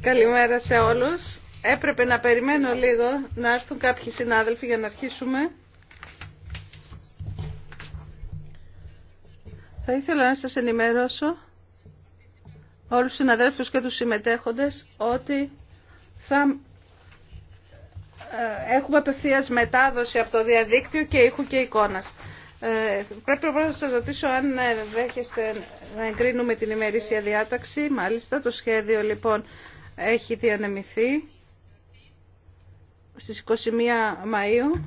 Καλημέρα σε όλους. Έπρεπε να περιμένω λίγο να έρθουν κάποιοι συνάδελφοι για να αρχίσουμε. Θα ήθελα να σας ενημερώσω όλους τους συναδέλφους και τους συμμετέχοντες ότι θα ε, έχουμε απευθείας μετάδοση από το διαδίκτυο και ήχου και εικόνας. Πρέπει πρέπει να σας ρωτήσω αν ε, δέχεστε να εγκρίνουμε την ημερήσια διάταξη. Μάλιστα, το σχέδιο λοιπόν έχει διανεμηθεί στις 21 Μαΐου.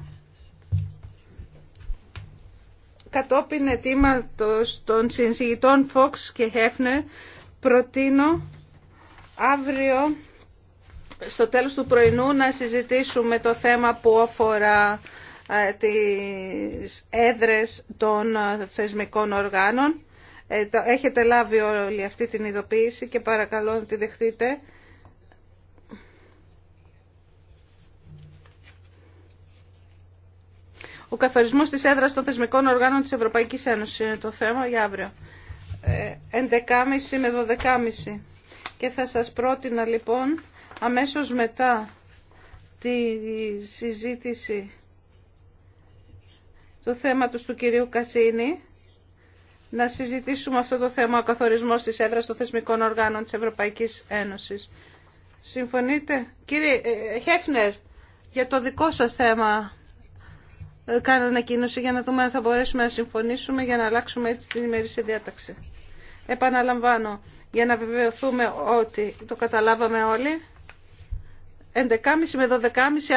Κατόπιν ετοίματος των συνσηγητών Φόξ και Χέφνερ προτείνω αύριο στο τέλος του πρωινού να συζητήσουμε το θέμα που αφορά ε, τις έδρες των ε, θεσμικών οργάνων. Ε, έχετε λάβει όλη αυτή την ειδοποίηση και παρακαλώ να τη δεχτείτε. Ο καθορισμός της έδρας των θεσμικών οργάνων της Ευρωπαϊκής Ένωσης είναι το θέμα για αύριο. 11.30 με 12.30. Και θα σας πρότεινα λοιπόν αμέσως μετά τη συζήτηση του θέματος του κυρίου Κασίνη να συζητήσουμε αυτό το θέμα ο καθορισμός της έδρας των θεσμικών οργάνων της Ευρωπαϊκής Ένωσης. Συμφωνείτε. Κύριε ε, ε, Χέφνερ, για το δικό σας θέμα ε, κάνω ανακοίνωση για να δούμε αν θα μπορέσουμε να συμφωνήσουμε για να αλλάξουμε έτσι την ημερήσια διάταξη. Επαναλαμβάνω, για να βεβαιωθούμε ότι το καταλάβαμε όλοι, 11.30 με 12.30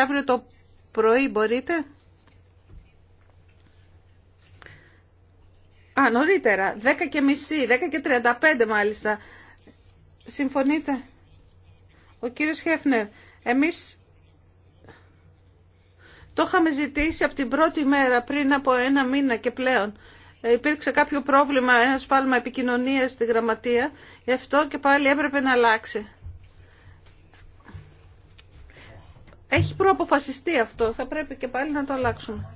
αύριο το πρωί μπορείτε. Α, νωρίτερα, 10 και μισή, 10 και 35 μάλιστα. Συμφωνείτε. Ο κύριος Χέφνερ, εμείς το είχαμε ζητήσει από την πρώτη μέρα πριν από ένα μήνα και πλέον. Ε, υπήρξε κάποιο πρόβλημα, ένα σπάλμα επικοινωνίας στη γραμματεία, γι' αυτό και πάλι έπρεπε να αλλάξει. Έχει προαποφασιστεί αυτό, θα πρέπει και πάλι να το αλλάξουμε.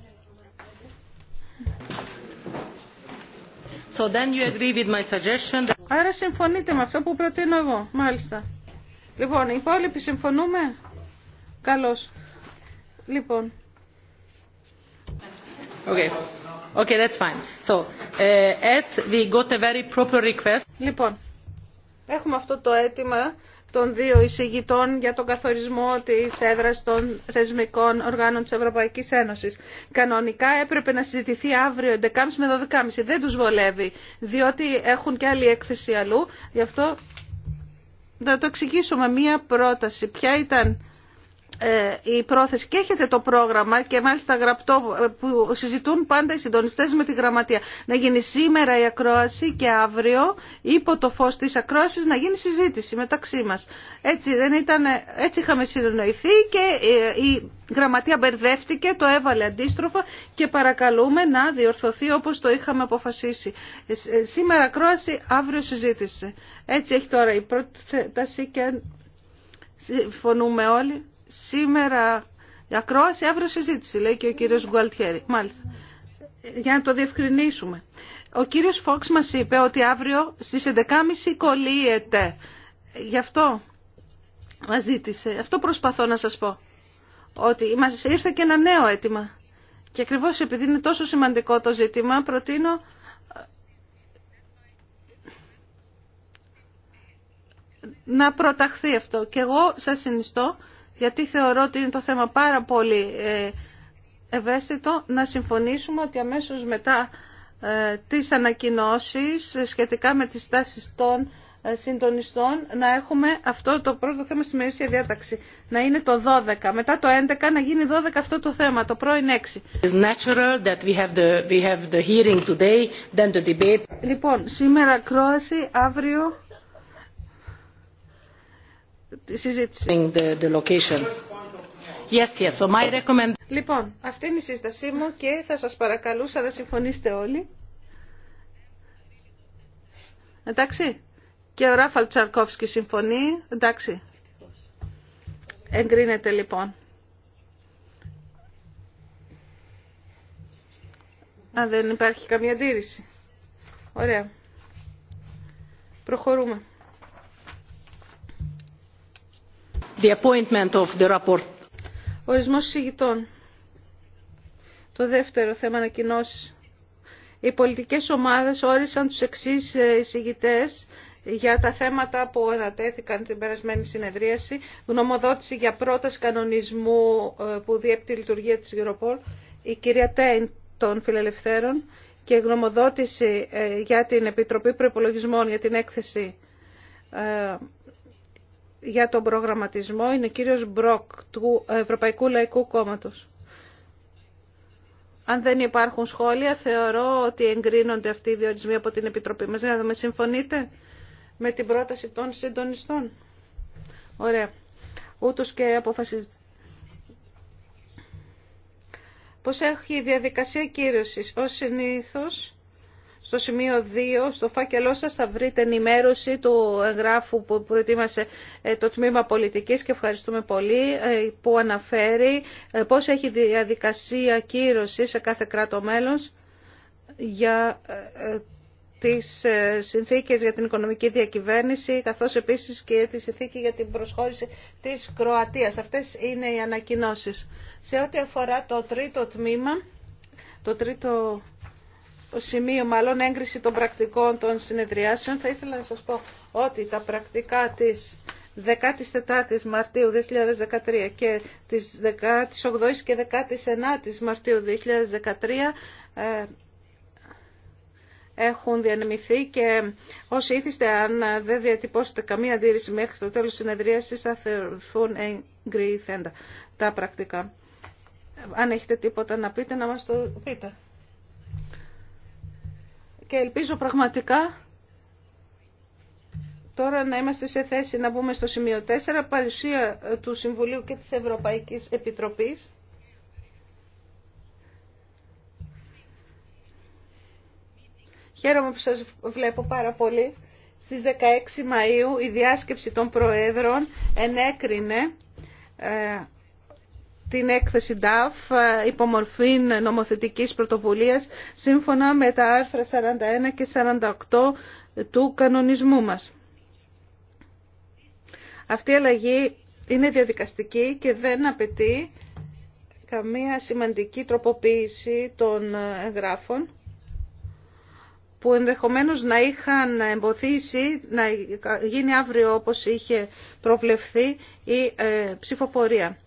So then you agree with my suggestion that... Άρα συμφωνείτε με αυτό που προτείνω εγώ, μάλιστα. Λοιπόν, οι υπόλοιποι συμφωνούμε. Καλώς. Λοιπόν. Okay. Okay, that's fine. So, uh, as we got a very proper request... Λοιπόν, έχουμε αυτό το αίτημα των δύο εισηγητών για τον καθορισμό της έδρας των θεσμικών οργάνων της Ευρωπαϊκής Ένωσης. Κανονικά έπρεπε να συζητηθεί αύριο 11.30 με 12.30. Δεν τους βολεύει, διότι έχουν και άλλη έκθεση αλλού. Γι' αυτό θα το εξηγήσουμε μία πρόταση. Ποια ήταν ε, η πρόθεση και έχετε το πρόγραμμα και μάλιστα γραπτό ε, που συζητούν πάντα οι συντονιστές με τη γραμματεία να γίνει σήμερα η ακρόαση και αύριο υπό το φως της ακρόασης να γίνει συζήτηση μεταξύ μας. Έτσι, δεν ήταν, έτσι είχαμε συνεννοηθεί και ε, η γραμματεία μπερδεύτηκε, το έβαλε αντίστροφα και παρακαλούμε να διορθωθεί όπως το είχαμε αποφασίσει. Σήμερα ακρόαση, αύριο συζήτηση. Έτσι έχει τώρα η πρόταση και συμφωνούμε όλοι σήμερα η ακρόαση, αύριο συζήτηση, λέει και ο κύριος Γκουαλτιέρη. Μάλιστα. Για να το διευκρινίσουμε. Ο κύριος Φόξ μας είπε ότι αύριο στις 11.30 κολλείεται. Γι' αυτό μας ζήτησε. Αυτό προσπαθώ να σας πω. Ότι μας ήρθε και ένα νέο αίτημα. Και ακριβώς επειδή είναι τόσο σημαντικό το ζήτημα, προτείνω ε, να προταχθεί αυτό. Και εγώ σας συνιστώ γιατί θεωρώ ότι είναι το θέμα πάρα πολύ ε, ευαίσθητο, να συμφωνήσουμε ότι αμέσως μετά ε, τις ανακοινώσεις σχετικά με τις τάσεις των ε, συντονιστών να έχουμε αυτό το πρώτο θέμα στη μερίσια διάταξη. Να είναι το 12. Μετά το 11 να γίνει 12 αυτό το θέμα, το πρώην 6. Λοιπόν, σήμερα κρόαση, αύριο Yes, yes. So my Λοιπόν, αυτή είναι η σύστασή μου και θα σας παρακαλούσα να συμφωνήσετε όλοι. Εντάξει. Και ο Ράφαλ Τσαρκόφσκι συμφωνεί. Εντάξει. Εγκρίνεται λοιπόν. Αν δεν υπάρχει καμία αντίρρηση. Ωραία. Προχωρούμε. Το δεύτερο θέμα ανακοινώσει. Οι πολιτικές ομάδες όρισαν τους εξής ε, εισηγητές για τα θέματα που ανατέθηκαν την περασμένη συνεδρίαση. Γνωμοδότηση για πρόταση κανονισμού ε, που διέπει τη λειτουργία της Europol. Η κυρία Τέιν των Φιλελευθέρων και γνωμοδότηση ε, για την Επιτροπή Προπολογισμών για την έκθεση για τον προγραμματισμό είναι ο κύριος Μπροκ του Ευρωπαϊκού Λαϊκού Κόμματος. Αν δεν υπάρχουν σχόλια, θεωρώ ότι εγκρίνονται αυτοί οι διορισμοί από την Επιτροπή μας. Για να με συμφωνείτε με την πρόταση των συντονιστών. Ωραία. Ούτως και αποφασίζεται. Πώς έχει η διαδικασία κύρωσης. Ως συνήθως στο σημείο 2, στο φάκελό σας θα βρείτε ενημέρωση του εγγράφου που προετοίμασε ε, το Τμήμα Πολιτικής και ευχαριστούμε πολύ ε, που αναφέρει ε, πώς έχει διαδικασία κύρωση σε κάθε κράτο μέλος για τις συνθήκες για την οικονομική διακυβέρνηση, καθώς επίσης και τη συνθήκη για την προσχώρηση της Κροατίας. Αυτές είναι οι ανακοινώσεις. Σε ό,τι αφορά το τρίτο τμήμα, το τρίτο σημείο μάλλον έγκριση των πρακτικών των συνεδριάσεων, θα ήθελα να σας πω ότι τα πρακτικά της 14ης Μαρτίου 2013 και της 18ης και 19ης Μαρτίου 2013 ε, έχουν διανεμηθεί και όσοι ήθιστε αν δεν διατυπώσετε καμία αντίρρηση μέχρι το τέλος της συνεδρίασης θα θεωρηθούν εγκριθέντα τα πρακτικά. Αν έχετε τίποτα να πείτε να μας το πείτε και ελπίζω πραγματικά τώρα να είμαστε σε θέση να μπούμε στο σημείο 4, παρουσία του Συμβουλίου και της Ευρωπαϊκής Επιτροπής. Χαίρομαι που σας βλέπω πάρα πολύ. Στις 16 Μαΐου η διάσκεψη των Προέδρων ενέκρινε ε, την έκθεση DAF ε, υπομορφή νομοθετικής πρωτοβουλίας σύμφωνα με τα άρθρα 41 και 48 του κανονισμού μας. Αυτή η αλλαγή είναι διαδικαστική και δεν απαιτεί καμία σημαντική τροποποίηση των εγγράφων που ενδεχομένως να είχαν εμποθήσει να γίνει αύριο όπως είχε προβλεφθεί η ε, ψηφοφορία.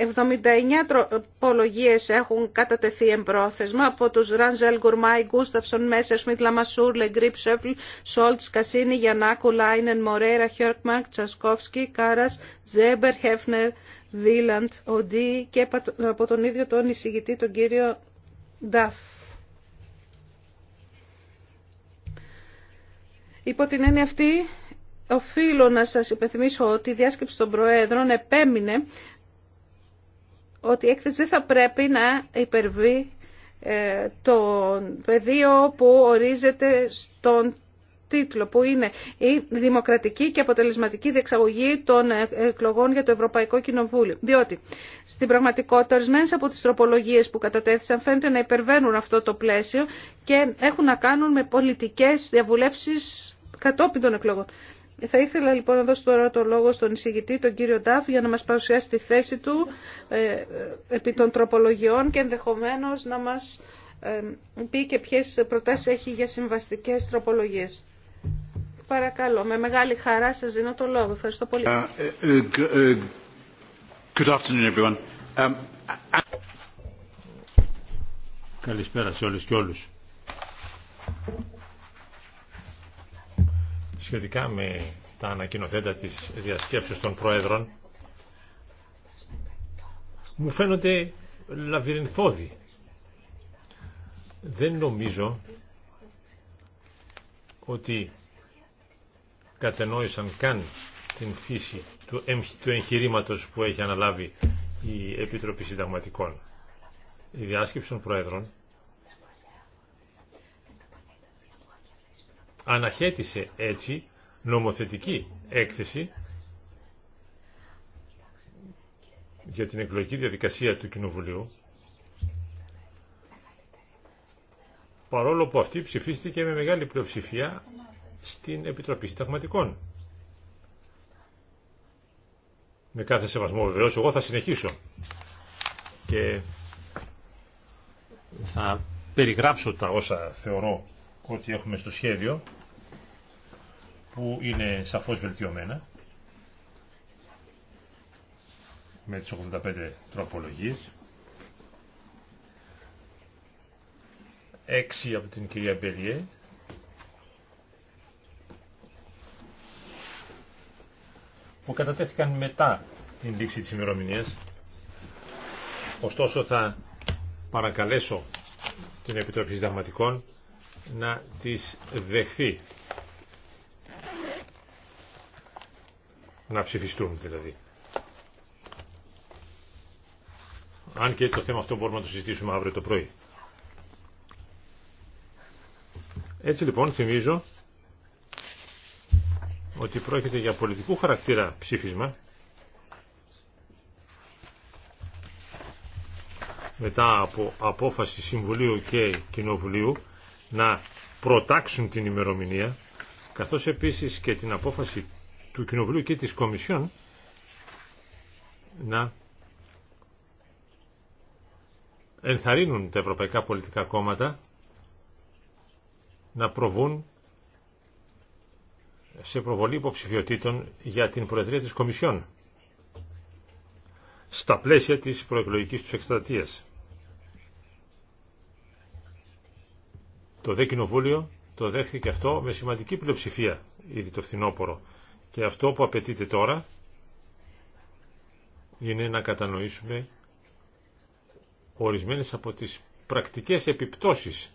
79 τροπολογίες έχουν κατατεθεί εμπρόθεσμα από τους Ρανζέλ Γκουρμάη, Γκούσταυσον, Μέσερ, Σμιτ, Λαμασούρ, Λεγκρίπ, Σόπλ, Σόλτς, Κασίνη, Γιαννάκου, Λάινεν, Μορέρα, Χιόρκμαρκ, Τσασκόφσκι, Κάρας, Ζέμπερ, Χέφνερ, Βίλαντ, Οντί και από τον ίδιο τον εισηγητή τον κύριο Νταφ. Υπό την έννοια αυτή, οφείλω να σας υπενθυμίσω ότι η διάσκεψη των Προέδρων επέμεινε ότι η έκθεση δεν θα πρέπει να υπερβεί ε, το πεδίο που ορίζεται στον τίτλο που είναι η δημοκρατική και αποτελεσματική διεξαγωγή των ε, εκλογών για το Ευρωπαϊκό Κοινοβούλιο. Διότι στην πραγματικότητα ορισμένε από τι τροπολογίε που κατατέθησαν φαίνεται να υπερβαίνουν αυτό το πλαίσιο και έχουν να κάνουν με πολιτικέ διαβουλεύσει κατόπιν των εκλογών. Θα ήθελα λοιπόν να δώσω τώρα το λόγο στον εισηγητή, τον κύριο Ντάφ, για να μας παρουσιάσει τη θέση του ε, ε, επί των τροπολογιών και ενδεχομένως να μας ε, πει και ποιες προτάσεις έχει για συμβαστικές τροπολογίες. Παρακαλώ, με μεγάλη χαρά σας δίνω το λόγο. Ευχαριστώ πολύ. Um, Καλησπέρα σε όλες και όλους σχετικά με τα ανακοινοθέντα της διασκέψης των Προέδρων μου φαίνονται λαβυρινθώδη. Δεν νομίζω ότι κατενόησαν καν την φύση του εγχειρήματος που έχει αναλάβει η Επιτροπή Συνταγματικών. Η διάσκεψη των Προέδρων αναχέτησε έτσι νομοθετική έκθεση για την εκλογική διαδικασία του Κοινοβουλίου παρόλο που αυτή ψηφίστηκε με μεγάλη πλειοψηφία στην Επιτροπή Συνταγματικών. Με κάθε σεβασμό βεβαίω, εγώ θα συνεχίσω και θα περιγράψω τα όσα θεωρώ ότι έχουμε στο σχέδιο που είναι σαφώς βελτιωμένα με τις 85 τροπολογίες. Έξι από την κυρία Μπελιέ. που κατατέθηκαν μετά την λήξη της ημερομηνία. Ωστόσο θα παρακαλέσω την Επιτροπή Συνταγματικών να τις δεχθεί. Να ψηφιστούν δηλαδή. Αν και το θέμα αυτό μπορούμε να το συζητήσουμε αύριο το πρωί. Έτσι λοιπόν θυμίζω ότι πρόκειται για πολιτικού χαρακτήρα ψήφισμα μετά από απόφαση Συμβουλίου και Κοινοβουλίου να προτάξουν την ημερομηνία, καθώς επίσης και την απόφαση του Κοινοβουλίου και της Κομισιόν να ενθαρρύνουν τα ευρωπαϊκά πολιτικά κόμματα να προβούν σε προβολή υποψηφιωτήτων για την Προεδρία της Κομισιόν στα πλαίσια της προεκλογικής τους εκστρατείας. Το δε κοινοβούλιο το δέχθηκε αυτό με σημαντική πλειοψηφία ήδη το φθινόπωρο. Και αυτό που απαιτείται τώρα είναι να κατανοήσουμε ορισμένες από τις πρακτικές επιπτώσεις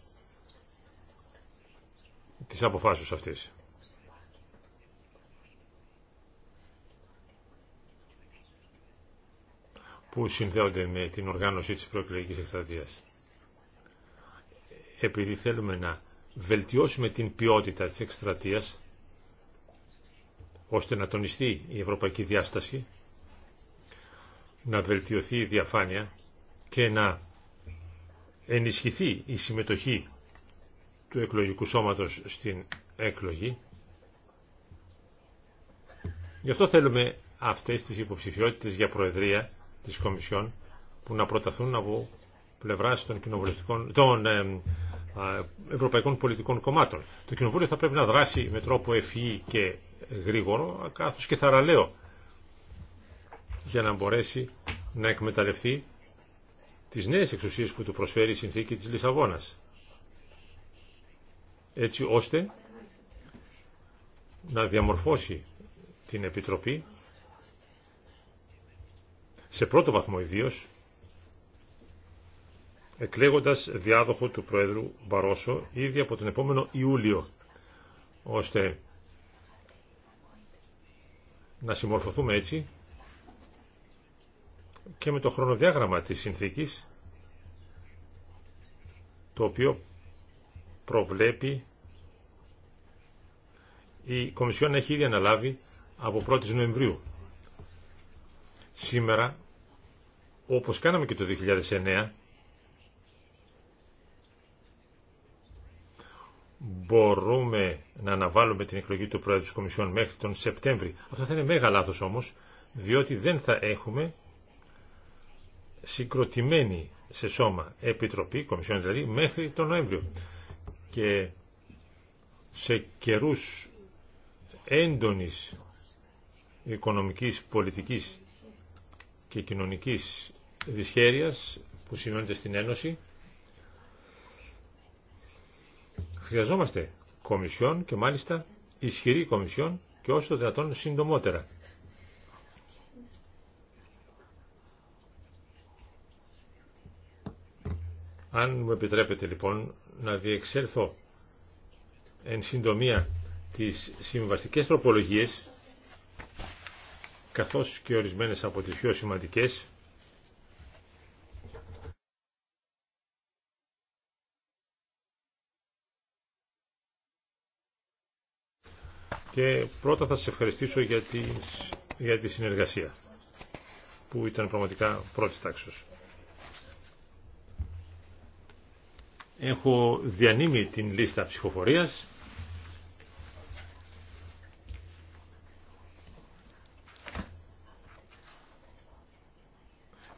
της αποφάσεως αυτής. που συνδέονται με την οργάνωση της προεκλογικής εκστρατείας επειδή θέλουμε να βελτιώσουμε την ποιότητα της εκστρατείας ώστε να τονιστεί η ευρωπαϊκή διάσταση, να βελτιωθεί η διαφάνεια και να ενισχυθεί η συμμετοχή του εκλογικού σώματος στην εκλογή. Γι' αυτό θέλουμε αυτές τις υποψηφιότητες για Προεδρία της Κομισιόν που να προταθούν από πλευράς των, των ευρωπαϊκών πολιτικών κομμάτων. Το Κοινοβούλιο θα πρέπει να δράσει με τρόπο ευφυή και γρήγορο, καθώς και θαραλέο, για να μπορέσει να εκμεταλλευτεί τις νέες εξουσίες που του προσφέρει η συνθήκη της Λισαβόνας. Έτσι ώστε να διαμορφώσει την Επιτροπή σε πρώτο βαθμό ιδίως εκλέγοντας διάδοχο του Πρόεδρου Μπαρόσο ήδη από τον επόμενο Ιούλιο, ώστε να συμμορφωθούμε έτσι και με το χρονοδιάγραμμα της συνθήκης, το οποίο προβλέπει η Κομισιόν έχει ήδη αναλάβει από 1η Νοεμβρίου. Σήμερα, όπως κάναμε και το 2009, μπορούμε να αναβάλουμε την εκλογή του Πρόεδρου της Κομισιόν μέχρι τον Σεπτέμβρη. Αυτό θα είναι μεγάλο λάθος όμως, διότι δεν θα έχουμε συγκροτημένη σε σώμα επιτροπή, Κομισιόν δηλαδή, μέχρι τον Νοέμβριο. Και σε καιρούς έντονης οικονομικής, πολιτικής και κοινωνικής δυσχέρειας που σημειώνεται στην Ένωση, Χρειαζόμαστε κομισιόν και μάλιστα ισχυρή κομισιόν και όσο δυνατόν συντομότερα. Αν μου επιτρέπετε λοιπόν να διεξέλθω εν συντομία τις συμβαστικές τροπολογίες καθώς και ορισμένες από τις πιο σημαντικές και πρώτα θα σας ευχαριστήσω για, τη συνεργασία που ήταν πραγματικά πρώτη τάξης. Έχω διανύμει την λίστα ψυχοφορίας.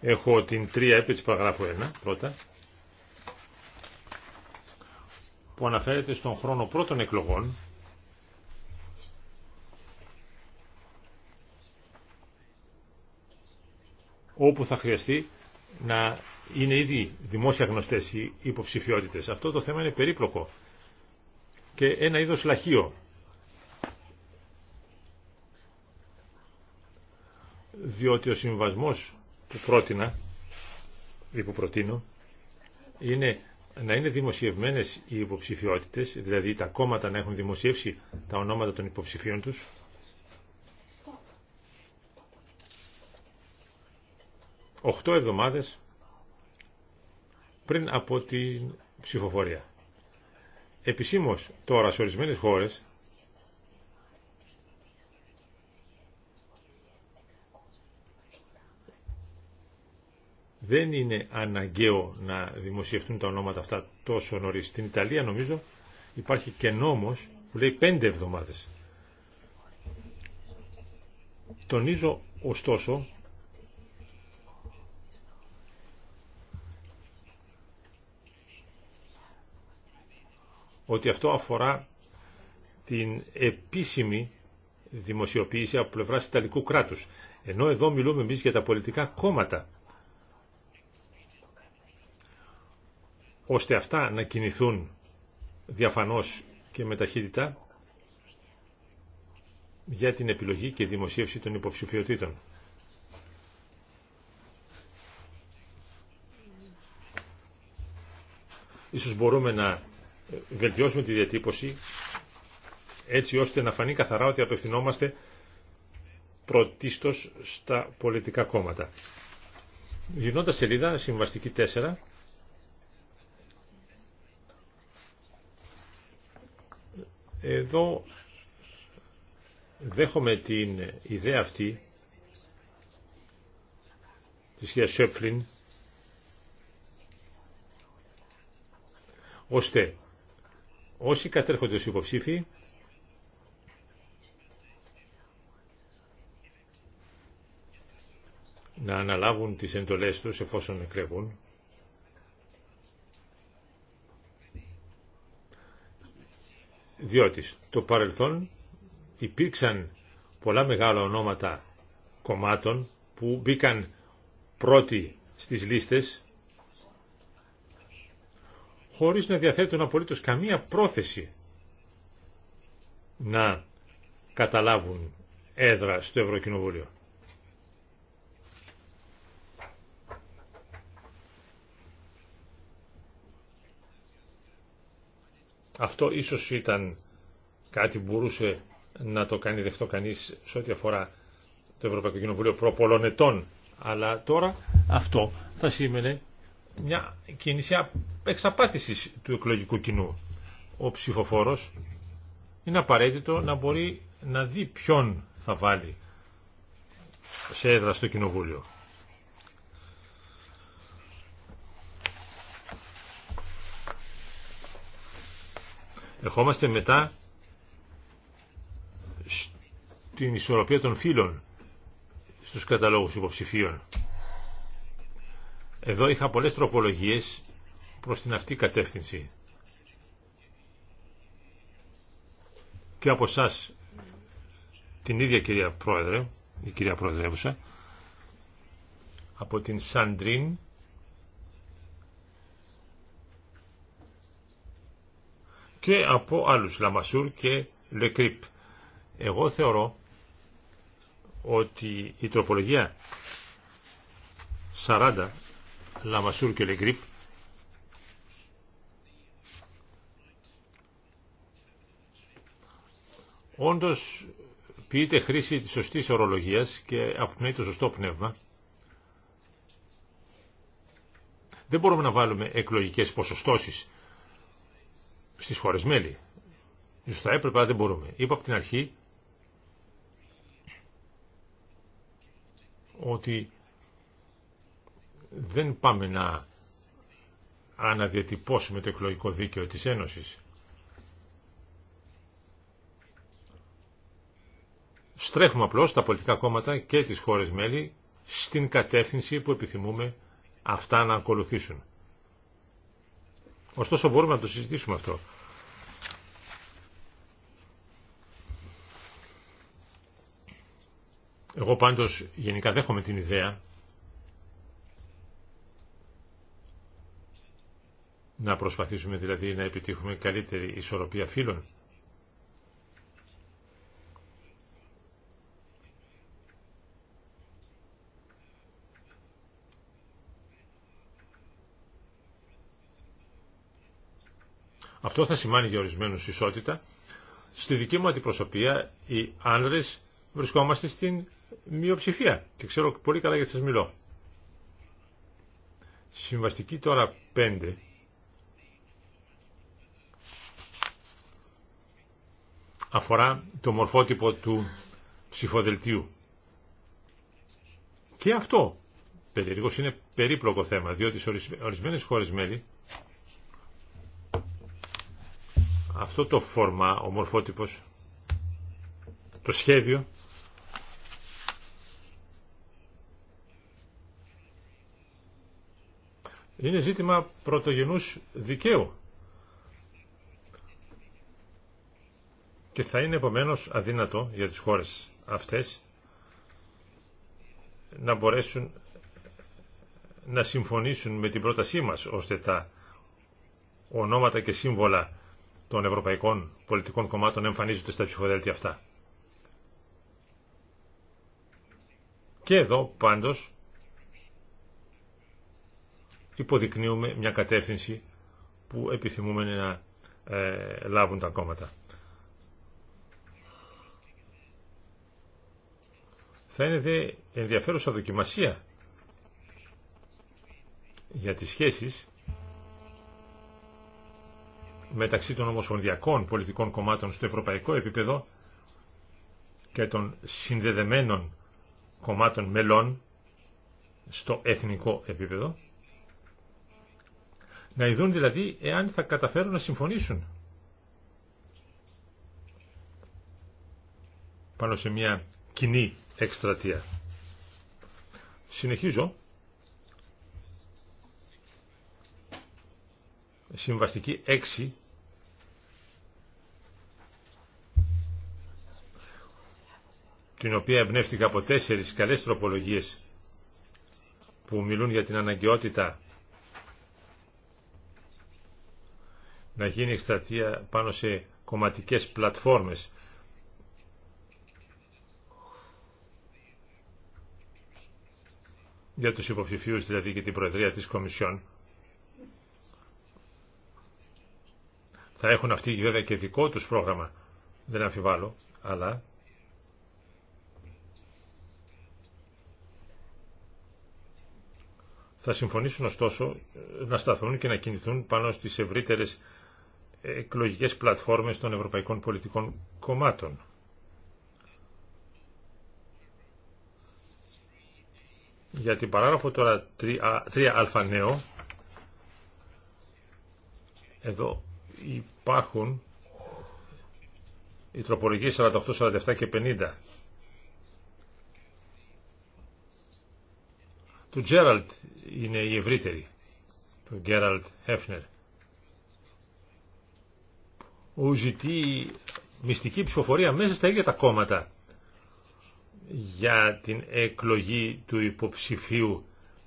Έχω την 3 έπειτα της παραγράφου 1 πρώτα που αναφέρεται στον χρόνο πρώτων εκλογών όπου θα χρειαστεί να είναι ήδη δημόσια γνωστές οι υποψηφιότητες. Αυτό το θέμα είναι περίπλοκο και ένα είδος λαχείο. Διότι ο συμβασμός που πρότεινα ή που προτείνω είναι να είναι δημοσιευμένες οι υποψηφιότητες, δηλαδή τα κόμματα να έχουν δημοσιεύσει τα ονόματα των υποψηφίων τους 8 εβδομάδες πριν από την ψηφοφορία. Επισήμως τώρα σε ορισμένες χώρες δεν είναι αναγκαίο να δημοσιευτούν τα ονόματα αυτά τόσο νωρίς. Στην Ιταλία νομίζω υπάρχει και νόμος που λέει πέντε εβδομάδες. Τονίζω ωστόσο ότι αυτό αφορά την επίσημη δημοσιοποίηση από πλευρά Ιταλικού κράτου. Ενώ εδώ μιλούμε εμεί για τα πολιτικά κόμματα. ώστε αυτά να κινηθούν διαφανώς και με ταχύτητα για την επιλογή και δημοσίευση των υποψηφιωτήτων. Ίσως μπορούμε να βελτιώσουμε τη διατύπωση έτσι ώστε να φανεί καθαρά ότι απευθυνόμαστε πρωτίστως στα πολιτικά κόμματα. Γυρνώντας σελίδα, συμβαστική 4, εδώ δέχομαι την ιδέα αυτή της κυρία Σέπφλιν ώστε όσοι κατέρχονται ως υποψήφοι να αναλάβουν τις εντολές τους εφόσον εκλεγούν διότι στο παρελθόν υπήρξαν πολλά μεγάλα ονόματα κομμάτων που μπήκαν πρώτοι στις λίστες χωρίς να διαθέτουν απολύτως καμία πρόθεση να καταλάβουν έδρα στο Ευρωκοινοβούλιο. Αυτό ίσως ήταν κάτι που μπορούσε να το κάνει δεχτό κανείς σε ό,τι αφορά το Ευρωπαϊκό Κοινοβούλιο προ ετών. Αλλά τώρα αυτό θα σήμαινε μια κίνηση εξαπάτηση του εκλογικού κοινού. Ο ψηφοφόρο είναι απαραίτητο να μπορεί να δει ποιον θα βάλει σε έδρα στο κοινοβούλιο. Ερχόμαστε μετά στην ισορροπία των φύλων στους καταλόγους υποψηφίων. Εδώ είχα πολλές τροπολογίες προς την αυτή κατεύθυνση. Και από εσά την ίδια κυρία Πρόεδρε, η κυρία Προεδρεύουσα, από την Σαντρίν, και από άλλους, Λαμασούρ και Λεκρύπ. Εγώ θεωρώ ότι η τροπολογία 40 Λαμασούρ και Λεγκρίπ όντως ποιείται χρήση της σωστής ορολογίας και αποπνέει το σωστό πνεύμα. Δεν μπορούμε να βάλουμε εκλογικές ποσοστώσεις στις χώρες μέλη. Ίσως θα έπρεπε, αλλά δεν μπορούμε. Είπα από την αρχή ότι δεν πάμε να αναδιατυπώσουμε το εκλογικό δίκαιο της Ένωσης. Στρέφουμε απλώς τα πολιτικά κόμματα και τις χώρες μέλη στην κατεύθυνση που επιθυμούμε αυτά να ακολουθήσουν. Ωστόσο μπορούμε να το συζητήσουμε αυτό. Εγώ πάντως γενικά δέχομαι την ιδέα Να προσπαθήσουμε δηλαδή να επιτύχουμε καλύτερη ισορροπία φύλων. Αυτό θα σημάνει για ορισμένου ισότητα. Στη δική μου αντιπροσωπεία οι άνδρες βρισκόμαστε στην μειοψηφία και ξέρω πολύ καλά γιατί σα μιλώ. Συμβαστική τώρα 5 αφορά το μορφότυπο του ψηφοδελτίου. Και αυτό περίεργο είναι περίπλοκο θέμα, διότι σε ορισμένες χώρες μέλη αυτό το φόρμα, ο μορφότυπος, το σχέδιο είναι ζήτημα πρωτογενούς δικαίου. και θα είναι επομένως αδύνατο για τις χώρες αυτές να μπορέσουν να συμφωνήσουν με την πρότασή μας ώστε τα ονόματα και σύμβολα των ευρωπαϊκών πολιτικών κομμάτων εμφανίζονται στα ψηφοδέλτια αυτά. Και εδώ πάντως υποδεικνύουμε μια κατεύθυνση που επιθυμούμε να ε, λάβουν τα κόμματα. Θα είναι δε ενδιαφέρουσα δοκιμασία για τις σχέσεις μεταξύ των ομοσπονδιακών πολιτικών κομμάτων στο ευρωπαϊκό επίπεδο και των συνδεδεμένων κομμάτων μελών στο εθνικό επίπεδο να ειδούν δηλαδή εάν θα καταφέρουν να συμφωνήσουν πάνω σε μια κοινή εκστρατεία. Συνεχίζω. Συμβαστική 6 την οποία εμπνεύστηκα από τέσσερις καλές τροπολογίες που μιλούν για την αναγκαιότητα να γίνει εκστρατεία πάνω σε κομματικές πλατφόρμες για τους υποψηφίους δηλαδή και την Προεδρία της Κομισιόν. Θα έχουν αυτοί βέβαια και δικό τους πρόγραμμα, δεν αμφιβάλλω, αλλά θα συμφωνήσουν ωστόσο ε, να σταθούν και να κινηθούν πάνω στις ευρύτερες εκλογικές πλατφόρμες των ευρωπαϊκών πολιτικών κομμάτων. Για την παράγραφο τώρα 3α νέο, εδώ υπάρχουν οι τροπολογίες 48, 47 και 50 του Τζέραλτ είναι η ευρύτερη του Γκέραλτ Χέφνερ που μυστική ψηφοφορία μέσα στα ίδια τα κόμματα για την εκλογή του υποψηφίου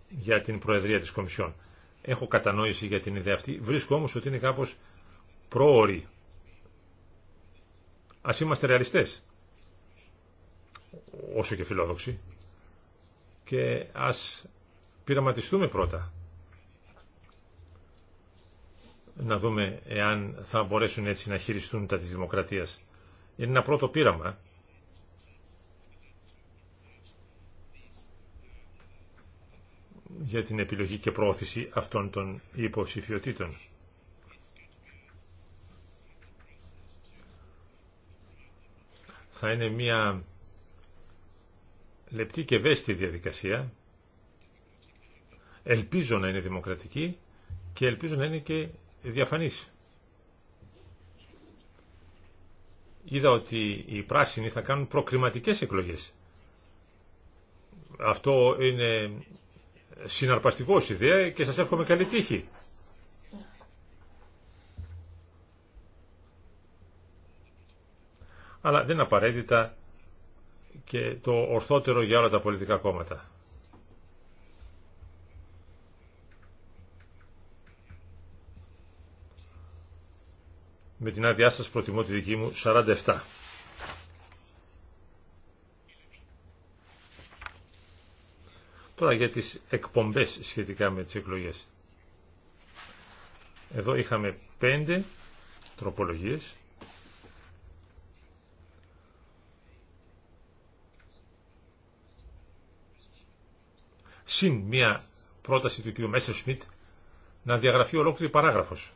για την Προεδρία της Κομισιόν. Έχω κατανόηση για την ιδέα αυτή. Βρίσκω όμως ότι είναι κάπως πρόορη. Ας είμαστε ρεαλιστές, όσο και φιλόδοξοι, και ας πειραματιστούμε πρώτα. Να δούμε εάν θα μπορέσουν έτσι να χειριστούν τα της δημοκρατίας. Είναι ένα πρώτο πείραμα για την επιλογή και πρόθεση αυτών των υποψηφιωτήτων. Θα είναι μια λεπτή και βέστη διαδικασία. Ελπίζω να είναι δημοκρατική και ελπίζω να είναι και διαφανής. Είδα ότι οι πράσινοι θα κάνουν προκριματικές εκλογές. Αυτό είναι συναρπαστικός ιδέα και σας εύχομαι καλή τύχη. Αλλά δεν απαραίτητα και το ορθότερο για όλα τα πολιτικά κόμματα. Με την άδειά σας προτιμώ τη δική μου 47. Τώρα για τις εκπομπές σχετικά με τις εκλογές. Εδώ είχαμε πέντε τροπολογίες. Συν μία πρόταση του κ. Μέσσερ Σμιτ να διαγραφεί ολόκληρη παράγραφος.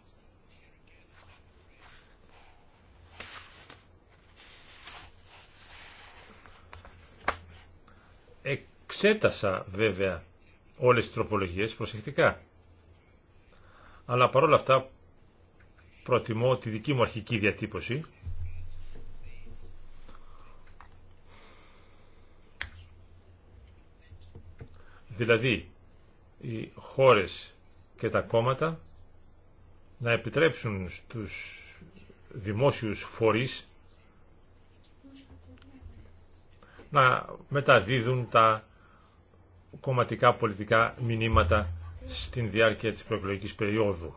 Ξέτασα βέβαια όλες τις τροπολογίες προσεκτικά. Αλλά παρόλα αυτά προτιμώ τη δική μου αρχική διατύπωση δηλαδή οι χώρες και τα κόμματα να επιτρέψουν στους δημόσιους φορείς να μεταδίδουν τα κομματικά πολιτικά μηνύματα στην διάρκεια της προεκλογικής περίοδου.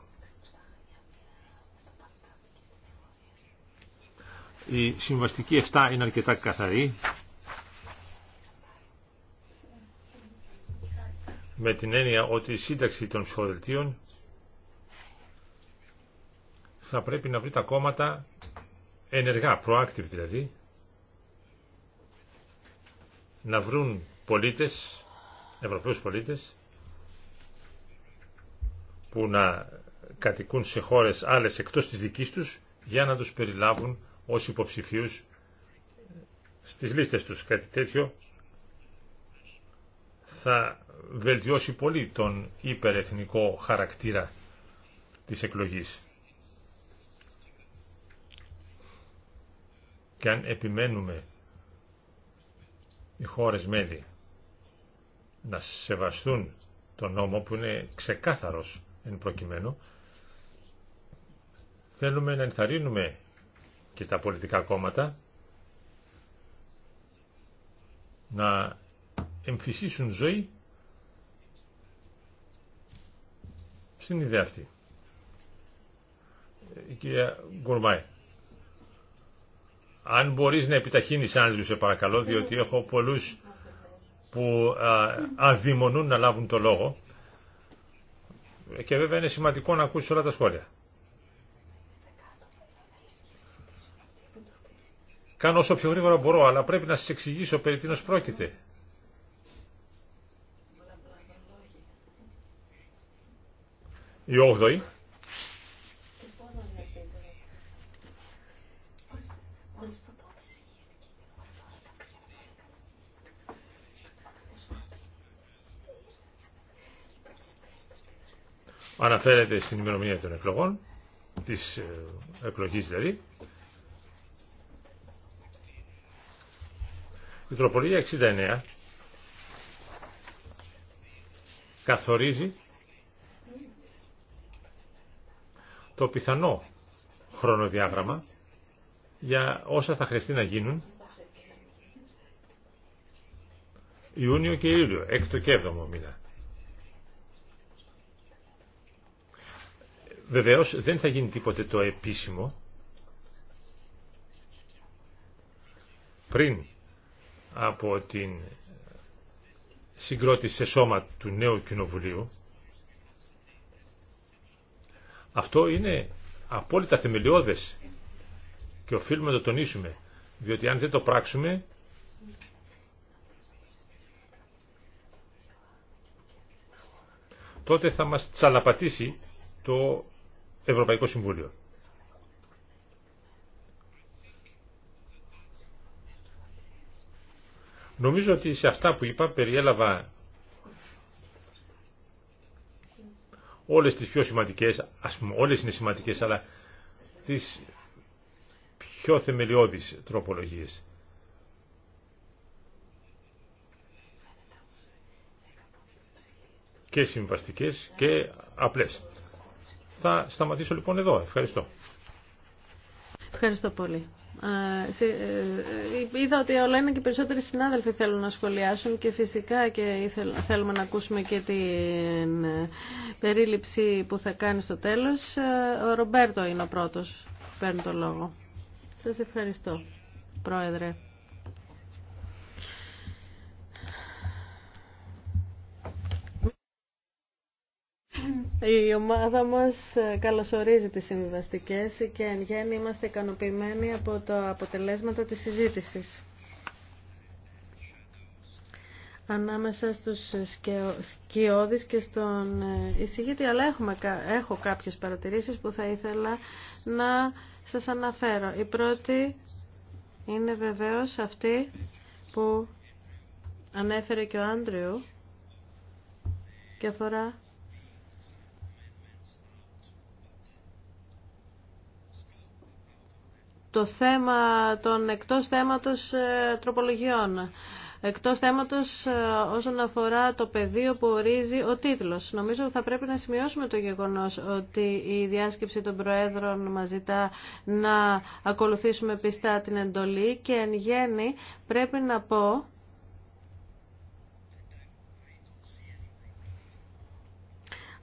Η συμβαστική 7 είναι αρκετά καθαρή. με την έννοια ότι η σύνταξη των ψηφοδελτίων θα πρέπει να βρει τα κόμματα ενεργά, proactive δηλαδή, να βρουν πολίτες Ευρωπαίους πολίτες που να κατοικούν σε χώρες άλλες εκτός της δικής τους για να τους περιλάβουν ως υποψηφίους στις λίστες τους. Κάτι τέτοιο θα βελτιώσει πολύ τον υπερεθνικό χαρακτήρα της εκλογής. Και αν επιμένουμε οι χώρες μέλη να σεβαστούν τον νόμο που είναι ξεκάθαρος εν προκειμένου. Θέλουμε να ενθαρρύνουμε και τα πολιτικά κόμματα να εμφυσίσουν ζωή στην ιδέα αυτή. Ε, κυρία Γκουρμάη, αν μπορείς να επιταχύνεις Άντζου σε παρακαλώ, διότι έχω πολλούς που αδειμονούν να λάβουν το λόγο και βέβαια είναι σημαντικό να ακούσει όλα τα σχόλια. Κάνω όσο πιο γρήγορα μπορώ, αλλά πρέπει να σα εξηγήσω περί τίνο πρόκειται. Η 8η αναφέρεται στην ημερομηνία των εκλογών, της ε, εκλογής δηλαδή. Η τροπολογία 69 καθορίζει το πιθανό χρονοδιάγραμμα για όσα θα χρειαστεί να γίνουν Ιούνιο και Ιούλιο, έκτο και έβδομο μήνα. Βεβαίως δεν θα γίνει τίποτε το επίσημο πριν από την συγκρότηση σε σώμα του νέου κοινοβουλίου. Αυτό είναι απόλυτα θεμελιώδες και οφείλουμε να το τονίσουμε, διότι αν δεν το πράξουμε τότε θα μας τσαλαπατήσει το Ευρωπαϊκό Συμβούλιο. Νομίζω ότι σε αυτά που είπα περιέλαβα όλες τις πιο σημαντικές, ας πούμε όλες είναι σημαντικές, αλλά τις πιο θεμελιώδεις τροπολογίες. Και συμβαστικές και απλές. Θα σταματήσω λοιπόν εδώ. Ευχαριστώ. Ευχαριστώ πολύ. Ε, ε, είδα ότι όλα είναι και περισσότεροι συνάδελφοι θέλουν να σχολιάσουν και φυσικά και θέλουμε να ακούσουμε και την ε, περίληψη που θα κάνει στο τέλος. Ο Ρομπέρτο είναι ο πρώτος που παίρνει το λόγο. Σας ευχαριστώ, Πρόεδρε. Η ομάδα μας ε, καλωσορίζει τις συμβιβαστικές και εν γέννη είμαστε ικανοποιημένοι από τα αποτελέσματα της συζήτησης. Ανάμεσα στους ε, σκιώδεις και στον ε, εισηγήτη, αλλά έχω κάποιες παρατηρήσεις που θα ήθελα να σας αναφέρω. Η πρώτη είναι βεβαίως αυτή που ανέφερε και ο Άντριου και αφορά το θέμα των εκτός θέματος ε, τροπολογιών. Εκτός θέματος ε, όσον αφορά το πεδίο που ορίζει ο τίτλος. Νομίζω θα πρέπει να σημειώσουμε το γεγονός ότι η διάσκεψη των Προέδρων μας ζητά να ακολουθήσουμε πιστά την εντολή και εν γέννη πρέπει να πω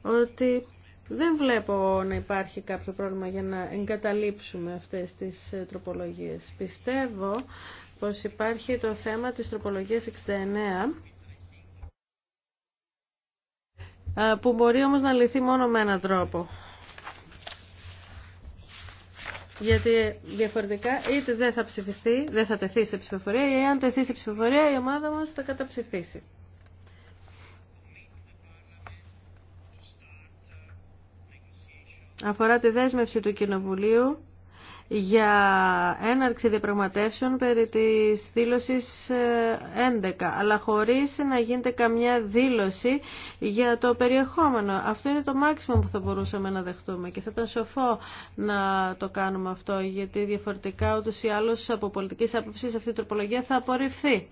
ότι δεν βλέπω να υπάρχει κάποιο πρόβλημα για να εγκαταλείψουμε αυτές τις ε, τροπολογίες. Πιστεύω πως υπάρχει το θέμα της τροπολογίας 69 ε, που μπορεί όμως να λυθεί μόνο με έναν τρόπο. Γιατί διαφορετικά είτε δεν θα ψηφιστεί, δεν θα τεθεί σε ψηφοφορία ή αν τεθεί σε ψηφοφορία η ομάδα μας θα καταψηφίσει. αφορά τη δέσμευση του Κοινοβουλίου για έναρξη διαπραγματεύσεων περί της δήλωσης 11, ε, αλλά χωρίς να γίνεται καμιά δήλωση για το περιεχόμενο. Αυτό είναι το μάξιμο που θα μπορούσαμε να δεχτούμε και θα ήταν σοφό να το κάνουμε αυτό, γιατί διαφορετικά ούτως ή άλλως από πολιτικής άποψης αυτή η τροπολογία θα απορριφθεί.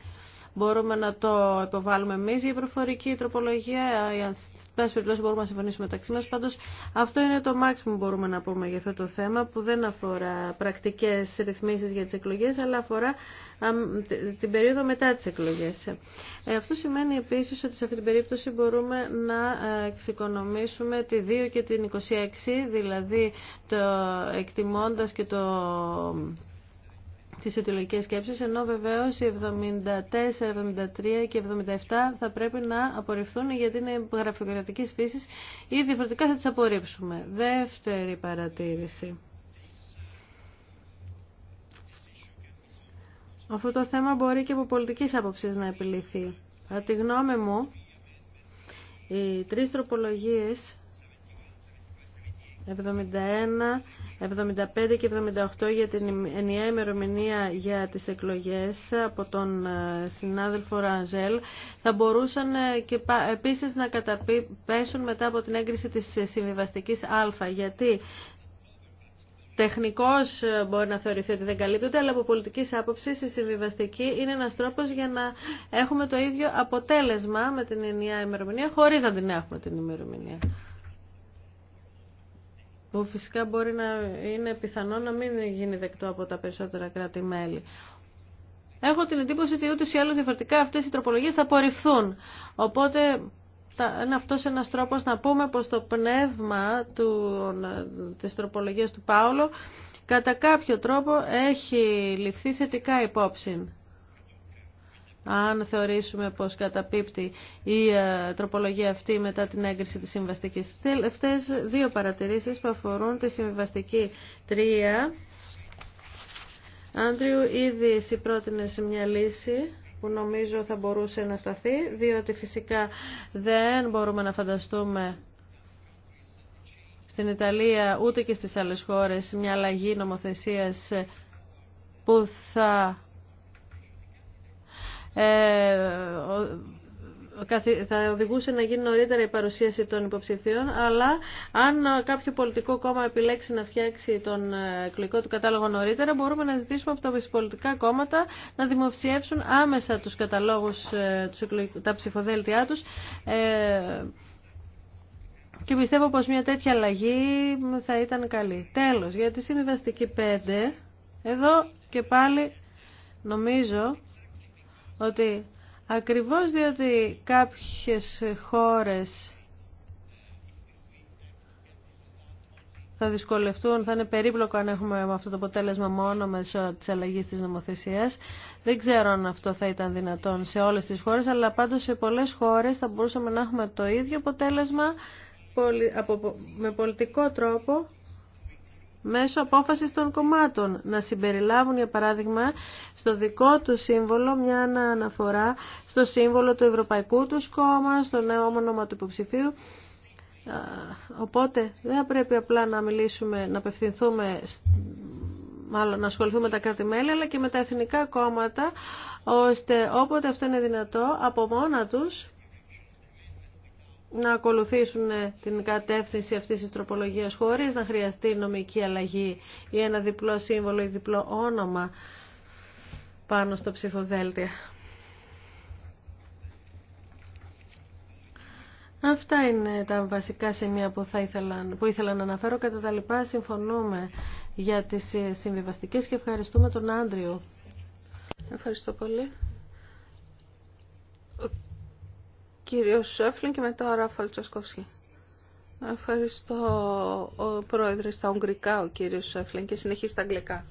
Μπορούμε να το υποβάλουμε εμείς για προφορική τροπολογία, ε, πάση περιπτώσει μπορούμε να συμφωνήσουμε μεταξύ μα. Πάντω, αυτό είναι το μάξιμο που μπορούμε να πούμε για αυτό το θέμα, που δεν αφορά πρακτικέ ρυθμίσει για τι εκλογέ, αλλά αφορά την περίοδο μετά τι εκλογέ. Ε, αυτό σημαίνει επίση ότι σε αυτή την περίπτωση μπορούμε να ε, εξοικονομήσουμε τη 2 και την 26, δηλαδή το εκτιμώντα και το τις αιτιολογικές σκέψεις, ενώ βεβαίως οι 74, 73 και 77 θα πρέπει να απορριφθούν γιατί είναι γραφειοκρατικής φύσης ή διαφορετικά θα τις απορρίψουμε. Δεύτερη παρατήρηση. Αυτό το θέμα μπορεί και από πολιτικής άποψης να επιληθεί. Από τη γνώμη μου, οι τρεις τροπολογίες 71, 75 και 78 για την ενιαία ημερομηνία για τις εκλογές από τον ε, συνάδελφο Ραζέλ θα μπορούσαν ε, και επίσης να καταπέσουν μετά από την έγκριση της συμβιβαστικής Α γιατί τεχνικώς ε, μπορεί να θεωρηθεί ότι δεν καλύπτεται, αλλά από πολιτικής άποψης η συμβιβαστική είναι ένας τρόπος για να έχουμε το ίδιο αποτέλεσμα με την ενιαία ημερομηνία χωρίς να την έχουμε την ημερομηνία που φυσικά μπορεί να είναι πιθανό να μην γίνει δεκτό από τα περισσότερα κράτη-μέλη. Έχω την εντύπωση ότι ούτως ή άλλως διαφορετικά αυτές οι τροπολογίες θα απορριφθούν. Οπότε είναι αυτός ένας τρόπος να πούμε πως το πνεύμα του, της τροπολογίας του Πάολο κατά κάποιο τρόπο έχει ληφθεί θετικά υπόψη αν θεωρήσουμε πως καταπίπτει η ε, τροπολογία αυτή μετά την έγκριση της συμβαστικής. Τελευταίες δύο παρατηρήσεις που αφορούν τη συμβαστική τρία. Άντριου, ήδη εσύ πρότεινε σε μια λύση που νομίζω θα μπορούσε να σταθεί, διότι φυσικά δεν μπορούμε να φανταστούμε στην Ιταλία ούτε και στις άλλες χώρες μια αλλαγή νομοθεσίας που θα ε, θα οδηγούσε να γίνει νωρίτερα η παρουσίαση των υποψηφίων, αλλά αν κάποιο πολιτικό κόμμα επιλέξει να φτιάξει τον ε, εκλογικό του κατάλογο νωρίτερα, μπορούμε να ζητήσουμε από τα πολιτικά κόμματα να δημοσιεύσουν άμεσα τους καταλόγους, ε, τα ψηφοδέλτιά τους, και πιστεύω πως μια τέτοια αλλαγή θα ήταν καλή. Τέλος, για τη συμβιβαστική 5, εδώ και πάλι νομίζω ότι ακριβώς διότι κάποιες χώρες θα δυσκολευτούν, θα είναι περίπλοκο αν έχουμε αυτό το αποτέλεσμα μόνο μέσω τη αλλαγή τη νομοθεσία. Δεν ξέρω αν αυτό θα ήταν δυνατόν σε όλες τις χώρες, αλλά πάντως σε πολλές χώρες θα μπορούσαμε να έχουμε το ίδιο αποτέλεσμα με πολιτικό τρόπο μέσω απόφασης των κομμάτων να συμπεριλάβουν για παράδειγμα στο δικό του σύμβολο μια αναφορά στο σύμβολο του Ευρωπαϊκού του κόμμα, στο νέο όνομα του υποψηφίου οπότε δεν πρέπει απλά να μιλήσουμε, να απευθυνθούμε μάλλον να ασχοληθούμε με τα κράτη-μέλη αλλά και με τα εθνικά κόμματα ώστε όποτε αυτό είναι δυνατό από μόνα τους να ακολουθήσουν ε, την κατεύθυνση αυτής της τροπολογίας χωρίς να χρειαστεί νομική αλλαγή ή ένα διπλό σύμβολο ή διπλό όνομα πάνω στο ψηφοδέλτια. Αυτά είναι τα βασικά σημεία που, ήθελα, που ήθελα να αναφέρω. Κατά τα λοιπά συμφωνούμε για τις ε, συμβιβαστικές και ευχαριστούμε τον Άντριο. Ευχαριστώ πολύ. Κύριο Σόφλιν και μετά ο Ράφαλ Τσασκόφσκι. Ευχαριστώ, ο πρόεδρε, στα Ουγγρικά, ο κύριο Σόφλιν, και συνεχίζει στα Αγγλικά.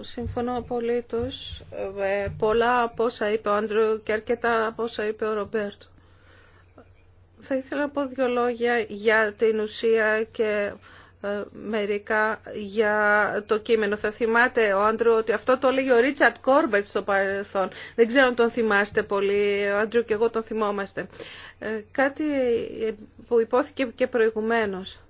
Συμφωνώ απολύτω με πολλά από όσα είπε ο Άντρου και αρκετά από όσα είπε ο Ρομπέρτο. Θα ήθελα να πω δύο λόγια για την ουσία και ε, μερικά για το κείμενο. Θα θυμάται ο Άντρου ότι αυτό το έλεγε ο Ρίτσαρτ Κόρμπετ στο παρελθόν. Δεν ξέρω αν τον θυμάστε πολύ, ο Άντρου και εγώ τον θυμόμαστε. Ε, κάτι ε, που υπόθηκε και προηγουμένως.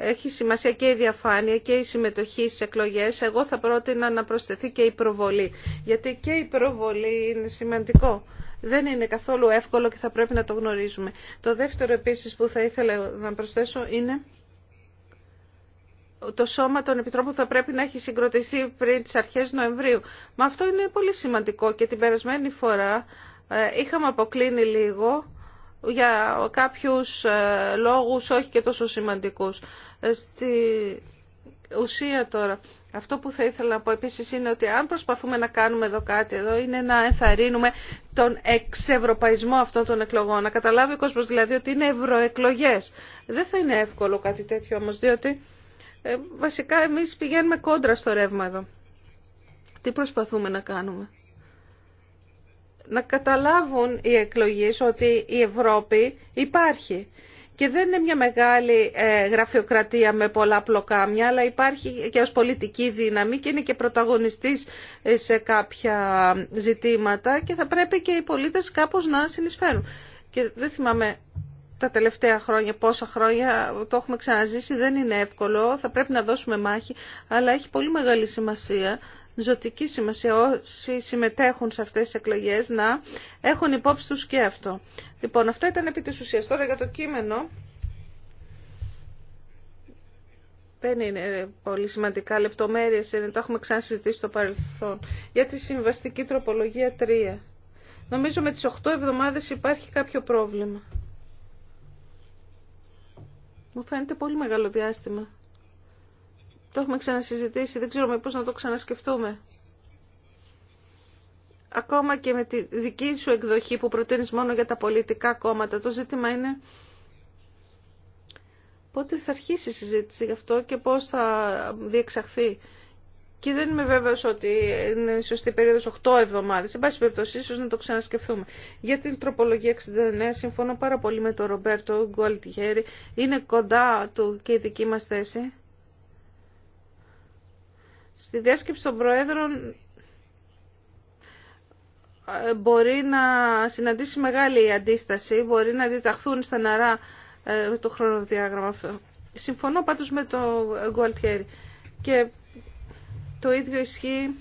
Έχει σημασία και η διαφάνεια και η συμμετοχή στις εκλογές. Εγώ θα πρότεινα να προσθεθεί και η προβολή. Γιατί και η προβολή είναι σημαντικό. Δεν είναι καθόλου εύκολο και θα πρέπει να το γνωρίζουμε. Το δεύτερο επίσης που θα ήθελα να προσθέσω είναι το σώμα των επιτρόπων θα πρέπει να έχει συγκροτηθεί πριν τις αρχές Νοεμβρίου. Μα αυτό είναι πολύ σημαντικό και την περασμένη φορά ε, είχαμε αποκλίνει λίγο για κάποιους ε, λόγους όχι και τόσο σημαντικούς. Ε, στη ουσία τώρα, αυτό που θα ήθελα να πω επίσης είναι ότι αν προσπαθούμε να κάνουμε εδώ κάτι εδώ είναι να ενθαρρύνουμε τον εξευρωπαϊσμό αυτών των εκλογών. Να καταλάβει ο κόσμος δηλαδή ότι είναι ευρωεκλογές. Δεν θα είναι εύκολο κάτι τέτοιο όμως διότι ε, βασικά εμείς πηγαίνουμε κόντρα στο ρεύμα εδώ. Τι προσπαθούμε να κάνουμε. Να καταλάβουν οι εκλογείς ότι η Ευρώπη υπάρχει. Και δεν είναι μια μεγάλη ε, γραφειοκρατία με πολλά πλοκάμια, αλλά υπάρχει και ως πολιτική δύναμη και είναι και πρωταγωνιστής ε, σε κάποια ζητήματα και θα πρέπει και οι πολίτες κάπως να συνεισφέρουν. Και δεν θυμάμαι τα τελευταία χρόνια, πόσα χρόνια το έχουμε ξαναζήσει, δεν είναι εύκολο, θα πρέπει να δώσουμε μάχη, αλλά έχει πολύ μεγάλη σημασία, ζωτική σημασία όσοι συμμετέχουν σε αυτές τις εκλογές να έχουν υπόψη τους και αυτό. Λοιπόν, αυτό ήταν επί της ουσίας. Τώρα για το κείμενο δεν είναι πολύ σημαντικά λεπτομέρειες, είναι, το έχουμε ξανασυζητήσει στο παρελθόν, για τη συμβαστική τροπολογία 3. Νομίζω με τις 8 εβδομάδες υπάρχει κάποιο πρόβλημα. Μου φαίνεται πολύ μεγάλο διάστημα. Το έχουμε ξανασυζητήσει, δεν ξέρουμε πώς να το ξανασκεφτούμε. Ακόμα και με τη δική σου εκδοχή που προτείνεις μόνο για τα πολιτικά κόμματα, το ζήτημα είναι πότε θα αρχίσει η συζήτηση γι' αυτό και πώς θα διεξαχθεί και δεν είμαι βέβαιος ότι είναι η σωστή περίοδο 8 εβδομάδες. Σε πάση περιπτώσει, ίσως να το ξανασκεφτούμε. Για την τροπολογία 69, συμφωνώ πάρα πολύ με τον Ρομπέρτο Γκουαλτιχέρη. Είναι κοντά του και η δική μας θέση. Στη διάσκεψη των Προέδρων ε, μπορεί να συναντήσει μεγάλη αντίσταση, μπορεί να αντιταχθούν στα νερά ε, το χρονοδιάγραμμα αυτό. Συμφωνώ πάντως με τον Γκουαλτιέρη. Και το ίδιο ισχύει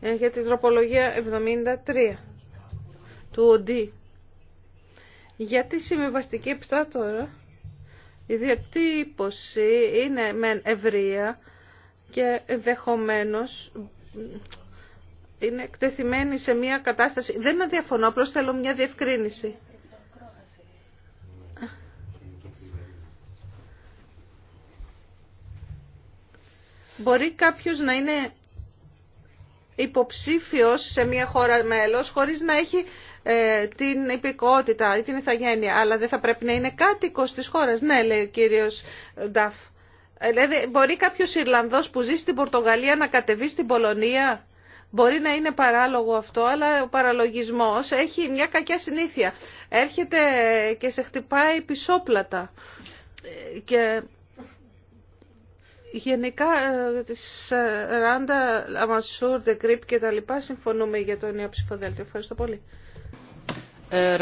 ε, για την τροπολογία 73 του ΟΝΤΗ. Γιατί συμβιβαστική 7 τώρα. Η διατύπωση είναι με ευρεία και ενδεχομένω είναι εκτεθειμένη σε μια κατάσταση. Δεν να διαφωνώ, απλώ θέλω μια διευκρίνηση. Μπορεί κάποιος να είναι υποψήφιος σε μια χώρα μέλος χωρίς να έχει ε, την υπηκότητα ή την ηθαγένεια, αλλά δεν θα πρέπει να είναι κάτοικος της χώρας. Ναι, λέει ο κύριος Νταφ. Ε, δηλαδή, μπορεί κάποιος Ιρλανδός που ζει στην Πορτογαλία να κατεβεί στην Πολωνία. Μπορεί να είναι παράλογο αυτό, αλλά ο παραλογισμός έχει μια κακιά συνήθεια. Έρχεται και σε χτυπάει πισόπλατα. Ε, και Γενικά, ε, τη ε, Ράντα, Αμασούρ, Δεκρύπ και τα λοιπά, συμφωνούμε για το νέο ψηφοδέλτιο. Ευχαριστώ πολύ. Ε,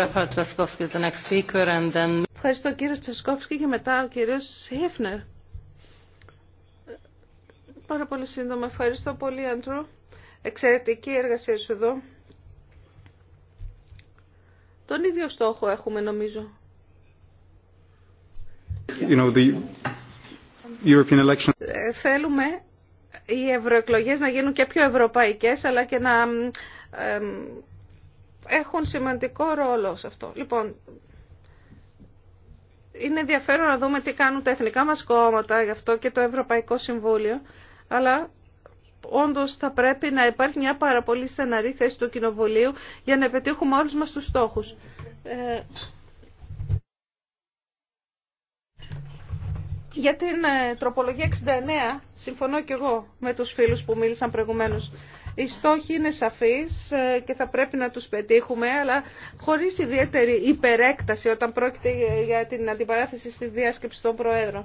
Ευχαριστώ κύριο Τσασκόφσκι και μετά ο κύριος Χέφνερ. Πάρα πολύ σύντομα. Ευχαριστώ πολύ, Άντρου. Εξαιρετική εργασία σου εδώ. Τον ίδιο στόχο έχουμε, νομίζω. You ε, θέλουμε οι ευρωεκλογέ να γίνουν και πιο ευρωπαϊκές αλλά και να έχουν σημαντικό ρόλο σε αυτό. Λοιπόν, είναι ενδιαφέρον να δούμε τι κάνουν τα εθνικά μας κόμματα, γι' αυτό και το Ευρωπαϊκό Συμβούλιο, αλλά όντως θα πρέπει να υπάρχει μια πάρα πολύ στεναρή θέση του Κοινοβουλίου για να επιτύχουμε όλους μας τους στόχους. Ε, Για την ε, τροπολογία 69, συμφωνώ και εγώ με τους φίλους που μίλησαν προηγουμένως. Οι στόχοι είναι σαφείς ε, και θα πρέπει να τους πετύχουμε, αλλά χωρίς ιδιαίτερη υπερέκταση όταν πρόκειται για την αντιπαράθεση στη διάσκεψη των Προέδρων.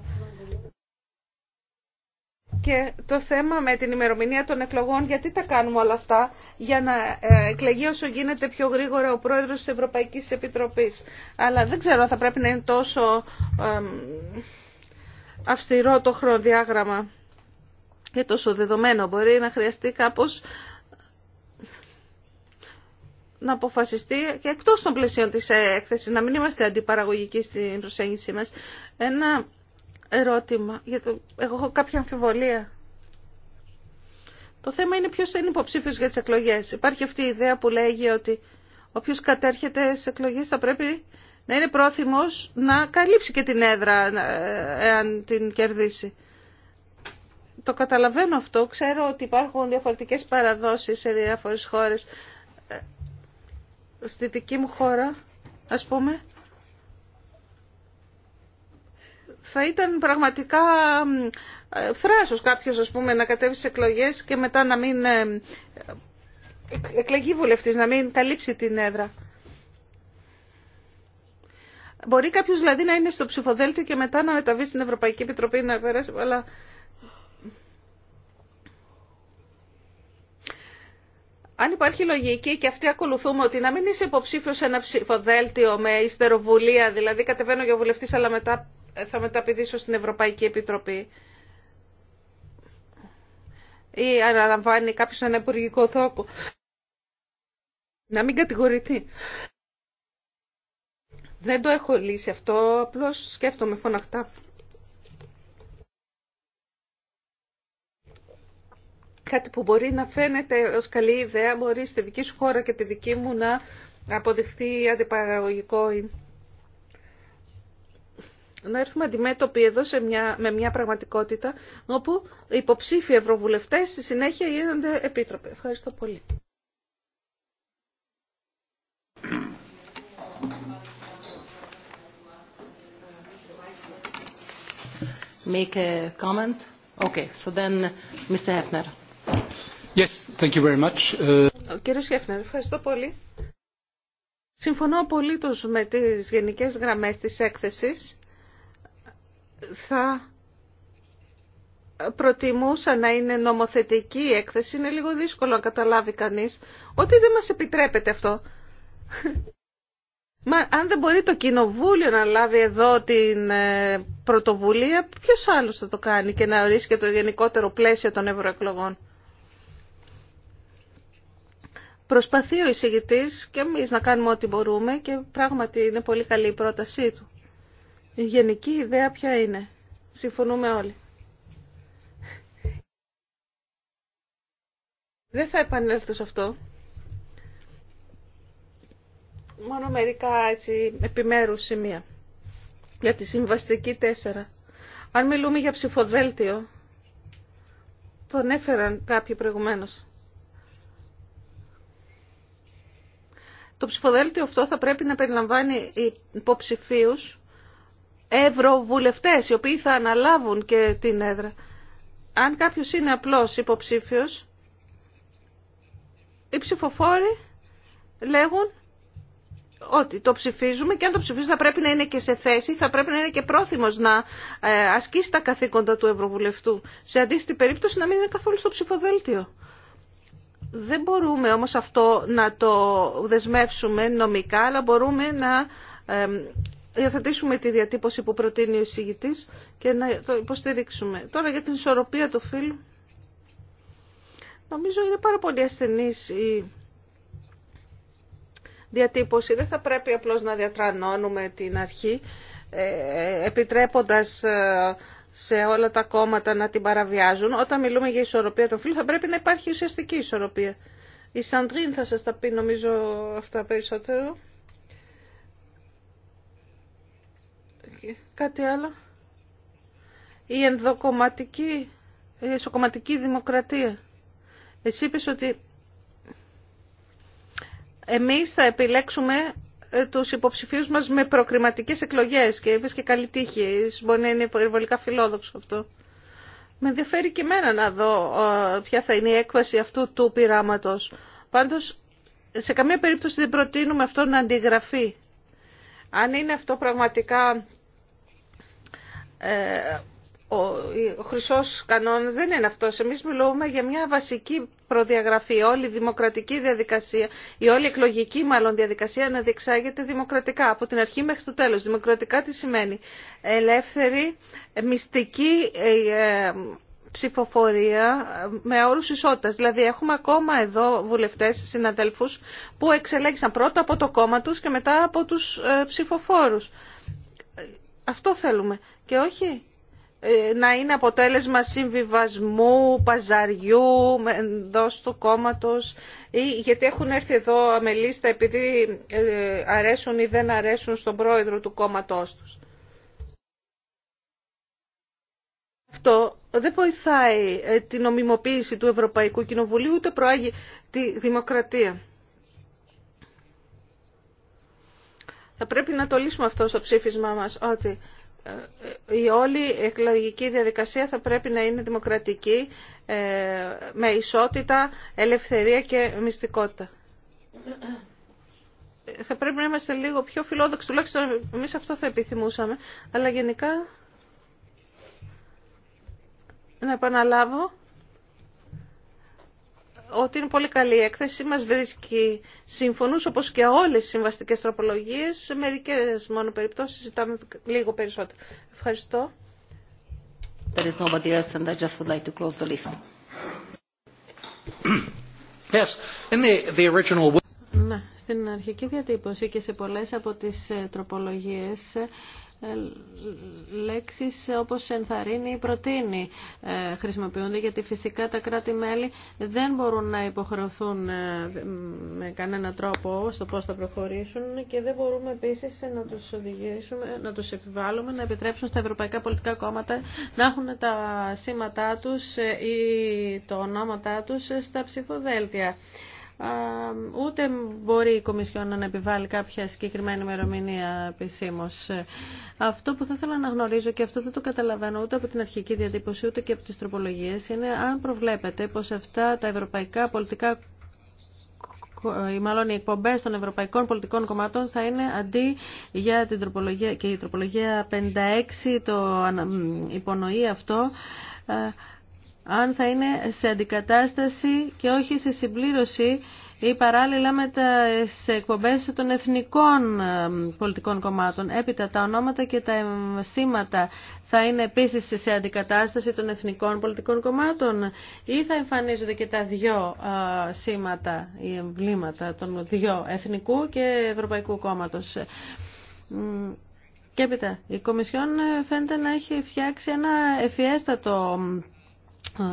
Και το θέμα με την ημερομηνία των εκλογών, γιατί τα κάνουμε όλα αυτά, για να ε, εκλεγεί όσο γίνεται πιο γρήγορα ο πρόεδρος της Ευρωπαϊκής Επιτροπής. Αλλά δεν ξέρω αν θα πρέπει να είναι τόσο αυστηρό το χρονοδιάγραμμα για τόσο δεδομένο. Μπορεί να χρειαστεί κάπως να αποφασιστεί και εκτός των πλαισίων της έκθεσης, να μην είμαστε αντιπαραγωγικοί στην προσέγγιση μας. Ένα ερώτημα, γιατί εγώ έχω κάποια αμφιβολία. Το θέμα είναι ποιος είναι υποψήφιος για τις εκλογές. Υπάρχει αυτή η ιδέα που λέγει ότι όποιος κατέρχεται σε εκλογές θα πρέπει να είναι πρόθυμος να καλύψει και την έδρα ε, εάν την κερδίσει. Το καταλαβαίνω αυτό. Ξέρω ότι υπάρχουν διαφορετικές παραδόσεις σε διάφορες χώρες. Ε, στη δική μου χώρα, ας πούμε, θα ήταν πραγματικά ε, θράσος κάποιος ας πούμε, να κατέβει σε εκλογές και μετά να μην εκλεγεί βουλευτής, να μην καλύψει την έδρα. Μπορεί κάποιο δηλαδή να είναι στο ψηφοδέλτιο και μετά να μεταβεί στην Ευρωπαϊκή Επιτροπή να περάσει, αλλά... Αν υπάρχει λογική και αυτή ακολουθούμε ότι να μην είσαι υποψήφιο σε ένα ψηφοδέλτιο με ιστεροβουλία, δηλαδή κατεβαίνω για βουλευτή, αλλά μετά ε, θα μεταπηδήσω στην Ευρωπαϊκή Επιτροπή. Ή αναλαμβάνει κάποιο ένα υπουργικό θόκο. Να μην κατηγορηθεί. Δεν το έχω λύσει αυτό, απλώς σκέφτομαι φωναχτά. Κάτι που μπορεί να φαίνεται ως καλή ιδέα, μπορεί στη δική σου χώρα και τη δική μου να αποδειχθεί αντιπαραγωγικό να έρθουμε αντιμέτωποι εδώ σε μια, με μια πραγματικότητα όπου οι υποψήφοι ευρωβουλευτές στη συνέχεια γίνονται επίτροποι. Ευχαριστώ πολύ. make πολύ. Συμφωνώ με τις γενικές γραμμές της έκθεσης. Θα προτιμούσα να είναι νομοθετική η έκθεση. Είναι λίγο δύσκολο να καταλάβει κανείς ότι δεν μας επιτρέπεται αυτό. Μα αν δεν μπορεί το κοινοβούλιο να λάβει εδώ την ε, πρωτοβουλία, ποιο άλλο θα το κάνει και να ορίσει και το γενικότερο πλαίσιο των ευρωεκλογών. Προσπαθεί ο εισηγητή και εμεί να κάνουμε ό,τι μπορούμε και πράγματι είναι πολύ καλή η πρότασή του. Η γενική ιδέα ποια είναι. Συμφωνούμε όλοι. Δεν θα επανέλθω σε αυτό μόνο μερικά έτσι, επιμέρους σημεία για τη συμβαστική 4. Αν μιλούμε για ψηφοδέλτιο, τον έφεραν κάποιοι προηγουμένως. Το ψηφοδέλτιο αυτό θα πρέπει να περιλαμβάνει υποψηφίους ευρωβουλευτές, οι οποίοι θα αναλάβουν και την έδρα. Αν κάποιος είναι απλός υποψήφιος, οι ψηφοφόροι λέγουν ότι το ψηφίζουμε και αν το ψηφίζει θα πρέπει να είναι και σε θέση, θα πρέπει να είναι και πρόθυμος να ε, ασκήσει τα καθήκοντα του Ευρωβουλευτού. Σε αντίστοιχη περίπτωση να μην είναι καθόλου στο ψηφοδέλτιο. Δεν μπορούμε όμως αυτό να το δεσμεύσουμε νομικά, αλλά μπορούμε να ε, υιοθετήσουμε τη διατύπωση που προτείνει ο εισηγητής και να το υποστηρίξουμε. Τώρα για την ισορροπία του φίλου. Νομίζω είναι πάρα πολύ ασθενής η διατύπωση. Δεν θα πρέπει απλώς να διατρανώνουμε την αρχή, ε, επιτρέποντας ε, σε όλα τα κόμματα να την παραβιάζουν. Όταν μιλούμε για ισορροπία των φίλων θα πρέπει να υπάρχει ουσιαστική ισορροπία. Η Σαντρίν θα σας τα πει νομίζω αυτά περισσότερο. Κάτι άλλο. Η ενδοκομματική, η ισοκομματική δημοκρατία. Εσύ είπες ότι εμείς θα επιλέξουμε ε, τους υποψηφίους μας με προκριματικές εκλογές και είπες και καλή τύχη. Μπορεί να είναι υπερβολικά φιλόδοξο αυτό. Με ενδιαφέρει και εμένα να δω ε, ποια θα είναι η έκβαση αυτού του πειράματος. Πάντως, σε καμία περίπτωση δεν προτείνουμε αυτό να αντιγραφεί. Αν είναι αυτό πραγματικά ε, ο χρυσός κανόνας δεν είναι αυτός. Εμείς μιλούμε για μια βασική προδιαγραφή. Όλη η δημοκρατική διαδικασία, η όλη εκλογική μάλλον διαδικασία να διεξάγεται δημοκρατικά από την αρχή μέχρι το τέλος. Δημοκρατικά τι σημαίνει. Ελεύθερη, μυστική ε, ε, ψηφοφορία ε, με όρους ισότητας. Δηλαδή έχουμε ακόμα εδώ βουλευτές, συναδέλφους που εξελέγησαν πρώτα από το κόμμα τους και μετά από τους ψηφοφόρους. Αυτό θέλουμε. Και όχι ε, να είναι αποτέλεσμα συμβιβασμού, παζαριού εντό του κόμματος ή γιατί έχουν έρθει εδώ λίστα επειδή ε, αρέσουν ή δεν αρέσουν στον πρόεδρο του κόμματός τους. Αυτό δεν βοηθάει ε, την νομιμοποίηση του Ευρωπαϊκού Κοινοβουλίου ούτε προάγει τη δημοκρατία. Θα πρέπει να το λύσουμε αυτό στο ψήφισμά μας ότι ε, η όλη εκλογική διαδικασία θα πρέπει να είναι δημοκρατική, ε, με ισότητα, ελευθερία και μυστικότητα. Θα πρέπει να είμαστε λίγο πιο φιλόδοξοι, τουλάχιστον εμεί αυτό θα επιθυμούσαμε, αλλά γενικά να επαναλάβω ότι είναι πολύ καλή η έκθεση, μας βρίσκει σύμφωνους, όπως και όλες οι συμβαστικές τροπολογίες. Σε μερικές μόνο περιπτώσεις ζητάμε λίγο περισσότερο. Ευχαριστώ. Yes, in original... Ναι, στην αρχική διατύπωση και σε πολλές από τις ε, τροπολογίες ε, λέξεις όπως ενθαρρύνει ή προτείνει ε, χρησιμοποιούνται γιατί φυσικά τα κράτη-μέλη δεν μπορούν να υποχρεωθούν ε, με κανένα τρόπο στο πώς θα προχωρήσουν και δεν μπορούμε επίσης να τους οδηγήσουμε, να τους επιβάλλουμε, να επιτρέψουν στα ευρωπαϊκά πολιτικά κόμματα να έχουν τα σήματά τους ή το ονόματά τους στα ψηφοδέλτια ούτε μπορεί η Κομισιόν να επιβάλλει κάποια συγκεκριμένη ημερομηνία επισήμω. Αυτό που θα ήθελα να γνωρίζω και αυτό δεν το καταλαβαίνω ούτε από την αρχική διατύπωση ούτε και από τις τροπολογίες είναι αν προβλέπετε πως αυτά τα ευρωπαϊκά πολιτικά ή μάλλον οι εκπομπέ των ευρωπαϊκών πολιτικών κομμάτων θα είναι αντί για την τροπολογία και η τροπολογία 56 το υπονοεί αυτό αν θα είναι σε αντικατάσταση και όχι σε συμπλήρωση ή παράλληλα με τις εκπομπές των εθνικών ε, πολιτικών κομμάτων. Έπειτα τα ονόματα και τα ε, σήματα θα είναι επίσης σε αντικατάσταση των εθνικών πολιτικών κομμάτων ή θα εμφανίζονται και τα δυο ε, σήματα ή εμβλήματα των δυο εθνικού και ευρωπαϊκού κόμματος. Και έπειτα η Κομισιόν φαίνεται να έχει φτιάξει ένα ευφιέστατο ε,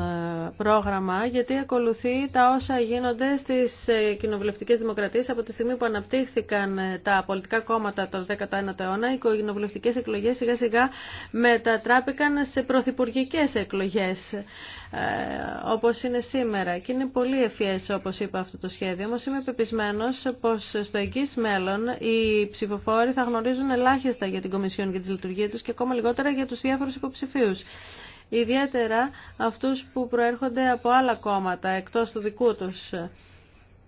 πρόγραμμα γιατί ακολουθεί τα όσα γίνονται στις ε, κοινοβουλευτικές δημοκρατίες από τη στιγμή που αναπτύχθηκαν ε, τα πολιτικά κόμματα τον 19ο αιώνα οι κοινοβουλευτικές εκλογές σιγά σιγά μετατράπηκαν σε πρωθυπουργικές εκλογές όπως είναι σήμερα και είναι πολύ ευφιές όπως είπα αυτό το σχέδιο όμως είμαι πεπισμένος πως στο εγγύς μέλλον οι ψηφοφόροι θα γνωρίζουν ελάχιστα για την Κομισιόν και τις λειτουργίες τους και ακόμα λιγότερα για τους διάφορους υποψηφίους ιδιαίτερα αυτούς που προέρχονται από άλλα κόμματα εκτός του δικού τους.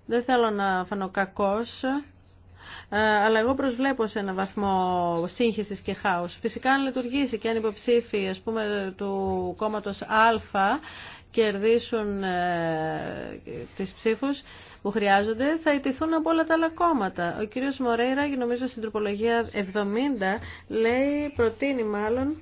Δεν θέλω να φανώ κακός, ε, αλλά εγώ προσβλέπω σε ένα βαθμό σύγχυσης και χάους. Φυσικά αν λειτουργήσει και αν υποψήφοι ας του κόμματος Α κερδίσουν ε, τις ψήφους που χρειάζονται, θα ιτηθούν από όλα τα άλλα κόμματα. Ο κύριος Μορέιρα, νομίζω στην τροπολογία 70, λέει, προτείνει μάλλον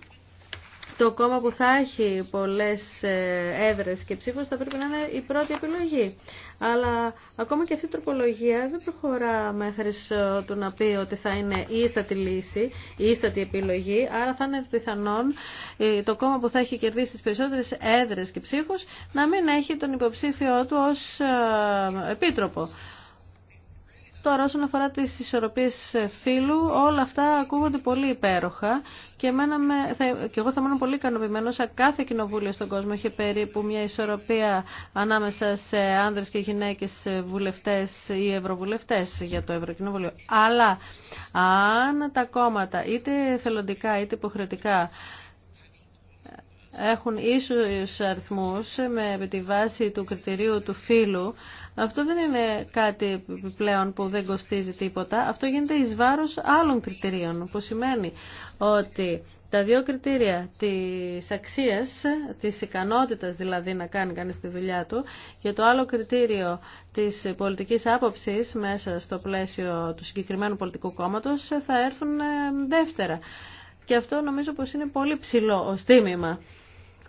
το κόμμα που θα έχει πολλές ε, έδρες και ψήφους θα πρέπει να είναι η πρώτη επιλογή. Αλλά ακόμα και αυτή η τροπολογία δεν προχωρά μέχρι του να πει ότι θα είναι η ίστατη λύση, η ίστατη επιλογή, άρα θα είναι πιθανόν ε, το κόμμα που θα έχει κερδίσει τις περισσότερες έδρες και ψήφους να μην έχει τον υποψήφιό του ως ε, επίτροπο. Τώρα όσον αφορά τις ισορροπίες φύλου, όλα αυτά ακούγονται πολύ υπέροχα και, με, θα, και εγώ θα ήμουν πολύ ικανοποιημένος αν κάθε κοινοβούλιο στον κόσμο έχει περίπου μια ισορροπία ανάμεσα σε άνδρες και γυναίκες βουλευτές ή ευρωβουλευτές για το Ευρωκοινοβούλιο. Αλλά αν τα κόμματα είτε θελοντικά είτε υποχρεωτικά έχουν ίσους αριθμούς με τη βάση του κριτηρίου του φύλου, αυτό δεν είναι κάτι πλέον που δεν κοστίζει τίποτα. Αυτό γίνεται εις βάρος άλλων κριτηρίων, που σημαίνει ότι τα δύο κριτήρια της αξίας, της ικανότητας δηλαδή να κάνει κανείς τη δουλειά του και το άλλο κριτήριο της πολιτικής άποψης μέσα στο πλαίσιο του συγκεκριμένου πολιτικού κόμματος θα έρθουν ε, δεύτερα. Και αυτό νομίζω πως είναι πολύ ψηλό ως τίμημα.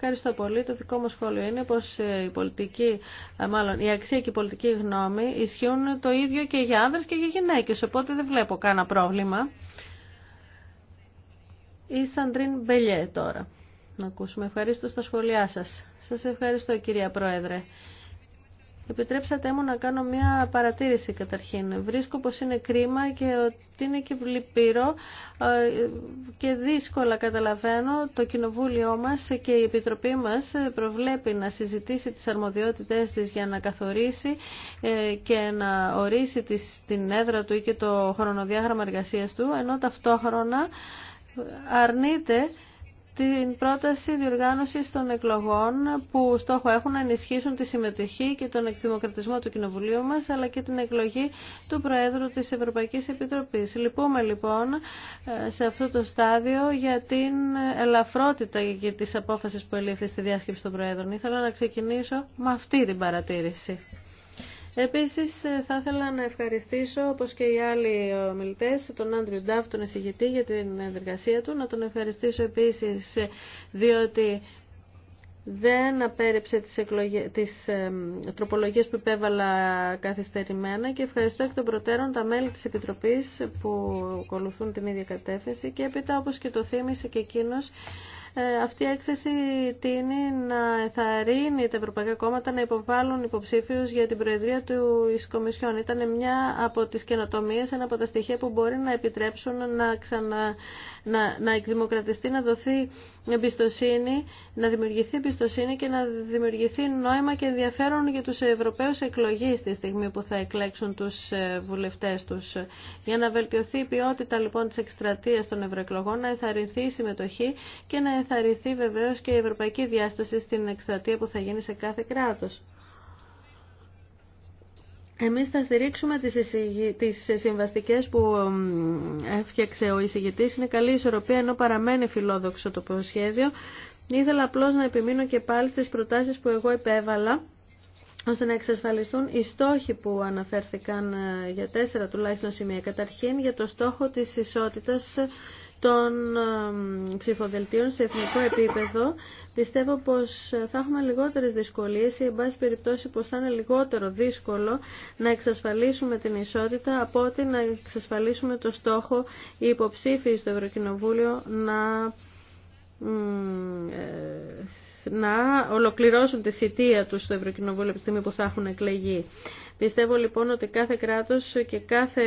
Ευχαριστώ πολύ. Το δικό μου σχόλιο είναι πως η πολιτική, ε, μάλλον η αξία και η πολιτική γνώμη ισχύουν το ίδιο και για άνδρες και για γυναίκες, οπότε δεν βλέπω κανένα πρόβλημα. Η Σαντρίν Μπελιέ τώρα. Να ακούσουμε. Ευχαριστώ στα σχόλιά σα. Σας ευχαριστώ κυρία Πρόεδρε. Επιτρέψατε μου να κάνω μια παρατήρηση καταρχήν. Βρίσκω πως είναι κρίμα και ότι είναι και λυπηρό ε, και δύσκολα καταλαβαίνω το κοινοβούλιο μας και η Επιτροπή μας προβλέπει να συζητήσει τις αρμοδιότητες της για να καθορίσει ε, και να ορίσει την έδρα του ή και το χρονοδιάγραμμα εργασίας του, ενώ ταυτόχρονα αρνείται την πρόταση διοργάνωσης των εκλογών που στόχο έχουν να ενισχύσουν τη συμμετοχή και τον εκδημοκρατισμό του Κοινοβουλίου μας αλλά και την εκλογή του Προέδρου της Ευρωπαϊκής Επιτροπής. Λυπούμε λοιπόν ε, σε αυτό το στάδιο για την ελαφρότητα και τις απόφασεις που ελήφθη στη διάσκεψη των Προέδρων. Ήθελα να ξεκινήσω με αυτή την παρατήρηση. Επίσης ε, θα ήθελα να ευχαριστήσω όπως και οι άλλοι ομιλητές τον Άντριου Ντάφ, τον εισηγητή για την εργασία του. Να τον ευχαριστήσω επίσης ε, διότι δεν απέρριψε τις, τροπολογίε τις ε, τροπολογίες που υπέβαλα καθυστερημένα και ευχαριστώ εκ των προτέρων τα μέλη της Επιτροπής που ακολουθούν την ίδια κατεύθυνση και έπειτα όπως και το θύμισε και εκείνος ε, αυτή η έκθεση τίνει να εθαρρύνει τα ευρωπαϊκά κόμματα να υποβάλουν υποψήφιους για την Προεδρία του Κομισιόν. Ήταν μια από τις καινοτομίες, ένα από τα στοιχεία που μπορεί να επιτρέψουν να ξανα να, να εκδημοκρατιστεί, να δοθεί εμπιστοσύνη, να δημιουργηθεί εμπιστοσύνη και να δημιουργηθεί νόημα και ενδιαφέρον για τους Ευρωπαίους εκλογείς τη στιγμή που θα εκλέξουν τους ε, βουλευτές τους. Για να βελτιωθεί η ποιότητα λοιπόν της εκστρατείας των ευρωεκλογών, να ενθαρρυνθεί η συμμετοχή και να ενθαρρυνθεί βεβαίως και η ευρωπαϊκή διάσταση στην εκστρατεία που θα γίνει σε κάθε κράτος. Εμείς θα στηρίξουμε τις, εισηγη... τις συμβαστικές που έφτιαξε ο εισηγητής. Είναι καλή ισορροπία ενώ παραμένει φιλόδοξο το προσχέδιο. Ήθελα απλώς να επιμείνω και πάλι στις προτάσεις που εγώ επέβαλα ώστε να εξασφαλιστούν οι στόχοι που αναφέρθηκαν ε, για τέσσερα τουλάχιστον σημεία. Καταρχήν για το στόχο της ισότητας των ε, ψηφοδελτίων σε εθνικό επίπεδο πιστεύω πως θα έχουμε λιγότερες δυσκολίες ή εν πάση περιπτώσει πως θα είναι λιγότερο δύσκολο να εξασφαλίσουμε την ισότητα από ότι να εξασφαλίσουμε το στόχο οι υποψήφοι στο Ευρωκοινοβούλιο να ε, να ολοκληρώσουν τη θητεία τους στο Ευρωκοινοβούλιο από τη στιγμή που θα έχουν εκλεγεί. Πιστεύω λοιπόν ότι κάθε κράτος και κάθε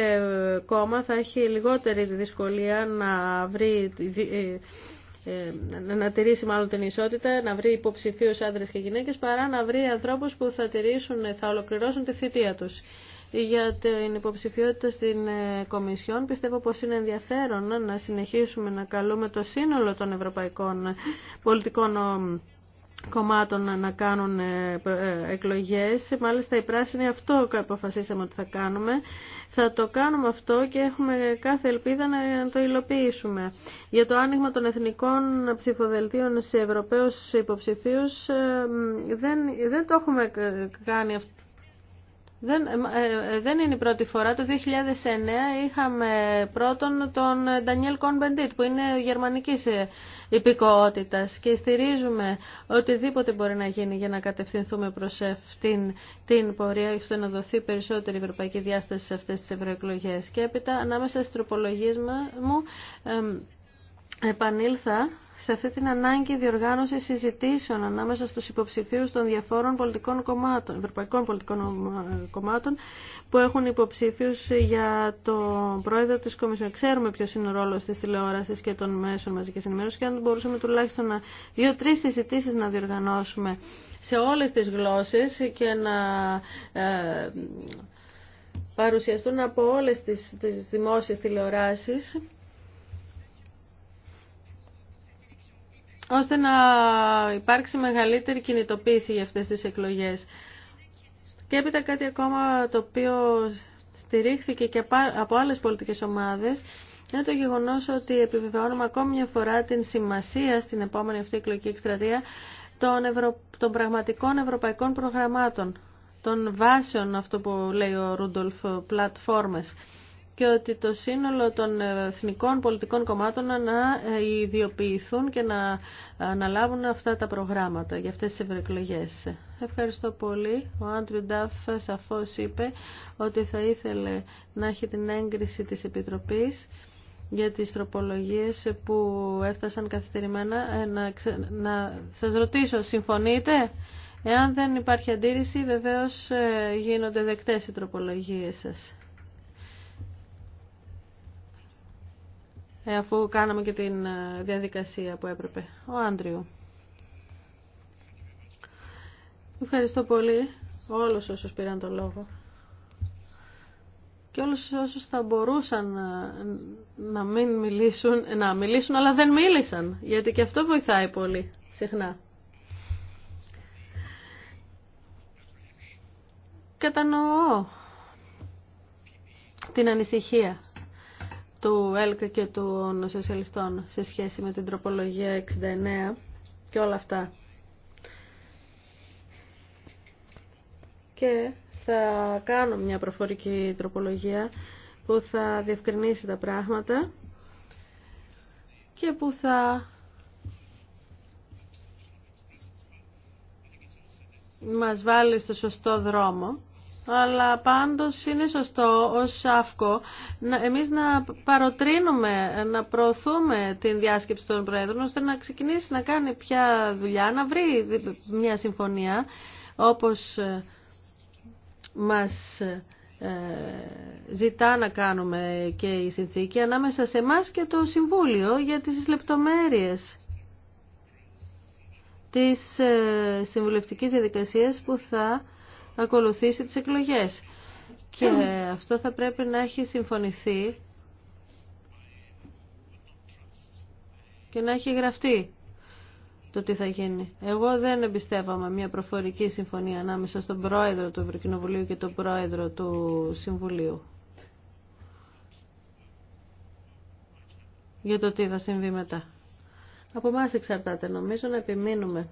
κόμμα θα έχει λιγότερη δυσκολία να βρει ε, ε, να τηρήσει μάλλον την ισότητα, να βρει υποψηφίους άντρες και γυναίκες, παρά να βρει ανθρώπους που θα τηρήσουν, θα ολοκληρώσουν τη θητεία τους. Για την υποψηφιότητα στην ε, Κομισιόν πιστεύω πως είναι ενδιαφέρον να συνεχίσουμε να καλούμε το σύνολο των ευρωπαϊκών πολιτικών ε, κομμάτων να κάνουν ε, ε, εκλογές. Μάλιστα οι πράσινη αυτό αποφασίσαμε ότι θα κάνουμε. Θα το κάνουμε αυτό και έχουμε κάθε ελπίδα να το υλοποιήσουμε. Για το άνοιγμα των εθνικών ψηφοδελτίων σε Ευρωπαίους υποψηφίους ε, δεν, δεν το έχουμε κάνει αυτό δεν, ε, ε, ε, δεν είναι η πρώτη φορά. Το 2009 είχαμε πρώτον τον Ντανιέλ Κονμπεντίτ που είναι γερμανικής υπηκοότητας και στηρίζουμε οτιδήποτε μπορεί να γίνει για να κατευθυνθούμε προς αυτήν την πορεία ώστε να δοθεί περισσότερη ευρωπαϊκή διάσταση σε αυτές τις ευρωεκλογέ. Και έπειτα ανάμεσα στι τροπολογίες μου επανήλθα σε αυτή την ανάγκη διοργάνωση συζητήσεων ανάμεσα στους υποψηφίους των διαφόρων πολιτικών κομμάτων, ευρωπαϊκών πολιτικών κομμάτων που έχουν υποψήφιους για το πρόεδρο της Κομισιόν. Ξέρουμε ποιος είναι ο ρόλος της τηλεόρασης και των μέσων μαζικής ενημέρωσης και αν μπορούσαμε τουλάχιστον δύο-τρεις συζητήσεις να διοργανώσουμε σε όλες τις γλώσσες και να ε, παρουσιαστούν από όλες τις, τις δημόσιες τηλεοράσεις ώστε να υπάρξει μεγαλύτερη κινητοποίηση για αυτές τις εκλογές. Και έπειτα κάτι ακόμα το οποίο στηρίχθηκε και από άλλες πολιτικές ομάδες είναι το γεγονός ότι επιβεβαιώνουμε ακόμη μια φορά την σημασία στην επόμενη αυτή εκλογική εκστρατεία των, ευρω... των πραγματικών ευρωπαϊκών προγραμμάτων, των βάσεων, αυτό που λέει ο Ρούντολφ, πλατφόρμες και ότι το σύνολο των εθνικών πολιτικών κομμάτων να ιδιοποιηθούν και να αναλάβουν αυτά τα προγράμματα για αυτές τις ευρωεκλογέ. Ευχαριστώ πολύ. Ο Άντριου Ντάφ σαφώς είπε ότι θα ήθελε να έχει την έγκριση της Επιτροπής για τις τροπολογίες που έφτασαν καθυστερημένα. Ε, να, να σας ρωτήσω, συμφωνείτε? Εάν δεν υπάρχει αντίρρηση, βεβαίως ε, γίνονται δεκτές οι τροπολογίες σας. Ε, αφού κάναμε και την ε, διαδικασία που έπρεπε. Ο Άντριου. Ευχαριστώ πολύ όλους όσους πήραν το λόγο και όλους όσους θα μπορούσαν να, ε, να μην μιλήσουν, να μιλήσουν αλλά δεν μίλησαν, γιατί και αυτό βοηθάει πολύ συχνά. Κατανοώ την ανησυχία του ΕΛΚΑ και των Σοσιαλιστών σε σχέση με την τροπολογία 69 και όλα αυτά. Και θα κάνω μια προφορική τροπολογία που θα διευκρινίσει τα πράγματα και που θα μας βάλει στο σωστό δρόμο αλλά πάντως είναι σωστό ως αύκο να, εμείς να παροτρύνουμε, να προωθούμε την διάσκεψη των Προέδρων ώστε να ξεκινήσει να κάνει πια δουλειά, να βρει μια συμφωνία όπως ε, μας ε, ζητά να κάνουμε και η συνθήκη ανάμεσα σε εμά και το Συμβούλιο για τις λεπτομέρειες της ε, συμβουλευτικής διαδικασίας που θα ακολουθήσει τις εκλογές. Και ε. αυτό θα πρέπει να έχει συμφωνηθεί και να έχει γραφτεί το τι θα γίνει. Εγώ δεν εμπιστεύομαι μια προφορική συμφωνία ανάμεσα στον πρόεδρο του Ευρωκοινοβουλίου και τον πρόεδρο του Συμβουλίου. Για το τι θα συμβεί μετά. Από εμά εξαρτάται νομίζω να επιμείνουμε.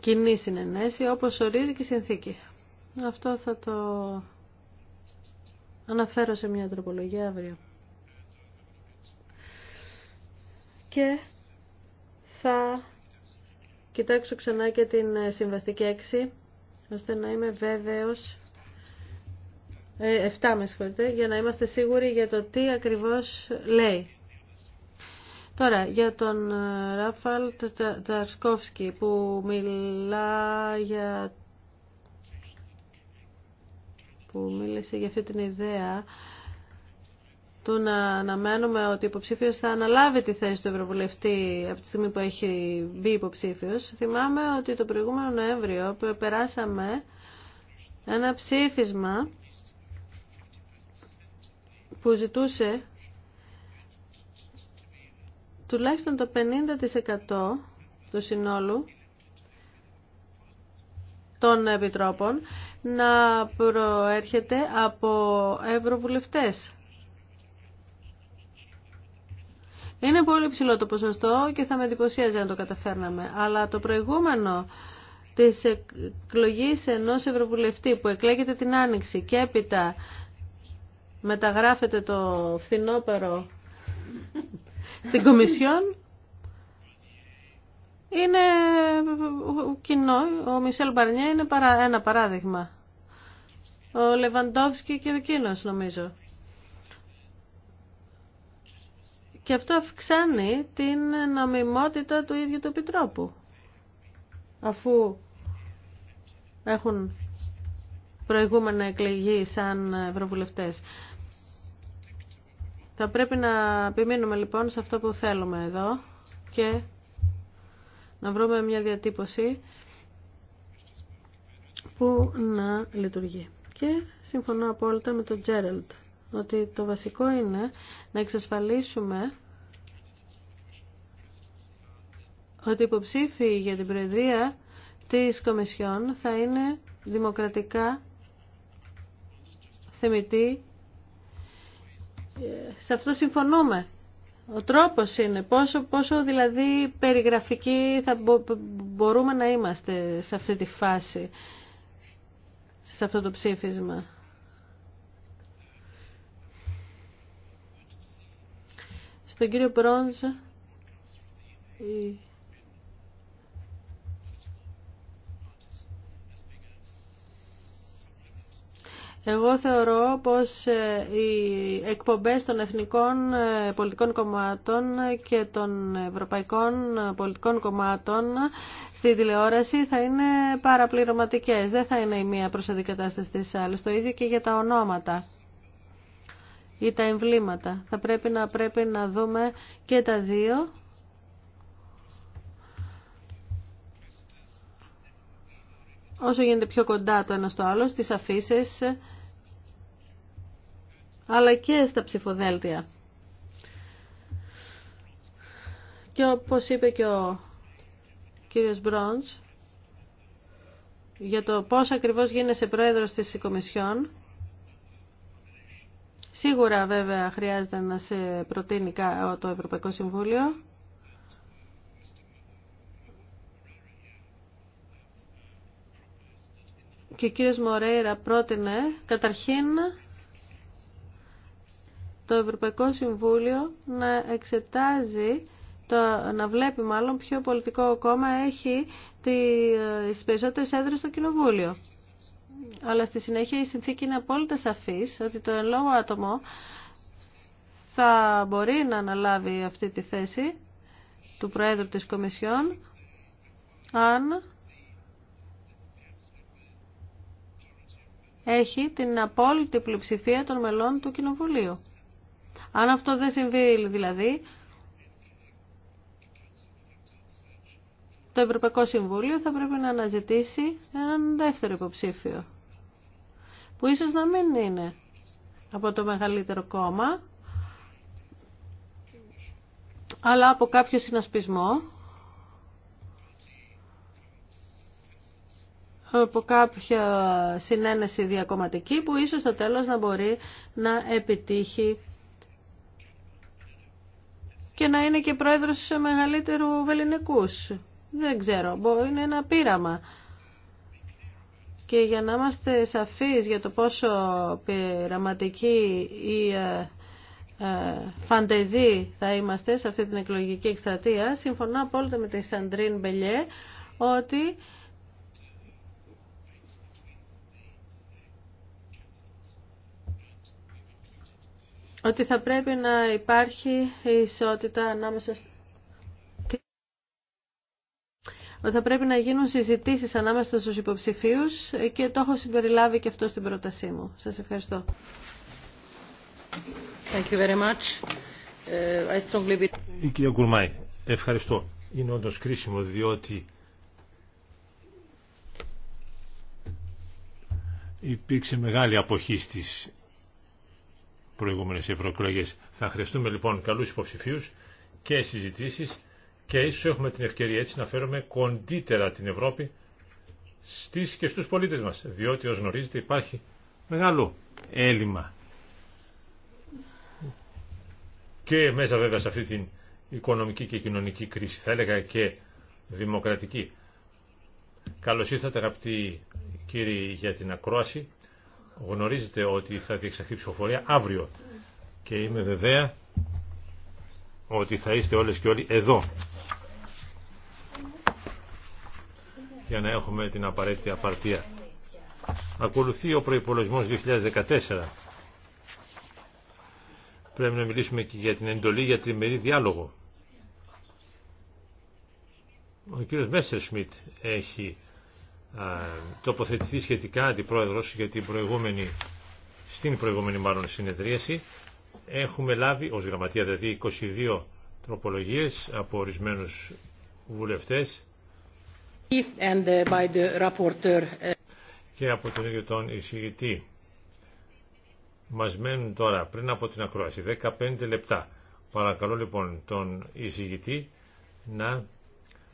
κοινή συνενέση όπως ορίζει και η συνθήκη. Αυτό θα το αναφέρω σε μια τροπολογία αύριο. Και θα κοιτάξω ξανά και την συμβαστική έξι ώστε να είμαι βέβαιος, ε, 7 με συγχωρείτε, για να είμαστε σίγουροι για το τι ακριβώς λέει. Τώρα, για τον ε, Ράφαλ Ταρσκόφσκι που μιλά για που μίλησε για αυτή την ιδέα του να αναμένουμε ότι ο υποψήφιος θα αναλάβει τη θέση του Ευρωβουλευτή από τη στιγμή που έχει μπει υποψήφιος. Θυμάμαι ότι το προηγούμενο Νοέμβριο περάσαμε ένα ψήφισμα που ζητούσε τουλάχιστον το 50% του συνόλου των επιτρόπων να προέρχεται από ευρωβουλευτές. Είναι πολύ ψηλό το ποσοστό και θα με εντυπωσίαζε αν το καταφέρναμε. Αλλά το προηγούμενο της εκλογής ενός ευρωβουλευτή που εκλέγεται την Άνοιξη και έπειτα μεταγράφεται το φθινόπερο στην Κομισιόν είναι κοινό. Ο Μισελ Μπαρνιέ είναι ένα παράδειγμα. Ο Λεβαντόφσκι και εκείνο νομίζω. Και αυτό αυξάνει την νομιμότητα του ίδιου του Επιτρόπου. Αφού έχουν προηγούμενα εκλεγεί σαν ευρωβουλευτές. Θα πρέπει να επιμείνουμε λοιπόν σε αυτό που θέλουμε εδώ και να βρούμε μια διατύπωση που να λειτουργεί. Και συμφωνώ απόλυτα με τον Τζέρελτ ότι το βασικό είναι να εξασφαλίσουμε ότι οι υποψήφοι για την Προεδρία της Κομισιόν θα είναι δημοκρατικά θεμητοί σε αυτό συμφωνούμε. Ο τρόπος είναι πόσο, πόσο δηλαδή περιγραφική θα μπορούμε να είμαστε σε αυτή τη φάση, σε αυτό το ψήφισμα. Στον κύριο Μπρόντζ, Εγώ θεωρώ πως ε, οι εκπομπές των εθνικών ε, πολιτικών κομμάτων και των ευρωπαϊκών ε, πολιτικών κομμάτων στη τηλεόραση θα είναι παραπληρωματικές. Δεν θα είναι η μία προς αντικατάσταση της άλλης. Το ίδιο και για τα ονόματα ή τα εμβλήματα. Θα πρέπει να, πρέπει να δούμε και τα δύο. Όσο γίνεται πιο κοντά το ένα στο άλλο, στις αφήσει αλλά και στα ψηφοδέλτια. Και όπως είπε και ο κύριος Μπρόντς, για το πώς ακριβώς γίνεσαι πρόεδρος της Κομισιόν, σίγουρα βέβαια χρειάζεται να σε προτείνει το Ευρωπαϊκό Συμβούλιο, και ο κύριος Μορέιρα πρότεινε καταρχήν το Ευρωπαϊκό Συμβούλιο να εξετάζει το, να βλέπει μάλλον ποιο πολιτικό κόμμα έχει τις περισσότερες έδρες στο Κοινοβούλιο. Αλλά στη συνέχεια η συνθήκη είναι απόλυτα σαφής ότι το εν λόγω άτομο θα μπορεί να αναλάβει αυτή τη θέση του Προέδρου της Κομισιόν αν έχει την απόλυτη πλειοψηφία των μελών του Κοινοβουλίου. Αν αυτό δεν συμβεί δηλαδή, το Ευρωπαϊκό Συμβούλιο θα πρέπει να αναζητήσει έναν δεύτερο υποψήφιο, που ίσως να μην είναι από το μεγαλύτερο κόμμα, αλλά από κάποιο συνασπισμό, από κάποια συνένεση διακομματική που ίσως στο τέλος να μπορεί να επιτύχει και να είναι και πρόεδρος μεγαλύτερου βεληνικούς. Δεν ξέρω, είναι ένα πείραμα. Και για να είμαστε σαφείς για το πόσο πειραματικοί η ε, ε, φαντεζοί θα είμαστε σε αυτή την εκλογική εκστρατεία, συμφωνώ απόλυτα με τη Σαντρίν Μπελιέ ότι ότι θα πρέπει να υπάρχει ισότητα ανάμεσα ότι θα πρέπει να γίνουν συζητήσεις ανάμεσα στους υποψηφίους και το έχω συμπεριλάβει και αυτό στην πρότασή μου. Σας ευχαριστώ. Thank you very much. Ε, I strongly... ευχαριστώ. Είναι όντως κρίσιμο διότι υπήρξε μεγάλη αποχή στις Προηγούμενε ευρωεκλογέ. Θα χρειαστούμε λοιπόν καλούς υποψηφίου και συζητήσει και ίσω έχουμε την ευκαιρία έτσι να φέρουμε κοντύτερα την Ευρώπη στις και στου πολίτες μας, διότι ω γνωρίζετε υπάρχει μεγάλο έλλειμμα. Και μέσα βέβαια σε αυτή την οικονομική και κοινωνική κρίση, θα έλεγα και δημοκρατική. Καλώς ήρθατε αγαπητοί κύριοι για την ακρόαση γνωρίζετε ότι θα διεξαχθεί ψηφοφορία αύριο και είμαι βεβαία ότι θα είστε όλες και όλοι εδώ για να έχουμε την απαραίτητη απαρτία. Ακολουθεί ο προϋπολογισμός 2014. Πρέπει να μιλήσουμε και για την εντολή για τριμερή διάλογο. Ο κύριος Μέσσερ Σμιτ έχει τοποθετηθεί σχετικά αντιπρόεδρος για την προηγούμενη, στην προηγούμενη μάλλον συνεδρίαση. Έχουμε λάβει ως γραμματεία δηλαδή 22 τροπολογίες από ορισμένους βουλευτές uh, uh, και από τον ίδιο τον εισηγητή. Μας μένουν τώρα πριν από την ακρόαση 15 λεπτά. Παρακαλώ λοιπόν τον εισηγητή να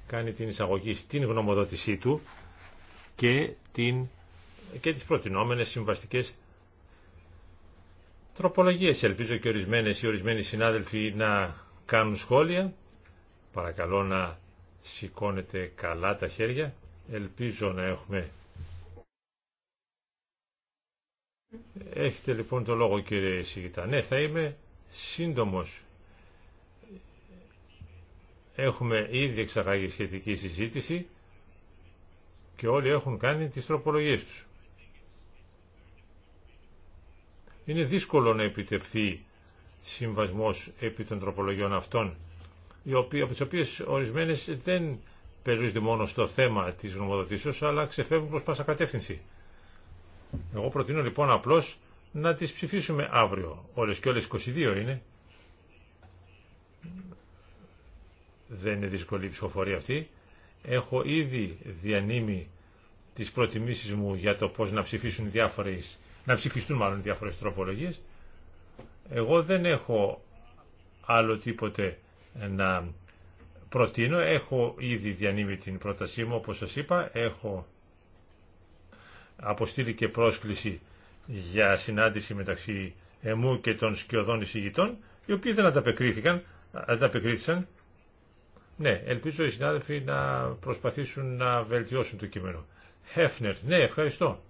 κάνει την εισαγωγή στην γνωμοδότησή του και, την, και τις προτινόμενες συμβαστικές τροπολογίες. Ελπίζω και ορισμένες ή ορισμένοι συνάδελφοι να κάνουν σχόλια. Παρακαλώ να σηκώνετε καλά τα χέρια. Ελπίζω να έχουμε... Έχετε λοιπόν το λόγο κύριε Σιγητά. Ναι, θα είμαι σύντομος. Έχουμε ήδη εξαγάγει σχετική συζήτηση και όλοι έχουν κάνει τις τροπολογίες τους. Είναι δύσκολο να επιτευχθεί συμβασμός επί των τροπολογιών αυτών, από τις οποίες ορισμένες δεν περιορίζονται μόνο στο θέμα της γνωμοδοτήσεως, αλλά ξεφεύγουν προς πάσα κατεύθυνση. Εγώ προτείνω λοιπόν απλώς να τις ψηφίσουμε αύριο. Όλες και όλες 22 είναι. Δεν είναι δύσκολη η ψηφοφορία αυτή. Έχω ήδη διανύμει τις προτιμήσεις μου για το πώς να ψηφίσουν διάφορες, να ψηφιστούν μάλλον διάφορες τροπολογίες. Εγώ δεν έχω άλλο τίποτε να προτείνω. Έχω ήδη διανύμει την πρότασή μου, όπως σας είπα. Έχω αποστείλει και πρόσκληση για συνάντηση μεταξύ εμού και των σκιωδών εισηγητών, οι οποίοι δεν ανταπεκρίθηκαν, ανταπεκρίθησαν ναι, ελπίζω οι συνάδελφοι να προσπαθήσουν να βελτιώσουν το κείμενο. Χέφνερ, ναι, ευχαριστώ.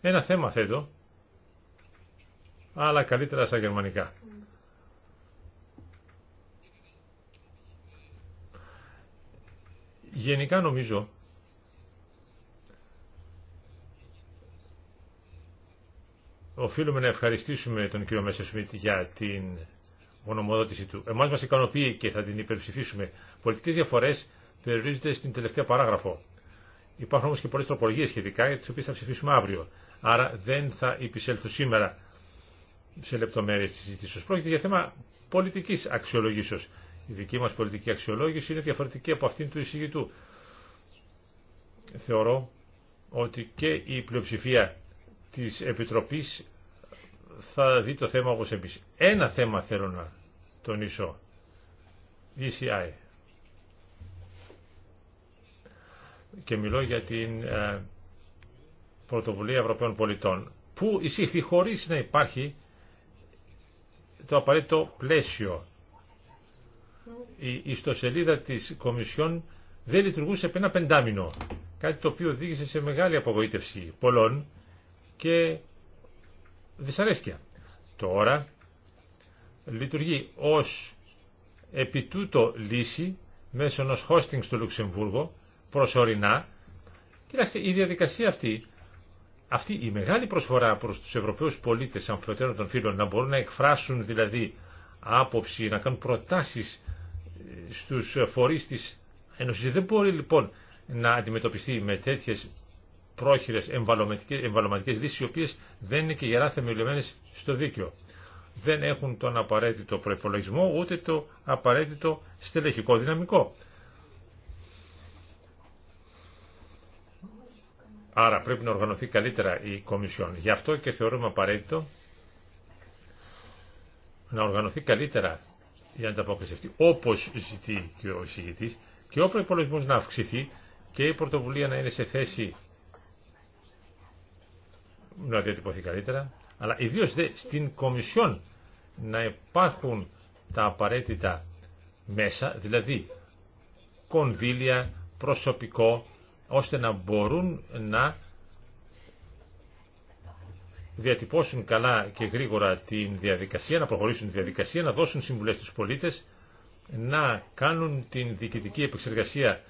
Ένα θέμα θέτω, αλλά καλύτερα στα γερμανικά. Γενικά νομίζω οφείλουμε να ευχαριστήσουμε τον κύριο Σμιτ για την γνωμοδότηση του. Εμάς μας ικανοποιεί και θα την υπερψηφίσουμε. πολιτικέ διαφορέ περιορίζονται στην τελευταία παράγραφο. Υπάρχουν όμω και πολλέ τροπολογίε σχετικά για τι οποίε θα ψηφίσουμε αύριο. Άρα δεν θα υπησέλθω σήμερα σε λεπτομέρειες τη συζήτηση. Πρόκειται για θέμα πολιτική αξιολογήσεω. Η δική μα πολιτική αξιολόγηση είναι διαφορετική από αυτήν του εισηγητού. Θεωρώ ότι και η πλειοψηφία της Επιτροπής θα δει το θέμα όπως εμείς. Ένα θέμα θέλω να τονίσω. DCI. Και μιλώ για την ε, πρωτοβουλία Ευρωπαίων πολιτών που εισήχθη χωρίς να υπάρχει το απαραίτητο πλαίσιο. Η ιστοσελίδα της Κομισιόν δεν λειτουργούσε πριν ένα πεντάμινο, κάτι το οποίο οδήγησε σε μεγάλη απογοήτευση πολλών και δυσαρέσκεια. Τώρα λειτουργεί ως τούτο λύση μέσω ενός hosting στο Λουξεμβούργο προσωρινά. Κοιτάξτε, η διαδικασία αυτή, αυτή η μεγάλη προσφορά προς τους Ευρωπαίους πολίτες αμφιωτέρων των φίλων να μπορούν να εκφράσουν δηλαδή άποψη, να κάνουν προτάσεις ε, στους φορείς της Ένωσης. Δεν μπορεί λοιπόν να αντιμετωπιστεί με τέτοιες πρόχειρες εμβαλωματικές λύσεις οι οποίες δεν είναι και γερά θεμελιωμένες στο δίκαιο. Δεν έχουν τον απαραίτητο προπολογισμό ούτε το απαραίτητο στελεχικό δυναμικό. Άρα πρέπει να οργανωθεί καλύτερα η Κομισιόν. Γι' αυτό και θεωρούμε απαραίτητο να οργανωθεί καλύτερα η ανταπόκριση αυτή, όπως ζητεί και ο εισηγητής, και ο προπολογισμό να αυξηθεί και η πρωτοβουλία να είναι σε θέση να διατυπωθεί καλύτερα, αλλά ιδίω στην Κομισιόν να υπάρχουν τα απαραίτητα μέσα, δηλαδή κονδύλια, προσωπικό, ώστε να μπορούν να διατυπώσουν καλά και γρήγορα την διαδικασία, να προχωρήσουν τη διαδικασία, να δώσουν συμβουλές στους πολίτες, να κάνουν την διοικητική επεξεργασία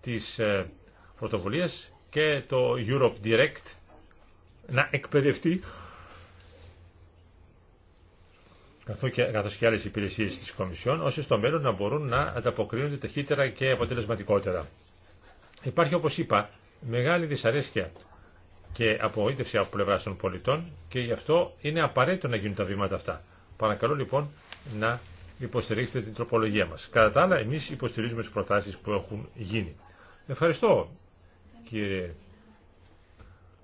της ε, πρωτοβουλίας και το Europe Direct να εκπαιδευτεί καθώς και άλλες υπηρεσίες της Κομισιόν, ώστε στο μέλλον να μπορούν να ανταποκρίνονται ταχύτερα και αποτελεσματικότερα. Υπάρχει, όπως είπα, μεγάλη δυσαρέσκεια και απογοήτευση από πλευρά των πολιτών και γι' αυτό είναι απαραίτητο να γίνουν τα βήματα αυτά. Παρακαλώ λοιπόν να υποστηρίξετε την τροπολογία μας. Κατά τα άλλα, εμείς υποστηρίζουμε τις προτάσεις που έχουν γίνει. Ευχαριστώ κύριε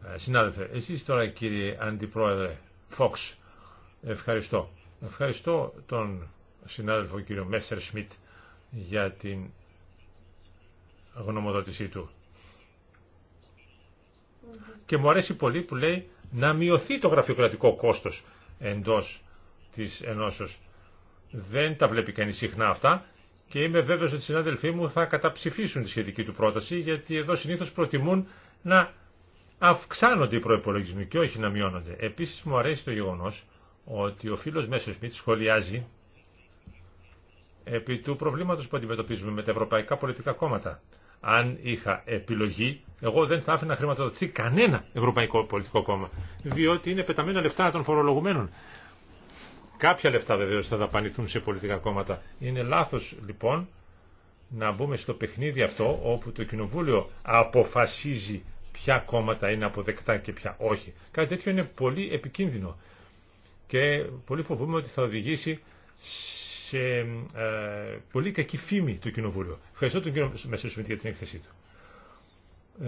ε, συνάδελφε. Εσείς τώρα κύριε Αντιπρόεδρε Φόξ, ευχαριστώ. Ευχαριστώ τον συνάδελφο κύριο Μέσσερ Σμιτ για την γνωμοδότησή του. Και μου αρέσει πολύ που λέει να μειωθεί το γραφειοκρατικό κόστος εντός της ενώσεως. Δεν τα βλέπει κανείς συχνά αυτά και είμαι βέβαιος ότι οι συνάδελφοί μου θα καταψηφίσουν τη σχετική του πρόταση γιατί εδώ συνήθως προτιμούν να αυξάνονται οι προπολογισμοί και όχι να μειώνονται. Επίση μου αρέσει το γεγονό ότι ο φίλο Μέσο Σμιτ σχολιάζει επί του προβλήματο που αντιμετωπίζουμε με τα ευρωπαϊκά πολιτικά κόμματα. Αν είχα επιλογή, εγώ δεν θα άφηνα χρηματοδοτηθεί κανένα ευρωπαϊκό πολιτικό κόμμα, διότι είναι πεταμένα λεφτά των φορολογουμένων. Κάποια λεφτά βεβαίω θα δαπανηθούν σε πολιτικά κόμματα. Είναι λάθο, λοιπόν να μπούμε στο παιχνίδι αυτό όπου το Κοινοβούλιο αποφασίζει ποια κόμματα είναι αποδεκτά και ποια όχι. Κάτι τέτοιο είναι πολύ επικίνδυνο και πολύ φοβούμαι ότι θα οδηγήσει σε ε, πολύ κακή φήμη του Κοινοβούλιο. Ευχαριστώ τον κύριο Μεσέσουμιτ για την έκθεσή του.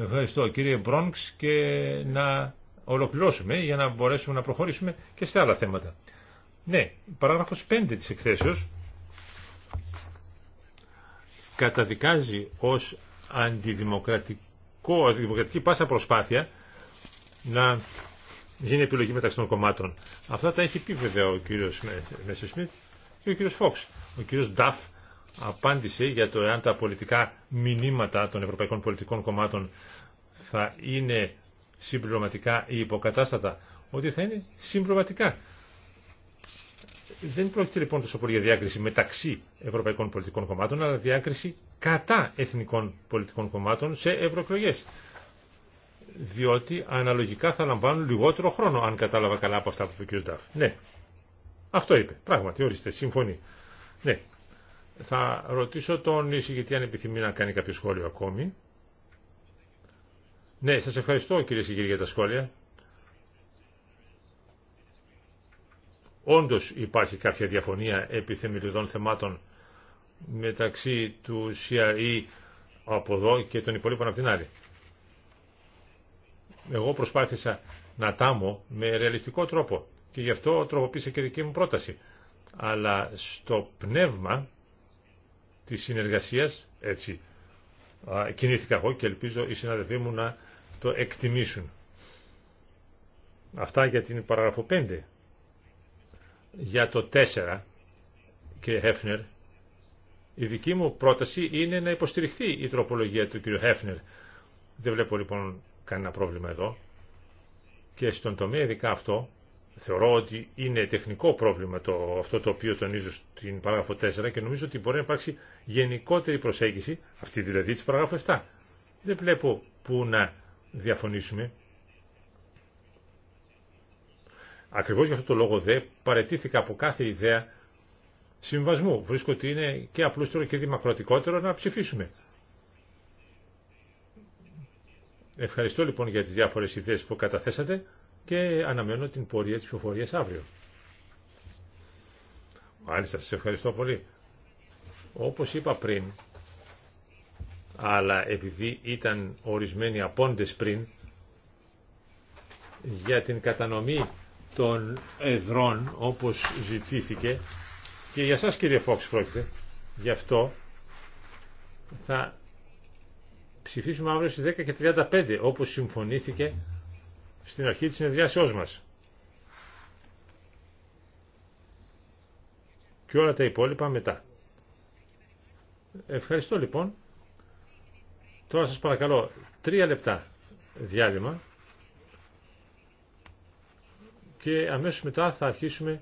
Ευχαριστώ κύριε Μπρόνξ και να ολοκληρώσουμε για να μπορέσουμε να προχωρήσουμε και σε άλλα θέματα. Ναι, παράγραφος 5 της εκθέσεως καταδικάζει ως αντιδημοκρατικό δημοκρατικό, δημοκρατική πάσα προσπάθεια να γίνει επιλογή μεταξύ των κομμάτων. Αυτά τα έχει πει βέβαια ο κύριος Μέσο Σμιτ και ο κύριος Φόξ. Ο κύριος Νταφ απάντησε για το εάν τα πολιτικά μηνύματα των ευρωπαϊκών πολιτικών κομμάτων θα είναι συμπληρωματικά ή υποκατάστατα, ότι θα είναι συμπληρωματικά. Δεν πρόκειται λοιπόν τόσο πολύ για διάκριση μεταξύ ευρωπαϊκών πολιτικών κομμάτων, αλλά διάκριση κατά εθνικών πολιτικών κομμάτων σε ευρωεκλογέ. Διότι αναλογικά θα λαμβάνουν λιγότερο χρόνο, αν κατάλαβα καλά από αυτά που είπε ο κ. Νταφ. Ναι. Αυτό είπε. Πράγματι, ορίστε, συμφωνεί. Ναι. Θα ρωτήσω τον εισηγητή αν επιθυμεί να κάνει κάποιο σχόλιο ακόμη. Ναι, σας ευχαριστώ κύριε Σιγήρη για τα σχόλια. όντως υπάρχει κάποια διαφωνία επί θεμάτων μεταξύ του CRE από εδώ και των υπολείπων από την άλλη. Εγώ προσπάθησα να τάμω με ρεαλιστικό τρόπο και γι' αυτό τροποποίησα και δική μου πρόταση. Αλλά στο πνεύμα της συνεργασίας, έτσι, κινήθηκα εγώ και ελπίζω οι συναδελφοί μου να το εκτιμήσουν. Αυτά για την παραγραφό 5 για το 4, κύριε Χέφνερ, η δική μου πρόταση είναι να υποστηριχθεί η τροπολογία του κύριου Χέφνερ. Δεν βλέπω λοιπόν κανένα πρόβλημα εδώ. Και στον τομέα ειδικά αυτό, θεωρώ ότι είναι τεχνικό πρόβλημα το, αυτό το οποίο τονίζω στην παράγραφο 4 και νομίζω ότι μπορεί να υπάρξει γενικότερη προσέγγιση, αυτή δηλαδή της παράγραφου 7. Δεν βλέπω πού να διαφωνήσουμε. Ακριβώς για αυτό το λόγο δε παρετήθηκα από κάθε ιδέα συμβασμού. Βρίσκω ότι είναι και απλούστερο και δημοκρατικότερο να ψηφίσουμε. Ευχαριστώ λοιπόν για τις διάφορες ιδέες που καταθέσατε και αναμένω την πορεία της ψηφοφορίας αύριο. Μάλιστα, σας ευχαριστώ πολύ. Όπως είπα πριν, αλλά επειδή ήταν ορισμένοι απόντες πριν, για την κατανομή των εδρών όπως ζητήθηκε και για σας κύριε Φόξ πρόκειται γι' αυτό θα ψηφίσουμε αύριο στις 10 και 35 όπως συμφωνήθηκε στην αρχή της συνεδριάσεώς μας και όλα τα υπόλοιπα μετά ευχαριστώ λοιπόν τώρα σας παρακαλώ τρία λεπτά διάλειμμα και αμέσως μετά θα αρχίσουμε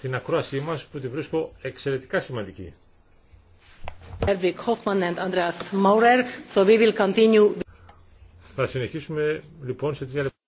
την ακρόασή μας που τη βρίσκω εξαιρετικά σημαντική. Θα συνεχίσουμε λοιπόν σε τρία λεπτά.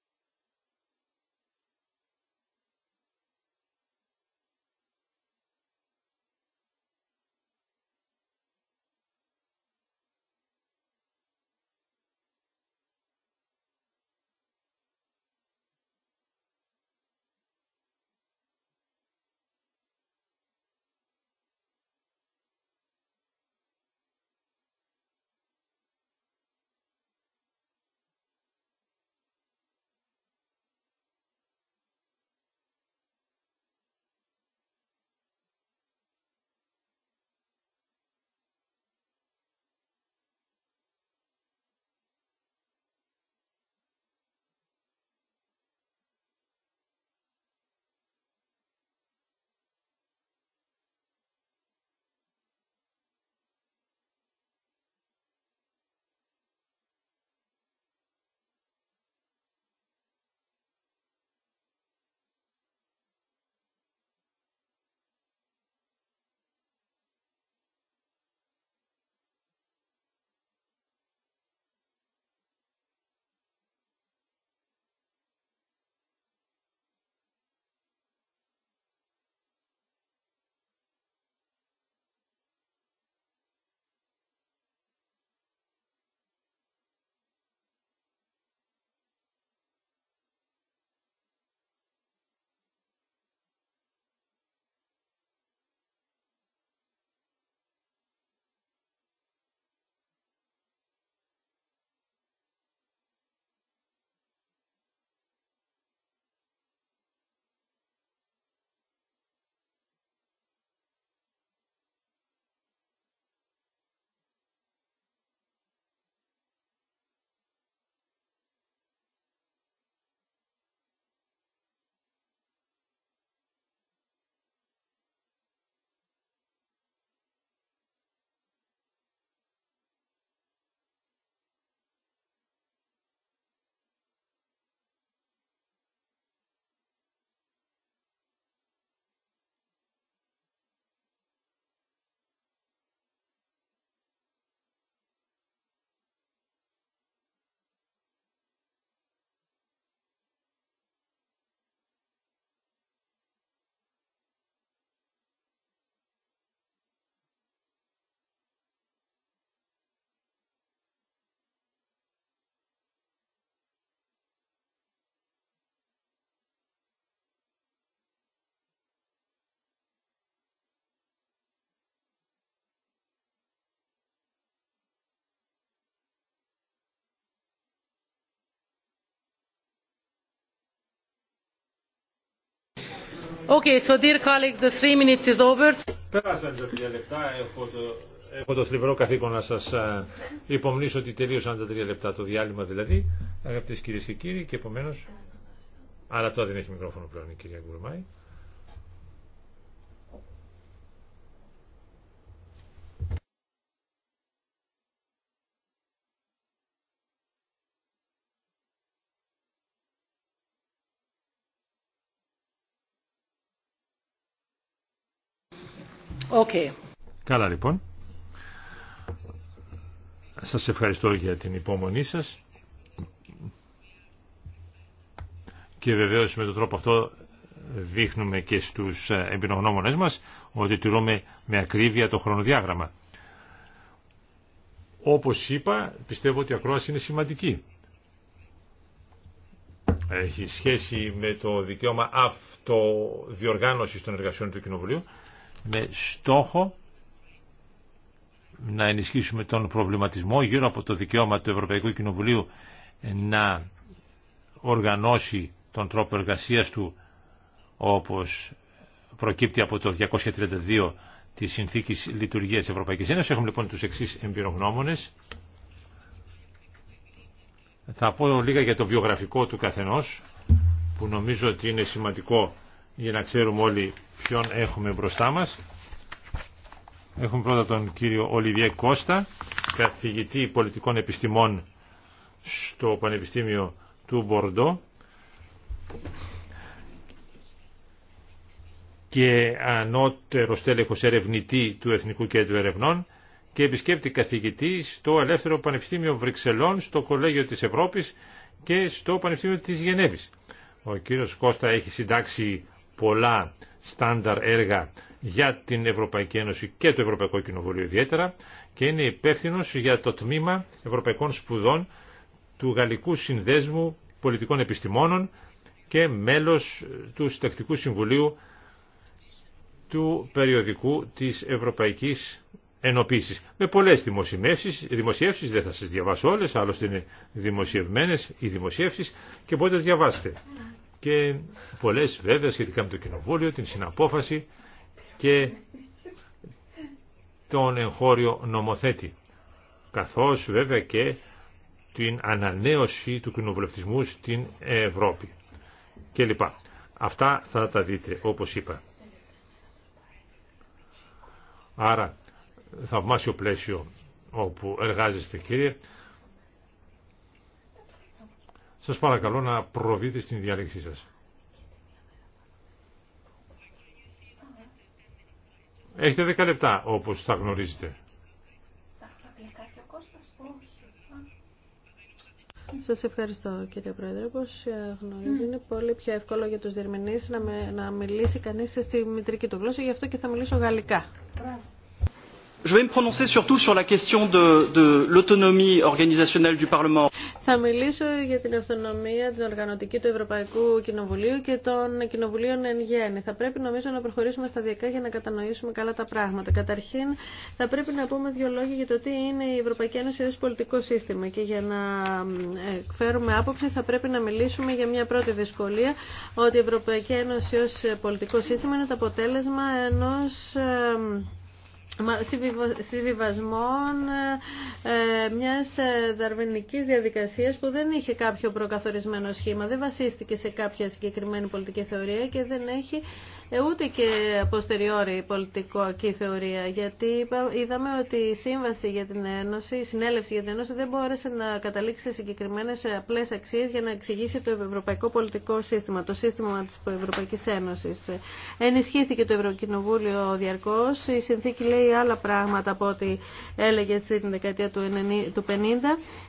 Okay, so dear colleagues, the three minutes is over. Πέρασαν τα τρία λεπτά. Έχω το, έχω το θλιβερό καθήκον να σας ε, υπομνήσω ότι τελείωσαν τα τρία λεπτά το διάλειμμα δηλαδή, αγαπητές κυρίες και κύριοι, και επομένως... Αλλά τώρα δεν έχει μικρόφωνο πλέον η κυρία Γκουρμάη. Okay. Καλά λοιπόν. Σας ευχαριστώ για την υπόμονή σας. Και βεβαίως με τον τρόπο αυτό δείχνουμε και στους εμπειρογνώμονες μας ότι τηρούμε με ακρίβεια το χρονοδιάγραμμα. Όπως είπα, πιστεύω ότι η ακρόαση είναι σημαντική. Έχει σχέση με το δικαίωμα αυτοδιοργάνωσης των εργασιών του Κοινοβουλίου με στόχο να ενισχύσουμε τον προβληματισμό γύρω από το δικαίωμα του Ευρωπαϊκού Κοινοβουλίου να οργανώσει τον τρόπο εργασίας του όπως προκύπτει από το 232 της Συνθήκης Λειτουργίας Ευρωπαϊκής Ένωσης. Έχουμε λοιπόν τους εξής εμπειρογνώμονες. Θα πω λίγα για το βιογραφικό του καθενός που νομίζω ότι είναι σημαντικό για να ξέρουμε όλοι ποιον έχουμε μπροστά μας. Έχουμε πρώτα τον κύριο Ολιβιέ Κώστα, καθηγητή πολιτικών επιστημών στο Πανεπιστήμιο του Μπορντό και ανώτερο στέλεχος ερευνητή του Εθνικού Κέντρου Ερευνών και επισκέπτη καθηγητή στο Ελεύθερο Πανεπιστήμιο Βρυξελών, στο Κολέγιο της Ευρώπης και στο Πανεπιστήμιο της Γενέβης. Ο κύριος Κώστα έχει συντάξει πολλά στάνταρ έργα για την Ευρωπαϊκή Ένωση και το Ευρωπαϊκό Κοινοβούλιο ιδιαίτερα και είναι υπεύθυνο για το τμήμα Ευρωπαϊκών Σπουδών του Γαλλικού Συνδέσμου Πολιτικών Επιστημόνων και μέλος του Συντακτικού Συμβουλίου του περιοδικού της Ευρωπαϊκής Ενοποίησης. Με πολλές δημοσιεύσεις, δημοσιεύσεις δεν θα σας διαβάσω όλες, άλλωστε είναι δημοσιευμένες οι δημοσιεύσεις και μπορείτε να διαβάσετε και πολλές βέβαια σχετικά με το Κοινοβούλιο, την συναπόφαση και τον εγχώριο νομοθέτη, καθώς βέβαια και την ανανέωση του κοινοβουλευτισμού στην Ευρώπη και λοιπά Αυτά θα τα δείτε, όπως είπα. Άρα, θαυμάσιο πλαίσιο όπου εργάζεστε κύριε, σας παρακαλώ να προβείτε στην διάλεξή σας. Έχετε δέκα λεπτά, όπως θα γνωρίζετε. Σας ευχαριστώ κύριε Πρόεδρε. Όπως γνωρίζω είναι πολύ πιο εύκολο για τους διερμηνείς να, να μιλήσει κανείς στη μητρική του γλώσσα, γι' αυτό και θα μιλήσω γαλλικά. Je vais me prononcer surtout sur la question de, de l'autonomie organisationnelle du Parlement. Θα μιλήσω για την αυτονομία, την οργανωτική του Ευρωπαϊκού Κοινοβουλίου και των κοινοβουλίων εν γέννη. Θα πρέπει νομίζω να προχωρήσουμε σταδιακά για να κατανοήσουμε καλά τα πράγματα. Καταρχήν, θα πρέπει να πούμε δύο λόγια για το τι είναι η Ευρωπαϊκή Ένωση ω πολιτικό σύστημα. Και για να ε, φέρουμε άποψη, θα πρέπει να μιλήσουμε για μια πρώτη δυσκολία, ότι η Ευρωπαϊκή Ένωση ω πολιτικό σύστημα είναι το αποτέλεσμα ενό. Ε, συμβιβασμών ε, μιας ε, δαρβενικής διαδικασίας που δεν είχε κάποιο προκαθορισμένο σχήμα, δεν βασίστηκε σε κάποια συγκεκριμένη πολιτική θεωρία και δεν έχει ε, ούτε και αποστεριώρη πολιτική θεωρία, γιατί είδαμε ότι η σύμβαση για την Ένωση, η συνέλευση για την Ένωση δεν μπόρεσε να καταλήξει σε συγκεκριμένε ε, απλές αξίες για να εξηγήσει το ευρωπαϊκό πολιτικό σύστημα, το σύστημα τη Ευρωπαϊκή Ένωση. Ενισχύθηκε το Ευρωκοινοβούλιο Διαρκώ. η συνθήκη λέει άλλα πράγματα από ό,τι έλεγε στην δεκαετία του 50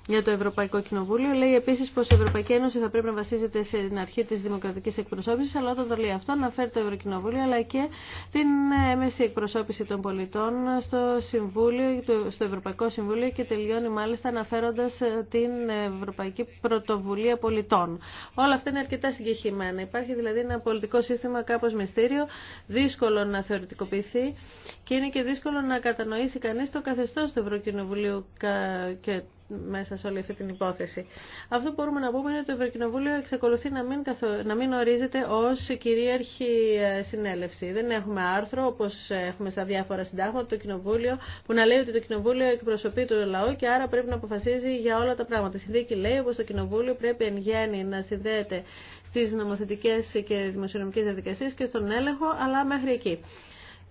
για το Ευρωπαϊκό Κοινοβούλιο. Λέει επίση πω η Ευρωπαϊκή Ένωση θα πρέπει να βασίζεται στην αρχή τη δημοκρατική εκπροσώπησης, αλλά όταν το λέει αυτό το Ευρωκοινοβούλιο Κοινοβούλιο αλλά και την έμεση εκπροσώπηση των πολιτών στο, Συμβούλιο, στο Ευρωπαϊκό Συμβούλιο και τελειώνει μάλιστα αναφέροντα ε, την Ευρωπαϊκή Πρωτοβουλία Πολιτών. Όλα αυτά είναι αρκετά συγκεχημένα. Υπάρχει δηλαδή ένα πολιτικό σύστημα κάπω μυστήριο, δύσκολο να θεωρητικοποιηθεί και είναι και δύσκολο να κατανοήσει κανεί το καθεστώ του Ευρωκοινοβουλίου και μέσα σε όλη αυτή την υπόθεση. Αυτό που μπορούμε να πούμε είναι ότι το Ευρωκοινοβούλιο εξακολουθεί να μην, καθο... να μην ορίζεται ω κυρίαρχη ε, συνέλευση. Δεν έχουμε άρθρο όπω έχουμε στα διάφορα συντάγματα το Κοινοβούλιο που να λέει ότι το Κοινοβούλιο εκπροσωπεί το λαό και άρα πρέπει να αποφασίζει για όλα τα πράγματα. Η συνδίκη λέει πω το Κοινοβούλιο πρέπει εν γέννη να συνδέεται στι νομοθετικέ και δημοσιονομικέ διαδικασίε και στον έλεγχο, αλλά μέχρι εκεί.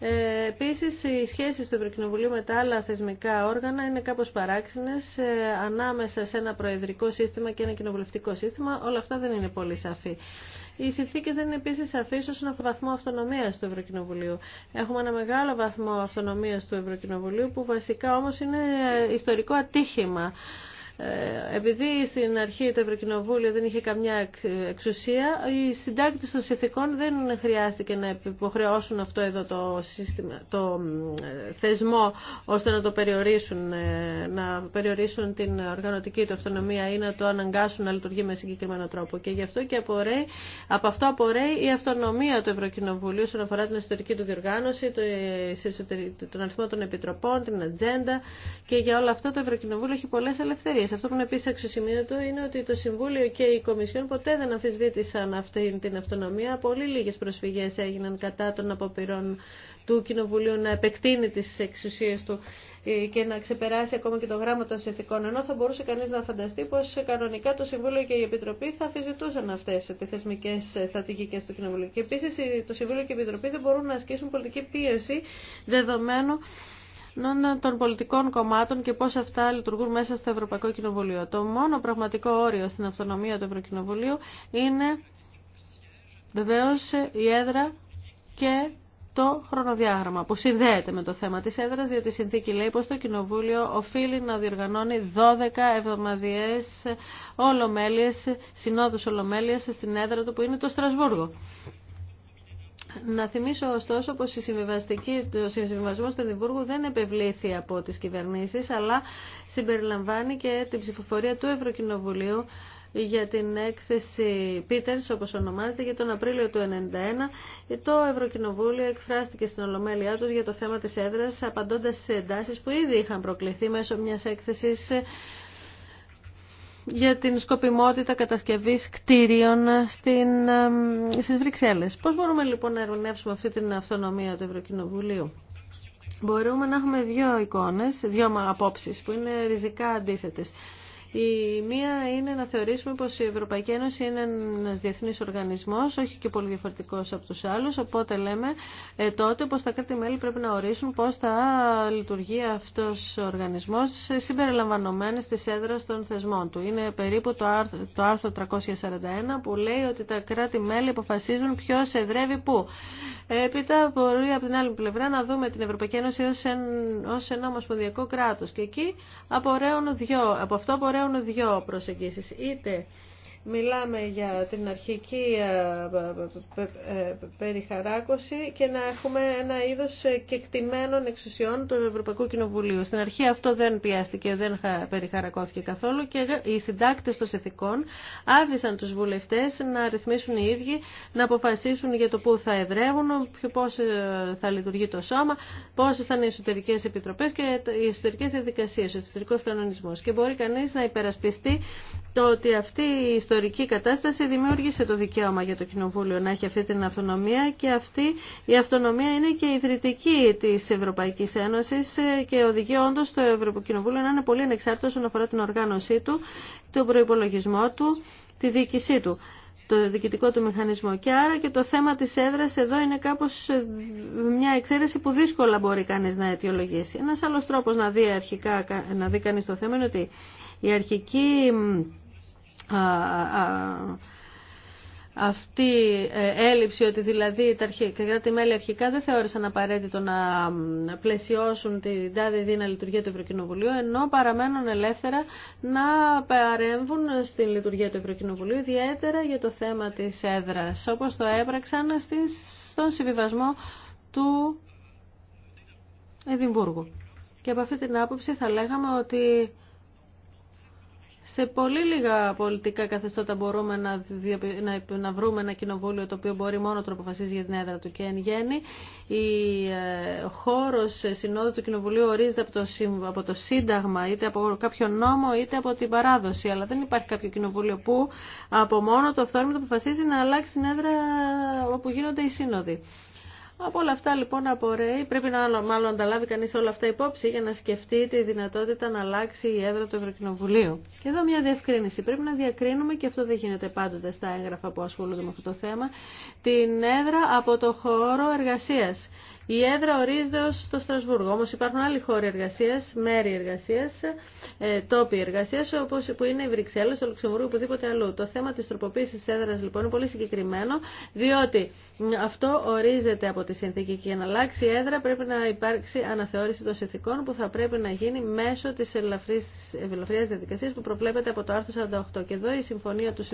Ε, επίση, οι σχέσει του Ευρωκοινοβουλίου με τα άλλα θεσμικά όργανα είναι κάπω παράξενε ε, ανάμεσα σε ένα προεδρικό σύστημα και ένα κοινοβουλευτικό σύστημα. Όλα αυτά δεν είναι πολύ σαφή. Οι συνθήκε δεν είναι επίση σαφεί όσον αφορά βαθμό αυτονομία του Ευρωκοινοβουλίου. Έχουμε ένα μεγάλο βαθμό αυτονομία του Ευρωκοινοβουλίου που βασικά όμω είναι ιστορικό ατύχημα. Ε, επειδή στην αρχή το Ευρωκοινοβούλιο δεν είχε καμιά εξουσία, οι συντάκτες των συνθηκών δεν χρειάστηκε να υποχρεώσουν αυτό εδώ το, σύστημα, το θεσμό ώστε να το περιορίσουν, ε, να περιορίσουν την οργανωτική του αυτονομία ή να το αναγκάσουν να λειτουργεί με συγκεκριμένο τρόπο. Και γι' αυτό και απορρέει, από αυτό απορρέει η αυτονομία του Ευρωκοινοβουλίου όσον αφορά την εσωτερική του διοργάνωση, τον αριθμό των επιτροπών, την ατζέντα και για όλα αυτά το Ευρωκοινοβούλιο έχει πολλές ελευθερίες. Αυτό που είναι επίση αξιοσημείωτο είναι ότι το Συμβούλιο και η Κομισιόν ποτέ δεν αμφισβήτησαν αυτή την αυτονομία. Πολύ λίγε προσφυγέ έγιναν κατά των αποπειρών του Κοινοβουλίου να επεκτείνει τι εξουσίε του ε, και να ξεπεράσει ακόμα και το γράμμα των συνθηκών. Ενώ θα μπορούσε κανεί να φανταστεί πως κανονικά το Συμβούλιο και η Επιτροπή θα αφισβητούσαν αυτέ τι θεσμικέ στρατηγικέ του Κοινοβουλίου. Και επίση ε, το Συμβούλιο και η Επιτροπή δεν μπορούν να ασκήσουν πολιτική πίεση δεδομένου των πολιτικών κομμάτων και πώς αυτά λειτουργούν μέσα στο Ευρωπαϊκό Κοινοβουλίο. Το μόνο πραγματικό όριο στην αυτονομία του Ευρωκοινοβουλίου είναι βεβαίω η έδρα και το χρονοδιάγραμμα που συνδέεται με το θέμα της έδρας διότι η συνθήκη λέει πως το Κοινοβούλιο οφείλει να διοργανώνει 12 εβδομαδιαίες ολομέλειες, συνόδους ολομέλειες στην έδρα του που είναι το Στρασβούργο. Να θυμίσω ωστόσο πως η συμβιβαστική, το συμβιβασμό του Εδιμβούργου δεν επευλήθη από τις κυβερνήσεις, αλλά συμπεριλαμβάνει και την ψηφοφορία του Ευρωκοινοβουλίου για την έκθεση Πίτερς, όπως ονομάζεται, για τον Απρίλιο του 1991. Το Ευρωκοινοβούλιο εκφράστηκε στην ολομέλειά του για το θέμα της έδρας, απαντώντας σε εντάσεις που ήδη είχαν προκληθεί μέσω μιας έκθεσης για την σκοπιμότητα κατασκευής κτίριων στην, στις Βρυξέλλες. Πώς μπορούμε λοιπόν να ερμηνεύσουμε αυτή την αυτονομία του Ευρωκοινοβουλίου. Μπορούμε να έχουμε δύο εικόνες, δύο απόψεις που είναι ριζικά αντίθετες. Η μία είναι να θεωρήσουμε πως η Ευρωπαϊκή Ένωση είναι ένας διεθνής οργανισμός, όχι και πολύ διαφορετικός από τους άλλους, οπότε λέμε ε, τότε πως τα κράτη-μέλη πρέπει να ορίσουν πώς θα λειτουργεί αυτός ο οργανισμός ε, συμπεριλαμβανομένες της έδρας των θεσμών του. Είναι περίπου το, άρθρο, το άρθρο 341 που λέει ότι τα κράτη-μέλη αποφασίζουν ποιο εδρεύει πού. Έπειτα μπορεί από την άλλη πλευρά να δούμε την Ευρωπαϊκή Ένωση ως, εν, ως ένα ομοσπονδιακό κράτος και εκεί απορρέουν δυο. Από αυτό δύο προσεγγίσεις. Είτε μιλάμε για την αρχική ε, ε, ε, περιχαράκωση και να έχουμε ένα είδος κεκτημένων εξουσιών του Ευρωπαϊκού Κοινοβουλίου. Στην αρχή αυτό δεν πιάστηκε, δεν περιχαρακώθηκε καθόλου και οι συντάκτες των συνθηκών άφησαν τους βουλευτές να ρυθμίσουν οι ίδιοι, να αποφασίσουν για το πού θα εδρεύουν, πώς θα λειτουργεί το σώμα, πόσες θα είναι οι εσωτερικές επιτροπές και οι εσωτερικές διαδικασίες, ο εσωτερικός κανονισμό. Και μπορεί να υπερασπιστεί το ότι αυτή ιστορική κατάσταση δημιούργησε το δικαίωμα για το Κοινοβούλιο να έχει αυτή την αυτονομία και αυτή η αυτονομία είναι και ιδρυτική της Ευρωπαϊκής Ένωσης ε, και οδηγεί όντως το Ευρωκοινοβούλιο να είναι πολύ ανεξάρτητο όσον αφορά την οργάνωσή του, τον προϋπολογισμό του, τη διοίκησή του το διοικητικό του μηχανισμό. Και άρα και το θέμα της έδρας εδώ είναι κάπως ε, μια εξαίρεση που δύσκολα μπορεί κανείς να αιτιολογήσει. Ένας άλλος τρόπος να δει, αρχικά, να δει κανείς το θέμα είναι ότι η αρχική αυτή η ε, έλλειψη ότι δηλαδή τα κράτη-μέλη αρχικά δεν θεώρησαν απαραίτητο να πλαισιώσουν την τάδε δίνα λειτουργία του Ευρωκοινοβουλίου ενώ παραμένουν ελεύθερα να παρέμβουν στην λειτουργία του Ευρωκοινοβουλίου ιδιαίτερα για το θέμα της έδρας όπως το έπραξαν στον συμβιβασμό του Εδιμβούργου. Και από αυτή την άποψη θα λέγαμε ότι σε πολύ λίγα πολιτικά καθεστώτα μπορούμε να, να, να βρούμε ένα κοινοβούλιο το οποίο μπορεί μόνο να αποφασίζει για την έδρα του και εν γέννη. Η, ο ε, χώρος συνόδου του κοινοβουλίου ορίζεται από το, από το Σύνταγμα, είτε από κάποιο νόμο, είτε από την παράδοση. Αλλά δεν υπάρχει κάποιο κοινοβούλιο που από μόνο το αυθόρμητο αποφασίζει να αλλάξει την έδρα όπου γίνονται οι σύνοδοι. Από όλα αυτά λοιπόν απορρέει, πρέπει να μάλλον τα λάβει κανείς όλα αυτά υπόψη για να σκεφτεί τη δυνατότητα να αλλάξει η έδρα του Ευρωκοινοβουλίου. Και εδώ μια διευκρίνηση. Πρέπει να διακρίνουμε, και αυτό δεν γίνεται πάντοτε στα έγγραφα που ασχολούνται με αυτό το θέμα, την έδρα από το χώρο εργασίας. Η έδρα ορίζεται ως το Στρασβούργο, όμως υπάρχουν άλλοι χώροι εργασίας, μέρη εργασίας, ε, τόποι εργασίας, όπως που είναι η Βρυξέλλες, το Λουξεμβούργο, οπουδήποτε αλλού. Το θέμα της τροποποίησης της έδρας λοιπόν είναι πολύ συγκεκριμένο, διότι αυτό ορίζεται από τη συνθήκη και για να αλλάξει η έδρα πρέπει να υπάρξει αναθεώρηση των συνθήκων που θα πρέπει να γίνει μέσω της ελευθερία διαδικασίας που προβλέπεται από το άρθρο 48. Και εδώ η συμφωνία του,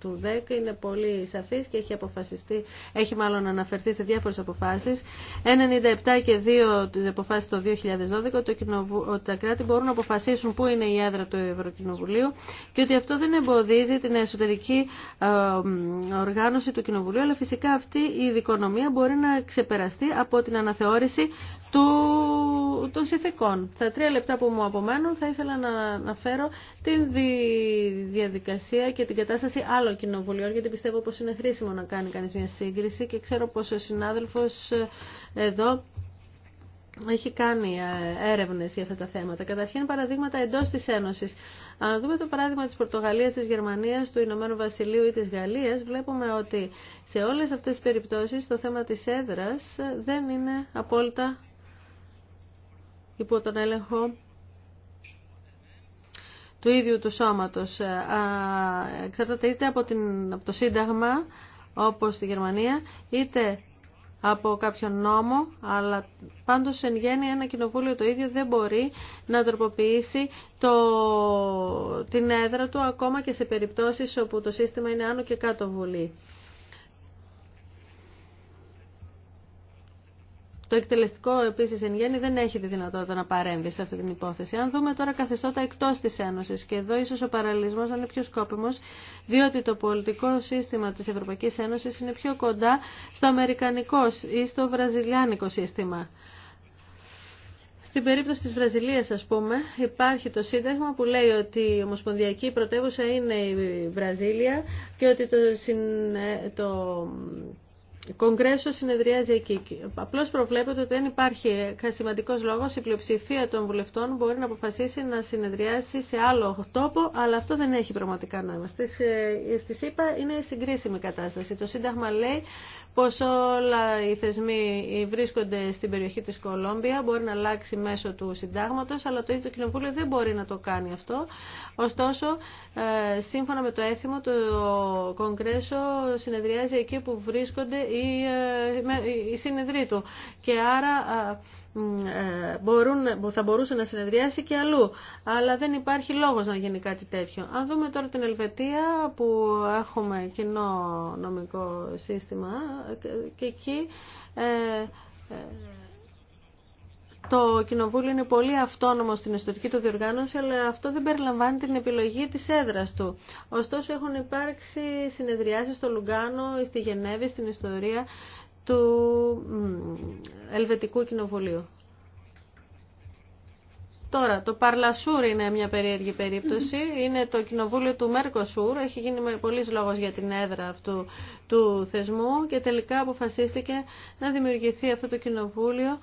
του 10 είναι πολύ σαφής και έχει αποφασιστεί, έχει μάλλον αναφερθεί σε διάφορες αποφάσεις. Είναι 97 και 2 της αποφάσης το 2012 κοινοβου... ότι τα κράτη μπορούν να αποφασίσουν πού είναι η έδρα του Ευρωκοινοβουλίου και ότι αυτό δεν εμποδίζει την εσωτερική ε, οργάνωση του Κοινοβουλίου αλλά φυσικά αυτή η δικονομία μπορεί να ξεπεραστεί από την αναθεώρηση του, των συνθήκων. Τα τρία λεπτά που μου απομένουν θα ήθελα να αναφέρω την διαδικασία και την κατάσταση άλλων κοινοβουλίων γιατί πιστεύω πως είναι χρήσιμο να κάνει κανείς μια σύγκριση και ξέρω πως ο συνάδελφος ε, εδώ έχει κάνει ε, έρευνες για αυτά τα θέματα. Καταρχήν, παραδείγματα εντός της Ένωσης. Αν δούμε το παράδειγμα της Πορτογαλίας, της Γερμανίας, του Ηνωμένου Βασιλείου ή τη Γαλλία, βλέπουμε ότι σε όλες αυτές τις περιπτώσει το θέμα τη έδρα ε, δεν είναι απόλυτα υπό λοιπόν, τον έλεγχο του ίδιου του σώματος. Ε, εξαρτάται είτε από, την, από το Σύνταγμα, όπως στη Γερμανία, είτε από κάποιον νόμο, αλλά πάντως εν γέννη ένα κοινοβούλιο το ίδιο δεν μπορεί να τροποποιήσει το, την έδρα του ακόμα και σε περιπτώσεις όπου το σύστημα είναι άνω και κάτω βουλή. Το εκτελεστικό επίση εν γέννη δεν έχει τη δυνατότητα να παρέμβει σε αυτή την υπόθεση. Αν δούμε τώρα καθεστώτα εκτό τη Ένωση, και εδώ ίσω ο παραλυσμό να είναι πιο σκόπιμο, διότι το πολιτικό σύστημα τη Ευρωπαϊκή Ένωση είναι πιο κοντά στο αμερικανικό ή στο βραζιλιάνικο σύστημα. Στην περίπτωση της Βραζιλίας, ας πούμε, υπάρχει το σύνταγμα που λέει ότι η Ομοσπονδιακή Πρωτεύουσα είναι η Βραζίλια και ότι το, ε, το Κογκρέσο συνεδριάζει εκεί. Απλώ προβλέπεται ότι δεν υπάρχει σημαντικό λόγο. Η πλειοψηφία των βουλευτών μπορεί να αποφασίσει να συνεδριάσει σε άλλο τόπο, αλλά αυτό δεν έχει πραγματικά νόημα. Στη ε, ΣΥΠΑ είναι συγκρίσιμη κατάσταση. Το Σύνταγμα λέει πως όλα οι θεσμοί βρίσκονται στην περιοχή της Κολόμπια, μπορεί να αλλάξει μέσω του συντάγματος, αλλά το ίδιο το Κοινοβούλιο δεν μπορεί να το κάνει αυτό. Ωστόσο, ε, σύμφωνα με το έθιμο, το Κογκρέσο συνεδριάζει εκεί που βρίσκονται οι, ε, οι συνεδροί του. Και άρα ε, ε, μπορούν, θα μπορούσε να συνεδριάσει και αλλού. Αλλά δεν υπάρχει λόγος να γίνει κάτι τέτοιο. Αν δούμε τώρα την Ελβετία που έχουμε κοινό νομικό σύστημα και εκεί ε, ε, το κοινοβούλιο είναι πολύ αυτόνομο στην ιστορική του διοργάνωση, αλλά αυτό δεν περιλαμβάνει την επιλογή της έδρας του. Ωστόσο έχουν υπάρξει συνεδριάσεις στο Λουγκάνο, στη Γενέβη, στην ιστορία του Ελβετικού Κοινοβουλίου. Τώρα, το Παρλασούρ είναι μια περίεργη περίπτωση. Είναι το κοινοβούλιο του Μέρκοσούρ. Έχει γίνει πολλή λόγο για την έδρα αυτού του θεσμού και τελικά αποφασίστηκε να δημιουργηθεί αυτό το κοινοβούλιο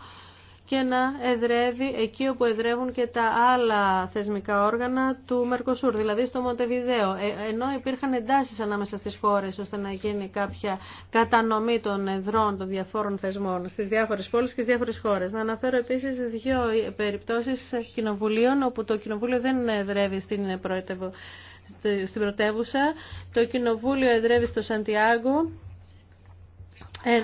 και να εδρεύει εκεί όπου εδρεύουν και τα άλλα θεσμικά όργανα του Μερκοσούρ, δηλαδή στο Μοντεβιδέο. Ε, ενώ υπήρχαν εντάσεις ανάμεσα στις χώρες ώστε να γίνει κάποια κατανομή των εδρών των διαφόρων θεσμών στις διάφορες πόλεις και στις διάφορες χώρες. Να αναφέρω επίσης δύο περιπτώσεις κοινοβουλίων όπου το κοινοβούλιο δεν εδρεύει στην πρωτεύουσα. Στην πρωτεύουσα. Το κοινοβούλιο εδρεύει στο Σαντιάγκο. Ε,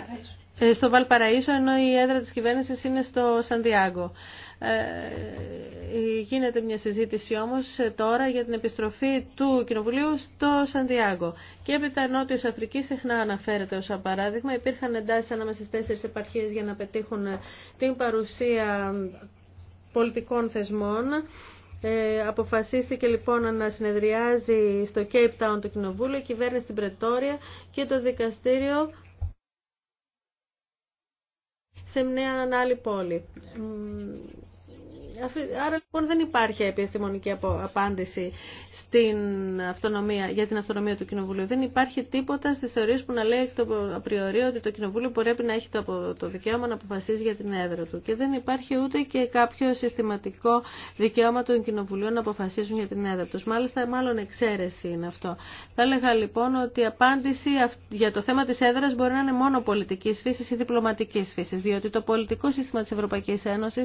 ε, στο Βαλπαραΐσο, ενώ η έδρα της κυβέρνησης είναι στο Σαντιάγκο. Ε, ε, γίνεται μια συζήτηση όμως τώρα για την επιστροφή του Κοινοβουλίου στο Σαντιάγκο. Και έπειτα Νότιος Αφρική συχνά αναφέρεται ως παράδειγμα. Υπήρχαν εντάσεις ανάμεσα στις τέσσερις επαρχίες για να πετύχουν την παρουσία πολιτικών θεσμών. Ε, αποφασίστηκε λοιπόν να συνεδριάζει στο Cape Town το Κοινοβούλιο, η κυβέρνηση στην Πρετόρια και το δικαστήριο σε μια άλλη πόλη. Άρα λοιπόν δεν υπάρχει επιστημονική απάντηση στην αυτονομία, για την αυτονομία του Κοινοβουλίου. Δεν υπάρχει τίποτα στι θεωρίε που να λέει το απριορίο ότι το Κοινοβούλιο μπορεί να έχει το, δικαίωμα να αποφασίζει για την έδρα του. Και δεν υπάρχει ούτε και κάποιο συστηματικό δικαίωμα των Κοινοβουλίων να αποφασίζουν για την έδρα του. Μάλιστα, μάλλον εξαίρεση είναι αυτό. Θα έλεγα λοιπόν ότι η απάντηση για το θέμα τη έδρα μπορεί να είναι μόνο πολιτική φύση ή διπλωματική φύση. Διότι το πολιτικό σύστημα τη Ευρωπαϊκή Ένωση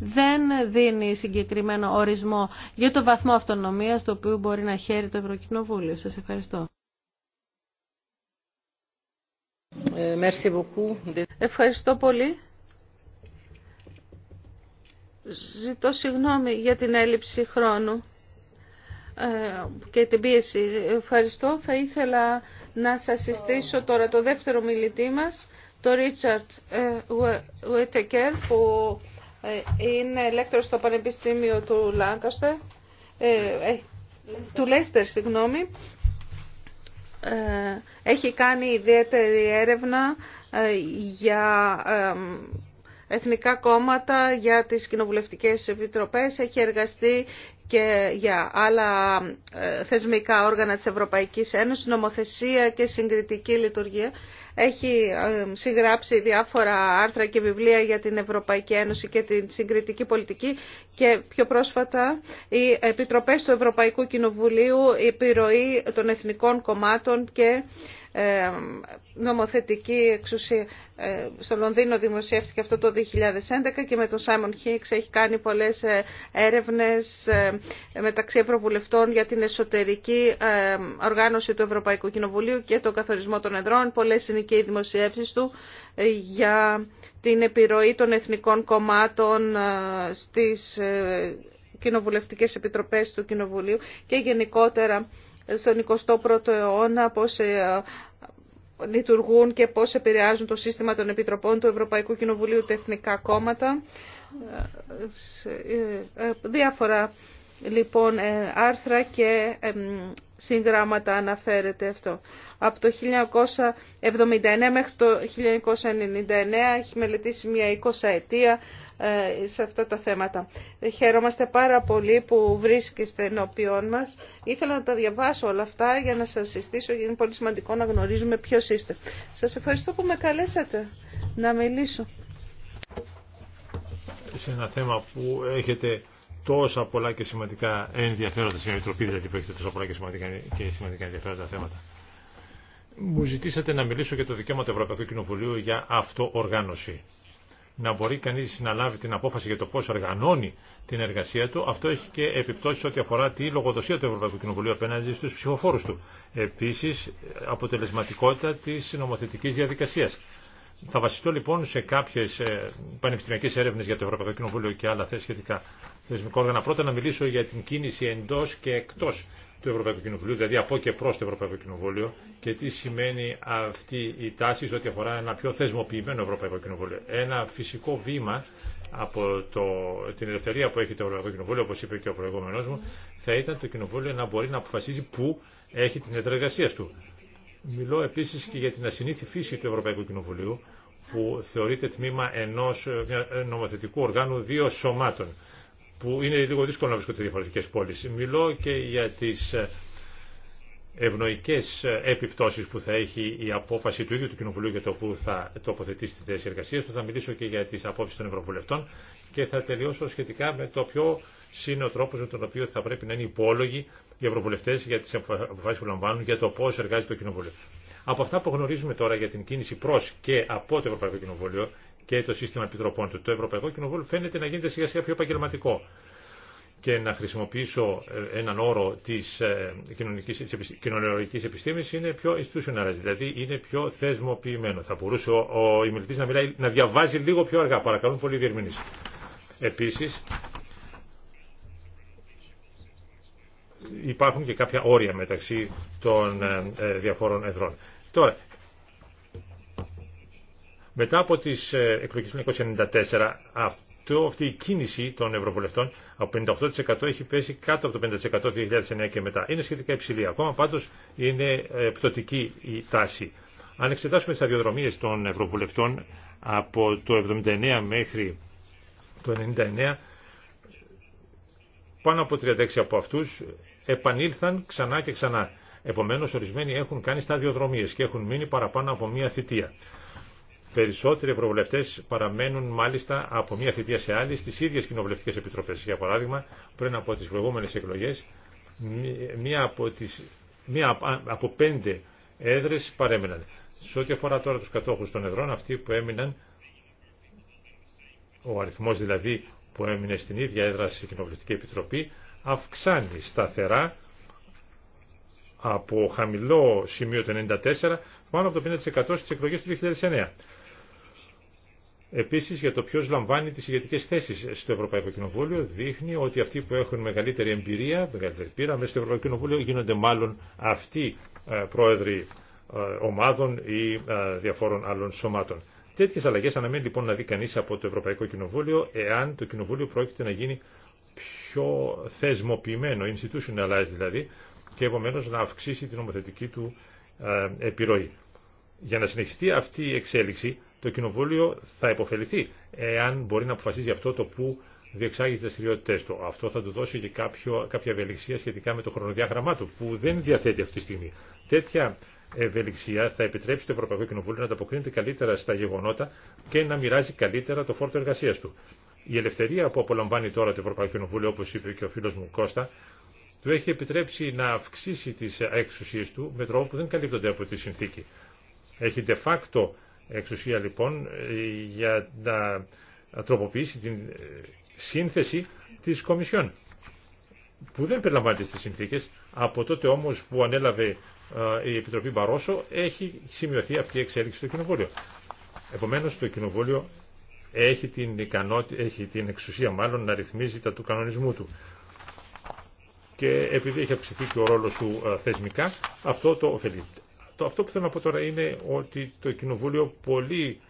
δεν δίνει συγκεκριμένο ορισμό για το βαθμό αυτονομίας το οποίο μπορεί να χαίρει το Ευρωκοινοβούλιο. Σας ευχαριστώ. Ευχαριστώ πολύ. Ζητώ συγγνώμη για την έλλειψη χρόνου ε, και την πίεση. Ευχαριστώ. Θα ήθελα να σας συστήσω τώρα το δεύτερο μιλητή μας, το Ρίτσαρτ Βουέτεκερ, ε, που ε, είναι ελέκτρος στο Πανεπιστήμιο του Λάγκαστερ, ε, ε, του Λέστερ, συγγνώμη. Έχει κάνει ιδιαίτερη έρευνα για εθνικά κόμματα, για τις κοινοβουλευτικές επιτροπές. Έχει εργαστεί και για άλλα θεσμικά όργανα της Ευρωπαϊκής Ένωσης, νομοθεσία και συγκριτική λειτουργία. Έχει ε, συγγράψει διάφορα άρθρα και βιβλία για την Ευρωπαϊκή Ένωση και την συγκριτική πολιτική και πιο πρόσφατα οι επιτροπές του Ευρωπαϊκού Κοινοβουλίου, η επιρροή των εθνικών κομμάτων και ε, νομοθετική εξουσία. Ε, στο Λονδίνο δημοσιεύτηκε αυτό το 2011 και με τον Σάιμον Χίξ έχει κάνει πολλές έρευνες μεταξύ ευρωβουλευτών για την εσωτερική οργάνωση του Ευρωπαϊκού Κοινοβουλίου και τον καθορισμό των εδρών, πολλές και οι δημοσιεύσεις του ε, για την επιρροή των εθνικών κομμάτων ε, στις ε, κοινοβουλευτικές επιτροπές του Κοινοβουλίου και γενικότερα στον 21ο αιώνα πώς λειτουργούν και πώς επηρεάζουν το σύστημα των επιτροπών του Ευρωπαϊκού Κοινοβουλίου τα εθνικά κόμματα. Διάφορα λοιπόν ε, άρθρα και συγγράμματα αναφέρεται αυτό. Από το 1979 μέχρι το 1999 έχει μελετήσει μια 20 ετία ε, σε αυτά τα θέματα. Ε, Χαίρομαστε πάρα πολύ που βρίσκεστε ενώπιόν μας. Ήθελα να τα διαβάσω όλα αυτά για να σας συστήσω γιατί είναι πολύ σημαντικό να γνωρίζουμε ποιος είστε. Σας ευχαριστώ που με καλέσατε να μιλήσω. Σε ένα θέμα που έχετε τόσα πολλά και σημαντικά ενδιαφέροντα, στην Επιτροπή δηλαδή που έχετε τόσα πολλά και σημαντικά, και σημαντικά ενδιαφέροντα θέματα. Μου ζητήσατε να μιλήσω για το δικαίωμα του Ευρωπαϊκού Κοινοβουλίου για αυτοοργάνωση. Να μπορεί κανεί να λάβει την απόφαση για το πώ οργανώνει την εργασία του, αυτό έχει και επιπτώσει ό,τι αφορά τη λογοδοσία του Ευρωπαϊκού Κοινοβουλίου απέναντι στου ψηφοφόρου του. Επίση, αποτελεσματικότητα τη νομοθετική διαδικασία. Θα βασιστώ λοιπόν σε κάποιε πανεπιστημιακέ έρευνε για το Ευρωπαϊκό Κοινοβούλιο και άλλα θέσει σχετικά θεσμικό όργανα. Πρώτα να μιλήσω για την κίνηση εντό και εκτό του Ευρωπαϊκού Κοινοβουλίου, δηλαδή από και προ το Ευρωπαϊκό Κοινοβούλιο και τι σημαίνει αυτή η τάση σε ό,τι αφορά ένα πιο θεσμοποιημένο Ευρωπαϊκό Κοινοβούλιο. Ένα φυσικό βήμα από το, την ελευθερία που έχει το Ευρωπαϊκό Κοινοβούλιο, όπω είπε και ο προηγούμενο μου, θα ήταν το Κοινοβούλιο να μπορεί να αποφασίζει πού έχει την εργασία του. Μιλώ επίση και για την ασυνήθη φύση του Ευρωπαϊκού Κοινοβουλίου που θεωρείται τμήμα ενό ε, ε, νομοθετικού οργάνου δύο σωμάτων που είναι λίγο δύσκολο να βρίσκονται διαφορετικέ πόλει. Μιλώ και για τι ε, ευνοϊκέ επιπτώσει που θα έχει η απόφαση του ίδιου του Κοινοβουλίου για το που θα τοποθετήσει τη θέση εργασία. του. Θα μιλήσω και για τι απόψει των Ευρωβουλευτών και θα τελειώσω σχετικά με το είναι ο τρόπο με τον οποίο θα πρέπει να είναι υπόλογοι οι ευρωβουλευτέ για τι αποφάσει που λαμβάνουν για το πώ εργάζεται το Κοινοβούλιο. Από αυτά που γνωρίζουμε τώρα για την κίνηση προ και από το Ευρωπαϊκό Κοινοβούλιο και το σύστημα επιτροπών του, το Ευρωπαϊκό Κοινοβούλιο φαίνεται να γίνεται σιγά σιγά πιο επαγγελματικό. Και να χρησιμοποιήσω ε, έναν όρο τη ε, κοινωνιολογική επιστήμη είναι πιο institutionalized, δηλαδή είναι πιο θεσμοποιημένο. Θα μπορούσε ο, ο να, μιλάει, να διαβάζει λίγο πιο αργά. Παρακαλούν πολύ διερμηνεί. Επίση, υπάρχουν και κάποια όρια μεταξύ των ε, ε, διαφόρων εδρών. Τώρα, μετά από τις ε, εκλογές του 1994, αυτό, αυτή η κίνηση των ευρωβουλευτών από 58% έχει πέσει κάτω από το 50% το 2009 και μετά. Είναι σχετικά υψηλή. Ακόμα πάντως είναι πτωτική η τάση. Αν εξετάσουμε τις αδειοδρομίες των ευρωβουλευτών από το 79 μέχρι το 99 πάνω από 36 από αυτού επανήλθαν ξανά και ξανά. Επομένω, ορισμένοι έχουν κάνει σταδιοδρομίες και έχουν μείνει παραπάνω από μία θητεία. Περισσότεροι ευρωβουλευτέ παραμένουν μάλιστα από μία θητεία σε άλλη στι ίδιε κοινοβουλευτικέ επιτροπέ. Για παράδειγμα, πριν από τι προηγούμενε εκλογέ, μία από, τις, μία από πέντε έδρε παρέμειναν. Σε ό,τι αφορά τώρα του κατόχου των εδρών, αυτοί που έμειναν, ο αριθμό δηλαδή που έμεινε στην ίδια έδραση η Κοινοβουλευτική Επιτροπή αυξάνει σταθερά από χαμηλό σημείο το 94 πάνω από το 50% στις εκλογές του 2009. Επίσης για το ποιος λαμβάνει τις ηγετικές θέσεις στο Ευρωπαϊκό Κοινοβούλιο δείχνει ότι αυτοί που έχουν μεγαλύτερη εμπειρία, μεγαλύτερη πείρα μέσα στο Ευρωπαϊκό Κοινοβούλιο γίνονται μάλλον αυτοί ε, πρόεδροι ε, ομάδων ή ε, διαφόρων άλλων σωμάτων. Τέτοιε αλλαγές αναμένει λοιπόν να δει κανεί από το Ευρωπαϊκό Κοινοβούλιο εάν το Κοινοβούλιο πρόκειται να γίνει πιο θεσμοποιημένο, institutionalized δηλαδή, και επομένω να αυξήσει την νομοθετική του ε, επιρροή. Για να συνεχιστεί αυτή η εξέλιξη, το Κοινοβούλιο θα υποφεληθεί εάν μπορεί να αποφασίζει αυτό το που διεξάγει τι δραστηριότητέ του. Αυτό θα του δώσει και κάποιο, κάποια ευελιξία σχετικά με το χρονοδιάγραμμά του, που δεν διαθέτει αυτή τη στιγμή. Τέτοια ευελιξία θα επιτρέψει το Ευρωπαϊκό Κοινοβούλιο να ανταποκρίνεται καλύτερα στα γεγονότα και να μοιράζει καλύτερα το φόρτο εργασία του. Η ελευθερία που απολαμβάνει τώρα το Ευρωπαϊκό Κοινοβούλιο, όπω είπε και ο φίλο μου Κώστα, του έχει επιτρέψει να αυξήσει τι εξουσίε του με τρόπο που δεν καλύπτονται από τη συνθήκη. Έχει de facto εξουσία λοιπόν ε, για να τροποποιήσει την ε, σύνθεση τη Κομισιόν που δεν περιλαμβάνεται στις συνθήκες. Από τότε όμως που ανέλαβε ε, η Επιτροπή Μπαρόσο έχει σημειωθεί αυτή η εξέλιξη στο Κοινοβούλιο. Επομένως το Κοινοβούλιο έχει την, ικανότη, έχει την εξουσία μάλλον να ρυθμίζει τα του κανονισμού του. Και επειδή έχει αυξηθεί και ο ρόλο του ε, θεσμικά, αυτό το ωφελεί. Το, αυτό που θέλω να πω τώρα είναι ότι το Κοινοβούλιο πολλοί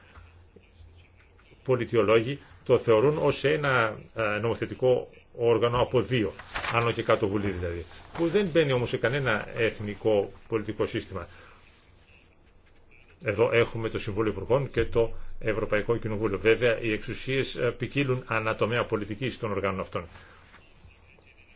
πολιτιολόγοι το θεωρούν ως ένα ε, νομοθετικό όργανο από δύο, άνω και κάτω βουλή δηλαδή, που δεν μπαίνει όμως σε κανένα εθνικό πολιτικό σύστημα. Εδώ έχουμε το Συμβούλιο Υπουργών και το Ευρωπαϊκό Κοινοβούλιο. Βέβαια, οι εξουσίες ε, ποικίλουν ανατομέα πολιτικής των οργάνων αυτών.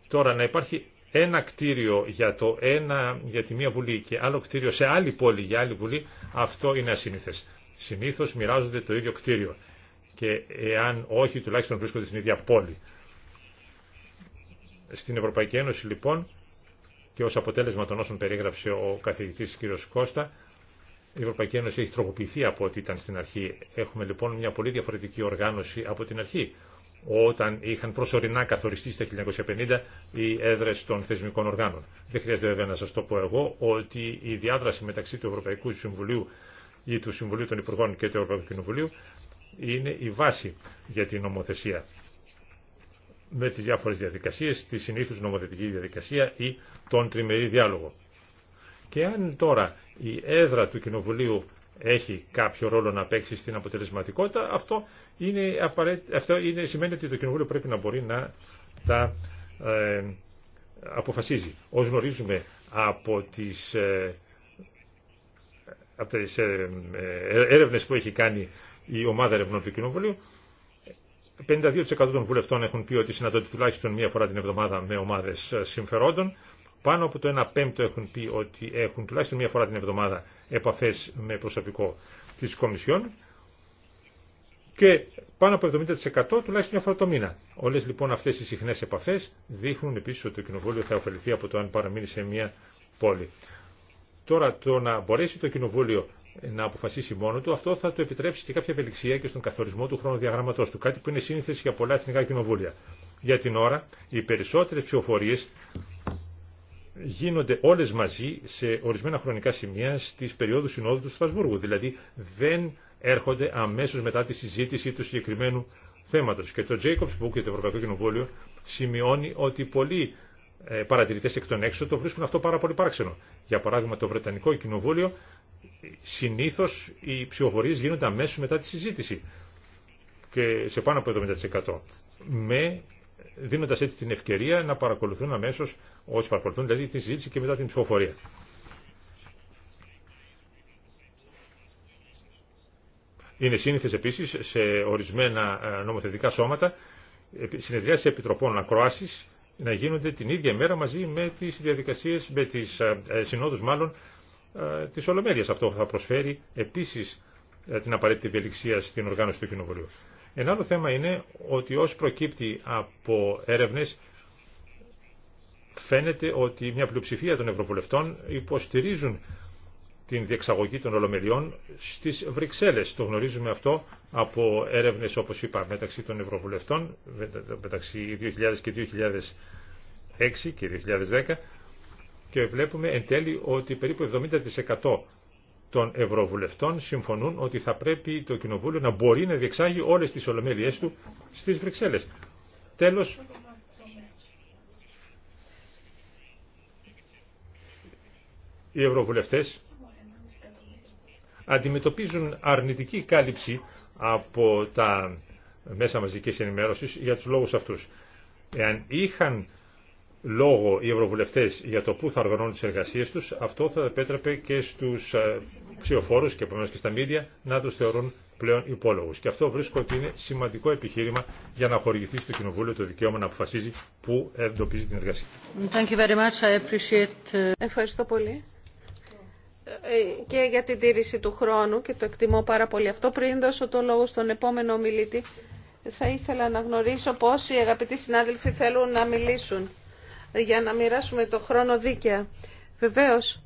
Τώρα, να υπάρχει ένα κτίριο για, το ένα, για τη μία βουλή και άλλο κτίριο σε άλλη πόλη για άλλη βουλή, αυτό είναι ασύνηθες. Συνήθως μοιράζονται το ίδιο κτίριο και εάν όχι τουλάχιστον βρίσκονται στην ίδια πόλη. Στην Ευρωπαϊκή Ένωση λοιπόν και ως αποτέλεσμα των όσων περίγραψε ο καθηγητής κ. Κώστα η Ευρωπαϊκή Ένωση έχει τροποποιηθεί από ό,τι ήταν στην αρχή. Έχουμε λοιπόν μια πολύ διαφορετική οργάνωση από την αρχή όταν είχαν προσωρινά καθοριστεί στα 1950 οι έδρε των θεσμικών οργάνων. Δεν χρειάζεται βέβαια να σα το πω εγώ ότι η διάδραση μεταξύ του Ευρωπαϊκού Συμβουλίου ή του Συμβουλίου των Υπουργών και του Ευρωπαϊκού Κοινοβουλίου είναι η βάση για την νομοθεσία με τις διάφορες διαδικασίες, τη συνήθως νομοθετική διαδικασία ή τον τριμερή διάλογο. Και αν τώρα η έδρα του Κοινοβουλίου έχει κάποιο ρόλο να παίξει στην αποτελεσματικότητα, αυτό, είναι αυτό είναι, σημαίνει ότι το Κοινοβούλιο πρέπει να μπορεί να τα ε, αποφασίζει. Ως γνωρίζουμε από τις, ε, ε, ε, έρευνες που έχει κάνει η ομάδα ερευνών του Κοινοβουλίου, 52% των βουλευτών έχουν πει ότι συναντώνται τουλάχιστον μία φορά την εβδομάδα με ομάδες ε, συμφερόντων. Πάνω από το 1 πέμπτο έχουν πει ότι έχουν τουλάχιστον μία φορά την εβδομάδα επαφές με προσωπικό τη Κομισιόν. Και πάνω από 70% τουλάχιστον μία φορά το μήνα. Όλες λοιπόν αυτές οι συχνές επαφές δείχνουν επίση ότι το Κοινοβούλιο θα ωφεληθεί από το αν παραμείνει σε μία πόλη. Τώρα το να μπορέσει το Κοινοβούλιο να αποφασίσει μόνο του, αυτό θα του επιτρέψει και κάποια ευελιξία και στον καθορισμό του χρονοδιαγραμματό του. Κάτι που είναι σύνθεση για πολλά εθνικά κοινοβούλια. Για την ώρα, οι περισσότερε ψηφοφορίε γίνονται όλε μαζί σε ορισμένα χρονικά σημεία στι περιόδου συνόδου του Στρασβούργου. Δηλαδή δεν έρχονται αμέσω μετά τη συζήτηση του συγκεκριμένου θέματος. Και το Jacobs Book και το Ευρωπαϊκό Κοινοβούλιο σημειώνει ότι πολλοί ε, παρατηρητέ εκ των έξω το βρίσκουν αυτό πάρα πολύ πάρξενο. Για παράδειγμα το Βρετανικό Κοινοβούλιο συνήθως οι ψηφοφορίες γίνονται αμέσως μετά τη συζήτηση και σε πάνω από 70% με δίνοντας έτσι την ευκαιρία να παρακολουθούν αμέσως όσοι παρακολουθούν δηλαδή τη συζήτηση και μετά την ψηφοφορία. Είναι σύνηθες επίσης σε ορισμένα ε, νομοθετικά σώματα συνεδριάσεις επιτροπών ακροάσεις να γίνονται την ίδια μέρα μαζί με τις διαδικασίες, με τις ε, ε, συνόδους μάλλον ε, Τη Ολομέλεια. Αυτό θα προσφέρει επίση ε, την απαραίτητη ευελιξία στην οργάνωση του Κοινοβουλίου. Ένα άλλο θέμα είναι ότι ω προκύπτει από έρευνε, φαίνεται ότι μια πλειοψηφία των Ευρωβουλευτών υποστηρίζουν την διεξαγωγή των Ολομελιών στι Βρυξέλλες. Το γνωρίζουμε αυτό από έρευνε, όπω είπα μεταξύ των Ευρωβουλευτών μεταξύ 2000 και 2006 και 2010 και βλέπουμε εν τέλει ότι περίπου 70% των Ευρωβουλευτών συμφωνούν ότι θα πρέπει το Κοινοβούλιο να μπορεί να διεξάγει όλες τις ολομέλειές του στις Βρυξέλλες. Τέλος, οι Ευρωβουλευτές αντιμετωπίζουν αρνητική κάλυψη από τα μέσα μαζικής ενημέρωσης για τους λόγους αυτούς. Εάν είχαν λόγο οι ευρωβουλευτές για το πού θα οργανώνουν τις εργασίες τους, αυτό θα επέτρεπε και στους ε, ψηφοφόρους και επομένως και στα μίδια να τους θεωρούν πλέον υπόλογους. Και αυτό βρίσκω ότι είναι σημαντικό επιχείρημα για να χορηγηθεί στο Κοινοβούλιο το δικαίωμα να αποφασίζει πού εντοπίζει την εργασία. Ε, Ευχαριστώ πολύ ε, και για την τήρηση του χρόνου και το εκτιμώ πάρα πολύ αυτό. Πριν δώσω το λόγο στον επόμενο ομιλητή, θα ήθελα να γνωρίσω πόσοι αγαπητοί συνάδελφοι θέλουν να μιλήσουν για να μοιράσουμε το χρόνο δίκαια. Βεβαίως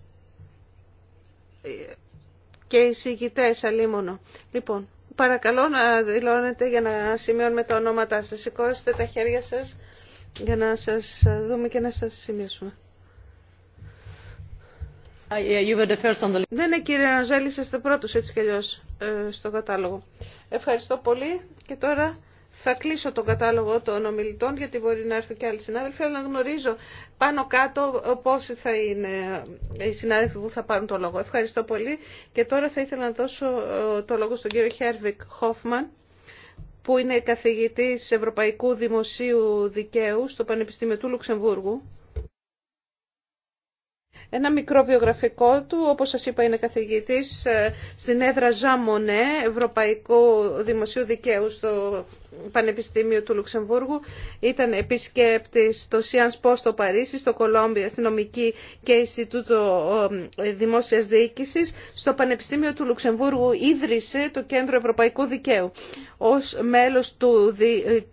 και οι συγκητές αλίμονο. Λοιπόν, παρακαλώ να δηλώνετε για να σημειώνουμε τα ονόματά σας. Σηκώστε τα χέρια σας για να σας δούμε και να σας σημειώσουμε. Uh, ναι, ναι, κύριε Ροζέλη, είστε πρώτος έτσι κι αλλιώς ε, στο κατάλογο. Ευχαριστώ πολύ και τώρα θα κλείσω τον κατάλογο των ομιλητών γιατί μπορεί να έρθουν και άλλοι συνάδελφοι, αλλά να γνωρίζω πάνω κάτω πόσοι θα είναι οι συνάδελφοι που θα πάρουν το λόγο. Ευχαριστώ πολύ και τώρα θα ήθελα να δώσω ε, το λόγο στον κύριο Χέρβικ Χόφμαν που είναι καθηγητής Ευρωπαϊκού Δημοσίου Δικαίου στο Πανεπιστήμιο του Λουξεμβούργου. Ένα μικρό βιογραφικό του, όπως σας είπα είναι καθηγητής ε, στην έδρα Ζαμονέ, Ευρωπαϊκού Δημοσίου Δικαίου στο Πανεπιστήμιο του Λουξεμβούργου. Ήταν επισκέπτη στο Σιαν Πο στο Παρίσι, στο Κολόμπια Νομική και Ινστιτούτο Δημόσια Διοίκησης. Στο Πανεπιστήμιο του Λουξεμβούργου ίδρυσε το Κέντρο Ευρωπαϊκού Δικαίου. Ω μέλος του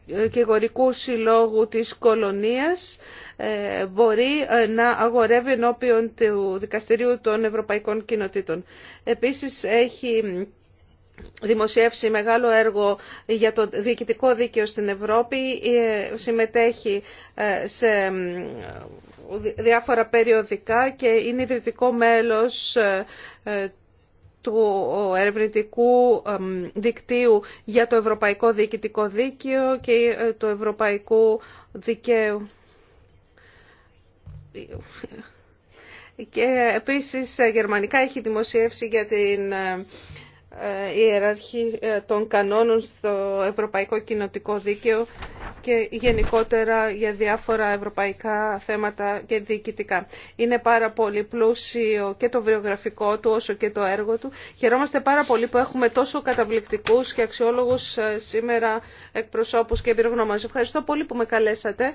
Δικηγορικού ε, Συλλόγου της Κολονίας ε, μπορεί ε, να αγορεύει ενώπιον του Δικαστηρίου των Ευρωπαϊκών Κοινοτήτων. Επίσης έχει δημοσιεύσει μεγάλο έργο για το διοικητικό δίκαιο στην Ευρώπη. Ε, συμμετέχει ε, σε διάφορα περιοδικά και είναι ιδρυτικό μέλος ε, του ερευνητικού δικτύου για το Ευρωπαϊκό Διοικητικό Δίκαιο και το Ευρωπαϊκού Δικαίου. Και επίσης γερμανικά έχει δημοσιεύσει για την ε, ιεράρχη ε, των κανόνων στο Ευρωπαϊκό Κοινοτικό Δίκαιο και γενικότερα για διάφορα ευρωπαϊκά θέματα και διοικητικά. Είναι πάρα πολύ πλούσιο και το βιογραφικό του όσο και το έργο του. Χαιρόμαστε πάρα πολύ που έχουμε τόσο καταπληκτικούς και αξιόλογους ε, σήμερα εκπροσώπους και εμπειρογνώμες. Ευχαριστώ πολύ που με καλέσατε.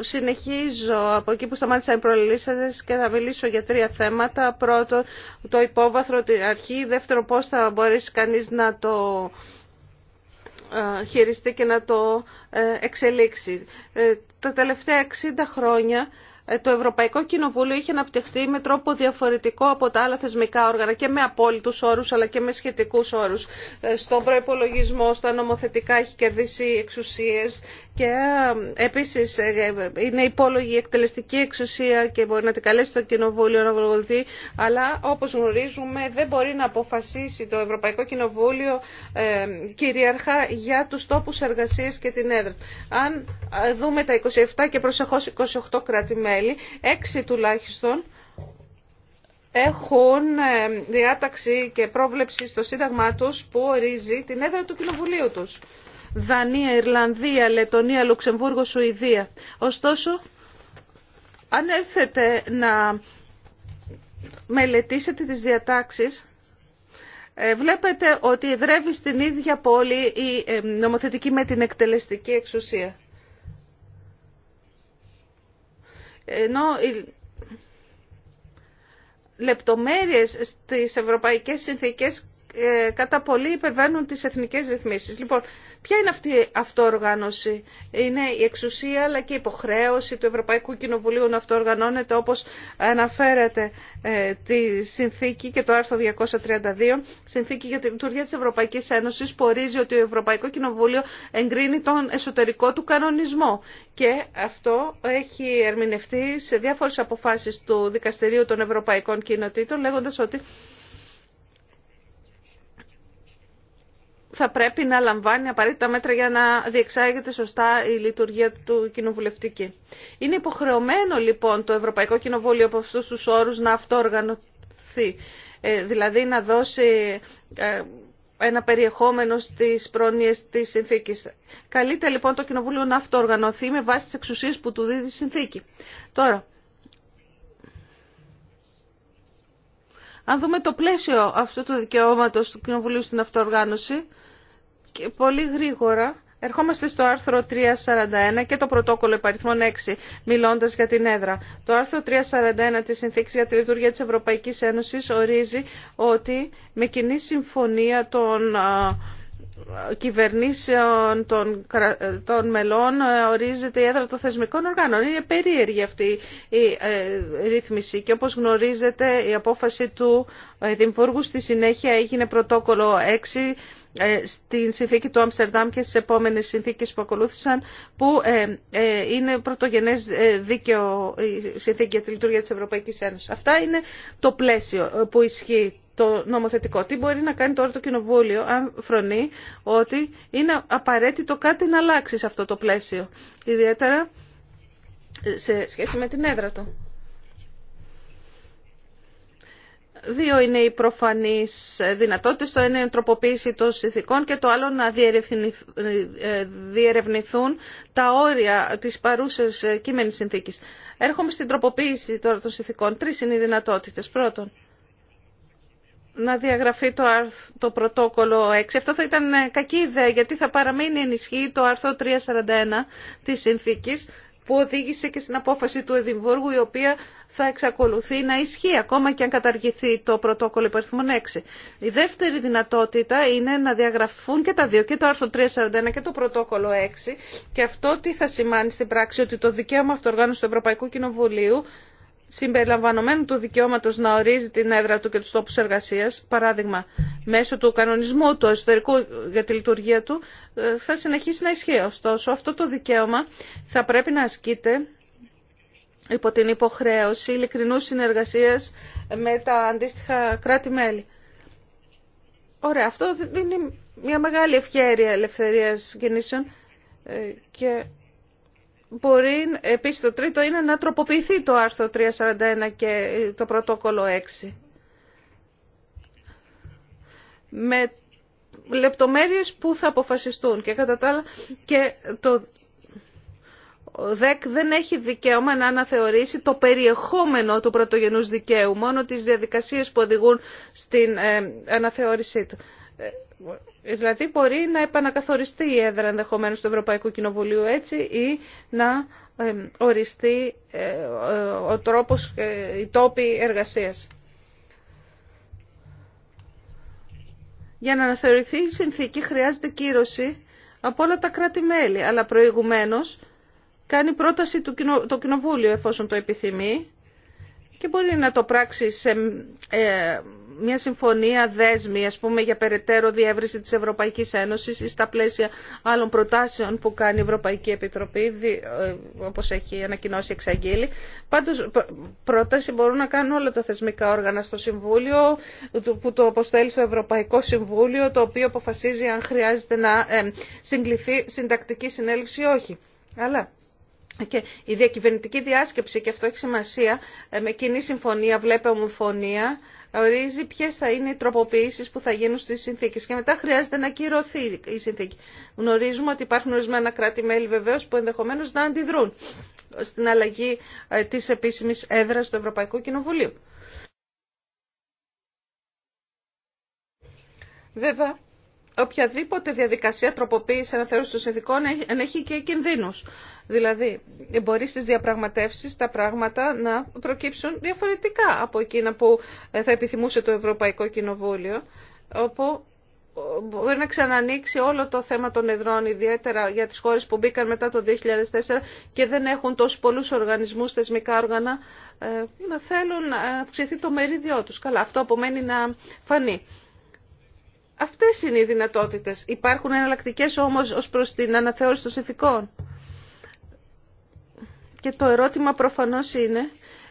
συνεχίζω από εκεί που σταμάτησα οι προλήσατες και θα μιλήσω για τρία θέματα. Πρώτον, το υπόβαθρο, την αρχή. Δεύτερο, πώς θα μπορέσει κανείς να το ε, χειριστεί και να το ε, εξελίξει. Ε, τα τελευταία 60 χρόνια ε, το Ευρωπαϊκό Κοινοβούλιο είχε αναπτυχθεί με τρόπο διαφορετικό από τα άλλα θεσμικά όργανα και με απόλυτους όρους αλλά και με σχετικούς όρους. Ε, στον προϋπολογισμό, στα νομοθετικά έχει κερδίσει εξουσίες και ε, επίσης είναι υπόλογη εκτελεστική εξουσία και μπορεί να την καλέσει το Κοινοβούλιο να βοηθεί, αλλά όπως γνωρίζουμε δεν μπορεί να αποφασίσει το Ευρωπαϊκό Κοινοβούλιο κυρίαρχα για τους τόπους εργασίας και την έδρα. Αν δούμε τα 27 και προσεχώ 28 κρατη έξι τουλάχιστον, έχουν ε, διάταξη και πρόβλεψη στο Σύνταγμά τους που ορίζει την έδρα του Κοινοβουλίου τους. Δανία, Ιρλανδία, Λετωνία, Λουξεμβούργο, Σουηδία. Ωστόσο, αν έρθετε να μελετήσετε τις διατάξεις, ε, βλέπετε ότι εδρεύει στην ίδια πόλη η ε, νομοθετική με την εκτελεστική εξουσία. Ενώ οι λεπτομέρειες στις ευρωπαϊκές συνθήκες ε, κατά πολύ υπερβαίνουν τις εθνικές ρυθμίσεις. Λοιπόν, ποια είναι αυτή η αυτοοργάνωση. Είναι η εξουσία αλλά και η υποχρέωση του Ευρωπαϊκού Κοινοβουλίου να αυτοοργανώνεται όπως αναφέρεται ε, τη συνθήκη και το άρθρο 232, συνθήκη για τη λειτουργία της Ευρωπαϊκής Ένωσης που ορίζει ότι το Ευρωπαϊκό Κοινοβούλιο εγκρίνει τον εσωτερικό του κανονισμό. Και αυτό έχει ερμηνευτεί σε διάφορες αποφάσεις του Δικαστηρίου των Ευρωπαϊκών Κοινοτήτων λέγοντας ότι θα πρέπει να λαμβάνει απαραίτητα μέτρα για να διεξάγεται σωστά η λειτουργία του κοινοβουλευτική. Είναι υποχρεωμένο λοιπόν το Ευρωπαϊκό Κοινοβούλιο από αυτού του όρου να αυτοοργανωθεί. Ε, δηλαδή να δώσει ε, ένα περιεχόμενο στις πρόνοιες της συνθήκης. Καλείται λοιπόν το Κοινοβούλιο να αυτοοργανωθεί με βάση τις εξουσίες που του δίδει η συνθήκη. Τώρα, Αν δούμε το πλαίσιο αυτού του δικαιώματο του Κοινοβουλίου στην αυτοοργάνωση, και πολύ γρήγορα ερχόμαστε στο άρθρο 341 και το πρωτόκολλο υπαριθμών 6, μιλώντας για την έδρα. Το άρθρο 341 της Συνθήκης για τη Λειτουργία τη Ευρωπαϊκή Ένωση ορίζει ότι με κοινή συμφωνία των κυβερνήσεων των, των μελών ε, ορίζεται η έδρα των θεσμικών οργάνων. Είναι περίεργη αυτή η ε, ρύθμιση και όπως γνωρίζετε η απόφαση του Δημιουργού στη συνέχεια έγινε πρωτόκολλο 6 ε, στην συνθήκη του Άμστερνταμ και στις επόμενες συνθήκες που ακολούθησαν που είναι πρωτογενές δίκαιο η συνθήκη για τη λειτουργία της Ευρωπαϊκής Ένωσης. Αυτά είναι το πλαίσιο που ισχύει το νομοθετικό. Τι μπορεί να κάνει τώρα το Κοινοβούλιο αν φρονεί ότι είναι απαραίτητο κάτι να αλλάξει σε αυτό το πλαίσιο. Ιδιαίτερα σε σχέση με την έδρα του. Δύο είναι οι προφανείς δυνατότητες. Το ένα είναι η τροποποίηση των συνθηκών και το άλλο να ε, διερευνηθούν τα όρια της παρούσας ε, κείμενης συνθήκης. Έρχομαι στην τροποποίηση τώρα των συνθηκών. Τρεις είναι οι δυνατότητες. Πρώτον, να διαγραφεί το, άρθ, το πρωτόκολλο 6. Αυτό θα ήταν ε, κακή ιδέα γιατί θα παραμείνει ενισχύει το άρθρο 341 της συνθήκης που οδήγησε και στην απόφαση του Εδιμβούργου η οποία θα εξακολουθεί να ισχύει ακόμα και αν καταργηθεί το πρωτόκολλο υπ. 6. Η δεύτερη δυνατότητα είναι να διαγραφούν και τα δύο, και το άρθρο 341 και το πρωτόκολλο 6 και αυτό τι θα σημάνει στην πράξη ότι το δικαίωμα αυτοργάνωση του Ευρωπαϊκού Κοινοβουλίου συμπεριλαμβανομένου του δικαιώματο να ορίζει την έδρα του και του τόπου εργασίας, παράδειγμα μέσω του κανονισμού του εσωτερικού για τη λειτουργία του, ε, θα συνεχίσει να ισχύει. Ωστόσο, αυτό το δικαίωμα θα πρέπει να ασκείται υπό την υποχρέωση ειλικρινού συνεργασία με τα αντίστοιχα κράτη-μέλη. Ωραία, αυτό είναι μια μεγάλη ευκαιρία ελευθερίας κινήσεων ε, και μπορεί, επίσης το τρίτο είναι να τροποποιηθεί το άρθρο 341 και το πρωτόκολλο 6. Με λεπτομέρειες που θα αποφασιστούν και κατά τα άλλα και το ΔΕΚ δεν έχει δικαίωμα να αναθεωρήσει το περιεχόμενο του πρωτογενούς δικαίου, μόνο τις διαδικασίες που οδηγούν στην ε, αναθεώρησή του. Ε, Δηλαδή μπορεί να επανακαθοριστεί η έδρα ενδεχομένως του Ευρωπαϊκού Κοινοβουλίου έτσι ή να οριστεί ε, ο τρόπος, η ε, τόπη εργασίας. Για να αναθεωρηθεί η συνθήκη χρειάζεται κύρωση από όλα τα κράτη-μέλη, αλλά προηγουμένως κάνει πρόταση το Κοινοβούλιο εφόσον το επιθυμεί και μπορεί να το πράξει σε ε, μια συμφωνία δέσμη, ας πούμε, για περαιτέρω διεύρυνση της Ευρωπαϊκής Ένωσης ή στα πλαίσια άλλων προτάσεων που κάνει η Ευρωπαϊκή Επιτροπή, ε, όπως έχει ανακοινώσει εξαγγείλει. ανακοινωσει εξαγγειλη πρόταση μπορούν να κάνουν όλα τα θεσμικά όργανα στο Συμβούλιο, που το αποστέλει στο Ευρωπαϊκό Συμβούλιο, το οποίο αποφασίζει αν χρειάζεται να ε, συγκληθεί συντακτική συνέλευση ή όχι. Αλλά και η διακυβερνητική διάσκεψη, και αυτό έχει σημασία, ε, με κοινή συμφωνία, βλέπε ομοφωνία, ορίζει ποιε θα είναι οι τροποποιήσει που θα γίνουν στι συνθήκε και μετά χρειάζεται να κυρωθεί η συνθήκη. Γνωρίζουμε ότι υπάρχουν ορισμένα κράτη-μέλη βεβαίω που ενδεχομένω να αντιδρούν στην αλλαγή ε, τη επίσημη έδρα του Ευρωπαϊκού Κοινοβουλίου. Βέβαια, οποιαδήποτε διαδικασία τροποποίηση αναθεώρηση των συνθηκών έχει και κινδύνου. Δηλαδή, μπορεί στι διαπραγματεύσει, τα πράγματα να προκύψουν διαφορετικά από εκείνα που θα επιθυμούσε το Ευρωπαϊκό Κοινοβούλιο, όπου ε, μπορεί να ξανανοίξει όλο το θέμα των εδρών, ιδιαίτερα για τις χώρες που μπήκαν μετά το 2004 και δεν έχουν τόσους πολλούς οργανισμούς, θεσμικά όργανα, ε, να θέλουν να αυξηθεί το μερίδιό τους. Καλά, αυτό απομένει να φανεί. Αυτές είναι οι δυνατότητες. Υπάρχουν εναλλακτικέ όμως ως προς την αναθεώρηση των συνθηκών. Και το ερώτημα προφανώς είναι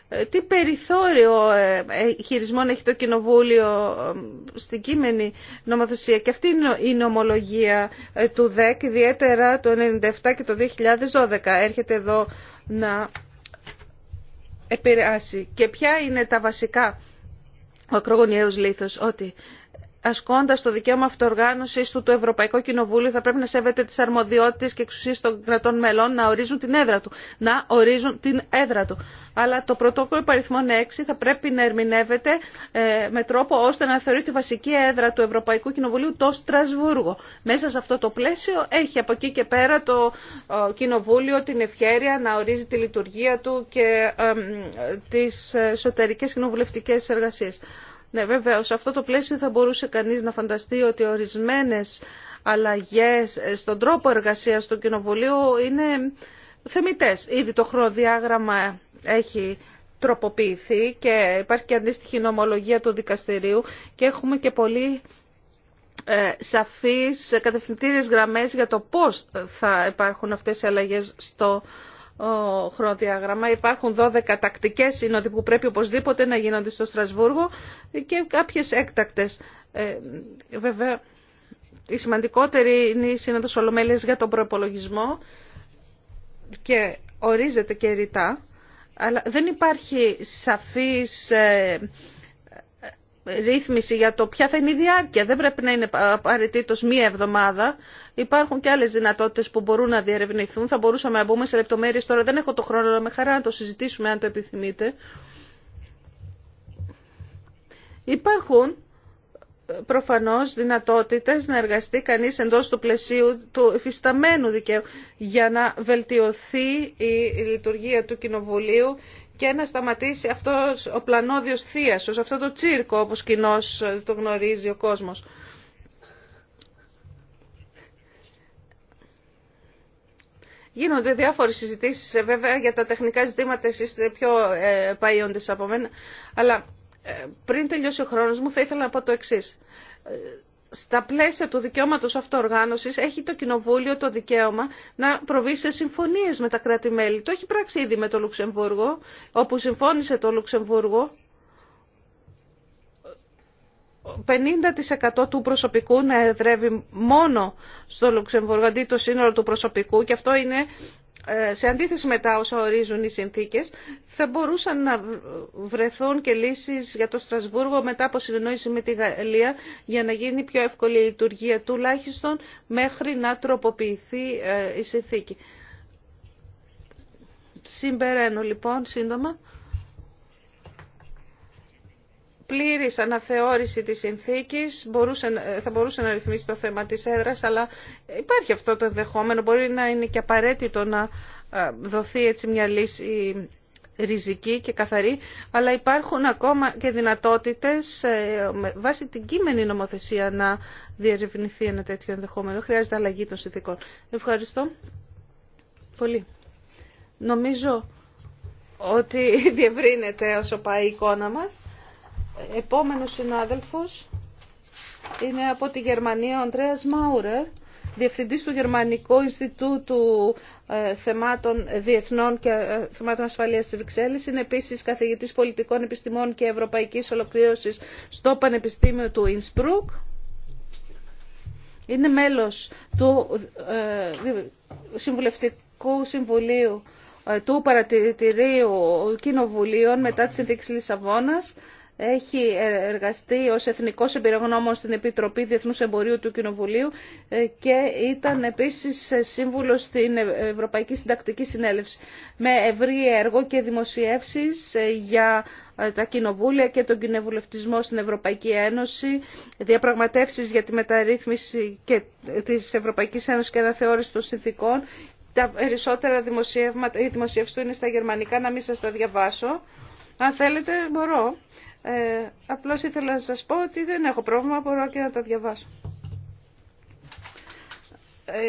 ε, τι περιθώριο ε, ε, χειρισμών έχει το Κοινοβούλιο στην κείμενη νομοθεσία. Και αυτή είναι η νομολογία του ΔΕΚ, ιδιαίτερα το 1997 και το 2012. Έρχεται εδώ να επηρεάσει. Και ποια είναι τα βασικά ο ακρογωνιαίος λήθος, ότι ασκώντας το δικαίωμα αυτοοργάνωσης του το Ευρωπαϊκό Κοινοβούλιο θα πρέπει να σέβεται τις αρμοδιότητες και εξουσίες των κρατών μελών να ορίζουν την έδρα του. Να ορίζουν την έδρα του. Αλλά το πρωτόκολλο υπαριθμών 6 θα πρέπει να ερμηνεύεται ε, με τρόπο ώστε να θεωρεί τη βασική έδρα του Ευρωπαϊκού Κοινοβουλίου το Στρασβούργο. Μέσα σε αυτό το πλαίσιο έχει από εκεί και πέρα το Κοινοβούλιο την ευχαίρεια να ορίζει τη λειτουργία του και τι εσωτερικέ κοινοβουλευτικέ εργασίες. Ναι, βέβαια Σε αυτό το πλαίσιο θα μπορούσε κανείς να φανταστεί ότι ορισμένες αλλαγές στον τρόπο εργασίας του Κοινοβουλίου είναι θεμητές. Ήδη το χρονοδιάγραμμα έχει τροποποιηθεί και υπάρχει και αντίστοιχη νομολογία του δικαστηρίου και έχουμε και πολύ ε, σαφείς κατευθυντήριες γραμμές για το πώς θα υπάρχουν αυτές οι αλλαγές στο χρονοδιάγραμμα. Υπάρχουν 12 τακτικές σύνοδοι που πρέπει οπωσδήποτε να γίνονται στο Στρασβούργο και κάποιες έκτακτες. Ε, βέβαια, η σημαντικότερη είναι η σύνοδο Ολομέλεια για τον προπολογισμό και ορίζεται και ρητά, αλλά δεν υπάρχει σαφής ε, ρύθμιση για το ποια θα είναι η διάρκεια. Δεν πρέπει να είναι απαραίτητο μία εβδομάδα. Υπάρχουν και άλλες δυνατότητες που μπορούν να διερευνηθούν. Θα μπορούσαμε να μπούμε σε λεπτομέρειες τώρα. Δεν έχω το χρόνο, αλλά με χαρά να το συζητήσουμε αν το επιθυμείτε. Υπάρχουν ε, προφανώς δυνατότητες να εργαστεί κανείς εντός του πλαισίου του εφισταμένου δικαίου για να βελτιωθεί η λειτουργία του Κοινοβουλίου και να σταματήσει αυτός ο πλανόδιος θίασος, αυτό το τσίρκο όπως κοινώ το γνωρίζει ο κόσμος. Γίνονται διάφορες συζητήσεις, ε, βέβαια για τα τεχνικά ζητήματα εσείς είστε πιο ε, από μένα, αλλά ε, πριν τελειώσει ο χρόνος μου θα ήθελα να πω το εξής. Ε, στα πλαίσια του δικαιώματο αυτοοργάνωση έχει το Κοινοβούλιο το δικαίωμα να προβεί σε συμφωνίες με τα κράτη-μέλη. Το έχει πράξει ήδη με το Λουξεμβούργο, όπου συμφώνησε το Λουξεμβούργο 50% του προσωπικού να εδρεύει μόνο στο Λουξεμβούργο αντί το σύνολο του προσωπικού και αυτό είναι ε, σε αντίθεση με τα όσα ορίζουν οι συνθήκες, θα μπορούσαν να βρεθούν και λύσεις για το Στρασβούργο μετά από συνεννόηση με τη Γαλλία για να γίνει πιο εύκολη η λειτουργία τουλάχιστον μέχρι να τροποποιηθεί ε, η συνθήκη. Συμπεραίνω λοιπόν σύντομα πλήρης αναθεώρηση της συνθήκης θα μπορούσε να ρυθμίσει το θέμα της έδρας, αλλά υπάρχει αυτό το ενδεχόμενο, μπορεί να είναι και απαραίτητο να ε, δοθεί έτσι μια λύση ριζική και καθαρή, αλλά υπάρχουν ακόμα και δυνατότητες βάσει βάση την κείμενη νομοθεσία να διερευνηθεί ένα τέτοιο ενδεχόμενο. Χρειάζεται αλλαγή των συνθήκων. Ευχαριστώ πολύ. Νομίζω ότι διευρύνεται όσο πάει η εικόνα μας. Επόμενος συνάδελφος είναι από τη Γερμανία ο Ανδρέας Μάουρερ, Διευθυντής του Γερμανικού Ινστιτούτου ε, Θεμάτων Διεθνών και ε, Θεμάτων Ασφαλείας της Βρυξέλλης. Είναι επίσης καθηγητής πολιτικών επιστημών και ευρωπαϊκής ολοκλήρωσης στο Πανεπιστήμιο του Ινσπρουκ. Είναι μέλος του ε, Συμβουλευτικού Συμβουλίου του Παρατηρητηρίου Κοινοβουλίων μετά τη Συνθήκη Λισαβόνας έχει εργαστεί ως Εθνικός Εμπειρογνώμων στην Επιτροπή Διεθνούς Εμπορίου του Κοινοβουλίου ε, και ήταν επίσης ε, σύμβουλος στην ε, Ευρωπαϊκή Συντακτική Συνέλευση με ευρύ έργο και δημοσιεύσεις για τα κοινοβούλια και τον κοινοβουλευτισμό στην Ευρωπαϊκή Ένωση, διαπραγματεύσεις για τη μεταρρύθμιση και της Ευρωπαϊκής Ένωσης και αναθεώρηση των συνθήκων. Τα περισσότερα δημοσιεύματα, η του είναι στα γερμανικά, να μην σας τα διαβάσω. Αν θέλετε μπορώ ε, απλώς ήθελα να σας πω ότι δεν έχω πρόβλημα, μπορώ και να τα διαβάσω. Ε,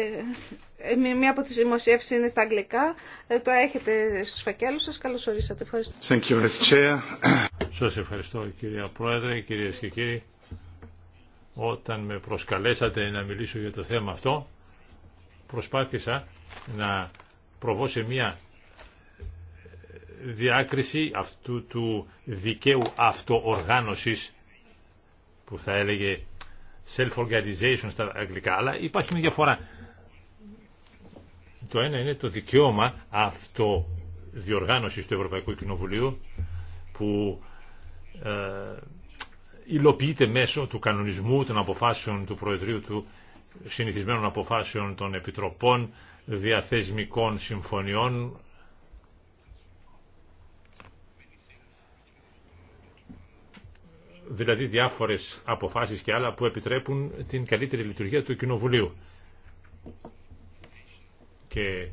ε μία από τις δημοσιεύσεις είναι στα αγγλικά. Ε, το έχετε στους φακέλους σας. Καλώς ορίσατε. Ευχαριστώ. Thank you, Chair. Σας ευχαριστώ κυρία Πρόεδρε, κυρίες και κύριοι. Όταν με προσκαλέσατε να μιλήσω για το θέμα αυτό, προσπάθησα να προβώ σε μία διάκριση αυτού του δικαίου αυτοοργάνωσης που θα έλεγε self-organization στα αγγλικά, αλλά υπάρχει μια διαφορά. Το ένα είναι το δικαίωμα αυτοδιοργάνωσης του Ευρωπαϊκού Κοινοβουλίου που ε, υλοποιείται μέσω του κανονισμού των αποφάσεων του Προεδρείου του συνηθισμένων αποφάσεων των Επιτροπών, διαθεσμικών συμφωνιών, δηλαδή διάφορες αποφάσεις και άλλα που επιτρέπουν την καλύτερη λειτουργία του Κοινοβουλίου. Και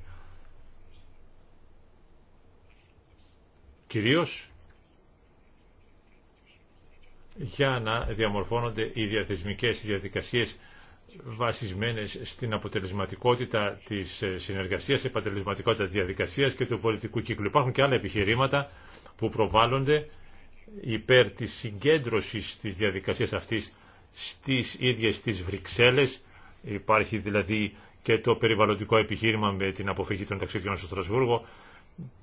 κυρίως για να διαμορφώνονται οι διαθεσμικές διαδικασίες βασισμένες στην αποτελεσματικότητα της συνεργασίας, επατελεσματικότητα της διαδικασίας και του πολιτικού κύκλου. Υπάρχουν και άλλα επιχειρήματα που προβάλλονται υπέρ της συγκέντρωσης της διαδικασίας αυτής στις ίδιες τις Βρυξέλλες. Υπάρχει δηλαδή και το περιβαλλοντικό επιχείρημα με την αποφυγή των ταξιδιών στο Στρασβούργο,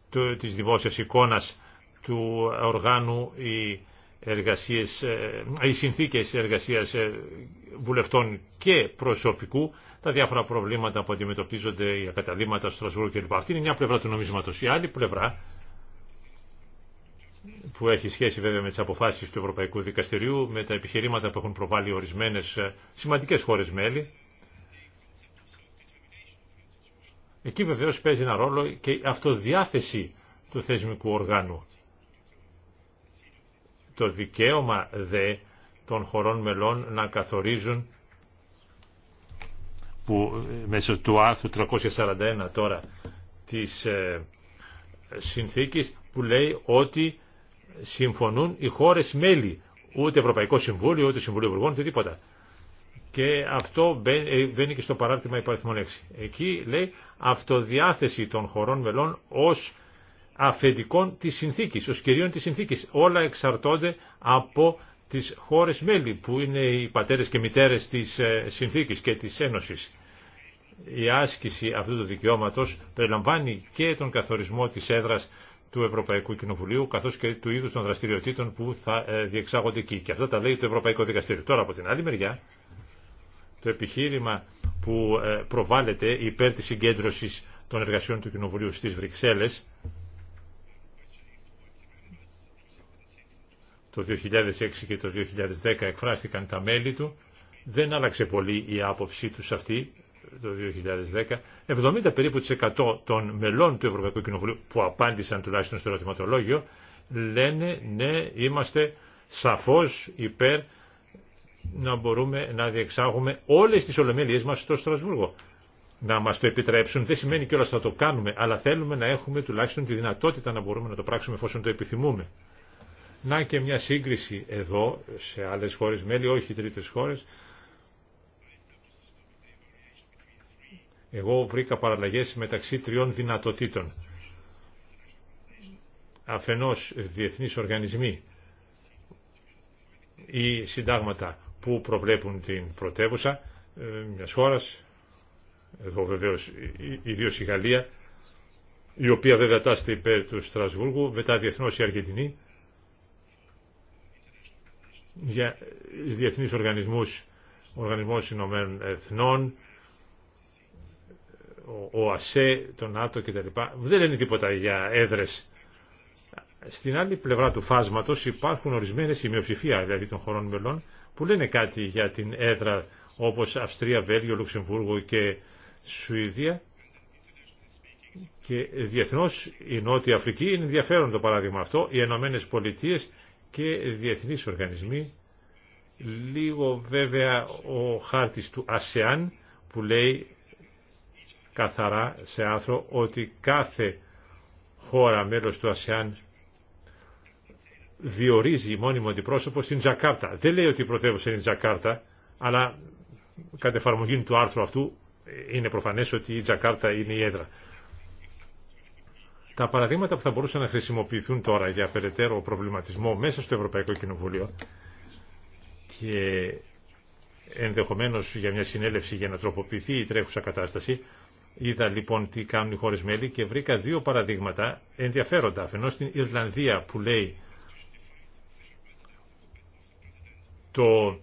το, της δημόσιας εικόνας του οργάνου, οι, εργασίες, ε, οι συνθήκες εργασίας ε, βουλευτών και προσωπικού, τα διάφορα προβλήματα που αντιμετωπίζονται, οι ακαταλήμματα στο Στρασβούργο κλπ. Αυτή είναι μια πλευρά του νομίσματος. Η άλλη πλευρά που έχει σχέση βέβαια με τις αποφάσεις του Ευρωπαϊκού Δικαστηριού, με τα επιχειρήματα που έχουν προβάλει ορισμένες ε, σημαντικές χώρες μέλη. Εκεί βεβαίως παίζει ένα ρόλο και η αυτοδιάθεση του θεσμικού οργάνου. Το δικαίωμα δε των χωρών μελών να καθορίζουν που ε, μέσω του άρθρου 341 τώρα της ε, συνθήκης που λέει ότι συμφωνούν οι χώρε μέλη, ούτε Ευρωπαϊκό Συμβούλιο, ούτε Συμβουλίο Υπουργών, ούτε τίποτα. Και αυτό ε, μπαίνει και στο παράρτημα υπαριθμών 6. Εκεί λέει αυτοδιάθεση των χωρών μελών ω αφεντικών της συνθήκη, ω κυρίων της συνθήκη. Όλα εξαρτώνται από τι χώρες μέλη που είναι οι πατέρε και μητέρες της ε, συνθήκης και της Ένωσης. Η άσκηση αυτού του δικαιώματο περιλαμβάνει και τον καθορισμό τη έδρα του Ευρωπαϊκού Κοινοβουλίου καθώς και του είδους των δραστηριοτήτων που θα ε, διεξάγονται εκεί. Και αυτό τα λέει το Ευρωπαϊκό Δικαστήριο. Τώρα από την άλλη μεριά το επιχείρημα που ε, προβάλλεται υπέρ της συγκέντρωσης των εργασιών του Κοινοβουλίου στις Βρυξέλλες το 2006 και το 2010 εκφράστηκαν τα μέλη του δεν άλλαξε πολύ η άποψή τους αυτή το 2010, 70 περίπου τις 100 των μελών του Ευρωπαϊκού Κοινοβουλίου που απάντησαν τουλάχιστον στο ερωτηματολόγιο λένε ναι είμαστε σαφώς υπέρ να μπορούμε να διεξάγουμε όλες τις ολομέλειές μας στο Στρασβούργο. Να μας το επιτρέψουν δεν σημαίνει κιόλας ότι θα το κάνουμε αλλά θέλουμε να έχουμε τουλάχιστον τη δυνατότητα να μπορούμε να το πράξουμε εφόσον το επιθυμούμε. Να και μια σύγκριση εδώ σε άλλες χώρες μέλη, όχι τρίτες χώρες, Εγώ βρήκα παραλλαγές μεταξύ τριών δυνατοτήτων. Αφενός διεθνείς οργανισμοί ή συντάγματα που προβλέπουν την πρωτεύουσα ε, μιας χώρας, εδώ βεβαίως ε, ε, ιδίως η Γαλλία, η οποία βέβαια τάσεται υπέρ του Στρασβούργου, μετά διεθνώς η οποια βεβαια τάσσεται υπερ του στρασβουργου μετα διεθνως η αργεντινη για διεθνείς οργανισμούς, οργανισμός Ηνωμένων Εθνών, ο ΑΣΕ, το ΝΑΤΟ κτλ. Δεν λένε τίποτα για έδρες. Στην άλλη πλευρά του φάσματος υπάρχουν ορισμένες η δηλαδή των χωρών μελών που λένε κάτι για την έδρα όπως Αυστρία, Βέλγιο, Λουξεμβούργο και Σουηδία και διεθνώ η Νότια Αφρική είναι ενδιαφέρον το παράδειγμα αυτό, οι Ενωμένε Πολιτείε και διεθνεί οργανισμοί. Λίγο βέβαια ο χάρτη του ΑΣΕΑΝ που λέει καθαρά σε άθρο ότι κάθε χώρα μέλος του ΑΣΕΑΝ διορίζει μόνιμο αντιπρόσωπο στην Τζακάρτα. Δεν λέει ότι η πρωτεύουσα είναι η Τζακάρτα, αλλά κατ' εφαρμογή του άρθρου αυτού είναι προφανές ότι η Τζακάρτα είναι η έδρα. Τα παραδείγματα που θα μπορούσαν να χρησιμοποιηθούν τώρα για περαιτέρω προβληματισμό μέσα στο Ευρωπαϊκό Κοινοβούλιο και ενδεχομένως για μια συνέλευση για να τροποποιηθεί η τρέχουσα κατάσταση Είδα λοιπόν τι κάνουν οι χώρες και βρήκα δύο παραδείγματα ενδιαφέροντα. Αφενός στην Ιρλανδία που λέει το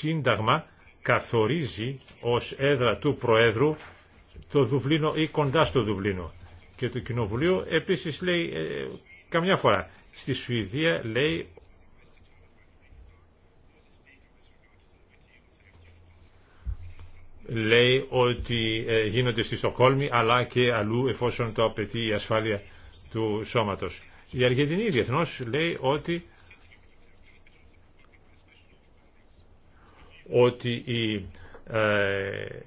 Σύνταγμα καθορίζει ως έδρα του Προέδρου το Δουβλίνο ή κοντά στο Δουβλίνο. Και το Κοινοβουλίο επίσης λέει ε, καμιά φορά. Στη Σουηδία λέει λέει ότι ε, γίνονται στη Στοχόλμη αλλά και αλλού εφόσον το απαιτεί η ασφάλεια του σώματος. Η Αργεντινή διεθνώ λέει ότι ότι οι ε,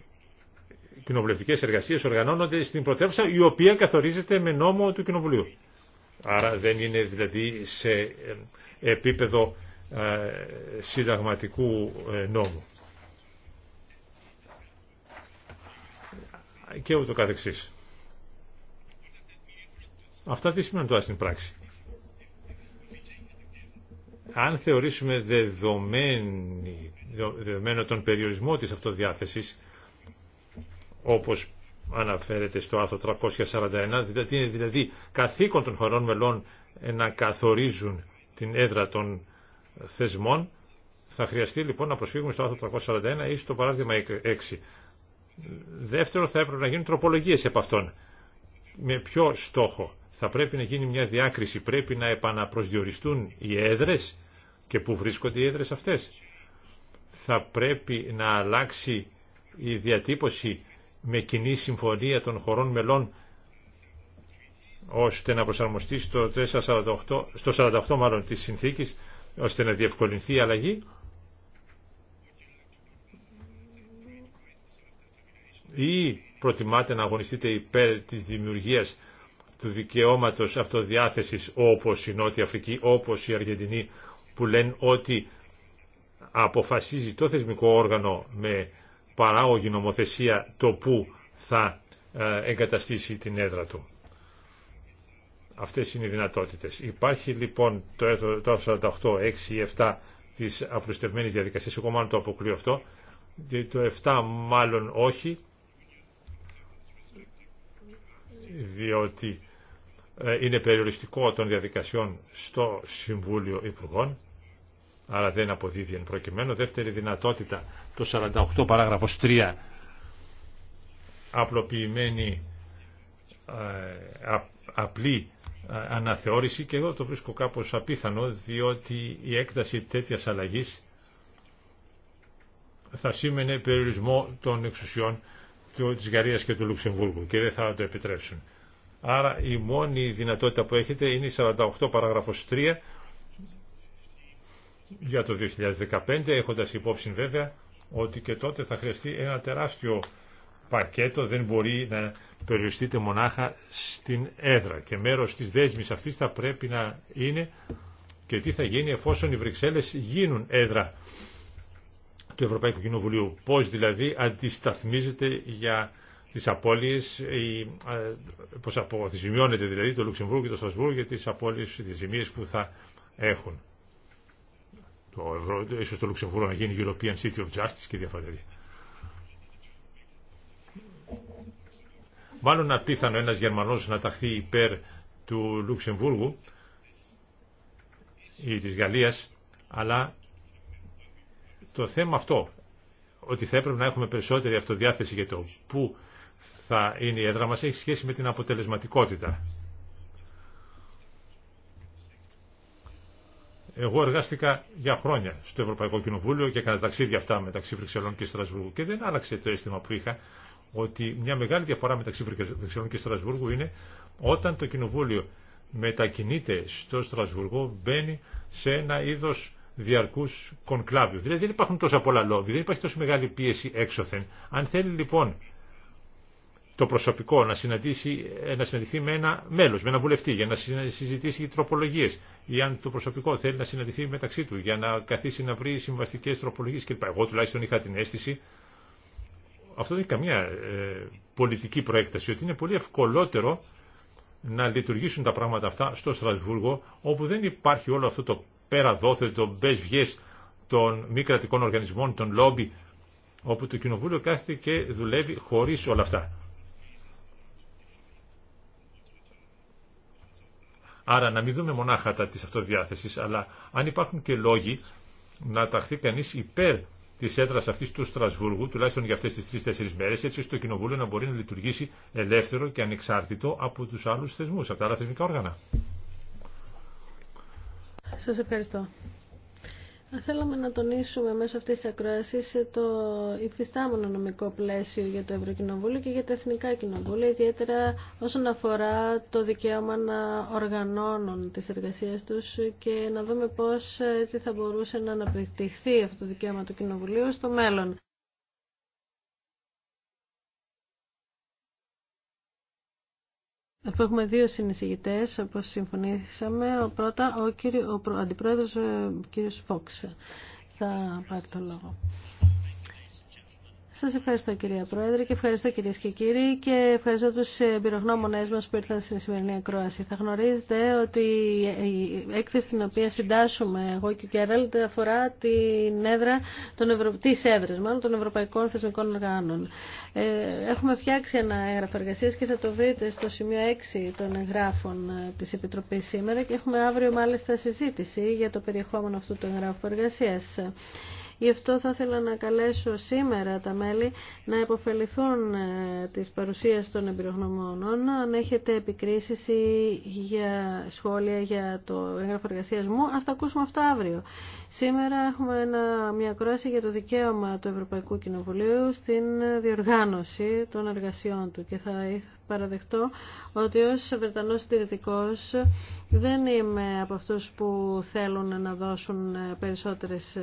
κοινοβουλευτικές εργασίες οργανώνονται στην πρωτεύουσα η οποία καθορίζεται με νόμο του Κοινοβουλίου. Άρα δεν είναι δηλαδή σε ε, επίπεδο ε, συνταγματικού νόμου. και ούτω καθεξής. Αυτά τι σημαίνουν τώρα στην πράξη. Αν θεωρήσουμε δεδομένη, δεδομένο τον περιορισμό της αυτοδιάθεσης, όπως αναφέρεται στο άρθρο 341, δηλαδή δηλαδή καθήκον των χωρών μελών να καθορίζουν την έδρα των θεσμών, θα χρειαστεί λοιπόν να προσφύγουμε στο άρθρο 341 ή στο παράδειγμα 6. Δεύτερο, θα έπρεπε να γίνουν τροπολογίε από αυτόν. Με ποιο στόχο θα πρέπει να γίνει μια διάκριση, πρέπει να επαναπροσδιοριστούν οι έδρες και πού βρίσκονται οι έδρες αυτές. Θα πρέπει να αλλάξει η διατύπωση με κοινή συμφωνία των χωρών μελών ώστε να προσαρμοστεί στο 48 στο 48 μάλλον της συνθήκης ώστε να διευκολυνθεί η αλλαγή. ή προτιμάτε να αγωνιστείτε υπέρ της δημιουργίας του δικαιώματος αυτοδιάθεσης όπως η Νότια Αφρική, όπως η Αργεντινή που λένε ότι αποφασίζει το θεσμικό όργανο με παράγωγη νομοθεσία το που θα ε, εγκαταστήσει την έδρα του. Αυτές είναι οι δυνατότητες. Υπάρχει λοιπόν το 48, 6 ή 7 της απλουστευμένης διαδικασίας, εγώ μάλλον το αποκλείω αυτό, το 7 μάλλον όχι, διότι ε, είναι περιοριστικό των διαδικασιών στο Συμβούλιο Υπουργών, άρα δεν αποδίδει εν προκειμένου. Δεύτερη δυνατότητα, το 48 παράγραφος 3, απλοποιημένη ε, απλή ε, αναθεώρηση και εγώ το βρίσκω κάπως απίθανο διότι η έκταση τέτοιας αλλαγής θα σήμαινε περιορισμό των εξουσιών της Γαρίας και του Λουξεμβούργου και δεν θα το επιτρέψουν. Άρα η μόνη δυνατότητα που έχετε είναι η 48 παράγραφος 3 για το 2015 έχοντας υπόψη βέβαια ότι και τότε θα χρειαστεί ένα τεράστιο πακέτο δεν μπορεί να περιοριστείτε μονάχα στην έδρα και μέρος της δέσμης αυτής θα πρέπει να είναι και τι θα γίνει εφόσον οι Βρυξέλλες γίνουν έδρα του Ευρωπαϊκού Κοινοβουλίου. Πώς δηλαδή αντισταθμίζεται για τις απώλειες, ε, πώς αποθυσιμιώνεται δηλαδή το Λουξεμβούργο και το Στρασβούργο για τις απώλειες, τις ζημίες που θα έχουν. Το Ευρω... Ίσως το Λουξεμβούργο να γίνει European City of Justice και διαφορετικά. Μάλλον απίθανο ένας Γερμανός να ταχθεί υπέρ του Λουξεμβούργου ή της Γαλλίας, αλλά το θέμα αυτό, ότι θα έπρεπε να έχουμε περισσότερη αυτοδιάθεση για το πού θα είναι η έδρα μας, έχει σχέση με την αποτελεσματικότητα. Εγώ εργάστηκα για χρόνια στο Ευρωπαϊκό Κοινοβούλιο και έκανα ταξίδια αυτά μεταξύ Βρυξελών και Στρασβούργου και δεν άλλαξε το αίσθημα που είχα ότι μια μεγάλη διαφορά μεταξύ Βρυξελών και Στρασβούργου είναι όταν το Κοινοβούλιο μετακινείται στο Στρασβουργό, μπαίνει σε ένα είδος διαρκού κονκλάβιου. Δηλαδή δεν υπάρχουν τόσα πολλά λόγια, δεν υπάρχει τόσο μεγάλη πίεση έξωθεν. Αν θέλει λοιπόν το προσωπικό να, συναντήσει, ε, να συναντηθεί με ένα μέλο, με ένα βουλευτή για να συζητήσει τροπολογίε. ή αν το προσωπικό θέλει να συναντηθεί μεταξύ του για να καθίσει να βρει συμβαστικέ τροπολογίε κλπ. Εγώ τουλάχιστον είχα την αίσθηση αυτό δεν έχει καμία ε, πολιτική προέκταση, ότι είναι πολύ ευκολότερο να λειτουργήσουν τα πράγματα αυτά στο Στρασβούργο, όπου δεν υπάρχει όλο αυτό το πέρα δόθε, το μπες των μη κρατικών οργανισμών, των λόμπι, όπου το Κοινοβούλιο κάθεται και δουλεύει χωρίς όλα αυτά. Άρα να μην δούμε μονάχα τα της αυτοδιάθεσης, αλλά αν υπάρχουν και λόγοι να ταχθεί κανείς υπέρ τη έδρα αυτή του Στρασβούργου, τουλάχιστον για αυτέ τι τρει-τέσσερι μέρε, έτσι ώστε το Κοινοβούλιο να μπορεί να λειτουργήσει ελεύθερο και ανεξάρτητο από του άλλου θεσμού, από τα άλλα θεσμικά όργανα. Σας ευχαριστώ. Θέλαμε να τονίσουμε μέσω αυτής της ακρόασης το υφιστάμενο νομικό πλαίσιο για το Ευρωκοινοβούλιο και για τα Εθνικά Κοινοβούλια, ιδιαίτερα όσον αφορά το δικαίωμα να οργανώνουν τις εργασίες τους και να δούμε πώς έτσι θα μπορούσε να αναπτυχθεί αυτό το δικαίωμα του Κοινοβουλίου στο μέλλον. Αφού έχουμε δύο συνεισηγητέ, όπω συμφωνήσαμε, ο πρώτα ο, κύριο, ο αντιπρόεδρος κύριος Φόξ θα πάρει το λόγο. Σας ευχαριστώ κυρία Πρόεδρε και ευχαριστώ κυρίες και κύριοι και ευχαριστώ τους εμπειρογνώμονές μας που ήρθαν στην σημερινή ακρόαση. Θα γνωρίζετε ότι η έκθεση την οποία συντάσσουμε εγώ και ο Κέραλτ αφορά την έδρα των Ευρω... τις έδρες μάλλον, των Ευρωπαϊκών Θεσμικών Οργάνων. Ε, έχουμε φτιάξει ένα έγγραφο εργασία και θα το βρείτε στο σημείο 6 των εγγράφων ε, τη Επιτροπή σήμερα και έχουμε αύριο μάλιστα συζήτηση για το περιεχόμενο αυτού του εγγράφου εργασία. Γι' αυτό θα ήθελα να καλέσω σήμερα τα μέλη να υποφεληθούν ε, της παρουσίας των εμπειρογνωμόνων. Αν έχετε επικρίσεις ή για σχόλια για το έγγραφο εργασία μου, ας τα ακούσουμε αυτά αύριο. Σήμερα έχουμε μια κρόαση για το δικαίωμα του Ευρωπαϊκού Κοινοβουλίου στην διοργάνωση των εργασιών του και θα παραδεχτώ ότι ως Βρετανός συντηρητικός δεν είμαι από αυτούς που θέλουν να δώσουν περισσότερες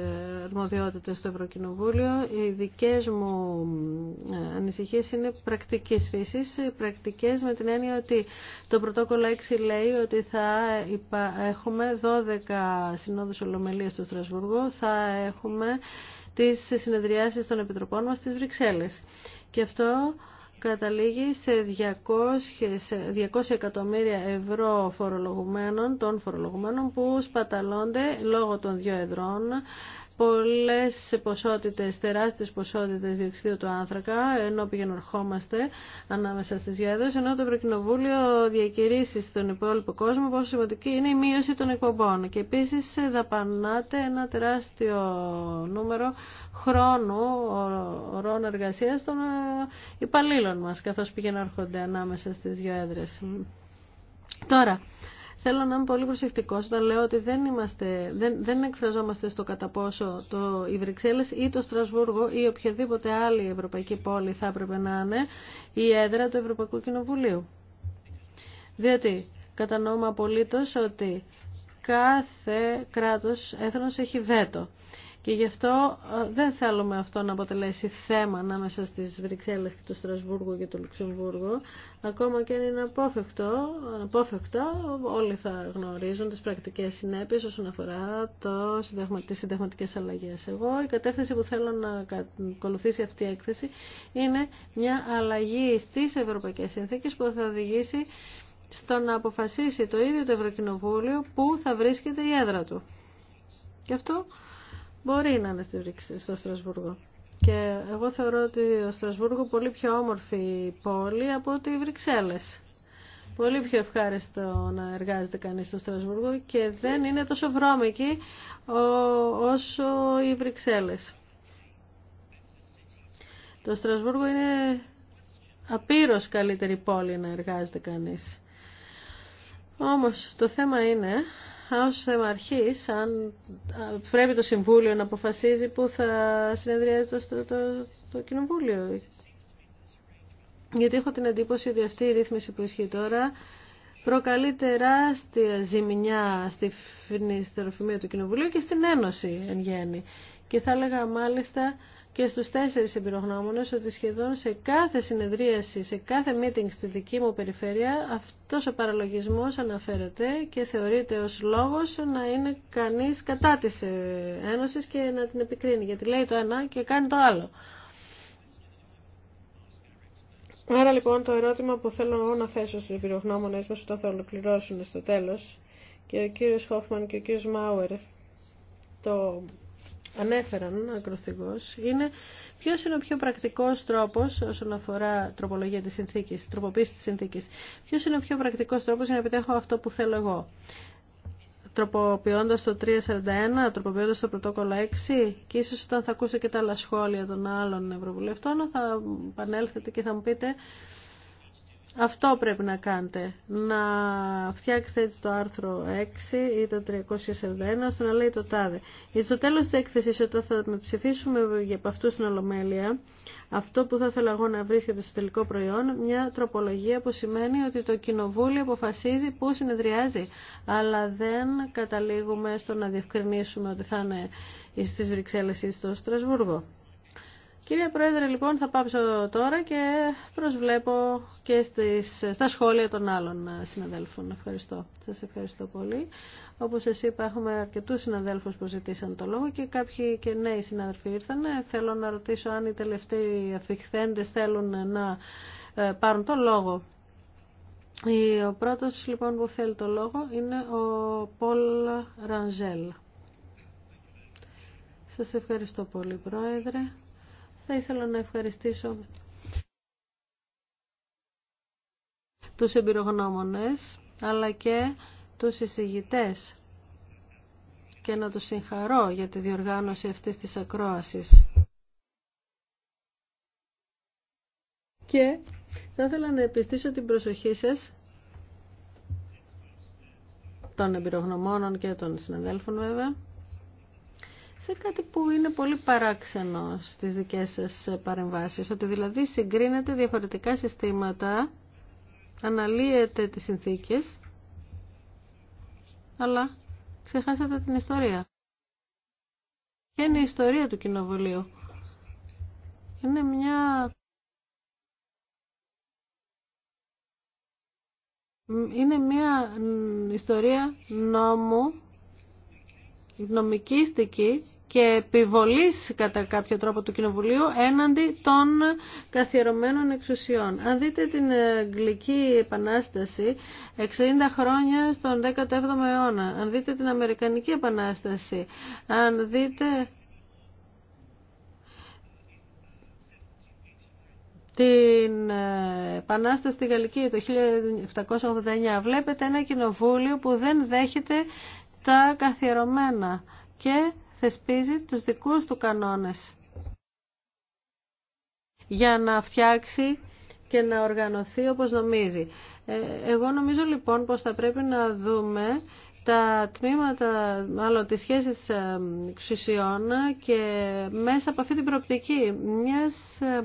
αρμοδιότητες στο Ευρωκοινοβούλιο. Οι δικές μου ε, ανησυχίες είναι πρακτικής φύσης, πρακτικές με την έννοια ότι το πρωτόκολλο 6 λέει ότι θα έχουμε 12 συνόδους ολομελίας στο Στρασβούργο, θα έχουμε τις συνεδριάσεις των επιτροπών μας στις Βρυξέλλες. Και αυτό καταλήγει σε 200, εκατομμύρια ευρώ φορολογουμένων, των φορολογουμένων που σπαταλώνται λόγω των δύο εδρών πολλές ποσότητες, τεράστιες ποσότητες διοξιδίου του άνθρακα, ενώ πηγαινορχόμαστε ανάμεσα στις γέδες, ενώ το Ευρωκοινοβούλιο διακηρύσει στον υπόλοιπο κόσμο πόσο σημαντική είναι η μείωση των εκπομπών. Και επίσης δαπανάτε ένα τεράστιο νούμερο χρόνου, ορών εργασίας των ε, υπαλλήλων μας, καθώς πηγαίνουν ανάμεσα στις γέδρες. Τώρα, Θέλω να είμαι πολύ προσεκτικός όταν λέω ότι δεν, είμαστε, δεν, δεν εκφραζόμαστε στο κατά πόσο το, η η έδρα του Ευρωπαϊκού Κοινοβουλίου. Διότι κατανοούμε απολύτω ότι κάθε κράτος έθνος έχει βέτο. Και γι' αυτό ε, δεν θέλουμε αυτό να αποτελέσει θέμα ανάμεσα στις Βρυξέλλες και το Στρασβούργο και το Λουξεμβούργο. Ακόμα και αν είναι απόφευκτο, όλοι θα γνωρίζουν τις πρακτικές συνέπειες όσον αφορά το, τις συνταγματικές αλλαγές. Εγώ η κατεύθυνση που θέλω να ακολουθήσει αυτή η έκθεση είναι μια αλλαγή στις ευρωπαϊκές συνθήκες που θα οδηγήσει στο να αποφασίσει το ίδιο το Ευρωκοινοβούλιο πού θα βρίσκεται η έδρα του. Και αυτό Μπορεί να είναι στη στο Στρασβούργο. Και εγώ θεωρώ ότι το Στρασβούργο πολύ πιο όμορφη πόλη από ότι οι Βρυξέλλες. Πολύ πιο ευχάριστο να εργάζεται κανείς στο Στρασβούργο και δεν είναι τόσο βρώμικη όσο οι Βρυξέλλες. Το Στρασβούργο είναι απείρως καλύτερη πόλη να εργάζεται κανείς. Όμως το θέμα είναι ω ε, αρχή, αν πρέπει το Συμβούλιο να αποφασίζει που θα συνεδριάζει το, το, το Κοινοβούλιο. Γιατί έχω την εντύπωση ότι αυτή η ρύθμιση που ισχύει τώρα προκαλεί τεράστια ζημιά στη φινιστεροφημία του Κοινοβουλίου και στην Ένωση εν γέννη. Και θα έλεγα μάλιστα και στους τέσσερις εμπειρογνώμονες ότι σχεδόν σε κάθε συνεδρίαση, σε κάθε meeting στη δική μου περιφέρεια αυτός ο παραλογισμός αναφέρεται και θεωρείται ως λόγος να είναι κανείς κατά της ε, Ένωσης και να την επικρίνει γιατί λέει το ένα και κάνει το άλλο. Άρα λοιπόν το ερώτημα που θέλω εγώ να θέσω στους εμπειρογνώμονες μας όταν θα ολοκληρώσουν στο τέλος και ο κύριος Χόφμαν και ο κύριος Μάουερ το ανέφεραν ακροθυγώς είναι ποιο είναι ο πιο πρακτικός τρόπος όσον αφορά τροπολογία της συνθήκης, τροποποίηση της συνθήκης. Ποιο είναι ο πιο πρακτικός τρόπος για να επιτέχω αυτό που θέλω εγώ. Τροποποιώντα το 341, τροποποιώντα το πρωτόκολλο 6 και ίσως όταν θα ακούσετε και τα άλλα σχόλια των άλλων ευρωβουλευτών θα επανέλθετε και θα μου πείτε αυτό πρέπει να κάνετε. Να φτιάξετε έτσι το άρθρο 6 ή το 341 ώστε να λέει το τάδε. Γιατί στο τέλος της έκθεσης όταν θα με ψηφίσουμε για από αυτού στην Ολομέλεια, αυτό που θα ήθελα εγώ να βρίσκεται στο τελικό προϊόν, μια τροπολογία που σημαίνει ότι το Κοινοβούλιο αποφασίζει πού συνεδριάζει. Αλλά δεν καταλήγουμε στο να διευκρινίσουμε ότι θα είναι στις Βρυξέλλες ή στο Στρασβούργο. Κυρία Πρόεδρε, λοιπόν, θα πάψω τώρα και προσβλέπω και στις, στα σχόλια των άλλων ε, συναδέλφων. Ευχαριστώ. Σας ευχαριστώ πολύ. Όπως σας είπα, έχουμε αρκετούς συναδέλφους που ζητήσαν το λόγο και κάποιοι και νέοι συναδελφοί ήρθαν. Ε, θέλω να ρωτήσω αν οι τελευταίοι αφιχθέντες θέλουν να ε, πάρουν το λόγο. Ο πρώτος, λοιπόν, που θέλει το λόγο είναι ο Πολ Ρανζέλ. Σας ευχαριστώ πολύ, Πρόεδρε θα ήθελα να ευχαριστήσω τους εμπειρογνώμονες αλλά και τους εισηγητές και να τους συγχαρώ για τη διοργάνωση αυτής της ακρόασης. Και θα ήθελα να επιστήσω την προσοχή σας των εμπειρογνωμόνων και των συναδέλφων βέβαια σε κάτι που είναι πολύ παράξενο στις δικές σας παρεμβάσεις, ότι δηλαδή συγκρίνετε διαφορετικά συστήματα, αναλύετε τις συνθήκες, αλλά ξεχάσατε την ιστορία. Ποια είναι η ιστορία του Κοινοβουλίου. Είναι μια... Είναι μια ιστορία νόμου νομικήστικη και επιβολής κατά κάποιο τρόπο του Κοινοβουλίου έναντι των καθιερωμένων εξουσιών. Αν δείτε την Αγγλική Επανάσταση 60 χρόνια στον 17ο αιώνα, αν δείτε την Αμερικανική Επανάσταση, αν δείτε την ε, Επανάσταση στη Γαλλική το 1789 βλέπετε ένα κοινοβούλιο που δεν δέχεται τα καθιερωμένα και θεσπίζει τους δικούς του κανόνες για να φτιάξει και να οργανωθεί όπως νομίζει. Ε, εγώ νομίζω λοιπόν πως θα πρέπει να δούμε τα τμήματα, μάλλον τις σχέσεις ε, εξουσιών και μέσα από αυτή την προοπτική μιας, ε,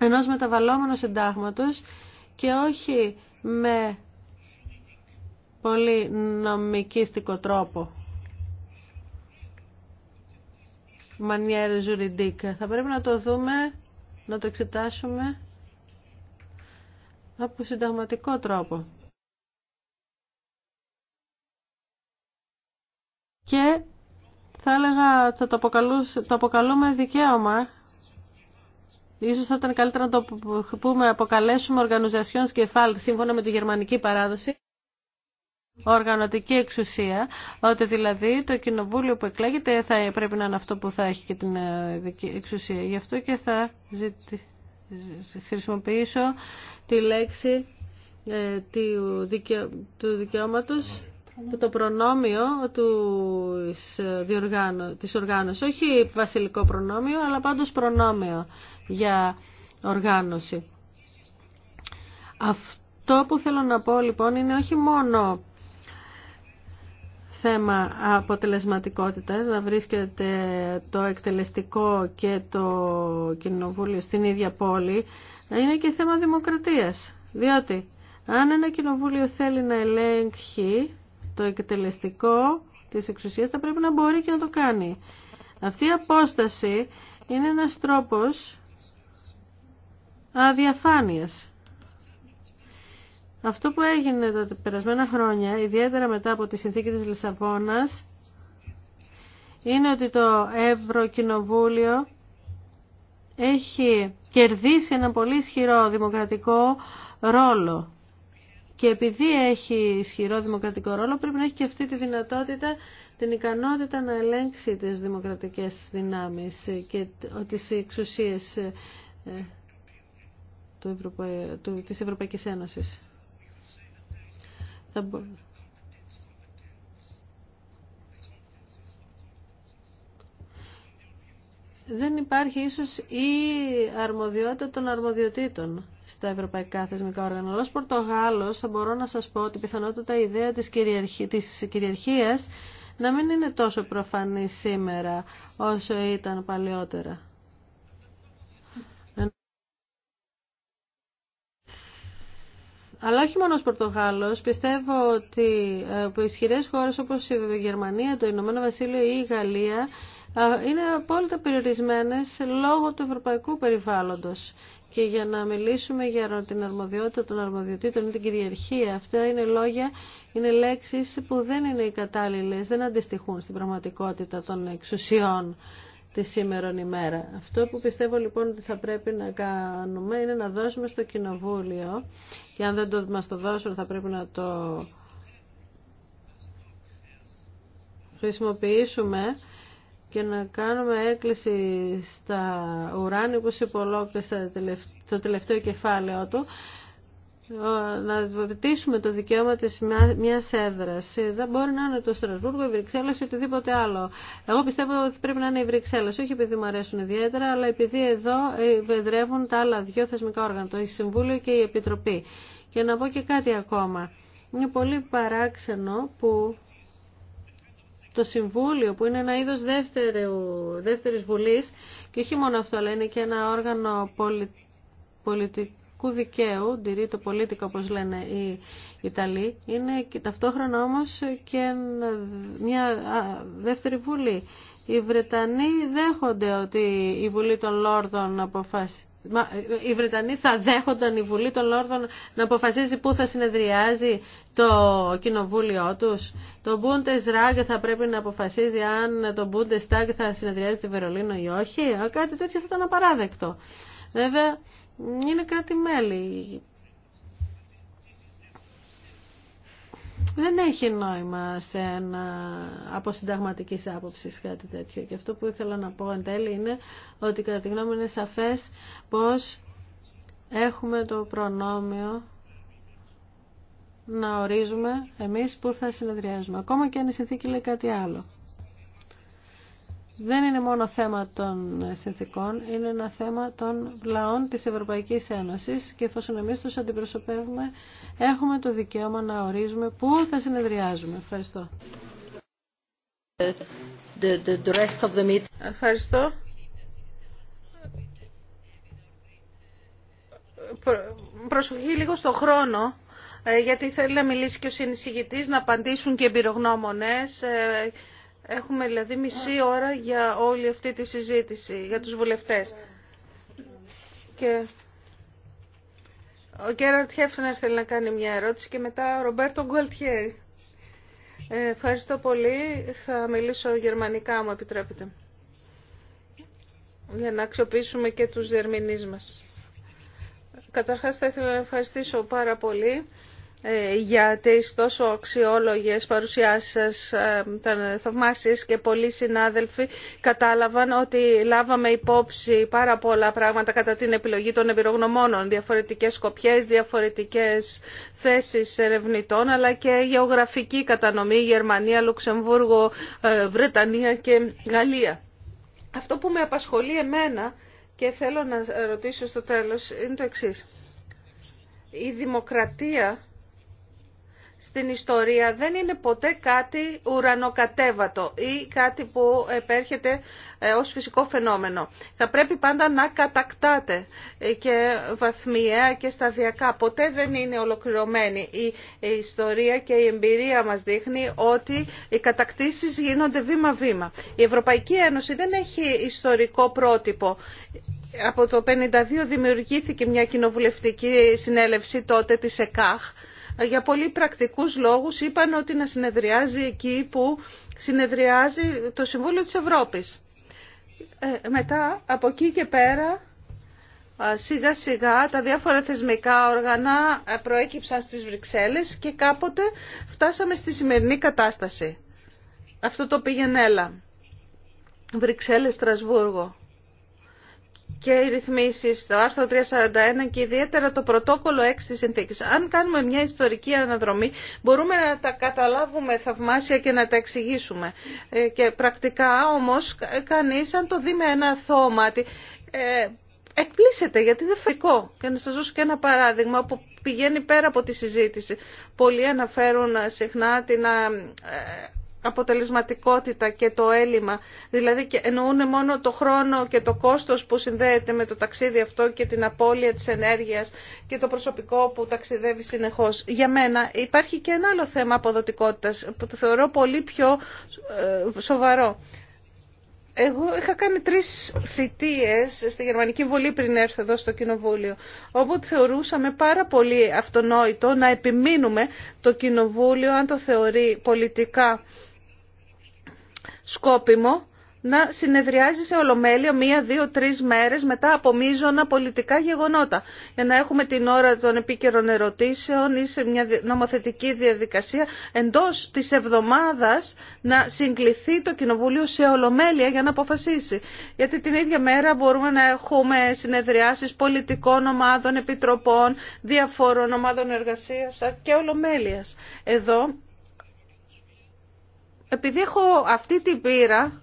ενός μεταβαλλόμενου συντάγματος και όχι με πολύ νομικίστικο τρόπο. manière juridique. Θα πρέπει να το δούμε, να το εξετάσουμε από συνταγματικό τρόπο. Και θα έλεγα, θα το, το αποκαλούμε δικαίωμα. Ίσως θα ήταν καλύτερα να το πούμε αποκαλέσουμε οργανωσιασιόν σκεφάλ σύμφωνα με τη γερμανική παράδοση οργανωτική εξουσία, ότι δηλαδή το κοινοβούλιο που εκλέγεται θα πρέπει να είναι αυτό που θα έχει και την ε, εξουσία. Γι' αυτό και θα χρησιμοποιήσω τη λέξη ε, του, του δικαιώματος το προνόμιο του διοργάνω, της οργάνωσης. Όχι βασιλικό προνόμιο, αλλά πάντως προνόμιο για οργάνωση. Αυτό που θέλω να πω λοιπόν είναι όχι μόνο θέμα αποτελεσματικότητας, να βρίσκεται το εκτελεστικό και το κοινοβούλιο στην ίδια πόλη, είναι και θέμα δημοκρατίας. Διότι αν ένα κοινοβούλιο θέλει να ελέγχει το εκτελεστικό της εξουσίας, θα πρέπει να μπορεί και να το κάνει. Αυτή η απόσταση είναι ένας τρόπος αδιαφάνειας. Αυτό που έγινε τα περασμένα χρόνια, ιδιαίτερα μετά από τη συνθήκη της Λισαβόνας, είναι ότι το Ευρωκοινοβούλιο έχει κερδίσει ένα πολύ ισχυρό δημοκρατικό ρόλο. Και επειδή έχει ισχυρό δημοκρατικό ρόλο, πρέπει να έχει και αυτή τη δυνατότητα, την ικανότητα να ελέγξει τις δημοκρατικές δυνάμεις και τις εξουσίες ε, του της Ευρωπαϊκής θα Δεν υπάρχει ίσως η αρμοδιότητα των αρμοδιοτήτων στα ευρωπαϊκά θεσμικά όργανα. Ως Πορτογάλος θα μπορώ να σας πω ότι πιθανότητα η ιδέα της, κυριαρχία κυριαρχίας να μην είναι τόσο προφανή σήμερα όσο ήταν παλαιότερα. Αλλά όχι μόνο ως Πορτογάλος, πιστεύω ότι από ε, ισχυρές χώρες όπως η Γερμανία, το Ηνωμένο Βασίλειο ή η Γαλλία είναι απόλυτα περιορισμένες λόγω του ευρωπαϊκού περιβάλλοντος. Και για να μιλήσουμε για την αρμοδιότητα των αρμοδιοτήτων ή την κυριαρχία, αυτά είναι λόγια, είναι λέξεις που δεν είναι οι κατάλληλες, δεν αντιστοιχούν στην πραγματικότητα των εξουσιών τη σήμερον ημέρα. Αυτό που πιστεύω λοιπόν ότι θα πρέπει να κάνουμε είναι να δώσουμε στο Κοινοβούλιο και αν δεν το, μας το δώσουν θα πρέπει να το χρησιμοποιήσουμε και να κάνουμε έκκληση στα ουράνιους υπολόγους στο τελευταίο κεφάλαιο του να βοηθήσουμε το δικαίωμα της μιας έδρας. Δεν μπορεί να είναι το Στρασβούργο, η Βρυξέλλος ή οτιδήποτε άλλο. Εγώ πιστεύω ότι πρέπει να είναι η Βρυξέλλος, όχι επειδή μου αρέσουν ιδιαίτερα, αλλά επειδή εδώ εδρεύουν τα άλλα δύο θεσμικά όργανα, το Συμβούλιο και η Επιτροπή. Και να πω και κάτι ακόμα. Είναι πολύ παράξενο που το Συμβούλιο που είναι ένα είδος δεύτερης βουλής και όχι μόνο αυτό αλλά είναι και ένα όργανο πολι, πολιτικού δικαίου, το πολίτικο όπως λένε οι Ιταλοί, είναι και ταυτόχρονα όμως και μια δεύτερη βουλή. Οι Βρετανοί δέχονται ότι η Βουλή των Λόρδων οι Βρετανοί θα δέχονταν η Βουλή των Λόρδων να αποφασίζει πού θα συνεδριάζει το κοινοβούλιο τους. Το Bundesrag θα πρέπει να αποφασίζει αν το Bundestag θα συνεδριάζει τη Βερολίνο ή όχι. Ε, κάτι τέτοιο θα ήταν απαράδεκτο. Βέβαια, είναι κράτη-μέλη. Δεν έχει νόημα σε ένα από συνταγματική άποψη κάτι τέτοιο. Και αυτό που ήθελα να πω εν τέλει είναι ότι κατά τη γνώμη είναι σαφές πως έχουμε το προνόμιο να ορίζουμε εμείς που θα συνεδριάζουμε. Ακόμα και αν η συνθήκη λέει κάτι άλλο δεν είναι μόνο θέμα των συνθήκων, είναι ένα θέμα των λαών της Ευρωπαϊκής Ένωσης και εφόσον εμείς τους αντιπροσωπεύουμε, έχουμε το δικαίωμα να ορίζουμε πού θα συνεδριάζουμε. Ευχαριστώ. The, the, rest of the Ευχαριστώ. προσοχή λίγο στο χρόνο, ε, γιατί θέλει να μιλήσει και ο συνεισηγητής, να απαντήσουν και εμπειρογνώμονες ε, Έχουμε δηλαδή μισή ώρα για όλη αυτή τη συζήτηση, για τους βουλευτές. Και... Ο Γκέραρτ Χέφνερ θέλει να κάνει μια ερώτηση και μετά ο Ρομπέρτο Γκουαλτιέρη. Ε, ευχαριστώ πολύ. Θα μιλήσω γερμανικά, μου επιτρέπετε. Για να αξιοποιήσουμε και τους δερμηνείς μας. Καταρχάς θα ήθελα να ευχαριστήσω πάρα πολύ ε, για τις τόσο αξιόλογες παρουσιάσεις σας, ε, θαυμάσιες και πολλοί συνάδελφοι κατάλαβαν ότι λάβαμε υπόψη πάρα πολλά πράγματα κατά την επιλογή των εμπειρογνωμόνων, διαφορετικές σκοπιές, διαφορετικές θέσεις ερευνητών, αλλά και γεωγραφική κατανομή, Γερμανία, Λουξεμβούργο, ε, Βρετανία και Γαλλία. Αυτό που με απασχολεί εμένα και θέλω να ρωτήσω στο τέλος είναι το εξής. Η δημοκρατία στην ιστορία δεν είναι ποτέ κάτι ουρανοκατέβατο ή κάτι που επέρχεται ε, ως φυσικό φαινόμενο. Θα πρέπει πάντα να κατακτάτε ε, και βαθμιαία και σταδιακά. Ποτέ δεν είναι ολοκληρωμένη. Η ιστορία και η εμπειρία μας δείχνει ότι οι κατακτήσεις γίνονται βήμα-βήμα. Η Ευρωπαϊκή Ένωση δεν έχει ιστορικό πρότυπο. Από το 1952 δημιουργήθηκε μια κοινοβουλευτική συνέλευση τότε της ΕΚΑΧ για πολύ πρακτικούς λόγους είπαν ότι να συνεδριάζει εκεί που συνεδριάζει το Συμβούλιο της Ευρώπης. Ε, μετά, από εκεί και πέρα, σιγά σιγά τα διάφορα θεσμικά όργανα ε, προέκυψαν στις Βρυξέλλες και κάποτε φτάσαμε στη σημερινή κατάσταση. Αυτό το πήγαινε έλα. Βρυξέλλες, Στρασβούργο και οι ρυθμίσει στο άρθρο 341 και ιδιαίτερα το πρωτόκολλο 6 τη συνθήκη. Αν κάνουμε μια ιστορική αναδρομή μπορούμε να τα καταλάβουμε θαυμάσια και να τα εξηγήσουμε. Ε, και πρακτικά όμω, κανεί, αν το δει με ένα Ε, εκπλήσεται γιατί δεν φαϊκό. Και να σας δώσω και ένα παράδειγμα που πηγαίνει πέρα από τη συζήτηση. Πολλοί αναφέρουν συχνά την ε, αποτελεσματικότητα και το έλλειμμα. Δηλαδή εννοούν μόνο το χρόνο και το κόστος που συνδέεται με το ταξίδι αυτό και την απώλεια της ενέργειας και το προσωπικό που ταξιδεύει συνεχώς. Για μένα υπάρχει και ένα άλλο θέμα αποδοτικότητας που το θεωρώ πολύ πιο ε, σοβαρό. Εγώ είχα κάνει τρεις θητείες στη Γερμανική Βουλή πριν έρθω εδώ στο Κοινοβούλιο, όπου θεωρούσαμε πάρα πολύ αυτονόητο να επιμείνουμε το Κοινοβούλιο αν το θεωρεί πολιτικά σκόπιμο να συνεδριάζει σε ολομέλεια μία, δύο, τρεις μέρες μετά από μείζωνα πολιτικά γεγονότα για να έχουμε την ώρα των επίκαιρων ερωτήσεων ή σε μια νομοθετική διαδικασία εντός της εβδομάδας να συγκληθεί το Κοινοβούλιο σε ολομέλεια για να αποφασίσει. Γιατί την ίδια μέρα μπορούμε να έχουμε συνεδριάσεις πολιτικών ομάδων, επιτροπών, διαφόρων ομάδων εργασίας και ολομέλειας. Εδώ επειδή έχω αυτή την πείρα,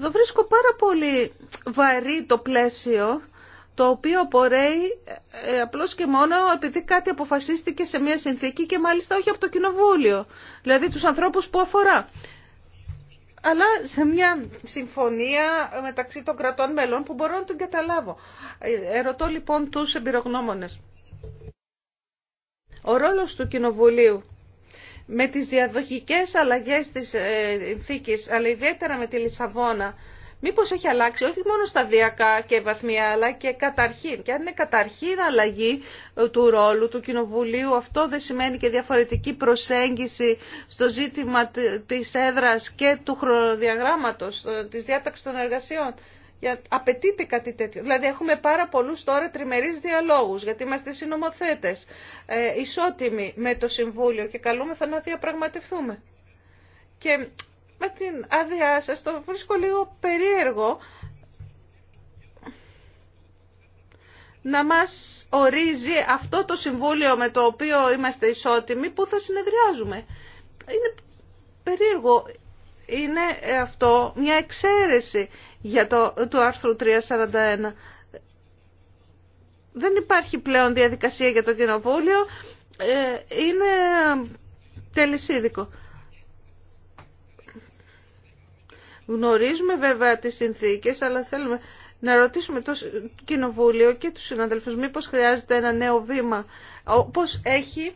το βρίσκω πάρα πολύ βαρύ το πλαίσιο, το οποίο απορρέει ε, απλώς και μόνο επειδή κάτι αποφασίστηκε σε μια συνθήκη και μάλιστα όχι από το κοινοβούλιο, δηλαδή τους ανθρώπους που αφορά. Αλλά σε μια συμφωνία μεταξύ των κρατών μελών που μπορώ να την καταλάβω. Ε, ερωτώ λοιπόν τους εμπειρογνώμονες. Ο ρόλος του κοινοβουλίου με τις διαδοχικές αλλαγές της ε, θήκης, αλλά ιδιαίτερα με τη Λισαβόνα, μήπως έχει αλλάξει όχι μόνο σταδιακά και βαθμία, αλλά και καταρχήν. Και αν είναι καταρχήν αλλαγή ε, του ρόλου του Κοινοβουλίου, αυτό δεν σημαίνει και διαφορετική προσέγγιση στο ζήτημα της έδρας και του χρονοδιαγράμματος, ε, της διάταξης των εργασιών για, απαιτείται κάτι τέτοιο. Δηλαδή έχουμε πάρα πολλούς τώρα τριμερείς διαλόγους, γιατί είμαστε συνομοθέτες, ε, ισότιμοι με το Συμβούλιο και καλούμεθα να διαπραγματευτούμε. Και με την άδειά σα το βρίσκω λίγο περίεργο να μας ορίζει αυτό το Συμβούλιο με το οποίο είμαστε ισότιμοι που θα συνεδριάζουμε. Είναι περίεργο είναι ε, αυτό μια εξαίρεση για το, του άρθρου 341. Δεν υπάρχει πλέον διαδικασία για το κοινοβούλιο. Ε, είναι τελεσίδικο. Γνωρίζουμε βέβαια τις συνθήκες, αλλά θέλουμε να ρωτήσουμε το Κοινοβούλιο και τους συναδελφούς μήπως χρειάζεται ένα νέο βήμα, όπως έχει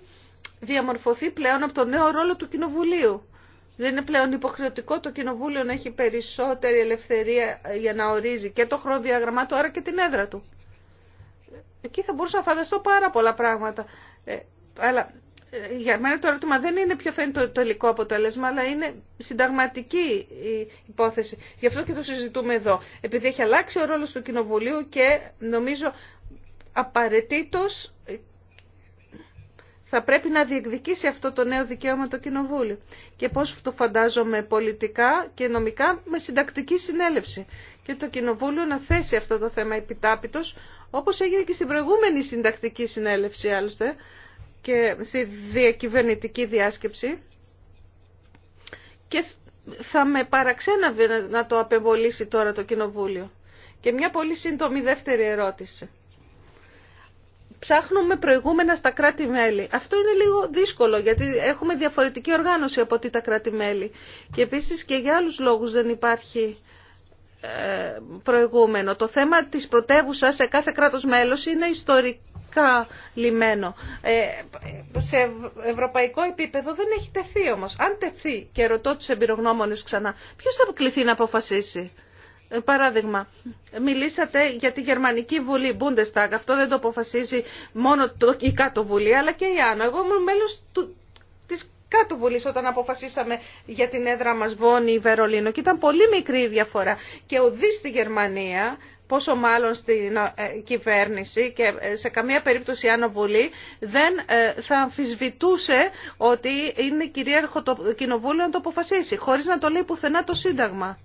διαμορφωθεί πλέον από το νέο ρόλο του Κοινοβουλίου. Δεν είναι πλέον υποχρεωτικό το Κοινοβούλιο να έχει περισσότερη ελευθερία για να ορίζει και το χρονοδιαγραμμά του, άρα και την έδρα του. Εκεί θα μπορούσα να φανταστώ πάρα πολλά πράγματα. Ε, αλλά ε, για μένα το ερώτημα δεν είναι ποιο φαίνεται το τελικό αποτέλεσμα, αλλά είναι συνταγματική η υπόθεση. Γι' αυτό και το συζητούμε εδώ. Επειδή έχει αλλάξει ο ρόλος του Κοινοβουλίου και νομίζω απαραίτητος θα πρέπει να διεκδικήσει αυτό το νέο δικαίωμα το Κοινοβούλιο. Και πώς το φαντάζομαι πολιτικά και νομικά με συντακτική συνέλευση. Και το Κοινοβούλιο να θέσει αυτό το θέμα επιτάπητος, όπως έγινε και στην προηγούμενη συντακτική συνέλευση άλλωστε, και στη διακυβερνητική διάσκεψη. Και θα με παραξέναβε να το απεμβολήσει τώρα το Κοινοβούλιο. Και μια πολύ σύντομη δεύτερη ερώτηση ψάχνουμε προηγούμενα στα κράτη-μέλη. Αυτό είναι λίγο δύσκολο γιατί έχουμε διαφορετική οργάνωση από ό,τι τα κράτη-μέλη. Και επίσης και για άλλους λόγους δεν υπάρχει ε, προηγούμενο. Το θέμα της πρωτεύουσα σε κάθε κράτος μέλος είναι ιστορικά λιμένο. Ε, σε ευρωπαϊκό επίπεδο δεν έχει τεθεί όμως. Αν τεθεί και ρωτώ τους εμπειρογνώμονες ξανά, ποιος θα κληθεί να αποφασίσει. Παράδειγμα, μιλήσατε για τη Γερμανική Βουλή, Bundestag, αυτό δεν το αποφασίζει μόνο η Κάτω Βουλή, αλλά και η Άνω. Εγώ ήμουν μέλος τη της Κάτω Βουλής όταν αποφασίσαμε για την έδρα μας Βόνη, Βερολίνο και ήταν πολύ μικρή η διαφορά. Και Δης στη Γερμανία, πόσο μάλλον στην ε, κυβέρνηση και ε, σε καμία περίπτωση η Άνω Βουλή δεν ε, θα αμφισβητούσε ότι είναι κυρίαρχο το κοινοβούλιο να το αποφασίσει, χωρίς να το λέει πουθενά το Σύνταγμα.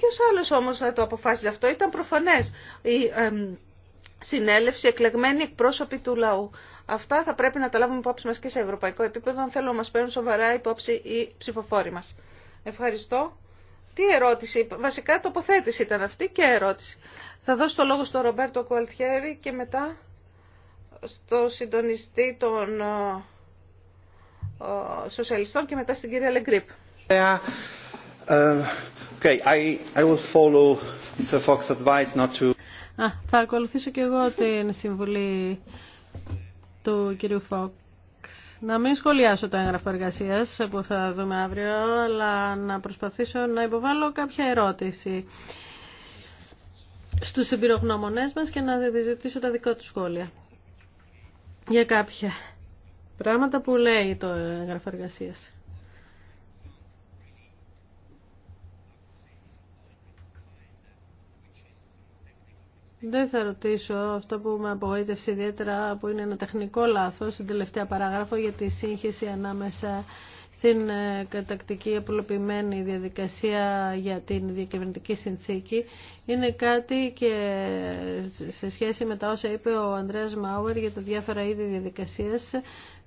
Ποιος άλλος όμως θα το αποφάσιζε αυτό. Ήταν προφανές η ε, συνέλευση, εκλεγμένοι εκπρόσωποι του λαού. Αυτά θα πρέπει να τα λάβουμε υπόψη μας και σε ευρωπαϊκό επίπεδο, αν θέλουν να μας παίρνουν σοβαρά υπόψη οι ψηφοφόροι μας. Ευχαριστώ. Τι ερώτηση, βασικά τοποθέτηση ήταν αυτή και ερώτηση. Θα δώσω το λόγο στον Ρομπέρτο Κουαλτιέρη και μετά στο συντονιστή των ε, σοσιαλιστών και μετά στην κυρία Λεγκρίπ. Ε, ε, θα ακολουθήσω και εγώ την συμβουλή του κυρίου Φόξ. Να μην σχολιάσω το έγγραφο εργασία που θα δούμε αύριο, αλλά να προσπαθήσω να υποβάλω κάποια ερώτηση στους εμπειρογνωμονέ μας και να διζητήσω τα δικά του σχόλια για κάποια πράγματα που λέει το έγγραφο εργασίας. Δεν θα ρωτήσω αυτό που με απογοήτευσε ιδιαίτερα, που είναι ένα τεχνικό λάθος στην τελευταία παράγραφο για τη σύγχυση ανάμεσα στην ε, κατακτική απλοποιημένη διαδικασία για την διακυβερνητική συνθήκη. Είναι κάτι και σε σχέση με τα όσα είπε ο Ανδρέας Μάουερ για τα διάφορα είδη διαδικασίες,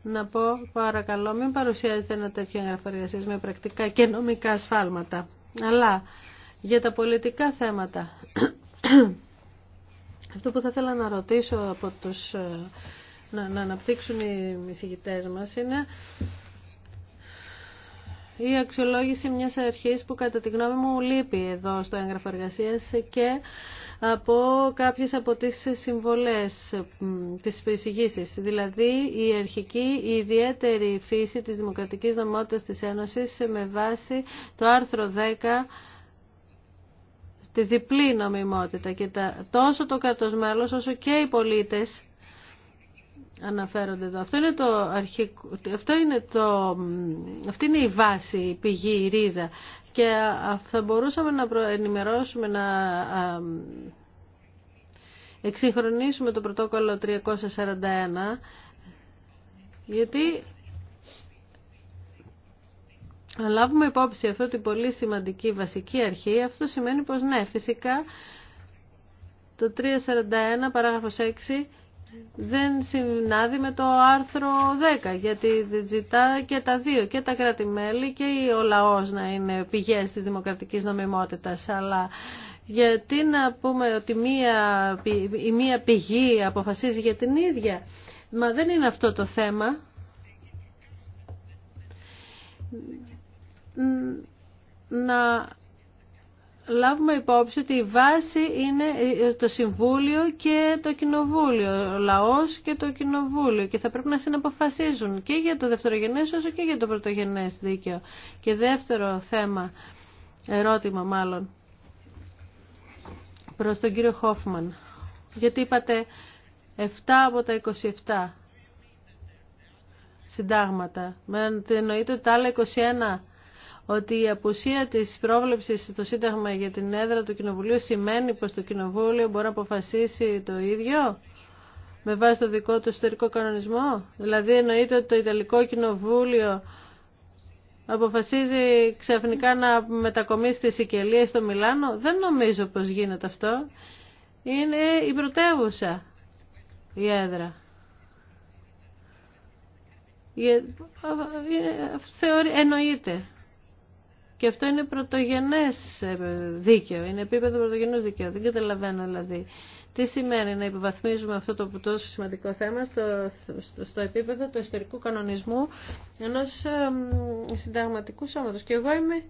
να πω παρακαλώ μην παρουσιάζετε ένα τέτοιο εγγραφό με πρακτικά και νομικά ασφάλματα. Αλλά για τα πολιτικά θέματα αυτό που θα ήθελα να ρωτήσω από τους, ε, να, αναπτύξουν οι εισηγητές μας είναι η αξιολόγηση μιας αρχής που κατά τη γνώμη μου λείπει εδώ στο έγγραφο εργασίας και από κάποιες από τις συμβολές της εισηγήσεις. Δηλαδή η αρχική, η ιδιαίτερη φύση της δημοκρατικής νομότητας της Ένωσης με βάση το άρθρο 10 τη διπλή νομιμότητα και τα, τόσο το κράτος μέλος όσο και οι πολίτες αναφέρονται εδώ. Αυτό είναι το αρχικό, αυτό είναι το, αυτή είναι η βάση, η πηγή, η ρίζα και θα μπορούσαμε να ενημερώσουμε, να εξυγχρονίσουμε το πρωτόκολλο 341 γιατί αν λάβουμε υπόψη αυτή την πολύ σημαντική βασική αρχή, αυτό σημαίνει πως ναι, φυσικά το 341 παράγραφος 6 δεν συνάδει με το άρθρο 10 γιατί ζητά και τα δύο και τα κράτη-μέλη και ο λαός να είναι πηγές της δημοκρατικής νομιμότητας αλλά γιατί να πούμε ότι μία, η μία πηγή αποφασίζει για την ίδια μα δεν είναι αυτό το θέμα να λάβουμε υπόψη ότι η βάση είναι ε, ε, το Συμβούλιο και το Κοινοβούλιο, ο λαός και το Κοινοβούλιο και θα πρέπει να συναποφασίζουν και για το δευτερογενές όσο και για το πρωτογενές δίκαιο. Και δεύτερο θέμα, ερώτημα μάλλον, προς τον κύριο Χόφμαν. Γιατί είπατε 7 από τα 27 συντάγματα. Με εννοείται ότι τα άλλα 21 ότι η απουσία της πρόβλεψης στο Σύνταγμα για την έδρα του Κοινοβουλίου σημαίνει πως το Κοινοβούλιο μπορεί να αποφασίσει το ίδιο με βάση το δικό του εσωτερικό κανονισμό. Δηλαδή εννοείται ότι το Ιταλικό Κοινοβούλιο αποφασίζει ξαφνικά να μετακομίσει τη Σικελία στο Μιλάνο. Δεν νομίζω πως γίνεται αυτό. Είναι η πρωτεύουσα η έδρα. Εννοείται και αυτό είναι πρωτογενέ ε, δίκαιο, είναι επίπεδο πρωτογενού δίκαιο. Δεν καταλαβαίνω δηλαδή τι σημαίνει να υποβαθμίζουμε αυτό το τόσο σημαντικό θέμα στο, στο, επίπεδο του ιστορικού κανονισμού ενό συνταγματικού σώματο. Και εγώ είμαι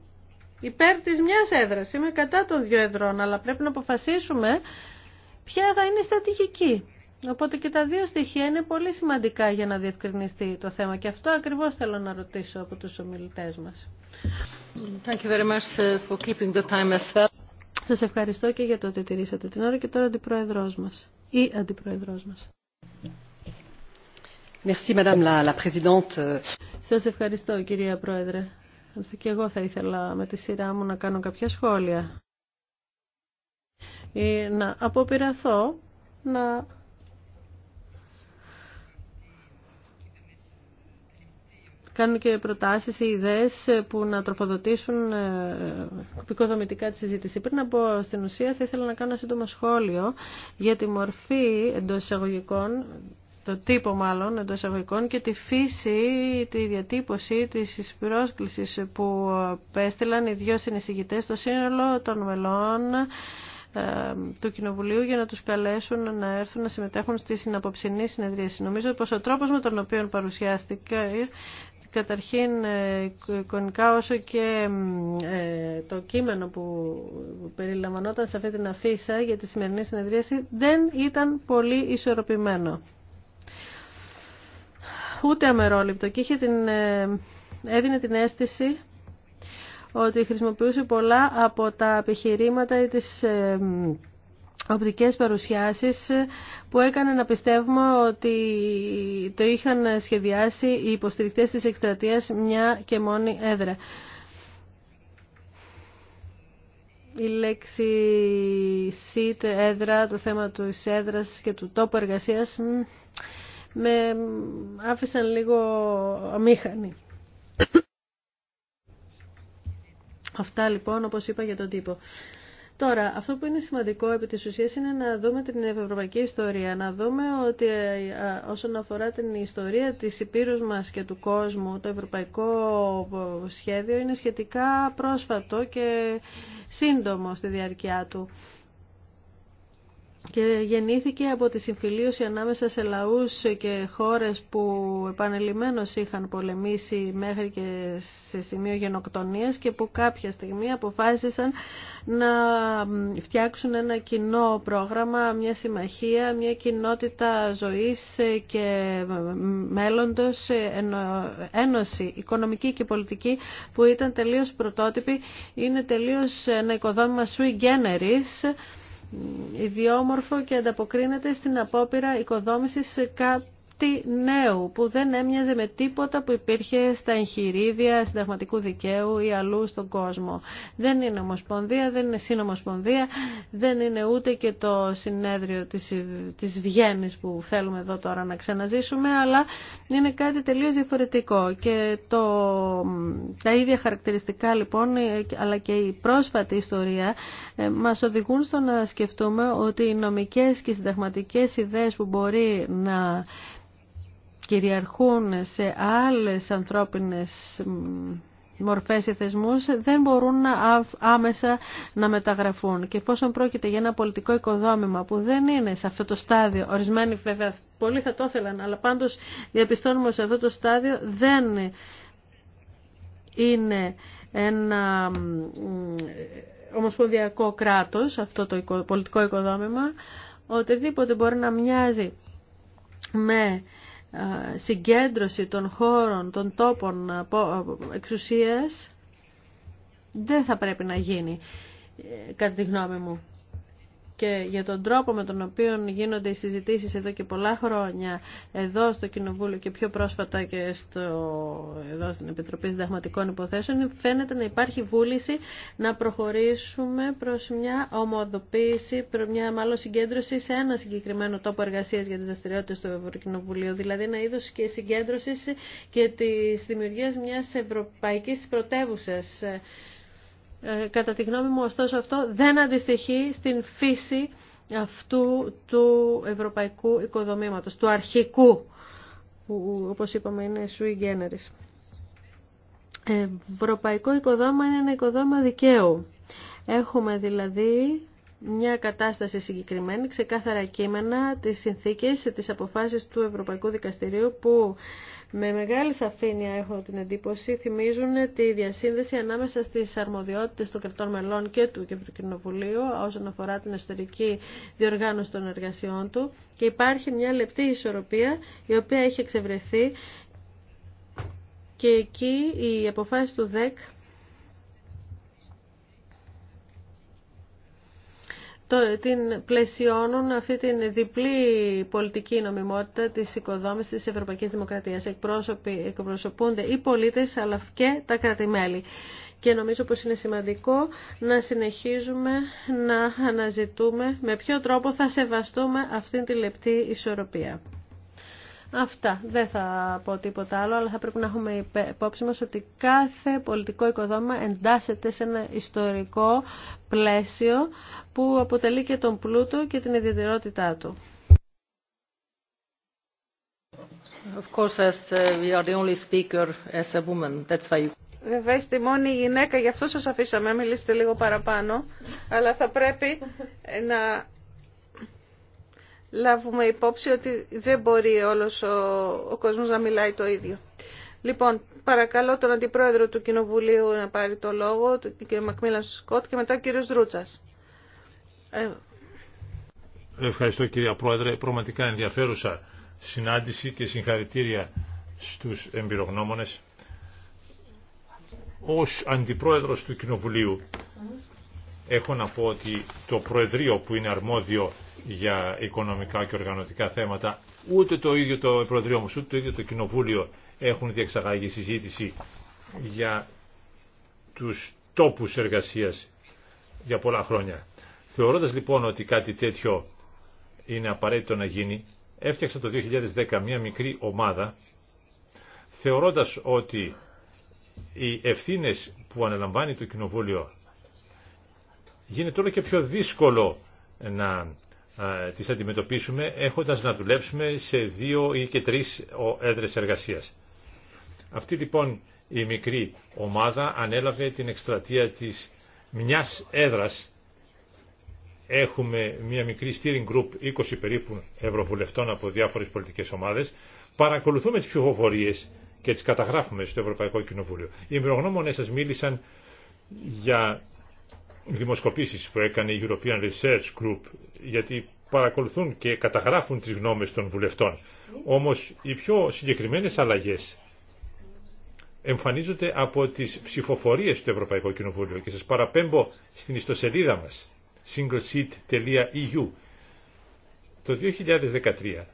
υπέρ τη μια έδρα, είμαι κατά των δύο εδρών, αλλά πρέπει να αποφασίσουμε ποια θα είναι η στρατηγική. Οπότε και τα δύο στοιχεία είναι πολύ σημαντικά για να διευκρινιστεί το θέμα και αυτό ακριβώς θέλω να ρωτήσω από τους ομιλητές μας. Σας ευχαριστώ και για το ότι τηρήσατε την ώρα και τώρα ο αντιπρόεδρός μας ή αντιπρόεδρός μας. Merci, Madame la, Σας ευχαριστώ κυρία Πρόεδρε. Και εγώ θα ήθελα με τη σειρά μου να κάνω κάποια σχόλια. Ή ε, να αποπειραθώ να κάνουν και προτάσεις ή ιδέες που να τροφοδοτήσουν ε, επικοδομητικά τη συζήτηση. Πριν από στην ουσία θα ήθελα να κάνω ένα σύντομο σχόλιο για τη μορφή εντό εισαγωγικών το τύπο μάλλον εντό εισαγωγικών και τη φύση, τη διατύπωση της πρόσκλησης που πέστειλαν οι δυο συνεισηγητές στο σύνολο των μελών ε, του Κοινοβουλίου για να τους καλέσουν να έρθουν να συμμετέχουν στη συναποψινή συνεδρίαση. Νομίζω πω ο τρόπος με τον οποίο παρουσιάστηκε καταρχήν ε, εικονικά όσο και ε, το κείμενο που περιλαμβανόταν σε αυτή την αφίσα για τη σημερινή συνεδρίαση δεν ήταν πολύ ισορροπημένο. Ούτε αμερόληπτο και την, ε, έδινε την αίσθηση ότι χρησιμοποιούσε πολλά από τα επιχειρήματα ή τις οπτικές παρουσιάσεις που έκανε να πιστεύουμε ότι το είχαν σχεδιάσει οι υποστηρικτές της εκστρατείας μια και μόνη έδρα. Η λέξη seat, έδρα, το θέμα του έδρας και του τόπου εργασίας με άφησαν λίγο αμήχανη. Αυτά λοιπόν όπως είπα για τον τύπο. Τώρα, αυτό που είναι σημαντικό επί της ουσίας είναι να δούμε την ευρωπαϊκή ιστορία, να δούμε ότι ε, ε, όσον αφορά την ιστορία της Υπήρους μας και του κόσμου, το ευρωπαϊκό ε, σχέδιο είναι σχετικά πρόσφατο και σύντομο στη διάρκεια του και γεννήθηκε από τη συμφιλίωση ανάμεσα σε λαούς και χώρες που επανελειμμένως είχαν πολεμήσει μέχρι και σε σημείο γενοκτονίας και που κάποια στιγμή αποφάσισαν να φτιάξουν ένα κοινό πρόγραμμα, μια συμμαχία, μια κοινότητα ζωής και μέλλοντος, ένωση οικονομική και πολιτική που ήταν τελείως πρωτότυπη, είναι τελείως ένα οικοδόμημα sui generis ιδιόμορφο και ανταποκρίνεται στην απόπειρα οικοδόμησης κάποιου κάτι νέο που δεν έμοιαζε με τίποτα που υπήρχε στα εγχειρίδια συνταγματικού δικαίου ή αλλού στον κόσμο. Δεν είναι ομοσπονδία, δεν είναι συνομοσπονδία, δεν είναι ούτε και το συνέδριο της, της Βιέννης που θέλουμε εδώ τώρα να ξαναζήσουμε, αλλά είναι κάτι τελείως διαφορετικό. Και το, τα ίδια χαρακτηριστικά λοιπόν, αλλά και η πρόσφατη ιστορία, ε, μας οδηγούν στο να σκεφτούμε ότι οι νομικές και συνταγματικές ιδέες που μπορεί να κυριαρχούν σε άλλες ανθρώπινες μορφές ή θεσμούς δεν μπορούν να άμεσα να μεταγραφούν. Και εφόσον πρόκειται για ένα πολιτικό οικοδόμημα που δεν είναι σε αυτό το στάδιο, ορισμένοι βέβαια πολλοί θα το ήθελαν, αλλά πάντως διαπιστώνουμε σε αυτό το στάδιο δεν είναι ένα ομοσπονδιακό κράτος αυτό το πολιτικό οικοδόμημα, οτιδήποτε μπορεί να μοιάζει με συγκέντρωση των χώρων, των τόπων εξουσίας δεν θα πρέπει να γίνει, ε, κατά τη γνώμη μου και για τον τρόπο με τον οποίο γίνονται οι συζητήσεις εδώ και πολλά χρόνια εδώ στο Κοινοβούλιο και πιο πρόσφατα και στο, εδώ στην Επιτροπή Συνταγματικών Υποθέσεων φαίνεται να υπάρχει βούληση να προχωρήσουμε προς μια ομοδοποίηση, προς μια μάλλον συγκέντρωση σε ένα συγκεκριμένο τόπο εργασίας για τις δραστηριότητες του Ευρωκοινοβουλίου, δηλαδή ένα είδος και συγκέντρωσης και της δημιουργίας μιας ευρωπαϊκής πρωτεύουσας ε, κατά τη γνώμη μου ωστόσο αυτό δεν αντιστοιχεί στην φύση αυτού του ευρωπαϊκού οικοδομήματος, του αρχικού, που όπως είπαμε είναι sui generis. Ευρωπαϊκό οικοδόμα είναι ένα οικοδόμα δικαίου. Έχουμε δηλαδή μια κατάσταση συγκεκριμένη, ξεκάθαρα κείμενα, τις συνθήκες, τις αποφάσεις του Ευρωπαϊκού Δικαστηρίου που με μεγάλη σαφήνεια έχω την εντύπωση θυμίζουν τη διασύνδεση ανάμεσα στις αρμοδιότητες των κρατών μελών και του Κοινοβουλίου όσον αφορά την εσωτερική διοργάνωση των εργασιών του και υπάρχει μια λεπτή ισορροπία η οποία έχει εξευρεθεί και εκεί η αποφάση του ΔΕΚ την πλαισιώνουν αυτή την διπλή πολιτική νομιμότητα της οικοδόμησης της Ευρωπαϊκής Δημοκρατίας. εκπροσωπούνται οι πολίτες αλλά και τα κρατημέλη Και νομίζω πως είναι σημαντικό να συνεχίζουμε να αναζητούμε με ποιο τρόπο θα σεβαστούμε αυτή τη λεπτή ισορροπία. Αυτά. Δεν θα πω τίποτα άλλο, αλλά θα πρέπει να έχουμε υπόψη μας ότι κάθε πολιτικό οικοδόμα εντάσσεται σε ένα ιστορικό πλαίσιο που αποτελεί και τον πλούτο και την ιδιαιτερότητά του. Of course, as uh, we are the only speaker as a woman, that's why you... Βέβαια μόνη γυναίκα, γι' αυτό σας αφήσαμε, μιλήσετε λίγο παραπάνω, αλλά θα πρέπει να λάβουμε υπόψη ότι δεν μπορεί όλος ο, ο κόσμος να μιλάει το ίδιο. Λοιπόν, παρακαλώ τον Αντιπρόεδρο του Κοινοβουλίου να πάρει το λόγο, τον κ. Μακμήλαν Σκότ και μετά ο κ. Ρούτσας. Ε, Ευχαριστώ κύρια Πρόεδρε. Πραγματικά ενδιαφέρουσα συνάντηση και συγχαρητήρια στους εμπειρογνώμονες. Ως Αντιπρόεδρος του Κοινοβουλίου έχω να πω ότι το Προεδρείο που είναι αρμόδιο για οικονομικά και οργανωτικά θέματα, ούτε το ίδιο το Προεδρείο μου, ούτε το ίδιο το Κοινοβούλιο έχουν διεξαγάγει συζήτηση για τους τόπους εργασίας για πολλά χρόνια. Θεωρώντας λοιπόν ότι κάτι τέτοιο είναι απαραίτητο να γίνει, έφτιαξα το 2010 μια μικρή ομάδα, θεωρώντας ότι οι ευθύνες που αναλαμβάνει το Κοινοβούλιο γίνεται όλο και πιο δύσκολο να τις αντιμετωπίσουμε έχοντας να δουλέψουμε σε δύο ή και τρεις έδρες εργασίας. Αυτή λοιπόν η μικρή ομάδα ανέλαβε την εκστρατεία της μιας έδρας. Έχουμε μια μικρή steering group 20 περίπου ευρωβουλευτών από διάφορες πολιτικές ομάδες. Παρακολουθούμε τις ψηφοφορίες και τις καταγράφουμε στο Ευρωπαϊκό Κοινοβούλιο. Οι εμπειρογνώμονες σας μίλησαν για δημοσκοπήσεις που έκανε η European Research Group, γιατί παρακολουθούν και καταγράφουν τις γνώμες των βουλευτών. Όμως οι πιο συγκεκριμένες αλλαγές εμφανίζονται από τις ψηφοφορίες του Ευρωπαϊκού Κοινοβούλιο και σας παραπέμπω στην ιστοσελίδα μας singleseat.eu το 2013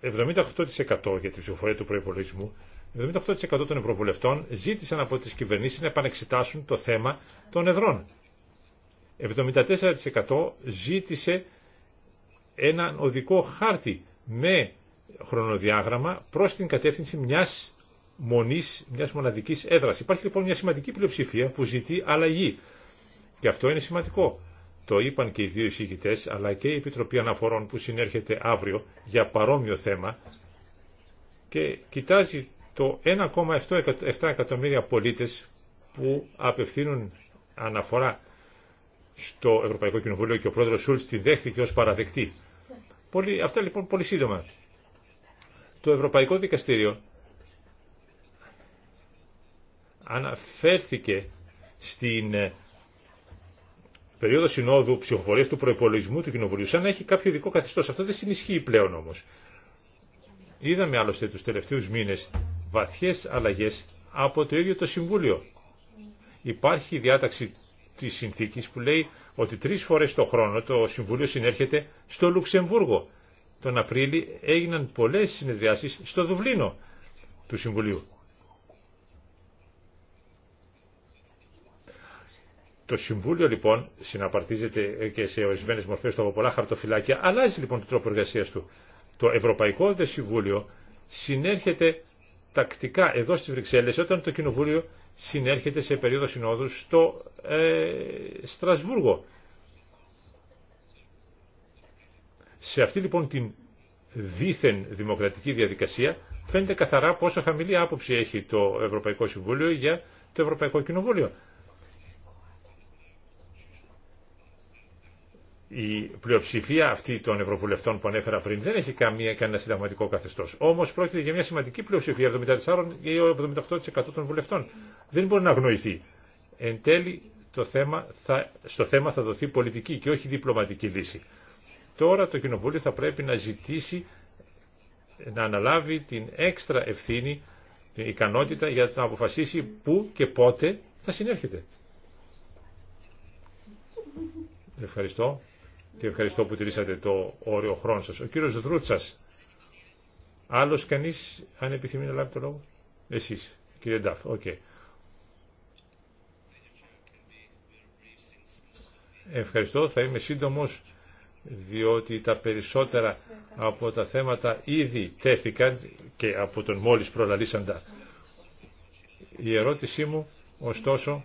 78% για την ψηφοφορία του προϋπολογισμού 78% των ευρωβουλευτών ζήτησαν από τις κυβερνήσεις να επανεξετάσουν το θέμα των εδρών 74% ζήτησε έναν οδικό χάρτη με χρονοδιάγραμμα προς την κατεύθυνση μιας μονής, μιας μοναδικής έδρας. Υπάρχει λοιπόν μια σημαντική πλειοψηφία που ζητεί αλλαγή. Και αυτό είναι σημαντικό. Το είπαν και οι δύο εισηγητέ, αλλά και η Επιτροπή Αναφορών που συνέρχεται αύριο για παρόμοιο θέμα και κοιτάζει το 1,7 εκατομμύρια πολίτες που απευθύνουν αναφορά στο Ευρωπαϊκό Κοινοβούλιο και ο πρόεδρος Σούλτ τη δέχθηκε ως παραδεκτή. Πολύ, αυτά λοιπόν πολύ σύντομα. Το Ευρωπαϊκό Δικαστήριο αναφέρθηκε στην ε, περίοδο συνόδου ψηφοφορίας του προπολογισμού του Κοινοβουλίου σαν να έχει κάποιο ειδικό καθεστώς. Αυτό δεν συνισχύει πλέον όμως. Είδαμε άλλωστε τους τελευταίους μήνες βαθιές αλλαγές από το ίδιο το Συμβούλιο. Υπάρχει διάταξη τη συνθήκης που λέει ότι τρεις φορές το χρόνο το Συμβούλιο συνέρχεται στο Λουξεμβούργο. Τον Απρίλη έγιναν πολλές συνεδριάσεις στο Δουβλίνο του Συμβουλίου. Το Συμβούλιο λοιπόν συναπαρτίζεται και σε ορισμένε μορφέ το από πολλά χαρτοφυλάκια. Αλλάζει λοιπόν τον τρόπο εργασία του. Το Ευρωπαϊκό Δε Συμβούλιο συνέρχεται τακτικά εδώ στι Βρυξέλλε όταν το Κοινοβούλιο συνέρχεται σε περίοδο συνόδου στο ε, Στρασβούργο. Σε αυτή λοιπόν την δίθεν δημοκρατική διαδικασία φαίνεται καθαρά πόσο χαμηλή άποψη έχει το Ευρωπαϊκό Συμβούλιο για το Ευρωπαϊκό Κοινοβούλιο. η πλειοψηφία αυτή των Ευρωβουλευτών που ανέφερα πριν δεν έχει καμία, κανένα συνταγματικό καθεστώ. Όμω πρόκειται για μια σημαντική πλειοψηφία, 74 ή 78% των βουλευτών. Δεν μπορεί να αγνοηθεί. Εν τέλει, το θέμα θα, στο θέμα θα δοθεί πολιτική και όχι διπλωματική λύση. Τώρα το Κοινοβούλιο θα πρέπει να ζητήσει να αναλάβει την έξτρα ευθύνη, την ικανότητα για να αποφασίσει πού και πότε θα συνέρχεται. Ευχαριστώ και ευχαριστώ που τηρήσατε το όριο χρόνο σας. Ο κύριος Δρούτσας, άλλος κανείς αν επιθυμεί να λάβει το λόγο. Εσείς, κύριε Νταφ, οκ. Ευχαριστώ, θα είμαι σύντομος διότι τα περισσότερα από τα θέματα ήδη τέθηκαν και από τον μόλις προλαλήσαντα. Η ερώτησή μου, ωστόσο,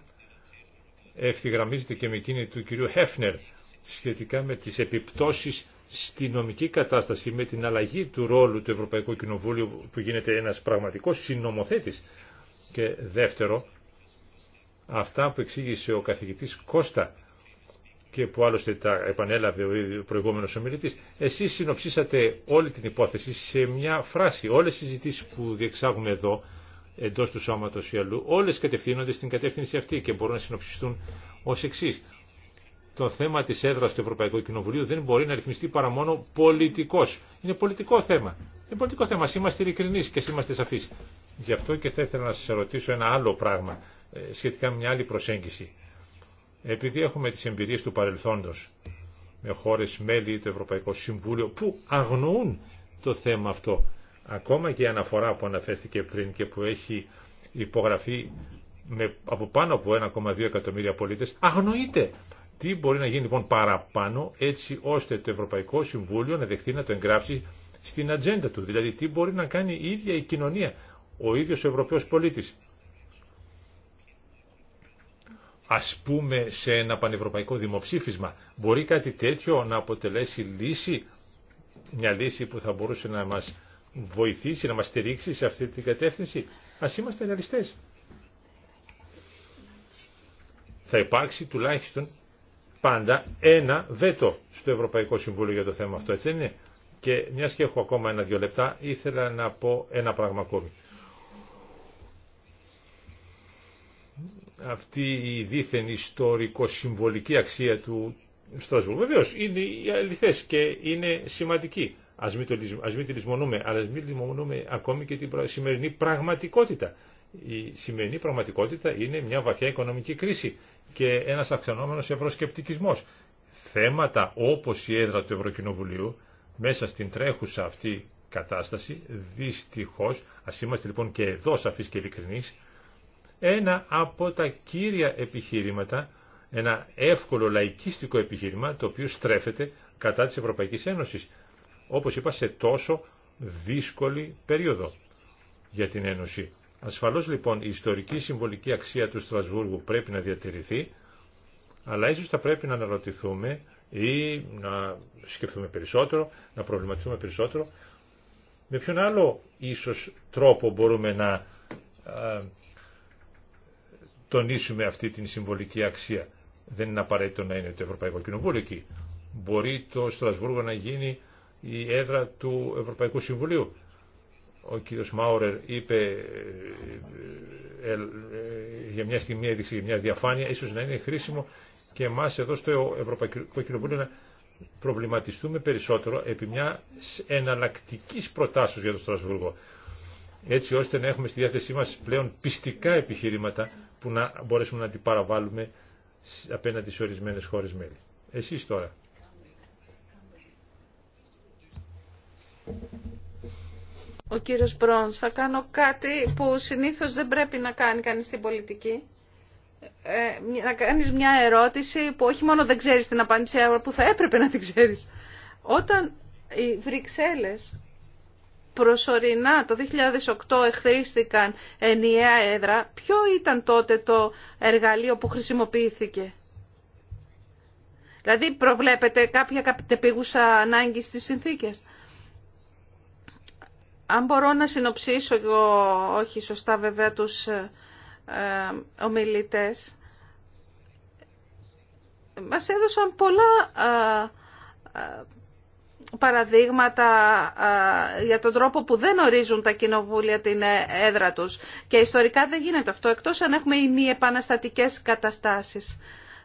ευθυγραμμίζεται και με εκείνη του κυρίου Χέφνερ σχετικά με τις επιπτώσεις στη νομική κατάσταση με την αλλαγή του ρόλου του Ευρωπαϊκού Κοινοβούλου που γίνεται ένας πραγματικός συνομοθέτης. Και δεύτερο, αυτά που εξήγησε ο καθηγητής Κώστα και που άλλωστε τα επανέλαβε ο προηγούμενος ομιλητής, εσείς συνοψίσατε όλη την υπόθεση σε μια φράση. Όλες οι συζητήσεις που διεξάγουμε εδώ, εντός του σώματος ή αλλού, όλες κατευθύνονται στην κατεύθυνση αυτή και μπορούν να συνοψιστούν ως εξής το θέμα τη έδρα του Ευρωπαϊκού Κοινοβουλίου δεν μπορεί να ρυθμιστεί παρά μόνο πολιτικός. Είναι πολιτικό θέμα. Είναι πολιτικό θέμα. είμαστε ειλικρινεί και είμαστε σαφεί. Γι' αυτό και θα ήθελα να σα ρωτήσω ένα άλλο πράγμα ε, σχετικά με μια άλλη προσέγγιση. Επειδή έχουμε τι εμπειρίε του παρελθόντο με χώρε μέλη του Ευρωπαϊκού Συμβούλιο που αγνοούν το θέμα αυτό. Ακόμα και η αναφορά που αναφέρθηκε πριν και που έχει υπογραφεί με, από πάνω από 1,2 εκατομμύρια πολίτες αγνοείται τι μπορεί να γίνει λοιπόν παραπάνω έτσι ώστε το Ευρωπαϊκό Συμβούλιο να δεχτεί να το εγγράψει στην ατζέντα του. Δηλαδή τι μπορεί να κάνει η ίδια η κοινωνία, ο ίδιος ο Ευρωπαίος πολίτης. Ας πούμε σε ένα πανευρωπαϊκό δημοψήφισμα μπορεί κάτι τέτοιο να αποτελέσει λύση, μια λύση που θα μπορούσε να μας βοηθήσει, να μας στηρίξει σε αυτή την κατεύθυνση. Ας είμαστε ρεαλιστές. Θα υπάρξει τουλάχιστον πάντα ένα βέτο στο Ευρωπαϊκό Συμβούλιο για το θέμα αυτό, έτσι δεν είναι. Και μια και έχω ακόμα ένα-δύο λεπτά, ήθελα να πω ένα πράγμα ακόμη. Αυτή η δίθεν ιστορικο-συμβολική αξία του Στρασβούργου. Βεβαίω είναι η αληθέ και είναι σημαντική. Α μην, μην τη λησμονούμε, αλλά α μην λησμονούμε ακόμη και την σημερινή πραγματικότητα. Η σημερινή πραγματικότητα είναι μια βαθιά οικονομική κρίση και ένας αυξανόμενος ευρωσκεπτικισμός. Θέματα όπως η έδρα του Ευρωκοινοβουλίου μέσα στην τρέχουσα αυτή κατάσταση, δυστυχώς, ας είμαστε λοιπόν και εδώ σαφείς και ειλικρινείς, ένα από τα κύρια επιχείρηματα, ένα εύκολο λαϊκίστικο επιχείρημα, το οποίο στρέφεται κατά της Ευρωπαϊκής Ένωσης, όπως είπα, σε τόσο δύσκολη περίοδο για την Ένωση. Ασφαλώς λοιπόν η ιστορική συμβολική αξία του Στρασβούργου πρέπει να διατηρηθεί, αλλά ίσως θα πρέπει να αναρωτηθούμε ή να σκεφτούμε περισσότερο, να προβληματιστούμε περισσότερο, με ποιον άλλο ίσως τρόπο μπορούμε να τονίσουμε αυτή την συμβολική αξία. Δεν είναι απαραίτητο να είναι το Ευρωπαϊκό Κοινοβούλιο εκεί. Μπορεί το Στρασβούργο να γίνει η έδρα του Ευρωπαϊκού Συμβουλίου. Ο κύριος Μάουρερ είπε ε, ε, ε, για μια στιγμή έδειξε για μια διαφάνεια, ίσως να είναι χρήσιμο και εμάς εδώ στο Ευρωπαϊκό Κοινοβούλιο να προβληματιστούμε περισσότερο επί μια εναλλακτική προτάσεως για το Στρασβούργο. Έτσι ώστε να έχουμε στη διάθεσή μας πλέον πιστικά επιχειρήματα που να μπορέσουμε να την παραβάλουμε απέναντι σε ορισμένες χώρες μέλη. Εσείς τώρα ο κύριος Μπρόνς. Θα κάνω κάτι που συνήθως δεν πρέπει να κάνει κανείς στην πολιτική. Ε, να κάνεις μια ερώτηση που όχι μόνο δεν ξέρεις την απάντηση, αλλά που θα έπρεπε να την ξέρεις. Όταν οι Βρυξέλλες προσωρινά το 2008 εχθρίστηκαν ενιαία έδρα, ποιο ήταν τότε το εργαλείο που χρησιμοποιήθηκε. Δηλαδή προβλέπετε κάποια επίγουσα ανάγκη στις συνθήκες. Αν μπορώ να συνοψίσω εγώ, όχι σωστά βέβαια, τους ε, ε ομιλητές, μας έδωσαν πολλά ε, ε, παραδείγματα για τον τρόπο που δεν ορίζουν τα κοινοβούλια την έδρα τους. Και ιστορικά δεν γίνεται αυτό, εκτός αν έχουμε οι μη επαναστατικές καταστάσεις.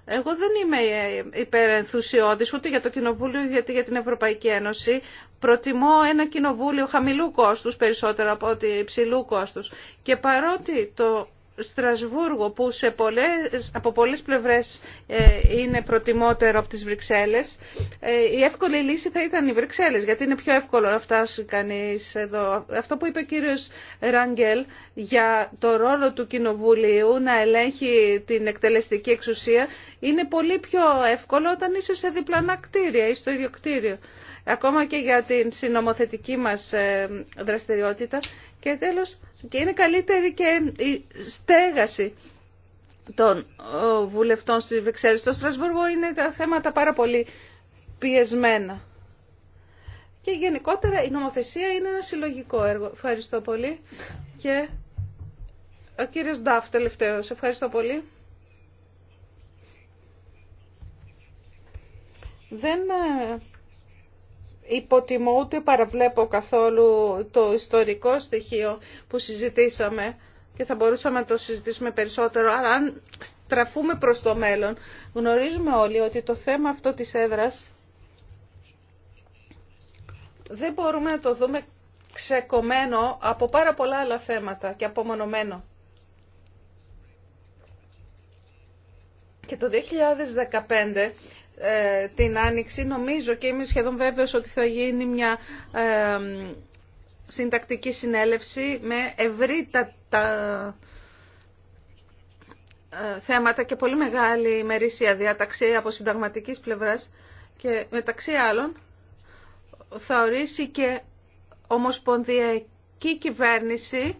Εγώ δεν είμαι υπερενθουσιώδης ούτε για το Κοινοβούλιο γιατί για την Ευρωπαϊκή Ένωση. Προτιμώ ένα Κοινοβούλιο χαμηλού κόστους περισσότερο από ότι υψηλού κόστους. Και παρότι το Στρασβούργο που σε πολλές, από πολλές πλευρές ε, είναι προτιμότερο από τις Βρυξέλλες ε, η εύκολη λύση θα ήταν οι Βρυξέλλες γιατί είναι πιο εύκολο να φτάσει κανείς εδώ. Αυτό που είπε ο κύριος Ράγγελ για το ρόλο του Κοινοβουλίου να ελέγχει την εκτελεστική εξουσία είναι πολύ πιο εύκολο όταν είσαι σε διπλανά κτίρια ή στο ίδιο κτίριο ακόμα και για την συνομοθετική μας ε, δραστηριότητα και τέλος και είναι καλύτερη και η στέγαση των βουλευτών στη Βρυξέλλες. Στο Στρασβούργο είναι τα θέματα πάρα πολύ πιεσμένα. Και γενικότερα η νομοθεσία είναι ένα συλλογικό έργο. Ευχαριστώ πολύ. Και ο κύριος Νταφ τελευταίος. Ευχαριστώ πολύ. Δεν ε, υποτιμώ ούτε παραβλέπω καθόλου το ιστορικό στοιχείο που συζητήσαμε και θα μπορούσαμε να το συζητήσουμε περισσότερο, αλλά αν στραφούμε προς το μέλλον, γνωρίζουμε όλοι ότι το θέμα αυτό της έδρας δεν μπορούμε να το δούμε ξεκομμένο από πάρα πολλά άλλα θέματα και απομονωμένο. Και το 2015 ε, την Άνοιξη. Νομίζω και είμαι σχεδόν βέβαιος ότι θα γίνει μια ε, συντακτική συνέλευση με ευρύτατα ε, θέματα και πολύ μεγάλη ημερήσια διάταξη από συνταγματικής πλευράς και μεταξύ άλλων θα ορίσει και ομοσπονδιακή κυβέρνηση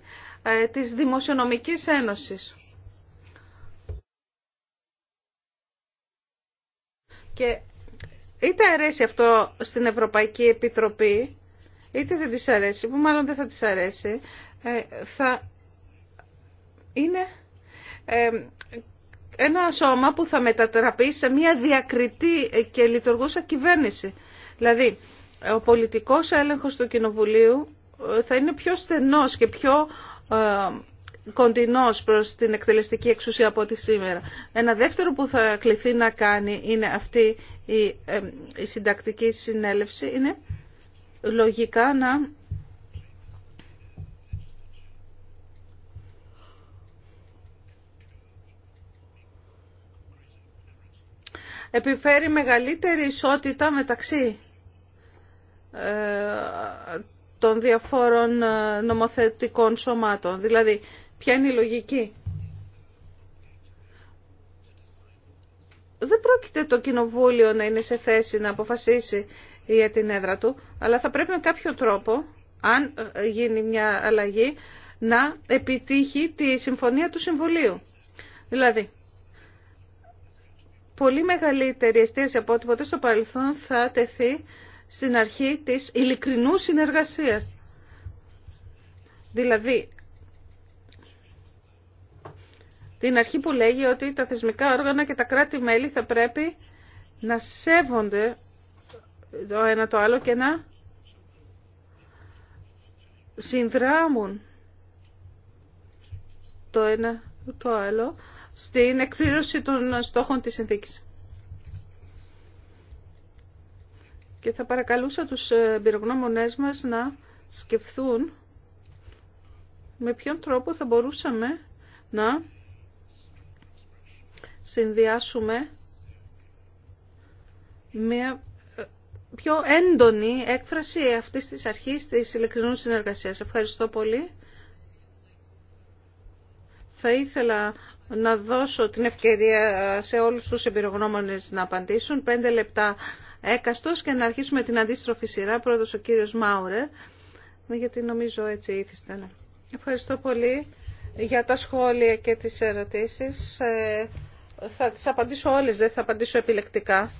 της Δημοσιονομικής Ένωσης. Και είτε αρέσει αυτό στην Ευρωπαϊκή Επιτροπή, είτε δεν της αρέσει, που μάλλον δεν θα της αρέσει, ε, θα είναι ε, ένα σώμα που θα μετατραπεί σε μια διακριτή και λειτουργούσα κυβέρνηση. Δηλαδή, ο πολιτικός έλεγχος του Κοινοβουλίου ε, θα είναι πιο στενός και πιο κοντινός προς την εκτελεστική εξουσία από ό,τι σήμερα. Ένα δεύτερο που θα κληθεί να κάνει είναι αυτή η, ε, η συντακτική συνέλευση, είναι λογικά να επιφέρει μεγαλύτερη ισότητα μεταξύ ε, των διαφόρων ε, νομοθετικών σωμάτων. Δηλαδή, Ποια είναι η λογική. Δεν πρόκειται το κοινοβούλιο να είναι σε θέση να αποφασίσει για την έδρα του, αλλά θα πρέπει με κάποιο τρόπο, αν ε, γίνει μια αλλαγή, να επιτύχει τη συμφωνία του Συμβουλίου. Δηλαδή, πολύ μεγαλύτερη εστίαση από ό,τι ποτέ στο παρελθόν θα τεθεί στην αρχή της ειλικρινούς συνεργασίας. Δηλαδή, την αρχή που λέγει ότι τα θεσμικά όργανα και τα κράτη-μέλη θα πρέπει να σέβονται το ένα το άλλο και να συνδράμουν το ένα το άλλο στην εκπλήρωση των στόχων της συνθήκης. Και θα παρακαλούσα τους εμπειρογνώμονές μας να σκεφτούν με ποιον τρόπο θα μπορούσαμε να συνδυάσουμε μια ε, πιο έντονη έκφραση αυτής της αρχής της ειλικρινούς συνεργασίας. Ευχαριστώ πολύ. Θα ήθελα να δώσω την ευκαιρία σε όλους τους εμπειρογνώμονες να απαντήσουν. Πέντε λεπτά έκαστος και να αρχίσουμε την αντίστροφη σειρά. Πρώτος ο κύριος Μάουρε, γιατί νομίζω έτσι ήθιστε. Ναι. Ευχαριστώ πολύ για τα σχόλια και τις ερωτήσεις. Ε, θα τις απαντήσω όλες, δεν θα απαντήσω επιλεκτικά.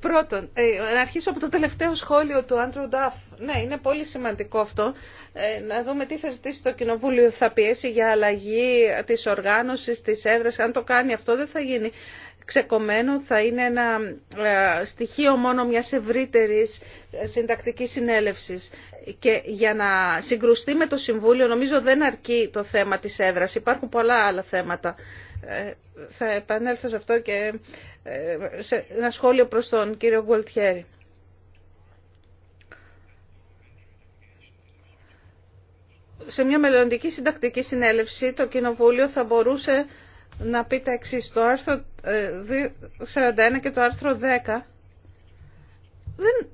Πρώτον, ε, να αρχίσω από το τελευταίο σχόλιο του Άντρου Νταφ. Ναι, είναι πολύ σημαντικό αυτό. Ε, να δούμε τι θα ζητήσει το Κοινοβούλιο. Θα πιέσει για αλλαγή της οργάνωσης, της έδρα. Αν το κάνει αυτό, δεν θα γίνει ξεκομμένο θα είναι ένα ε, στοιχείο μόνο μιας ευρύτερης συντακτικής συνέλευσης. Και για να συγκρουστεί με το Συμβούλιο νομίζω δεν αρκεί το θέμα της έδρας. Υπάρχουν πολλά άλλα θέματα. Ε, θα επανέλθω σε αυτό και ε, σε ένα σχόλιο προς τον κύριο Γκολτιέρη. Σε μια μελλοντική συντακτική συνέλευση το Κοινοβούλιο θα μπορούσε να πείτε εξή το άρθρο 41 ε, και το άρθρο 10 δεν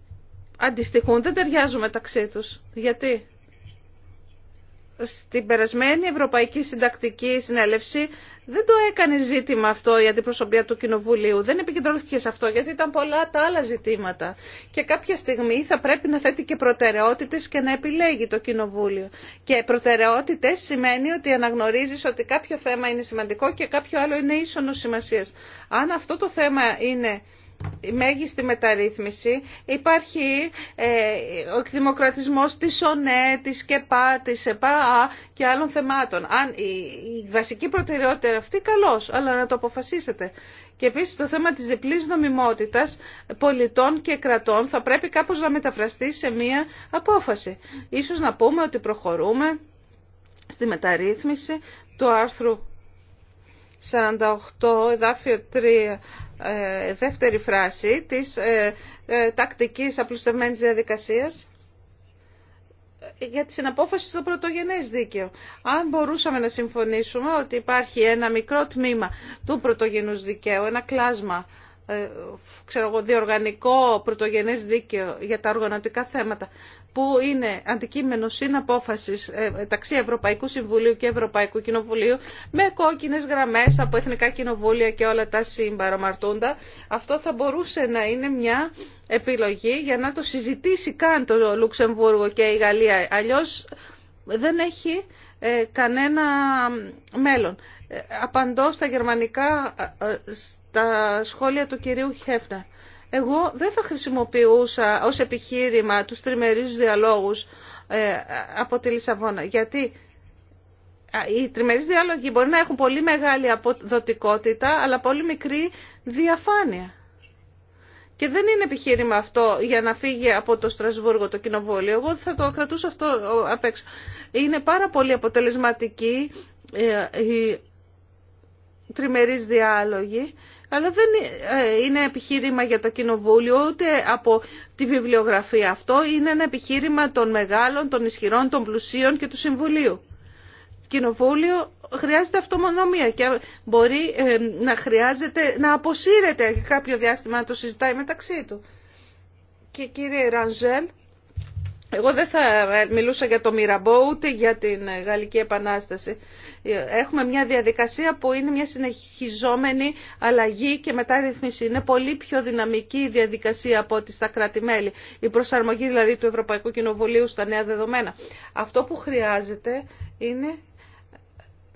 αντιστοιχούν, δεν ταιριάζουν μεταξύ τους. Γιατί? στην περασμένη Ευρωπαϊκή Συντακτική Συνέλευση δεν το έκανε ζήτημα αυτό η αντιπροσωπεία του Κοινοβουλίου. Δεν επικεντρώθηκε σε αυτό γιατί ήταν πολλά τα άλλα ζητήματα. Και κάποια στιγμή θα πρέπει να θέτει και προτεραιότητες και να επιλέγει το Κοινοβούλιο. Και προτεραιότητες σημαίνει ότι αναγνωρίζεις ότι κάποιο θέμα είναι σημαντικό και κάποιο άλλο είναι ίσονος σημασίας. Αν αυτό το θέμα είναι η μέγιστη μεταρρύθμιση. Υπάρχει ε, ο εκδημοκρατισμός της ΩΝΕ, της ΚΕΠΑ, της ΕΠΑ και άλλων θεμάτων. Αν η, βασική προτεραιότητα αυτή, καλώς, αλλά να το αποφασίσετε. Και επίσης το θέμα της διπλής νομιμότητας πολιτών και κρατών θα πρέπει κάπως να μεταφραστεί σε μία απόφαση. Ίσως να πούμε ότι προχωρούμε στη μεταρρύθμιση του άρθρου 48, εδάφιο 3, ε, δεύτερη φράση της ε, ε, τακτικής απλουστευμένης διαδικασίας για τη συναπόφαση στο πρωτογενές δίκαιο. Αν μπορούσαμε να συμφωνήσουμε ότι υπάρχει ένα μικρό τμήμα του πρωτογενούς δικαίου, ένα κλάσμα, ξέρω εγώ, διοργανικό πρωτογενές δίκαιο για τα οργανωτικά θέματα, που είναι αντικείμενο συναπόφασης ε, μεταξύ Ευρωπαϊκού Συμβουλίου και Ευρωπαϊκού Κοινοβουλίου με κόκκινε γραμμέ από εθνικά κοινοβούλια και όλα τα συμπαρομαρτούντα. Αυτό θα μπορούσε να είναι μια επιλογή για να το συζητήσει καν το Λουξεμβούργο και η Γαλλία. Αλλιώ δεν έχει ε, κανένα μέλλον. Ε, απαντώ στα γερμανικά στα σχόλια του κυρίου Χέφνερ. Εγώ δεν θα χρησιμοποιούσα ως επιχείρημα τους τριμερείς διαλόγους ε, από τη Λισαβόνα. Γιατί οι τριμερείς διάλογοι μπορεί να έχουν πολύ μεγάλη αποδοτικότητα, αλλά πολύ μικρή διαφάνεια. Και δεν είναι επιχείρημα αυτό για να φύγει από το Στρασβούργο το κοινοβούλιο. Εγώ θα το κρατούσα αυτό απ' έξω. Είναι πάρα πολύ αποτελεσματική ε, η τριμερείς διάλογοι αλλά δεν ε, είναι επιχείρημα για το κοινοβούλιο ούτε από τη βιβλιογραφία αυτό. Είναι ένα επιχείρημα των μεγάλων, των ισχυρών, των πλουσίων και του Συμβουλίου. Το κοινοβούλιο χρειάζεται αυτονομία και μπορεί ε, να χρειάζεται να αποσύρεται κάποιο διάστημα να το συζητάει μεταξύ του. Και κύριε Ρανζέλ, εγώ δεν θα μιλούσα για το Μυραμπό ούτε για την Γαλλική Επανάσταση. Έχουμε μια διαδικασία που είναι μια συνεχιζόμενη αλλαγή και μεταρρύθμιση. Είναι πολύ πιο δυναμική η διαδικασία από ό,τι στα κράτη-μέλη. Η προσαρμογή δηλαδή του Ευρωπαϊκού Κοινοβουλίου στα νέα δεδομένα. Αυτό που χρειάζεται είναι